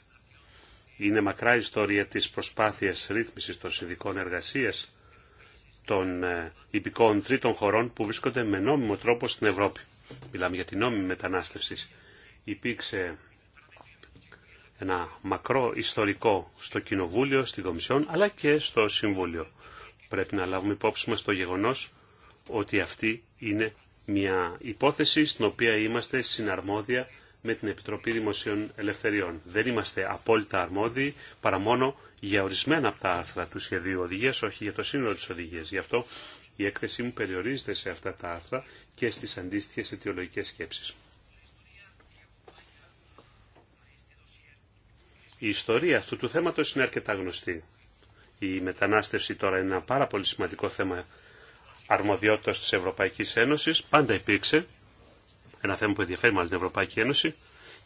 Είναι μακρά η ιστορία της προσπάθειας ρύθμισης των συνδικών εργασίας των ε, υπηκών τρίτων χωρών που βρίσκονται με νόμιμο τρόπο στην Ευρώπη. Μιλάμε για την νόμιμη μετανάστευση. Υπήρξε ένα μακρό ιστορικό στο Κοινοβούλιο, στη Κομισιόν, αλλά και στο Συμβούλιο. Πρέπει να λάβουμε υπόψη μας το γεγονός ότι αυτή είναι μια υπόθεση στην οποία είμαστε συναρμόδια με την Επιτροπή Δημοσίων Ελευθεριών. Δεν είμαστε απόλυτα αρμόδιοι παρά μόνο για ορισμένα από τα άρθρα του σχεδίου οδηγίας, όχι για το σύνολο της οδηγίας. Γι' αυτό η έκθεσή μου περιορίζεται σε αυτά τα άρθρα και στις αντίστοιχες αιτιολογικές σκέψεις. Η ιστορία αυτού του θέματος είναι αρκετά γνωστή. Η μετανάστευση τώρα είναι ένα πάρα πολύ σημαντικό θέμα αρμοδιότητας της Ευρωπαϊκής Ένωσης. Πάντα υπήρξε ένα θέμα που ενδιαφέρει μάλλον την Ευρωπαϊκή Ένωση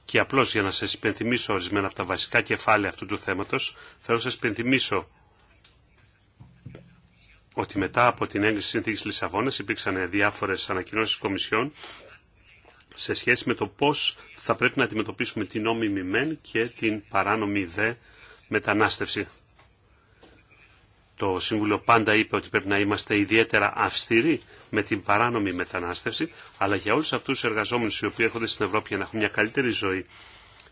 και απλώς για να σας υπενθυμίσω ορισμένα από τα βασικά κεφάλαια αυτού του θέματος, θέλω να σας υπενθυμίσω ότι μετά από την έγκριση συνθήκης Λισαβόνας υπήρξαν διάφορες ανακοινώσεις κομισιών σε σχέση με το πώς θα πρέπει να αντιμετωπίσουμε την νόμιμη μεν και την παράνομη δε μετανάστευση το Σύμβουλο πάντα είπε ότι πρέπει να είμαστε ιδιαίτερα αυστηροί με την παράνομη μετανάστευση, αλλά για όλους αυτούς τους εργαζόμενους οι οποίοι έρχονται στην Ευρώπη για να έχουν μια καλύτερη ζωή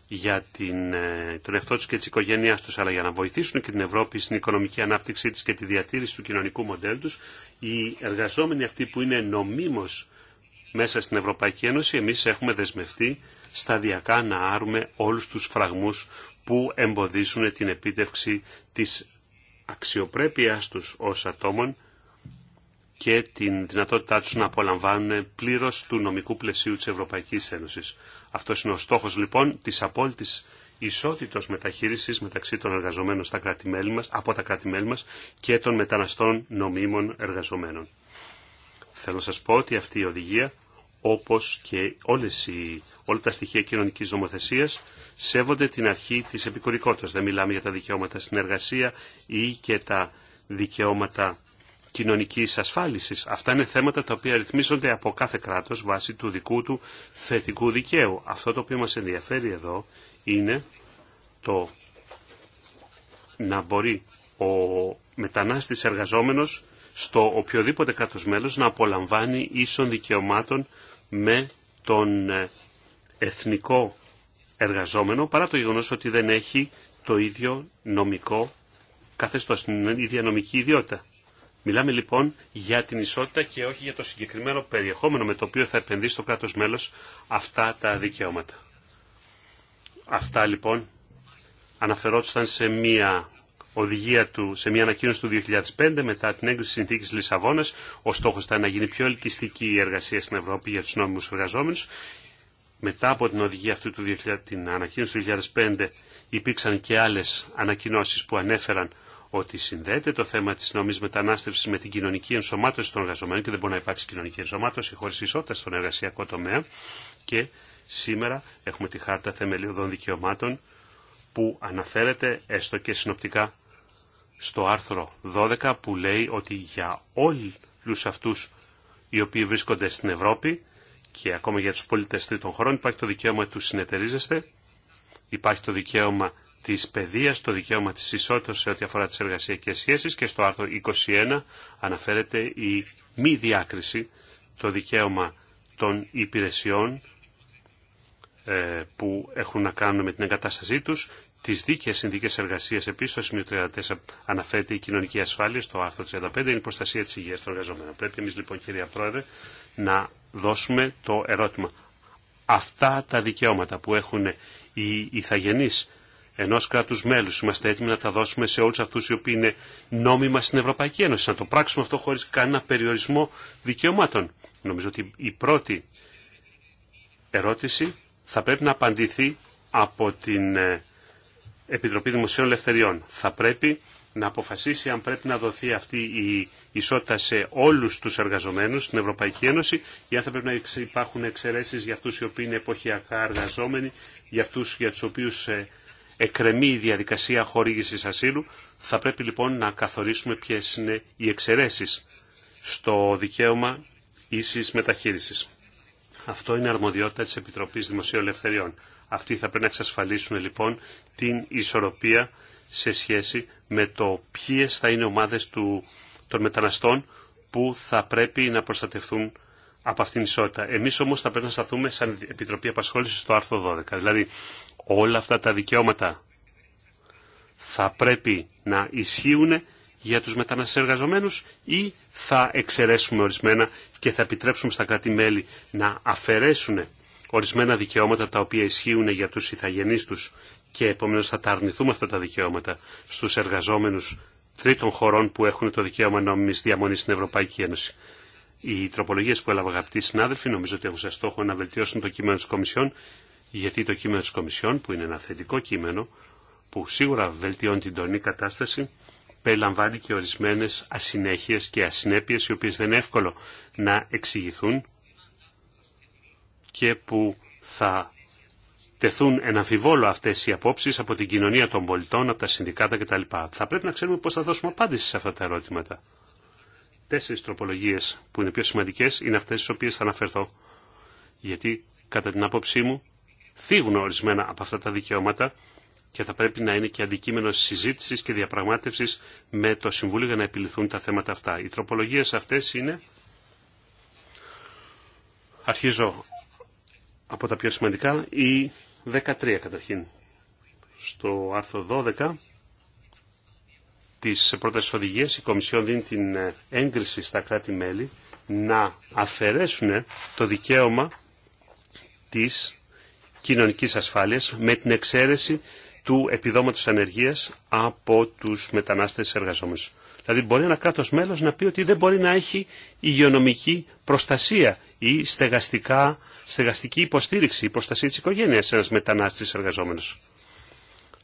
για την, ε, τον εαυτό τους και της οικογένειάς τους, αλλά για να βοηθήσουν και την Ευρώπη στην οικονομική ανάπτυξή της και τη διατήρηση του κοινωνικού μοντέλου τους, οι εργαζόμενοι αυτοί που είναι νομίμως μέσα στην Ευρωπαϊκή Ένωση, εμείς έχουμε δεσμευτεί σταδιακά να άρουμε όλους τους φραγμούς που εμποδίσουν την επίτευξη της αξιοπρέπειάς τους ως ατόμων και την δυνατότητά τους να απολαμβάνουν πλήρως του νομικού πλαισίου της Ευρωπαϊκής Ένωσης. Αυτός είναι ο στόχος λοιπόν της απόλυτης ισότητος μεταχείρισης μεταξύ των εργαζομένων στα από τα κράτη-μέλη μας και των μεταναστών νομίμων εργαζομένων. Θέλω να σας πω ότι αυτή η οδηγία όπως και όλες οι, όλα τα στοιχεία κοινωνικής νομοθεσίας σέβονται την αρχή της επικουρικότητας. Δεν μιλάμε για τα δικαιώματα στην εργασία ή και τα δικαιώματα κοινωνικής ασφάλισης. Αυτά είναι θέματα τα οποία ρυθμίζονται από κάθε κράτος βάσει του δικού του θετικού δικαίου. Αυτό το οποίο μας ενδιαφέρει εδώ είναι το να μπορεί ο μετανάστης εργαζόμενος στο οποιοδήποτε κράτος μέλος να απολαμβάνει ίσων δικαιωμάτων με τον ε, εθνικό εργαζόμενο παρά το γεγονός ότι δεν έχει το ίδιο νομικό καθεστώς, την ίδια νομική ιδιότητα. Μιλάμε λοιπόν για την ισότητα και όχι για το συγκεκριμένο περιεχόμενο με το οποίο θα επενδύσει το κράτος μέλος αυτά τα δικαιώματα. Αυτά λοιπόν αναφερόντουσαν σε μία οδηγία του, σε μια ανακοίνωση του 2005 μετά την έγκριση συνθήκης Λισαβόνας. Ο στόχος ήταν να γίνει πιο ελκυστική η εργασία στην Ευρώπη για τους νόμιμους εργαζόμενους. Μετά από την οδηγία αυτή του 2000, την ανακοίνωση του 2005 υπήρξαν και άλλες ανακοινώσεις που ανέφεραν ότι συνδέεται το θέμα τη νομή μετανάστευση με την κοινωνική ενσωμάτωση των εργαζομένων και δεν μπορεί να υπάρξει κοινωνική ενσωμάτωση χωρί ισότητα στον εργασιακό τομέα. Και σήμερα έχουμε τη Χάρτα Θεμελιωδών Δικαιωμάτων που αναφέρεται έστω και συνοπτικά στο άρθρο 12 που λέει ότι για όλους αυτούς οι οποίοι βρίσκονται στην Ευρώπη και ακόμα για τους πολίτες τρίτων χωρών υπάρχει το δικαίωμα του συνεταιρίζεστε, υπάρχει το δικαίωμα της παιδείας, το δικαίωμα της ισότητας σε ό,τι αφορά τις εργασιακές σχέσεις και στο άρθρο 21 αναφέρεται η μη διάκριση, το δικαίωμα των υπηρεσιών ε, που έχουν να κάνουν με την εγκατάστασή τους τι δίκαιε συνδίκε εργασία επίση, στο σημείο 34 αναφέρεται η κοινωνική ασφάλεια, στο άρθρο 35 είναι η προστασία τη Υγεία των εργαζομένων. Πρέπει εμεί λοιπόν, κυρία Πρόεδρε, να δώσουμε το ερώτημα. Αυτά τα δικαιώματα που έχουν οι ηθαγενεί ενό κράτου μέλου. Είμαστε έτοιμοι να τα δώσουμε σε όλου αυτού οι οποίοι είναι νόμιμα στην Ευρωπαϊκή Ένωση. Να το πράξουμε αυτό χωρί κανένα περιορισμό δικαιωμάτων. Νομίζω ότι η πρώτη ερώτηση θα πρέπει να απαντηθεί από την ε, Επιτροπή Δημοσίων Ελευθεριών. Θα πρέπει να αποφασίσει αν πρέπει να δοθεί αυτή η ισότητα σε όλους τους εργαζομένους στην Ευρωπαϊκή Ένωση ή αν θα πρέπει να υπάρχουν εξαιρέσει για αυτούς οι οποίοι είναι εποχιακά εργαζόμενοι, για αυτούς για τους οποίους ε, εκκρεμεί η διαδικασία χορήγησης ασύλου. Θα πρέπει λοιπόν να καθορίσουμε ποιε είναι οι εξαιρέσει στο δικαίωμα ίσης μεταχείρισης. Αυτό είναι αρμοδιότητα της Επιτροπής Δημοσίου Ελευθεριών. Αυτοί θα πρέπει να εξασφαλίσουν λοιπόν την ισορροπία σε σχέση με το ποιε θα είναι ομάδες των μεταναστών που θα πρέπει να προστατευτούν από αυτήν την ισότητα. Εμείς όμως θα πρέπει να σταθούμε σαν Επιτροπή Απασχόλησης στο άρθρο 12. Δηλαδή όλα αυτά τα δικαιώματα θα πρέπει να ισχύουν για τους μεταναστές εργαζομένους ή θα εξαιρέσουμε ορισμένα και θα επιτρέψουμε στα κράτη-μέλη να αφαιρέσουν ορισμένα δικαιώματα τα οποία ισχύουν για τους ηθαγενείς τους και επομένως θα τα αρνηθούμε αυτά τα δικαιώματα στους εργαζόμενους τρίτων χωρών που έχουν το δικαίωμα νόμιμης διαμονής στην Ευρωπαϊκή Ένωση. Οι τροπολογίες που έλαβα αγαπητοί συνάδελφοι νομίζω ότι έχουν σε στόχο να βελτιώσουν το κείμενο της Κομισιόν γιατί το κείμενο της Κομισιόν που είναι ένα θετικό κείμενο που σίγουρα βελτιώνει την τωρινή κατάσταση περιλαμβάνει και ορισμένες ασυνέχειες και ασυνέπειες οι οποίες δεν είναι εύκολο να εξηγηθούν και που θα τεθούν εν αμφιβόλο αυτές οι απόψεις από την κοινωνία των πολιτών, από τα συνδικάτα κτλ. Θα πρέπει να ξέρουμε πώς θα δώσουμε απάντηση σε αυτά τα ερώτηματα. Τέσσερις τροπολογίες που είναι πιο σημαντικές είναι αυτές τις οποίες θα αναφερθώ. Γιατί κατά την άποψή μου φύγουν ορισμένα από αυτά τα δικαιώματα και θα πρέπει να είναι και αντικείμενο συζήτησης και διαπραγμάτευσης με το Συμβούλιο για να επιληθούν τα θέματα αυτά. Οι τροπολογίες αυτές είναι... Αρχίζω από τα πιο σημαντικά η 13 καταρχήν. Στο άρθρο 12 της πρώτας οδηγίας η Κομισιόν δίνει την έγκριση στα κράτη-μέλη να αφαιρέσουν το δικαίωμα της κοινωνικής ασφάλειας με την εξαίρεση του επιδόματος ανεργίας από τους μετανάστες εργαζόμενους. Δηλαδή μπορεί ένα κράτος μέλος να πει ότι δεν μπορεί να έχει υγειονομική προστασία ή στεγαστικά στεγαστική υποστήριξη, υποστασία της οικογένειας ένας μετανάστης εργαζόμενος.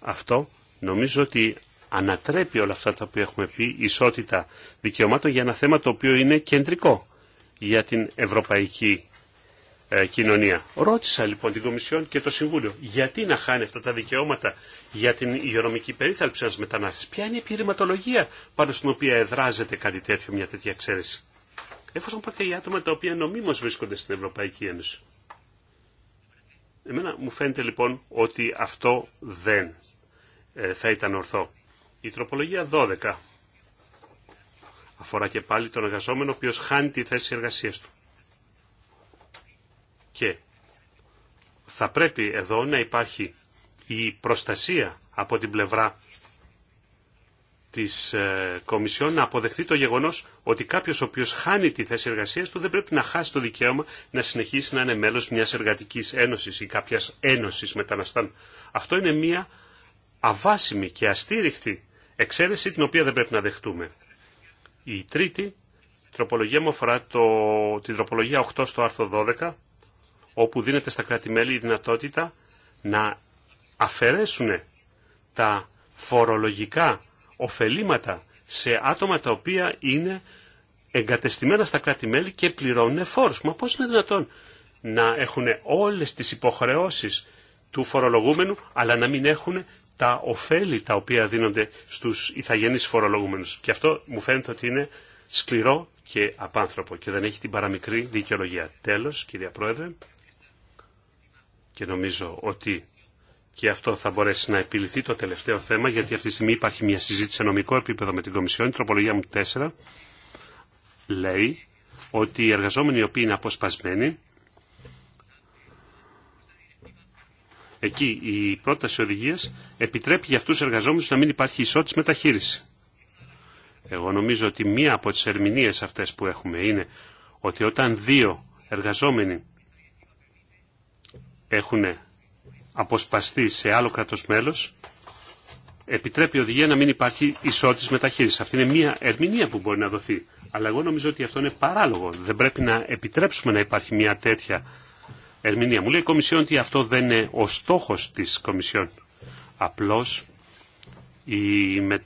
Αυτό νομίζω ότι ανατρέπει όλα αυτά τα οποία έχουμε πει, ισότητα δικαιωμάτων για ένα θέμα το οποίο είναι κεντρικό για την ευρωπαϊκή ε, κοινωνία. Ρώτησα λοιπόν την Κομισιόν και το Συμβούλιο γιατί να χάνει αυτά τα δικαιώματα για την υγειονομική περίθαλψη ένα μετανάστη. Ποια είναι η επιχειρηματολογία πάνω στην οποία εδράζεται κάτι τέτοιο, μια τέτοια εξαίρεση. Εφόσον πρόκειται για άτομα τα οποία νομίμως βρίσκονται στην Ευρωπαϊκή Ένωση. Εμένα μου φαίνεται λοιπόν ότι αυτό δεν ε, θα ήταν ορθό. Η τροπολογία 12 αφορά και πάλι τον εργαζόμενο ο οποίος χάνει τη θέση εργασίας του. Και θα πρέπει εδώ να υπάρχει η προστασία από την πλευρά της ε, Κομισιόν να αποδεχτεί το γεγονός ότι κάποιος ο οποίος χάνει τη θέση εργασίας του δεν πρέπει να χάσει το δικαίωμα να συνεχίσει να είναι μέλος μιας εργατικής ένωσης ή κάποιας ένωσης μεταναστών. Αυτό είναι μια αβάσιμη και αστήριχτη εξαίρεση την οποία δεν πρέπει να δεχτούμε. Η τρίτη τροπολογία μου αφορά το, την τροπολογία 8 στο άρθρο 12 όπου δίνεται στα κράτη-μέλη η δυνατότητα να αφαιρέσουν τα φορολογικά ωφελήματα σε άτομα τα οποία είναι εγκατεστημένα στα κράτη-μέλη και πληρώνουν φόρους. Μα πώς είναι δυνατόν να έχουν όλες τις υποχρεώσεις του φορολογούμενου, αλλά να μην έχουν τα ωφέλη τα οποία δίνονται στους ηθαγενείς φορολογούμενους. Και αυτό μου φαίνεται ότι είναι σκληρό και απάνθρωπο και δεν έχει την παραμικρή δικαιολογία. Τέλος, κυρία Πρόεδρε, και νομίζω ότι και αυτό θα μπορέσει να επιληθεί το τελευταίο θέμα, γιατί αυτή τη στιγμή υπάρχει μια συζήτηση σε νομικό επίπεδο με την Κομισιόν. Η τροπολογία μου 4 λέει ότι οι εργαζόμενοι οι οποίοι είναι αποσπασμένοι, εκεί η πρόταση οδηγία επιτρέπει για αυτού του εργαζόμενου να μην υπάρχει ισότητα μεταχείριση. Εγώ νομίζω ότι μία από τις ερμηνείε αυτές που έχουμε είναι ότι όταν δύο εργαζόμενοι έχουν αποσπαστεί σε άλλο κράτος μέλος, επιτρέπει η οδηγία να μην υπάρχει ισότητα μεταχείριση. Αυτή είναι μια ερμηνεία που μπορεί να δοθεί. Αλλά εγώ νομίζω ότι αυτό είναι παράλογο. Δεν πρέπει να επιτρέψουμε να υπάρχει μια τέτοια ερμηνεία. Μου λέει η Κομισιόν ότι αυτό δεν είναι ο στόχος της Κομισιόν. Απλώς η, με,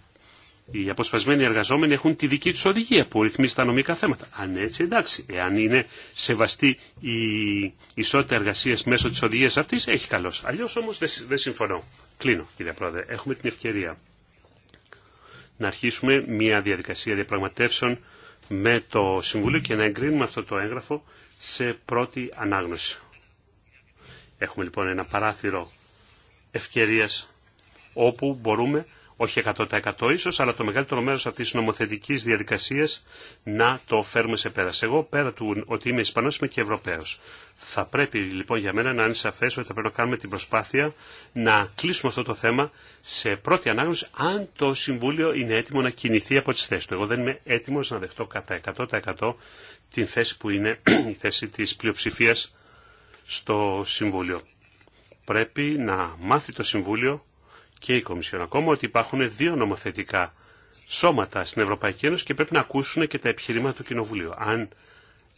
οι αποσπασμένοι εργαζόμενοι έχουν τη δική τους οδηγία που ρυθμίζει τα νομικά θέματα. Αν έτσι εντάξει, εάν είναι σεβαστή η ισότητα εργασίας μέσω της οδηγίας αυτής, έχει καλώς. Αλλιώς όμως δεν συμφωνώ. Κλείνω κύριε Πρόεδρε. Έχουμε την ευκαιρία να αρχίσουμε μια διαδικασία διαπραγματεύσεων με το Συμβουλίο και να εγκρίνουμε αυτό το έγγραφο σε πρώτη ανάγνωση. Έχουμε λοιπόν ένα παράθυρο ευκαιρίας όπου μπορούμε όχι 100% ίσως, αλλά το μεγαλύτερο μέρος αυτής της νομοθετικής διαδικασίας να το φέρουμε σε πέρας. Εγώ πέρα του ότι είμαι Ισπανός είμαι και Ευρωπαίος. Θα πρέπει λοιπόν για μένα να είναι σαφές ότι θα πρέπει να κάνουμε την προσπάθεια να κλείσουμε αυτό το θέμα σε πρώτη ανάγνωση αν το Συμβούλιο είναι έτοιμο να κινηθεί από τις θέσεις του. Εγώ δεν είμαι έτοιμος να δεχτώ κατά 100% την θέση που είναι η θέση της πλειοψηφίας στο Συμβούλιο. Πρέπει να μάθει το Συμβούλιο και η Κομισιόν ακόμα ότι υπάρχουν δύο νομοθετικά σώματα στην Ευρωπαϊκή Ένωση και πρέπει να ακούσουν και τα επιχειρήματα του Κοινοβουλίου. Αν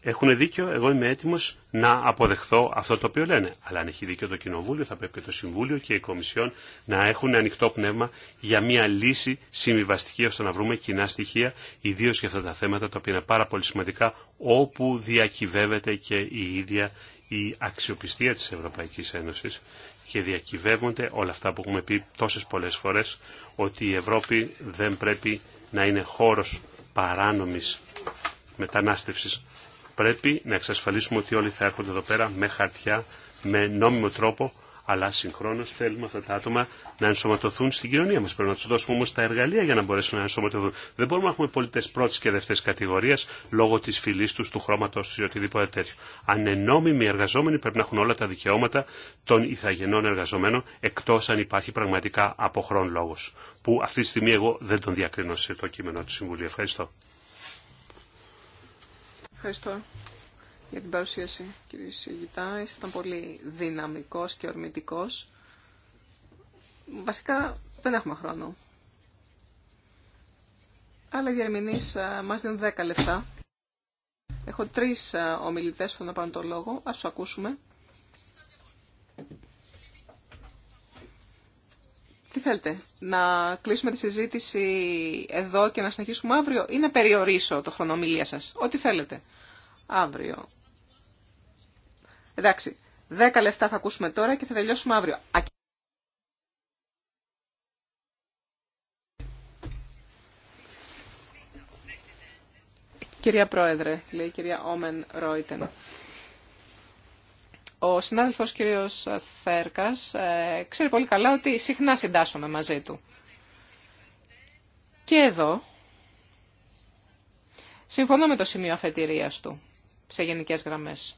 έχουν δίκιο, εγώ είμαι έτοιμο να αποδεχθώ αυτό το οποίο λένε. Αλλά αν έχει δίκιο το Κοινοβούλιο, θα πρέπει και το Συμβούλιο και η Κομισιόν να έχουν ανοιχτό πνεύμα για μια λύση συμβιβαστική ώστε να βρούμε κοινά στοιχεία, ιδίω για αυτά τα θέματα τα οποία είναι πάρα πολύ σημαντικά, όπου διακυβεύεται και η ίδια η αξιοπιστία της Ευρωπαϊκής Ένωσης και διακυβεύονται όλα αυτά που έχουμε πει τόσες πολλές φορές ότι η Ευρώπη δεν πρέπει να είναι χώρος παράνομης μετανάστευσης. Πρέπει να εξασφαλίσουμε ότι όλοι θα έρχονται εδώ πέρα με χαρτιά, με νόμιμο τρόπο αλλά συγχρόνω θέλουμε αυτά τα άτομα να ενσωματωθούν στην κοινωνία μα. Πρέπει να του δώσουμε όμω τα εργαλεία για να μπορέσουν να ενσωματωθούν. Δεν μπορούμε να έχουμε πολίτε πρώτη και δεύτερη κατηγορία λόγω τη φυλή του, του χρώματο του ή οτιδήποτε τέτοιο. Αν ενόμιμοι εργαζόμενοι πρέπει να έχουν όλα τα δικαιώματα των ηθαγενών εργαζομένων, εκτό αν υπάρχει πραγματικά αποχρόν λόγο. Που αυτή τη στιγμή εγώ δεν τον διακρίνω σε το κείμενο του Συμβουλίου. Ευχαριστώ.
Ευχαριστώ για την παρουσίαση, κύριε Σιγητά. Ήσασταν πολύ δυναμικός και ορμητικός. Βασικά δεν έχουμε χρόνο. Αλλά οι μας δίνουν 10 λεφτά. Έχω τρεις ομιλητές που να πάρουν το λόγο. Ας τους ακούσουμε. Τι θέλετε, να κλείσουμε τη συζήτηση εδώ και να συνεχίσουμε αύριο ή να περιορίσω το χρονομιλία σας. Ό,τι θέλετε. Αύριο. Εντάξει, δέκα λεφτά θα ακούσουμε τώρα και θα τελειώσουμε αύριο. Κυρία Πρόεδρε, λέει η κυρία Όμεν Ρόιτεν. Ο συνάδελφος κύριος Θέρκας ε, ξέρει πολύ καλά ότι συχνά συντάσσομαι μαζί του. Και εδώ συμφωνώ με το σημείο αφετηρίας του σε γενικές γραμμές.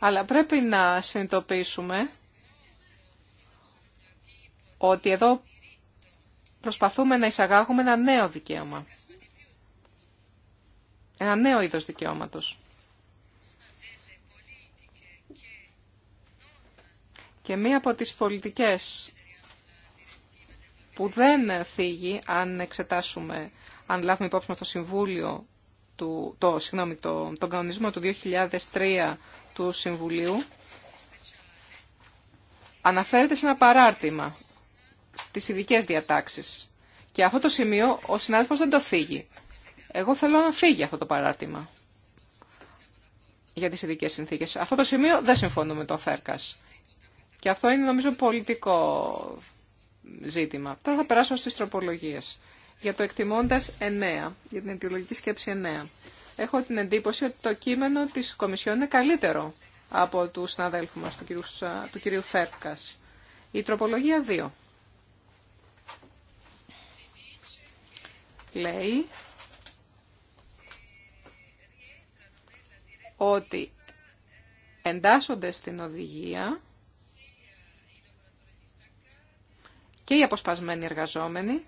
Αλλά πρέπει να συνειδητοποιήσουμε ότι εδώ προσπαθούμε να εισαγάγουμε ένα νέο δικαίωμα. Ένα νέο είδος δικαιώματος. Και μία από τις πολιτικές που δεν θίγει, αν εξετάσουμε, αν λάβουμε υπόψη με το Συμβούλιο το, συγγνώμη, το, τον κανονισμό του 2003 του Συμβουλίου αναφέρεται σε ένα παράρτημα στις ειδικέ διατάξεις. Και αυτό το σημείο ο συνάδελφος δεν το φύγει. Εγώ θέλω να φύγει αυτό το παράρτημα για τις ειδικέ συνθήκες. Αυτό το σημείο δεν συμφωνούμε με τον Θέρκας. Και αυτό είναι νομίζω πολιτικό ζήτημα. Τώρα θα περάσω στις τροπολογίες για το εκτιμώντας 9, για την αιτιολογική σκέψη 9. Έχω την εντύπωση ότι το κείμενο της Κομισιόν είναι καλύτερο από του συναδέλφου μας, του κυρίου, του κυρίου Θέρκας. Η τροπολογία 2. Λέει ότι εντάσσονται στην οδηγία και οι αποσπασμένοι εργαζόμενοι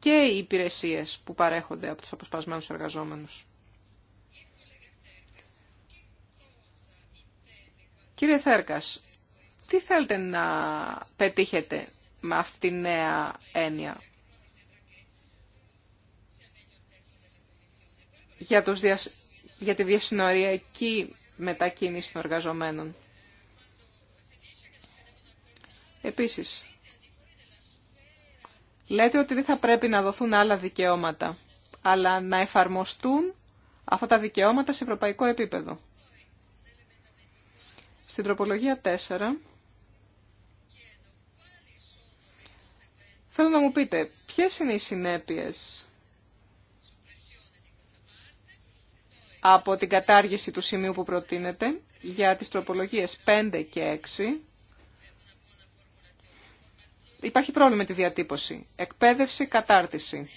και οι υπηρεσίες που παρέχονται από τους αποσπασμένους εργαζόμενους. Κύριε Θέρκας, τι θέλετε να πετύχετε με αυτή τη νέα έννοια για, τους για τη διασυνοριακή μετακίνηση των εργαζομένων. Επίσης, Λέτε ότι δεν θα πρέπει να δοθούν άλλα δικαιώματα, αλλά να εφαρμοστούν αυτά τα δικαιώματα σε ευρωπαϊκό επίπεδο. Στην τροπολογία 4, θέλω να μου πείτε ποιες είναι οι συνέπειες από την κατάργηση του σημείου που προτείνεται για τις τροπολογίες 5 και 6, υπάρχει πρόβλημα με τη διατύπωση. Εκπαίδευση, κατάρτιση.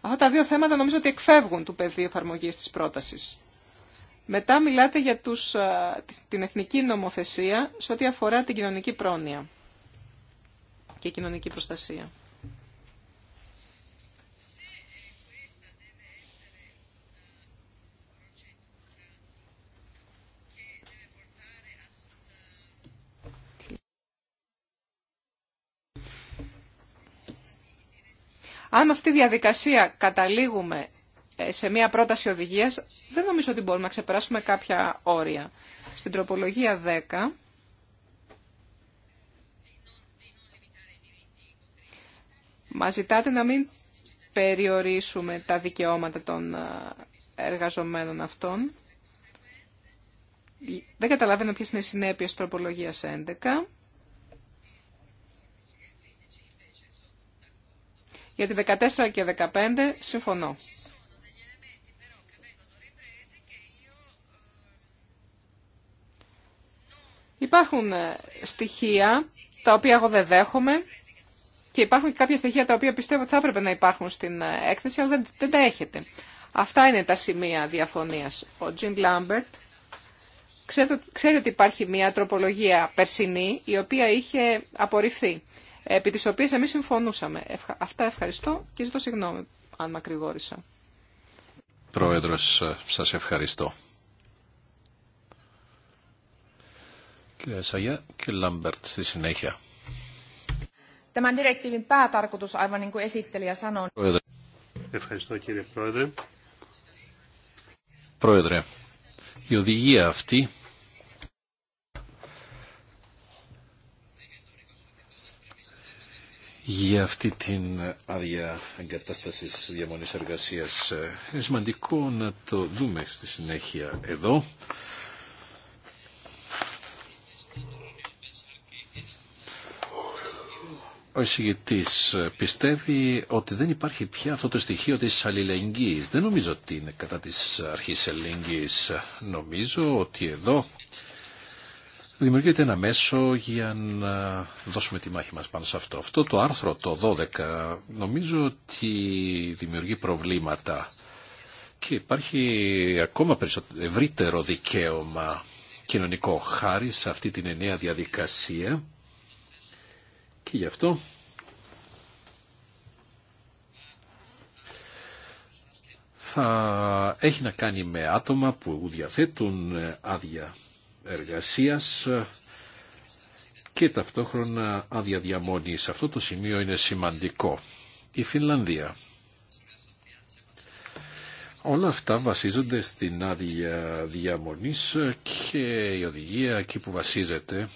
Αυτά τα δύο θέματα νομίζω ότι εκφεύγουν του πεδίου εφαρμογή της πρότασης. Μετά μιλάτε για τους, την εθνική νομοθεσία σε ό,τι αφορά την κοινωνική πρόνοια και κοινωνική προστασία. Αν με αυτή τη διαδικασία καταλήγουμε ε, σε μια πρόταση οδηγίας, δεν νομίζω ότι μπορούμε να ξεπεράσουμε κάποια όρια. Στην τροπολογία 10... Μα ζητάτε να μην περιορίσουμε τα δικαιώματα των ε, εργαζομένων αυτών. Δεν καταλαβαίνω ποιες είναι οι συνέπειες τροπολογίας 11. Γιατί 14 και 15 συμφωνώ. Υπάρχουν ε, στοιχεία τα οποία εγώ δεν δέχομαι και υπάρχουν και κάποια στοιχεία τα οποία πιστεύω ότι θα έπρεπε να υπάρχουν στην ε, έκθεση, αλλά δεν, τα έχετε. Αυτά είναι τα σημεία διαφωνίας. Ο Τζιν Λάμπερτ ξέρει ότι υπάρχει μια τροπολογία περσινή η οποία είχε απορριφθεί επί τις οποίες εμείς συμφωνούσαμε. Αυτά ευχαριστώ και ζητώ συγγνώμη αν μακρηγόρησα.
Πρόεδρος, ε, σας ευχαριστώ. Κύριε Σαγιά και Λάμπερτ στη συνέχεια.
Tämän direktiivin päätarkoitus, aivan niin kuin esittelijä sanoi.
Ευχαριστώ κύριε Πρόεδρε. Πρόεδρε, η οδηγία αυτή για αυτή την άδεια εγκατάσταση διαμονή εργασίας. Είναι σημαντικό να το δούμε στη συνέχεια εδώ. Ο εισηγητή πιστεύει ότι δεν υπάρχει πια αυτό το στοιχείο της αλληλεγγύη. Δεν νομίζω ότι είναι κατά της αρχή αλληλεγγύης. Νομίζω ότι εδώ δημιουργείται ένα μέσο για να δώσουμε τη μάχη μας πάνω σε αυτό. Αυτό το άρθρο το 12 νομίζω ότι δημιουργεί προβλήματα και υπάρχει ακόμα ευρύτερο δικαίωμα κοινωνικό χάρη σε αυτή την νέα διαδικασία και γι' αυτό θα έχει να κάνει με άτομα που διαθέτουν άδεια εργασίας και ταυτόχρονα άδεια διαμονής. Αυτό το σημείο είναι σημαντικό. Η Φινλανδία. Όλα αυτά βασίζονται στην άδεια διαμονής και η οδηγία εκεί που βασίζεται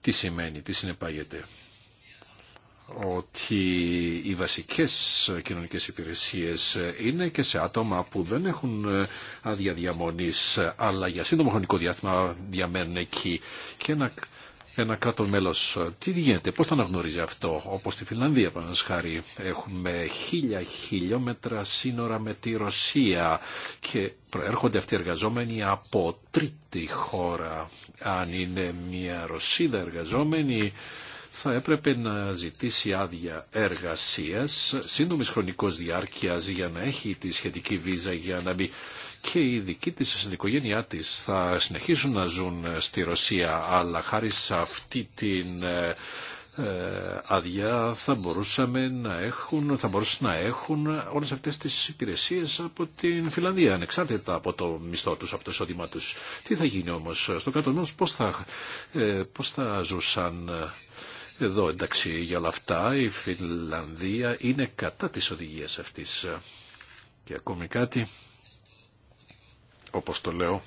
τι σημαίνει, τι συνεπάγεται ότι οι βασικές κοινωνικές υπηρεσίες είναι και σε άτομα που δεν έχουν ε, άδεια διαμονής αλλά για σύντομο χρονικό διάστημα διαμένουν εκεί και ένα, ένα κράτο μέλος. Τι γίνεται, πώς το αναγνωρίζει αυτό, όπως στη Φιλανδία πάνω χάρη έχουμε χίλια χιλιόμετρα σύνορα με τη Ρωσία και προέρχονται αυτοί οι εργαζόμενοι από τρίτη χώρα. Αν είναι μια Ρωσίδα εργαζόμενη θα έπρεπε να ζητήσει άδεια εργασίας σύντομης χρονικός διάρκειας για να έχει τη σχετική βίζα για να μπει και οι δικοί της στην οικογένειά της θα συνεχίσουν να ζουν στη Ρωσία αλλά χάρη σε αυτή την ε, αδειά ε, θα μπορούσαμε να έχουν, θα μπορούσαν να έχουν όλες αυτές τις υπηρεσίες από την Φιλανδία, ανεξάρτητα από το μισθό τους, από το εισόδημα τους. Τι θα γίνει όμως στο κάτω πώ ε, θα ζούσαν ε, εδώ εντάξει για όλα αυτά η Φινλανδία είναι κατά της οδηγίας αυτής. Και ακόμη κάτι, όπως το λέω,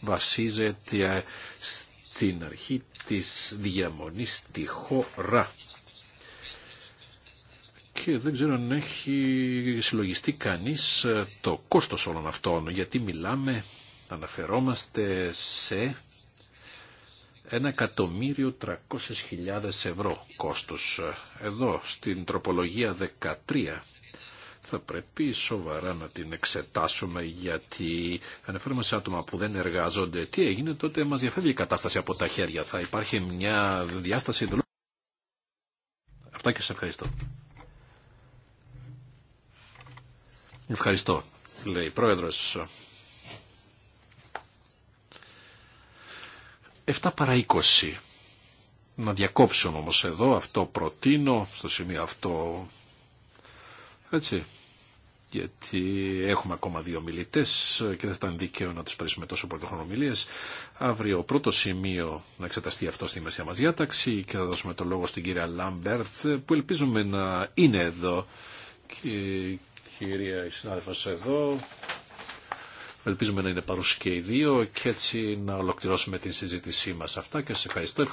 βασίζεται στην αρχή της διαμονής στη χώρα. Και δεν ξέρω αν έχει συλλογιστεί κανείς το κόστος όλων αυτών, γιατί μιλάμε, αναφερόμαστε σε 1.300.000 ευρώ κόστος. Εδώ στην τροπολογία 13 θα πρέπει σοβαρά να την εξετάσουμε γιατί αναφέρουμε σε άτομα που δεν εργάζονται. Τι έγινε τότε μας διαφεύγει η κατάσταση από τα χέρια. Θα υπάρχει μια διάσταση Αυτά και σε ευχαριστώ. Ευχαριστώ, λέει η Πρόεδρος. 7 παρά 20. Να διακόψουμε όμως εδώ, αυτό προτείνω, στο σημείο αυτό, έτσι, γιατί έχουμε ακόμα δύο μιλητέ και δεν θα ήταν δίκαιο να του παίρνουμε τόσο πολύ χρονομιλίες. Αύριο πρώτο σημείο να εξεταστεί αυτό στη μεσιά μα διάταξη και θα δώσουμε το λόγο στην κυρία Λάμπερτ που ελπίζουμε να είναι εδώ και κυρία η εδώ Ελπίζουμε να είναι παρούσοι και οι δύο και έτσι να ολοκληρώσουμε την συζήτησή μας. Αυτά και σας ευχαριστώ.